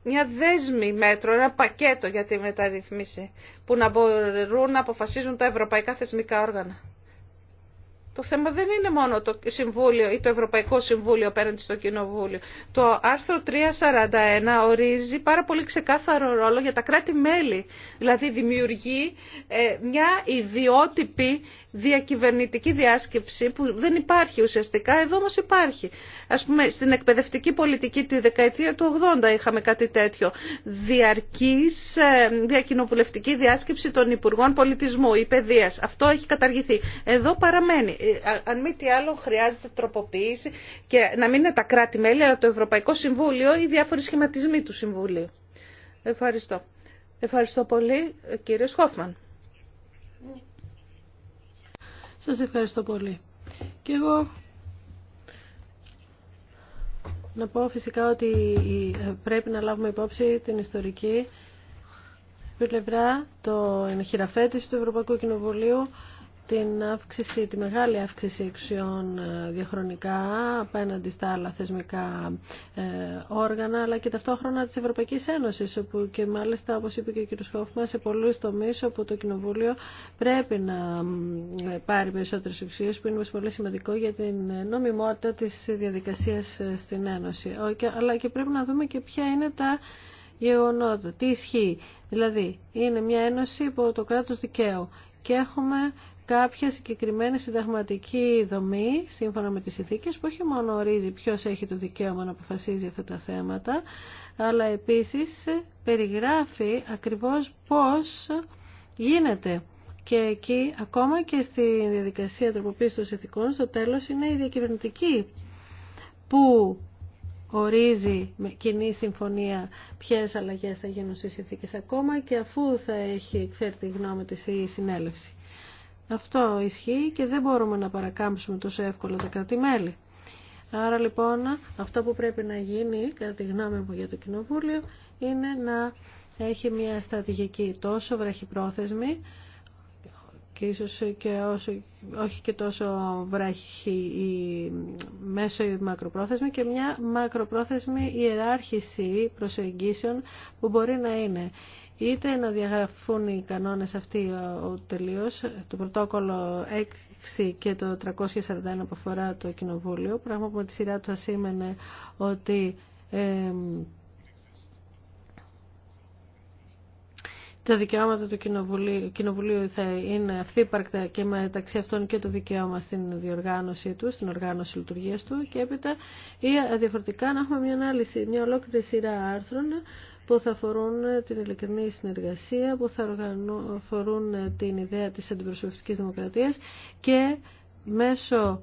μια δέσμη μέτρο, ένα πακέτο για τη μεταρρύθμιση που να μπορούν να αποφασίζουν τα ευρωπαϊκά θεσμικά όργανα. Το θέμα δεν είναι μόνο το Συμβούλιο ή το Ευρωπαϊκό Συμβούλιο απέναντι στο Κοινοβούλιο. Το άρθρο 341 ορίζει πάρα πολύ ξεκάθαρο ρόλο για τα κράτη-μέλη. Δηλαδή δημιουργεί ε, μια ιδιότυπη διακυβερνητική διάσκεψη που δεν υπάρχει ουσιαστικά, εδώ όμως υπάρχει. Ας πούμε, στην εκπαιδευτική πολιτική τη δεκαετία του 80 είχαμε κάτι τέτοιο. Διαρκής ε, διακοινοβουλευτική διάσκεψη των Υπουργών Πολιτισμού ή Παιδείας. Αυτό έχει καταργηθεί. Εδώ παραμένει. Ε, αν μη τι άλλο χρειάζεται τροποποίηση και να μην είναι τα κράτη-μέλη, αλλά το Ευρωπαϊκό Συμβούλιο ή διάφοροι σχηματισμοί του Συμβουλίου. Ευχαριστώ. Ευχαριστώ πολύ, κύριε Χόφμαν. Σας ευχαριστώ πολύ. Και εγώ να πω φυσικά ότι ε, πρέπει να λάβουμε υπόψη την ιστορική πλευρά, το χειραφέτηση του Ευρωπαϊκού Κοινοβουλίου την αύξηση, τη μεγάλη αύξηση εξουσιών ε, διαχρονικά απέναντι στα άλλα θεσμικά ε, όργανα, αλλά και ταυτόχρονα της Ευρωπαϊκής Ένωσης, όπου και μάλιστα, όπως είπε και ο κ. Χόφμα, σε πολλούς τομείς όπου το Κοινοβούλιο πρέπει να ε, πάρει περισσότερες εξουσίες, που είναι πολύ σημαντικό για την νομιμότητα της διαδικασίας στην Ένωση. Αλλά και πρέπει να δούμε και ποια είναι τα γεγονότα, τι ισχύει. Δηλαδή, είναι μια ένωση υπό το κράτος δικαίου και έχουμε κάποια συγκεκριμένη συνταγματική δομή σύμφωνα με τις συνθήκες που όχι μόνο ορίζει ποιος έχει το δικαίωμα να αποφασίζει αυτά τα θέματα αλλά επίσης περιγράφει ακριβώς πώς γίνεται και εκεί ακόμα και στη διαδικασία τροποποίησης των συνθήκων στο τέλος είναι η διακυβερνητική που ορίζει με κοινή συμφωνία ποιες αλλαγές θα γίνουν στις συνθήκες ακόμα και αφού θα έχει εκφέρει τη γνώμη της η συνέλευση. Αυτό ισχύει και δεν μπορούμε να παρακάμψουμε τόσο εύκολα τα κρατημέλη. Άρα λοιπόν αυτό που πρέπει να γίνει, κατά τη γνώμη μου για το Κοινοβούλιο, είναι να έχει μια στρατηγική τόσο βραχυπρόθεσμη και ίσως και όσο, όχι και τόσο βράχη η ή μακροπρόθεσμη και μια μακροπρόθεσμη ιεράρχηση προσεγγίσεων που μπορεί να είναι είτε να διαγραφούν οι κανόνες αυτοί τελείως, το πρωτόκολλο 6 και το 341 που αφορά το Κοινοβούλιο, πράγμα που με τη σειρά του θα σήμαινε ότι ε, τα δικαιώματα του κοινοβουλίου, θα είναι αυθύπαρκτα και μεταξύ αυτών και το δικαίωμα στην διοργάνωσή του, στην οργάνωση λειτουργίας του και έπειτα ή διαφορετικά να έχουμε μια ανάλυση, μια ολόκληρη σειρά άρθρων που θα αφορούν ε, την ειλικρινή συνεργασία, που θα αφορούν ε, την ιδέα της αντιπροσωπευτικής δημοκρατίας και μέσω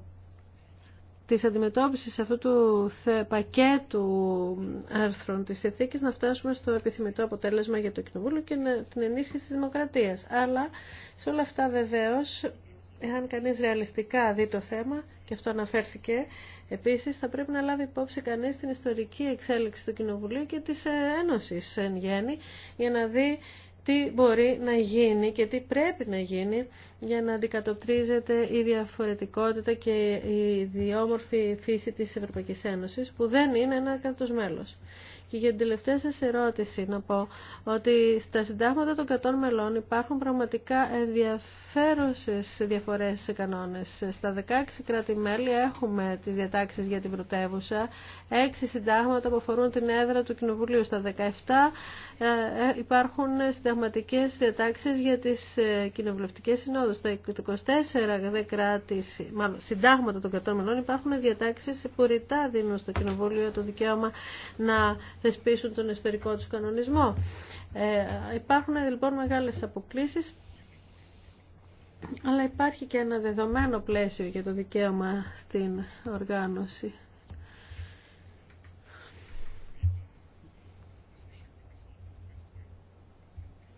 της αντιμετώπισης αυτού του πακέτου άρθρων της Εθήκης να φτάσουμε στο επιθυμητό αποτέλεσμα για το Κοινοβούλιο και την ενίσχυση της δημοκρατίας. Αλλά σε όλα αυτά βεβαίως Εάν κανείς ρεαλιστικά δει το θέμα, και αυτό αναφέρθηκε επίσης, θα πρέπει να λάβει υπόψη κανείς την ιστορική εξέλιξη του Κοινοβουλίου και της ε, Ένωσης εν γέννη, για να δει τι μπορεί να γίνει και τι πρέπει να γίνει για να αντικατοπτρίζεται η διαφορετικότητα και η διόμορφη φύση της Ευρωπαϊκής Ένωσης που δεν είναι ένα κράτος μέλος. Και για την τελευταία σας ερώτηση να πω ότι στα συντάγματα των 100 μελών υπάρχουν πραγματικά ενδιαφέροντα ενδιαφέρουσες διαφορές σε κανόνες. Στα 16 κράτη-μέλη έχουμε τις διατάξεις για την πρωτεύουσα, 6 συντάγματα που αφορούν την έδρα του Κοινοβουλίου. Στα 17 ε, ε, υπάρχουν συνταγματικές διατάξεις για τις ε, κοινοβουλευτικές συνόδους. Στα 24 κράτη, μάλλον συντάγματα των κατώμενων υπάρχουν διατάξεις που ρητά δίνουν στο Κοινοβούλιο το δικαίωμα να θεσπίσουν τον ιστορικό τους κανονισμό. Ε, υπάρχουν λοιπόν μεγάλες αποκλήσεις αλλά υπάρχει και ένα δεδομένο πλαίσιο για το δικαίωμα στην οργάνωση.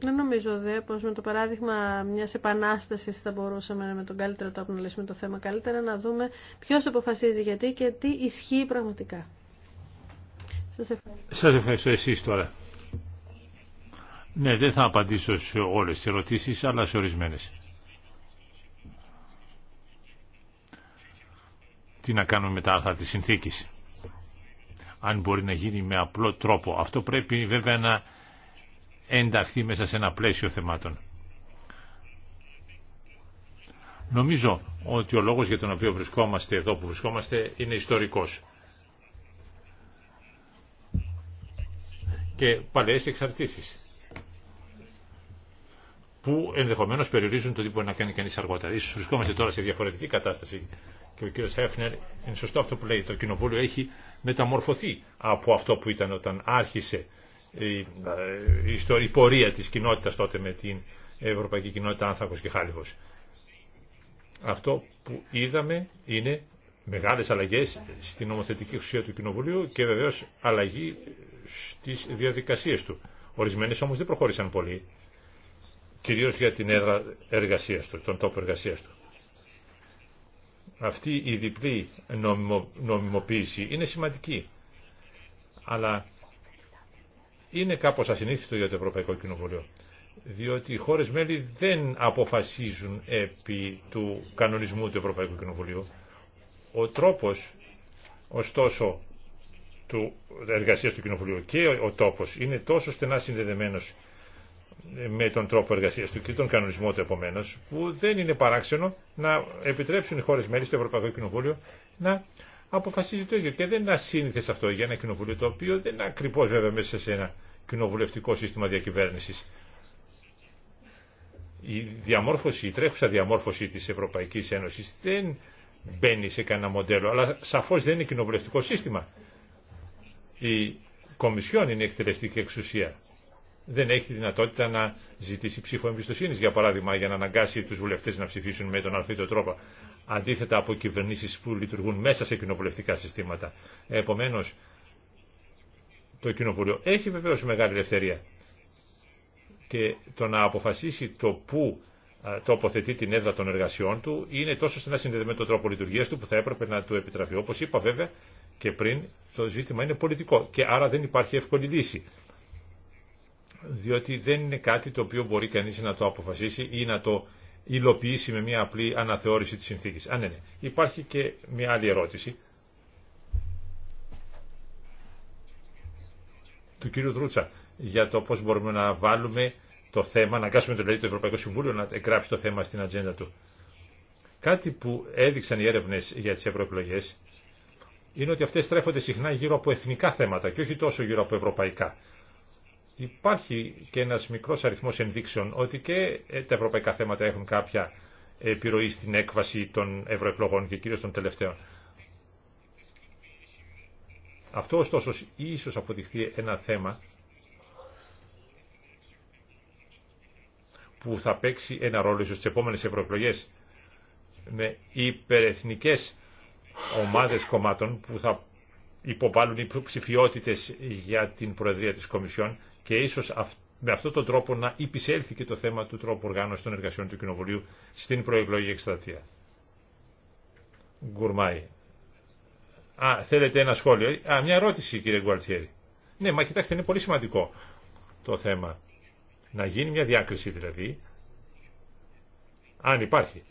Δεν νομίζω δε πως με το παράδειγμα μιας επανάστασης θα μπορούσαμε με τον καλύτερο τρόπο να λύσουμε το θέμα καλύτερα, να δούμε ποιος αποφασίζει γιατί και τι ισχύει πραγματικά. Σας ευχαριστώ. Σας ευχαριστώ εσείς τώρα. Ναι, δεν θα απαντήσω σε όλες τις ερωτήσεις, αλλά σε ορισμένες. τι να κάνουμε με τα άρθρα της συνθήκης. Αν μπορεί να γίνει με απλό τρόπο. Αυτό πρέπει βέβαια να ενταχθεί μέσα σε ένα πλαίσιο θεμάτων. Νομίζω ότι ο λόγος για τον οποίο βρισκόμαστε εδώ που βρισκόμαστε είναι ιστορικός. Και παλαιές εξαρτήσεις που ενδεχομένως περιορίζουν το τι μπορεί να κάνει κανείς αργότερα. Ίσως βρισκόμαστε τώρα σε διαφορετική κατάσταση και ο κύριος Χέφνερ, είναι σωστό αυτό που λέει, το κοινοβούλιο έχει μεταμορφωθεί από αυτό που ήταν όταν άρχισε η, ε, η, πορεία της κοινότητας τότε με την Ευρωπαϊκή Κοινότητα Άνθρακος και Χάλιβος. Αυτό που είδαμε είναι μεγάλες αλλαγές στην νομοθετική ουσία του Κοινοβουλίου και βεβαίως αλλαγή στις διαδικασίες του. Ορισμένες όμως δεν προχώρησαν πολύ, κυρίως για την έδρα εργασίας του, τον τόπο εργασίας του αυτή η διπλή νομιμοποίηση είναι σημαντική. Αλλά είναι κάπως ασυνήθιστο για το Ευρωπαϊκό Κοινοβουλίο. Διότι οι χώρες μέλη δεν αποφασίζουν επί του κανονισμού του Ευρωπαϊκού Κοινοβουλίου. Ο τρόπος, ωστόσο, του εργασίας του Κοινοβουλίου και ο τόπος είναι τόσο στενά συνδεδεμένος με τον τρόπο εργασία του και τον κανονισμό του επομένω, που δεν είναι παράξενο να επιτρέψουν οι χώρε μέλη στο Ευρωπαϊκό Κοινοβούλιο να αποφασίζει το ίδιο. Και δεν είναι ασύνηθε αυτό για ένα κοινοβούλιο το οποίο δεν είναι ακριβώ βέβαια μέσα σε ένα κοινοβουλευτικό σύστημα διακυβέρνηση. Η διαμόρφωση, η τρέχουσα διαμόρφωση τη Ευρωπαϊκή Ένωση δεν μπαίνει σε κανένα μοντέλο, αλλά σαφώ δεν είναι κοινοβουλευτικό σύστημα. Η Κομισιόν είναι εκτελεστική εξουσία δεν έχει τη δυνατότητα να ζητήσει ψήφο εμπιστοσύνη, για παράδειγμα, για να αναγκάσει του βουλευτέ να ψηφίσουν με τον αρθίτο τρόπο, αντίθετα από κυβερνήσει που λειτουργούν μέσα σε κοινοβουλευτικά συστήματα. Επομένω, το Κοινοβούλιο έχει βεβαίω μεγάλη ελευθερία και το να αποφασίσει το πού τοποθετεί την έδρα των εργασιών του είναι τόσο στενά συνδεδεμένο με τον τρόπο λειτουργία του που θα έπρεπε να του επιτραπεί. Όπω είπα βέβαια και πριν, το ζήτημα είναι πολιτικό και άρα δεν υπάρχει εύκολη λύση διότι δεν είναι κάτι το οποίο μπορεί κανείς να το αποφασίσει ή να το υλοποιήσει με μια απλή αναθεώρηση της συνθήκης. Α, ναι, ναι. Υπάρχει και μια άλλη ερώτηση του κύριου Δρούτσα για το πώς μπορούμε να βάλουμε το θέμα, να αγκάσουμε το, δηλαδή, το Ευρωπαϊκό Συμβούλιο να εγγράψει το θέμα στην ατζέντα του. Κάτι που έδειξαν οι έρευνες για τις ευρωεκλογέ είναι ότι αυτές στρέφονται συχνά γύρω από εθνικά θέματα και όχι τόσο γύρω από ευρωπαϊκά. Υπάρχει και ένας μικρός αριθμός ενδείξεων ότι και ε, τα ευρωπαϊκά θέματα έχουν κάποια επιρροή στην έκβαση των ευρωεκλογών και κυρίως των τελευταίων. Αυτό ωστόσο ίσως αποδειχθεί ένα θέμα που θα παίξει ένα ρόλο ίσως στις επόμενες ευρωεκλογές με υπερεθνικές ομάδες κομμάτων που θα υποβάλουν υποψηφιότητες για την Προεδρία της Κομισιόν και ίσως με αυτόν τον τρόπο να υπησέλθει και το θέμα του τρόπου οργάνωση των εργασιών του Κοινοβουλίου στην προεκλογική εκστρατεία. Γκουρμάι. Α, θέλετε ένα σχόλιο. Α, μια ερώτηση κύριε Γκουαλτιέρη. Ναι, μα κοιτάξτε, είναι πολύ σημαντικό το θέμα. Να γίνει μια διάκριση δηλαδή, αν υπάρχει,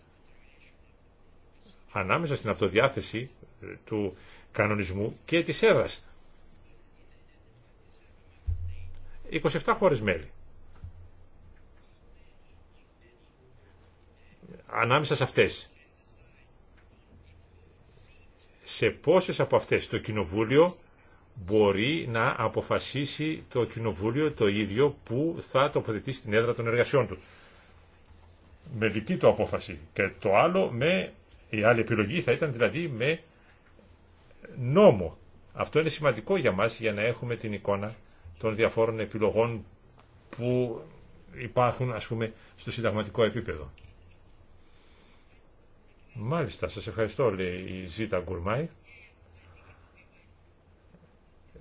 ανάμεσα στην αυτοδιάθεση ε, του κανονισμού και της έρας. 27 χώρες μέλη. Ανάμεσα σε αυτές. Σε πόσες από αυτές το Κοινοβούλιο μπορεί να αποφασίσει το Κοινοβούλιο το ίδιο που θα τοποθετήσει την έδρα των εργασιών του. Με δική του απόφαση. Και το άλλο με, η άλλη επιλογή θα ήταν δηλαδή με νόμο. Αυτό είναι σημαντικό για μας για να έχουμε την εικόνα των διαφόρων επιλογών που υπάρχουν ας πούμε στο συνταγματικό επίπεδο. Μάλιστα, σας ευχαριστώ λέει η Ζήτα Γκουρμάη.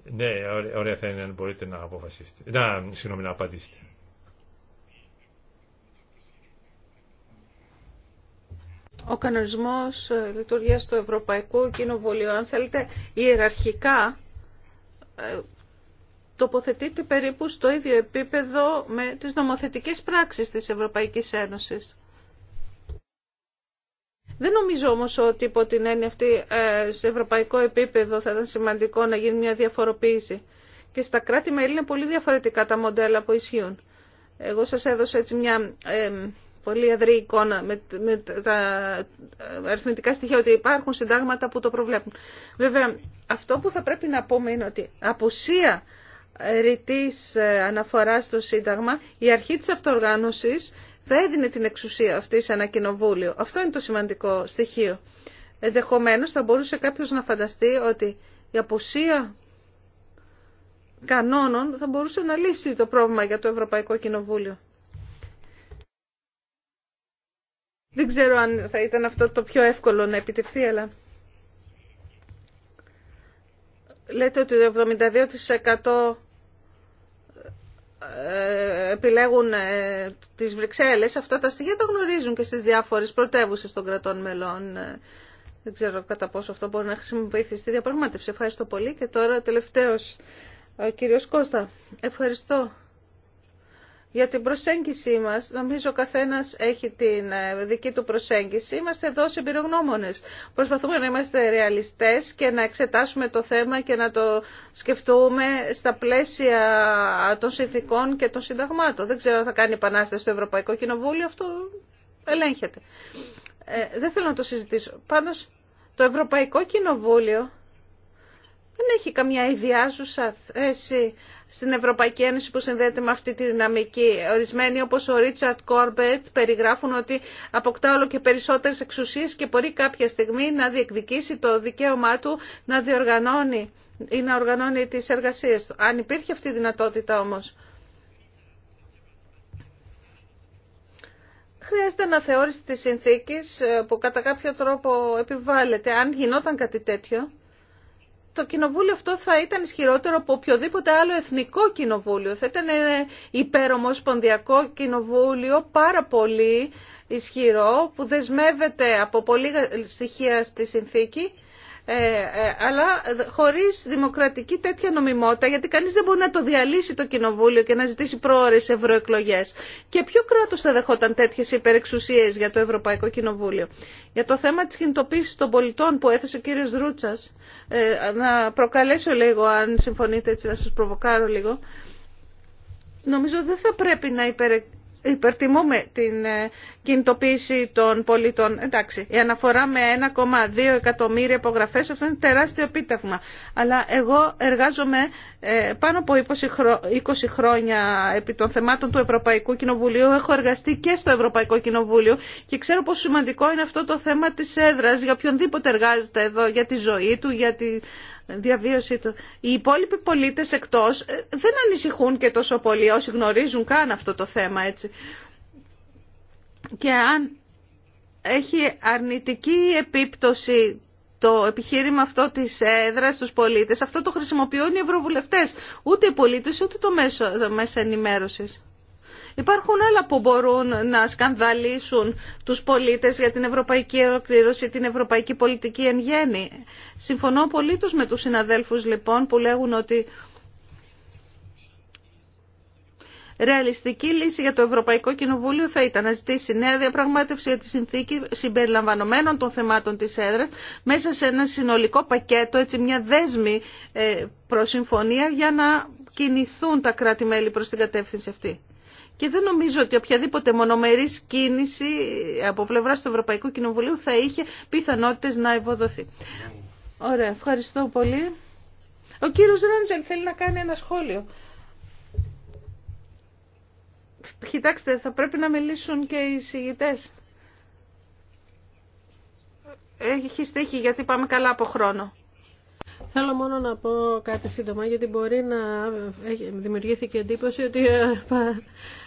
Ναι, ωραία θα είναι αν μπορείτε να αποφασίσετε. Να, συγγνώμη, να απαντήσετε. Ο κανονισμός ε, λειτουργίας του Ευρωπαϊκού Κοινοβουλίου, αν θέλετε, ιεραρχικά ε, τοποθετείται περίπου στο ίδιο επίπεδο με τις νομοθετικές πράξεις της Ευρωπαϊκής Ένωσης. Δεν νομίζω όμως ότι υπό την έννοια αυτή ε, σε ευρωπαϊκό επίπεδο θα ήταν σημαντικό να γίνει μια διαφοροποίηση. Και στα κράτη-μέλη είναι πολύ διαφορετικά τα μοντέλα που ισχύουν. Εγώ σας έδωσα έτσι μια πολύ αδρή εικόνα με, με τα αριθμητικά στοιχεία ότι υπάρχουν συντάγματα που το προβλέπουν. Βέβαια, αυτό που θα πρέπει να πούμε είναι ότι απουσία ρητής ε, αναφοράς στο Σύνταγμα, η αρχή της αυτοργάνωσης θα έδινε την εξουσία αυτή σε ένα κοινοβούλιο. Αυτό είναι το σημαντικό στοιχείο. Ενδεχομένω θα μπορούσε κάποιο να φανταστεί ότι η απουσία κανόνων θα μπορούσε να λύσει το πρόβλημα για το Ευρωπαϊκό Κοινοβούλιο. Δεν ξέρω αν θα ήταν αυτό το πιο εύκολο να επιτευχθεί, αλλά... Λέτε ότι το 72% επιλέγουν ε, τις Βρυξέλλες. Αυτά τα στοιχεία τα γνωρίζουν και στις διάφορες πρωτεύουσες των κρατών μελών. Ε, δεν ξέρω κατά πόσο αυτό μπορεί να χρησιμοποιηθεί στη διαπραγμάτευση. Ευχαριστώ πολύ. Και τώρα τελευταίος ο κύριος Κώστα. Ευχαριστώ για την προσέγγιση μας. Νομίζω ο καθένας έχει την ε, δική του προσέγγιση. Είμαστε εδώ σε Προσπαθούμε να είμαστε ρεαλιστές και να εξετάσουμε το θέμα και να το σκεφτούμε στα πλαίσια των συνθήκων και των συνταγμάτων. Δεν ξέρω αν θα κάνει επανάσταση στο Ευρωπαϊκό Κοινοβούλιο. Αυτό ελέγχεται. Ε, δεν θέλω να το συζητήσω. Πάντως, το Ευρωπαϊκό Κοινοβούλιο δεν έχει καμιά ιδιάζουσα θέση στην Ευρωπαϊκή Ένωση που συνδέεται με αυτή τη δυναμική. Ορισμένοι όπως ο Ρίτσαρτ Κόρμπετ περιγράφουν ότι αποκτά όλο και περισσότερες εξουσίες και μπορεί κάποια στιγμή να διεκδικήσει το δικαίωμά του να διοργανώνει ή να οργανώνει τις εργασίες του. Αν υπήρχε αυτή η δυνατότητα όμως. Χρειάζεται να θεώρηση τη συνθήκη ε, που κατά κάποιο τρόπο επιβάλλεται. Αν γινόταν κάτι τέτοιο, το κοινοβούλιο αυτό θα ήταν ισχυρότερο από οποιοδήποτε άλλο εθνικό κοινοβούλιο. Θα ήταν υπερομοσπονδιακό κοινοβούλιο πάρα πολύ ισχυρό που δεσμεύεται από πολλή στοιχεία στη συνθήκη ε, ε, αλλά χωρίς δημοκρατική τέτοια νομιμότητα, γιατί κανείς δεν μπορεί να το διαλύσει το κοινοβούλιο και να ζητήσει προώρες ευρωεκλογέ. Και ποιο κράτος θα δεχόταν τέτοιες υπερεξουσίες για το Ευρωπαϊκό Κοινοβούλιο. Για το θέμα της κινητοποίηση των πολιτών που έθεσε ο κύριος Ρούτσας, ε, να προκαλέσω λίγο, αν συμφωνείτε έτσι να σας προβοκάρω λίγο, νομίζω δεν θα πρέπει να υπερεξουσίες υπερτιμούμε την ε, κινητοποίηση των πολιτών. Εντάξει, η αναφορά με 1,2 εκατομμύρια υπογραφές αυτό είναι τεράστιο επίτευγμα. Αλλά εγώ εργάζομαι ε, πάνω από 20 χρόνια επί των θεμάτων του Ευρωπαϊκού Κοινοβουλίου. Έχω εργαστεί και στο Ευρωπαϊκό Κοινοβούλιο και ξέρω πόσο σημαντικό είναι αυτό το θέμα της έδρας για οποιονδήποτε εργάζεται εδώ, για τη ζωή του, για τη διαβίωση του. Οι υπόλοιποι πολίτες εκτός ε, δεν ανησυχούν και τόσο πολύ όσοι γνωρίζουν καν αυτό το θέμα έτσι. Και αν έχει αρνητική επίπτωση το επιχείρημα αυτό της έδρα στους πολίτες, αυτό το χρησιμοποιούν οι ευρωβουλευτές, ούτε οι πολίτες ούτε το μέσο, το μέσο ενημέρωσης. Υπάρχουν άλλα που μπορούν να σκανδαλίσουν τους πολίτες για την ευρωπαϊκή ολοκλήρωση, την ευρωπαϊκή πολιτική εν γέννη. Συμφωνώ πολύ με τους συναδέλφους λοιπόν που λέγουν ότι ρεαλιστική λύση για το Ευρωπαϊκό Κοινοβούλιο θα ήταν να ζητήσει νέα διαπραγμάτευση για τη συνθήκη συμπεριλαμβανομένων των θεμάτων της Έδρα μέσα σε ένα συνολικό πακέτο, έτσι μια δέσμη ε, προσυμφωνία για να κινηθούν τα κράτη-μέλη προς την κατεύθυνση αυτή. Και δεν νομίζω ότι οποιαδήποτε μονομερής κίνηση από πλευρά του Ευρωπαϊκού Κοινοβουλίου θα είχε πιθανότητες να ευοδοθεί. Ωραία, ευχαριστώ πολύ. Ο κύριο Ράντζελ θέλει να κάνει ένα σχόλιο. Κοιτάξτε, θα πρέπει να μιλήσουν και οι συγητέ. Έχει στέχη γιατί πάμε καλά από χρόνο. Θέλω μόνο να πω κάτι σύντομα γιατί μπορεί να δημιουργήθηκε εντύπωση ότι, ε,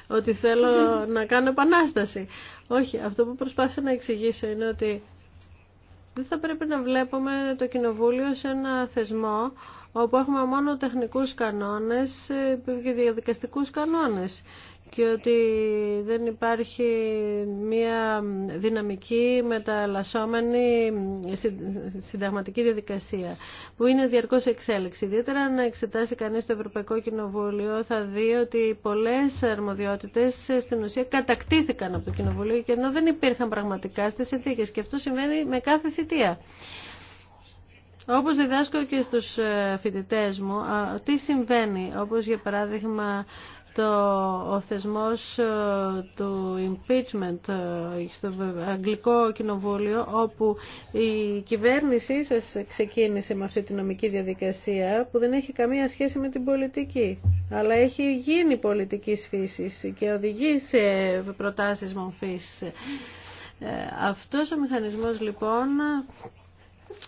ότι θέλω να κάνω επανάσταση. Όχι, αυτό που προσπάθησα να εξηγήσω είναι ότι δεν θα πρέπει να βλέπουμε το Κοινοβούλιο σε ένα θεσμό όπου έχουμε μόνο τεχνικούς κανόνες ε, και διαδικαστικούς κανόνες και ότι δεν υπάρχει μια δυναμική μεταλλασσόμενη συνταγματική διαδικασία που είναι διαρκώς εξέλιξη. Ιδιαίτερα να εξετάσει κανείς το Ευρωπαϊκό Κοινοβούλιο θα δει ότι πολλές αρμοδιότητες στην ουσία κατακτήθηκαν από το Κοινοβούλιο και ενώ δεν υπήρχαν πραγματικά στις συνθήκες και αυτό συμβαίνει με κάθε θητεία. Όπως διδάσκω και στους ε, φοιτητές μου, τι συμβαίνει, όπως για παράδειγμα το, ο θεσμός ε, του impeachment ε, στο Αγγλικό Κοινοβούλιο όπου η κυβέρνησή σας ξεκίνησε με αυτή τη νομική διαδικασία που δεν έχει καμία σχέση με την πολιτική αλλά έχει γίνει πολιτικής φύσης και οδηγεί σε προτάσεις μορφής. Ε, αυτός ο μηχανισμός λοιπόν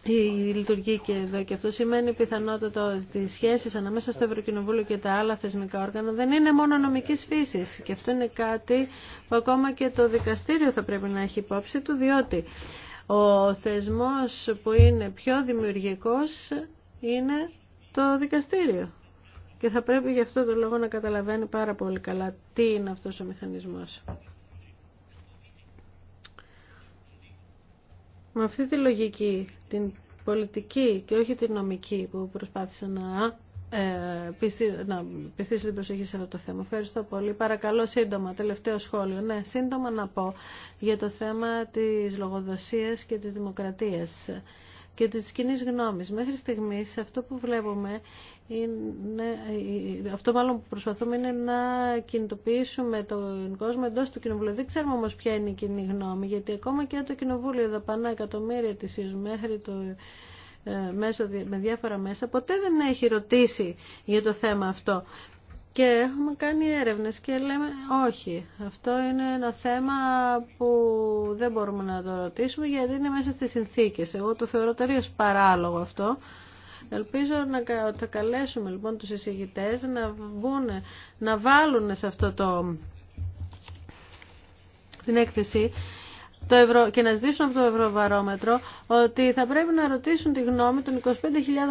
η λειτουργεί και εδώ και αυτό σημαίνει πιθανότατα ότι σχέσει ανάμεσα στο Ευρωκοινοβούλιο και τα άλλα θεσμικά όργανα δεν είναι μόνο νομικής φύσης και αυτό είναι κάτι που ακόμα και το δικαστήριο θα πρέπει να έχει υπόψη του διότι ο θεσμός που είναι πιο δημιουργικό είναι το δικαστήριο και θα πρέπει γι' αυτό το λόγο να καταλαβαίνει πάρα πολύ καλά τι είναι αυτός ο μηχανισμός. Με αυτή τη λογική την πολιτική και όχι την νομική που προσπάθησε να ε, να πιστήσω την προσοχή σε αυτό το θέμα. Ευχαριστώ πολύ. Παρακαλώ σύντομα, τελευταίο σχόλιο. Ναι, σύντομα να πω για το θέμα της λογοδοσίας και της δημοκρατίας και της κοινή γνώμης. Μέχρι στιγμής αυτό που βλέπουμε είναι, ε, ε, αυτό μάλλον που προσπαθούμε είναι να κινητοποιήσουμε τον κόσμο εντό του κοινοβουλίου. Δεν ξέρουμε όμω ποια είναι η κοινή γνώμη, γιατί ακόμα και αν το κοινοβούλιο δαπανά εκατομμύρια ετησίω μέχρι το. Ε, με διάφορα μέσα, ποτέ δεν έχει ρωτήσει για το θέμα αυτό. Και έχουμε κάνει έρευνες και λέμε όχι, αυτό είναι ένα θέμα που δεν μπορούμε να το ρωτήσουμε γιατί είναι μέσα στις συνθήκες. Εγώ το θεωρώ τελείω παράλογο αυτό. Ελπίζω να θα καλέσουμε λοιπόν τους εισηγητές να, να βάλουν σε αυτό το την έκθεση το ευρω... και να ζητήσουν αυτό το ευρωβαρόμετρο ότι θα πρέπει να ρωτήσουν τη γνώμη των 25.000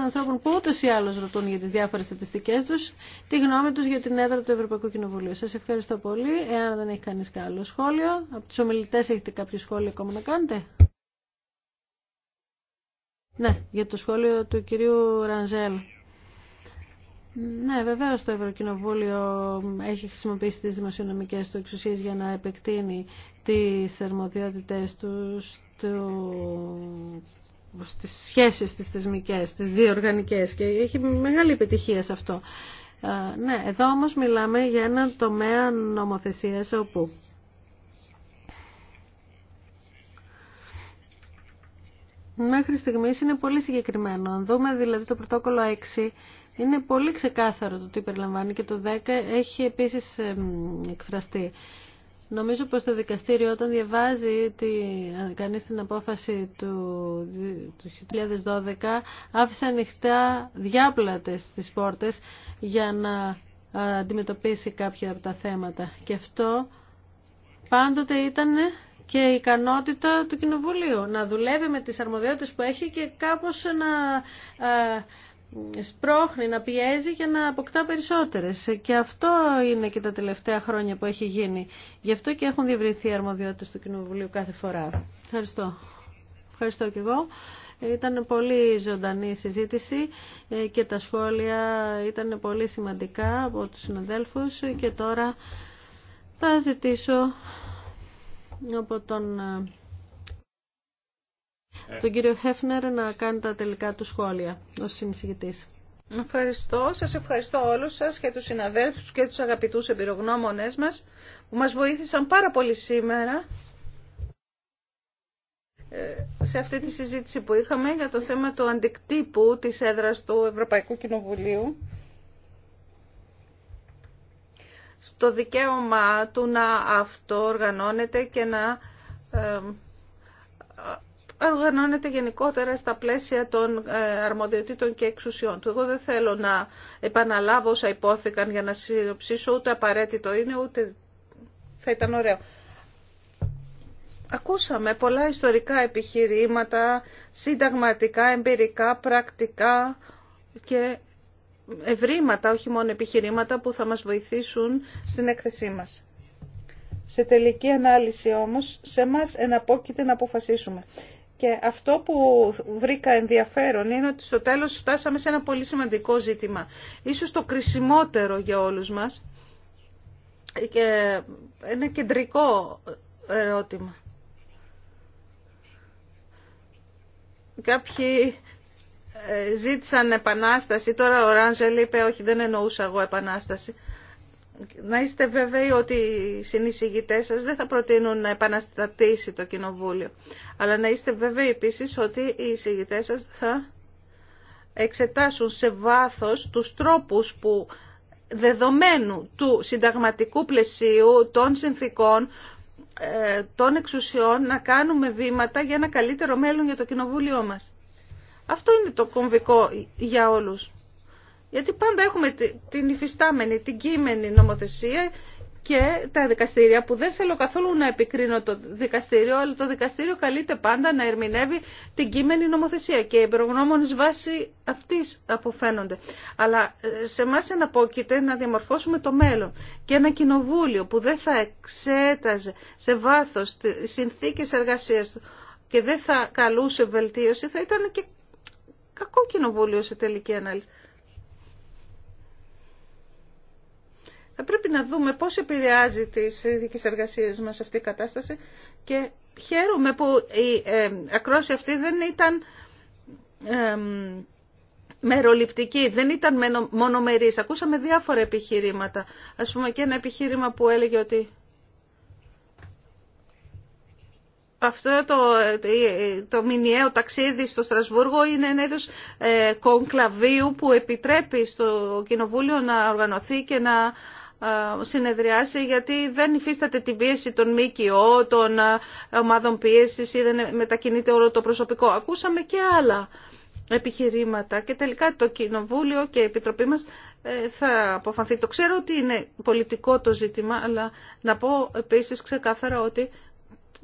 ανθρώπων που ούτω ή άλλω ρωτούν για τις διάφορες στατιστικές τους τη γνώμη τους για την έδρα του Ευρωπαϊκού Κοινοβουλίου. Σας ευχαριστώ πολύ. Εάν δεν έχει κανείς άλλο σχόλιο, από τους ομιλητέ έχετε κάποιο σχόλιο ακόμα να κάνετε. Ναι, για το σχόλιο του κυρίου Ρανζέλ. Ναι, βεβαίως το Ευρωκοινοβούλιο έχει χρησιμοποιήσει τις δημοσιονομικές του εξουσίες για να επεκτείνει τις αρμοδιότητες του στις σχέσεις τις θεσμικές, τις διοργανικές και έχει μεγάλη επιτυχία σε αυτό. ναι, εδώ όμως μιλάμε για ένα τομέα νομοθεσίας όπου μέχρι στιγμή είναι πολύ συγκεκριμένο. Αν δούμε δηλαδή το πρωτόκολλο 6, είναι πολύ ξεκάθαρο το τι περιλαμβάνει και το 10 έχει επίση εκφραστεί. Νομίζω πως το δικαστήριο όταν διαβάζει τη, κανεί την απόφαση του, του 2012 άφησε ανοιχτά διάπλατες τις πόρτες για να αντιμετωπίσει κάποια από τα θέματα. Και αυτό πάντοτε ήταν και η ικανότητα του Κοινοβουλίου να δουλεύει με τις αρμοδιότητες που έχει και κάπως να σπρώχνει, να πιέζει για να αποκτά περισσότερες. Και αυτό είναι και τα τελευταία χρόνια που έχει γίνει. Γι' αυτό και έχουν διευρυνθεί οι αρμοδιότητες του Κοινοβουλίου κάθε φορά. Ευχαριστώ. Ευχαριστώ και εγώ. Ήταν πολύ ζωντανή η συζήτηση ε, και τα σχόλια ήταν πολύ σημαντικά από τους συναδέλφους και τώρα θα ζητήσω από τον, ε, τον κύριο Χέφνερ να κάνει τα τελικά του σχόλια ως συνεισηγητής. Ευχαριστώ. Σας ευχαριστώ όλους σας και τους συναδέλφους και τους αγαπητούς εμπειρογνώμονές μας που μας βοήθησαν πάρα πολύ σήμερα ε, σε αυτή τη συζήτηση που είχαμε για το θέμα του αντικτύπου της έδρας του Ευρωπαϊκού Κοινοβουλίου στο δικαίωμά του να αυτοοργανώνεται και να ε, οργανώνεται γενικότερα στα πλαίσια των ε, αρμοδιοτήτων και εξουσιών του. Εγώ δεν θέλω να επαναλάβω όσα υπόθηκαν για να συνοψίσω, ούτε απαραίτητο είναι, ούτε θα ήταν ωραίο. Ακούσαμε πολλά ιστορικά επιχειρήματα, συνταγματικά, εμπειρικά, πρακτικά και ευρήματα, όχι μόνο επιχειρήματα που θα μας βοηθήσουν στην έκθεσή μας. Σε τελική ανάλυση όμως, σε μας εναπόκειται να αποφασίσουμε. Και αυτό που βρήκα ενδιαφέρον είναι ότι στο τέλος φτάσαμε σε ένα πολύ σημαντικό ζήτημα. Ίσως το κρισιμότερο για όλους μας και ένα κεντρικό ερώτημα. Κάποιοι ε, ζήτησαν επανάσταση. Τώρα ο Ράνζελ είπε όχι δεν εννοούσα εγώ επανάσταση. Να είστε βέβαιοι ότι οι συνεισηγητές σας δεν θα προτείνουν να επαναστατήσει το κοινοβούλιο. Αλλά να είστε βέβαιοι επίσης ότι οι εισηγητές σας θα εξετάσουν σε βάθος τους τρόπους που δεδομένου του συνταγματικού πλαισίου, των συνθήκων, ε, των εξουσιών να κάνουμε βήματα για ένα καλύτερο μέλλον για το κοινοβούλιο μας. Αυτό είναι το κομβικό για όλους. Γιατί πάντα έχουμε την υφιστάμενη, την κείμενη νομοθεσία και τα δικαστήρια που δεν θέλω καθόλου να επικρίνω το δικαστήριο, αλλά το δικαστήριο καλείται πάντα να ερμηνεύει την κείμενη νομοθεσία και οι προγνώμονες βάση αυτής αποφαίνονται. Αλλά ε, σε εμά εναπόκειται να διαμορφώσουμε το μέλλον και ένα κοινοβούλιο που δεν θα εξέταζε σε βάθος τις συνθήκες εργασίας και δεν θα καλούσε βελτίωση, θα ήταν και κακό κοινοβούλιο σε τελική ανάλυση. Θα πρέπει να δούμε πώς επηρεάζει τις ειδικές εργασίες μας αυτή η κατάσταση και χαίρομαι που η ε, ακρόαση αυτή δεν ήταν μεροληπτική, δεν ήταν μονομερής. Ακούσαμε διάφορα επιχειρήματα. Ας πούμε και ένα επιχείρημα που έλεγε ότι αυτό το, το μηνιαίο ταξίδι στο Στρασβούργο είναι ένα είδο ε, κονκλαβίου που επιτρέπει στο Κοινοβούλιο να οργανωθεί και να ε, συνεδριάσει γιατί δεν υφίσταται την πίεση των ΜΚΟ, των ε, ομάδων πίεσης ή δεν μετακινείται όλο το προσωπικό. Ακούσαμε και άλλα επιχειρήματα και τελικά το Κοινοβούλιο και η Επιτροπή μας θα αποφανθεί. Το ξέρω ότι είναι πολιτικό το ζήτημα, αλλά να πω επίσης ξεκάθαρα ότι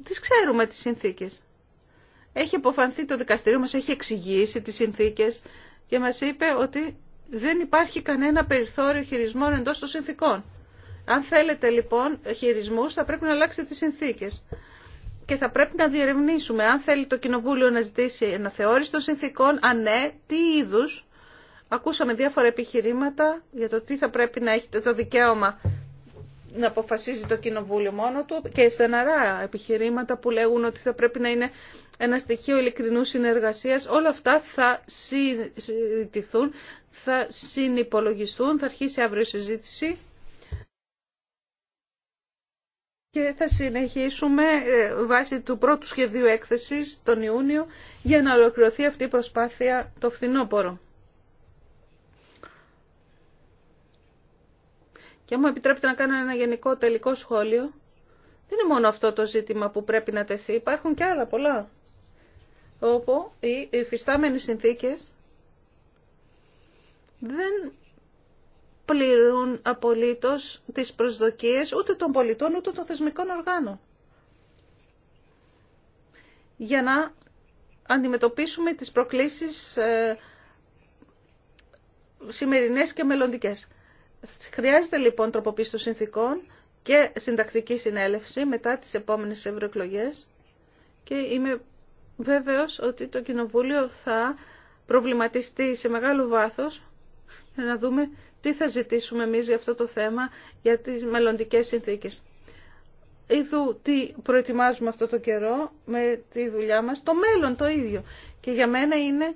τις ξέρουμε τις συνθήκες. Έχει αποφανθεί το δικαστήριο μας, έχει εξηγήσει τις συνθήκες και μας είπε ότι δεν υπάρχει κανένα περιθώριο χειρισμών εντός των συνθήκων. Αν θέλετε λοιπόν χειρισμούς θα πρέπει να αλλάξετε τις συνθήκες. Και θα πρέπει να διερευνήσουμε αν θέλει το Κοινοβούλιο να ζητήσει θεώρηση των συνθήκων, αν ναι, τι είδους. Ακούσαμε διάφορα επιχειρήματα για το τι θα πρέπει να έχετε το δικαίωμα να αποφασίζει το κοινοβούλιο μόνο του και στεναρά επιχειρήματα που λέγουν ότι θα πρέπει να είναι ένα στοιχείο ειλικρινού συνεργασίας. Όλα αυτά θα συζητηθούν, θα συνυπολογιστούν, θα αρχίσει αύριο η συζήτηση και θα συνεχίσουμε ε, βάσει του πρώτου σχεδίου έκθεσης τον Ιούνιο για να ολοκληρωθεί αυτή η προσπάθεια το φθινόπωρο. Και μου επιτρέπετε να κάνω ένα γενικό τελικό σχόλιο, δεν είναι μόνο αυτό το ζήτημα που πρέπει να τεθεί, υπάρχουν και άλλα πολλά, όπου οι υφιστάμενες συνθήκες δεν πληρούν απολύτως τις προσδοκίες ούτε των πολιτών ούτε των θεσμικών οργάνων. Για να αντιμετωπίσουμε τις προκλήσεις ε, σημερινές και μελλοντικές. Χρειάζεται λοιπόν τροποποίηση των συνθήκων και συντακτική συνέλευση μετά τις επόμενες ευρωεκλογέ και είμαι βέβαιος ότι το Κοινοβούλιο θα προβληματιστεί σε μεγάλο βάθος για να δούμε τι θα ζητήσουμε εμείς για αυτό το θέμα για τις μελλοντικές συνθήκες. Είδου τι προετοιμάζουμε αυτό το καιρό με τη δουλειά μας, το μέλλον το ίδιο. Και για μένα είναι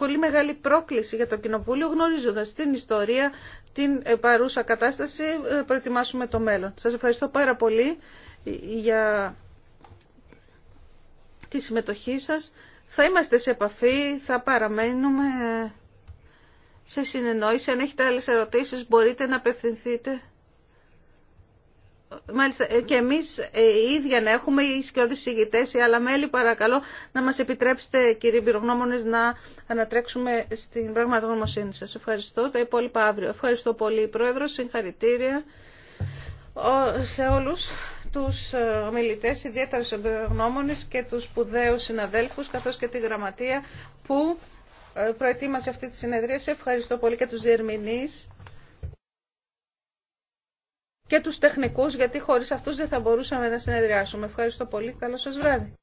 πολύ μεγάλη πρόκληση για το Κοινοβούλιο, γνωρίζοντας την ιστορία, την ε, παρούσα κατάσταση, να ε, προετοιμάσουμε το μέλλον. Σας ευχαριστώ πάρα πολύ ε, για τη συμμετοχή σας. Θα είμαστε σε επαφή, θα παραμένουμε σε συνεννόηση. Αν έχετε άλλες ερωτήσεις μπορείτε να απευθυνθείτε Μάλιστα, ε, και εμείς ε, οι ίδιοι να έχουμε, οι σκιώδει ηγητές, οι άλλα μέλη, παρακαλώ να μα επιτρέψετε, κύριοι Πυρογνώμονε, να ανατρέξουμε στην πραγματογνωμοσύνη σα. Ευχαριστώ. Τα υπόλοιπα αύριο. Ευχαριστώ πολύ, Πρόεδρο. Συγχαρητήρια σε όλου του ε, ομιλητέ, ιδιαίτερα στου Πυρογνώμονε και του σπουδαίου συναδέλφου, καθώ και τη γραμματεία που προετοίμασε αυτή τη συνεδρία. Σε ευχαριστώ πολύ και του διερμηνεί και τους τεχνικούς, γιατί χωρίς αυτούς δεν θα μπορούσαμε να συνεδριάσουμε. Ευχαριστώ πολύ. Καλό σας βράδυ.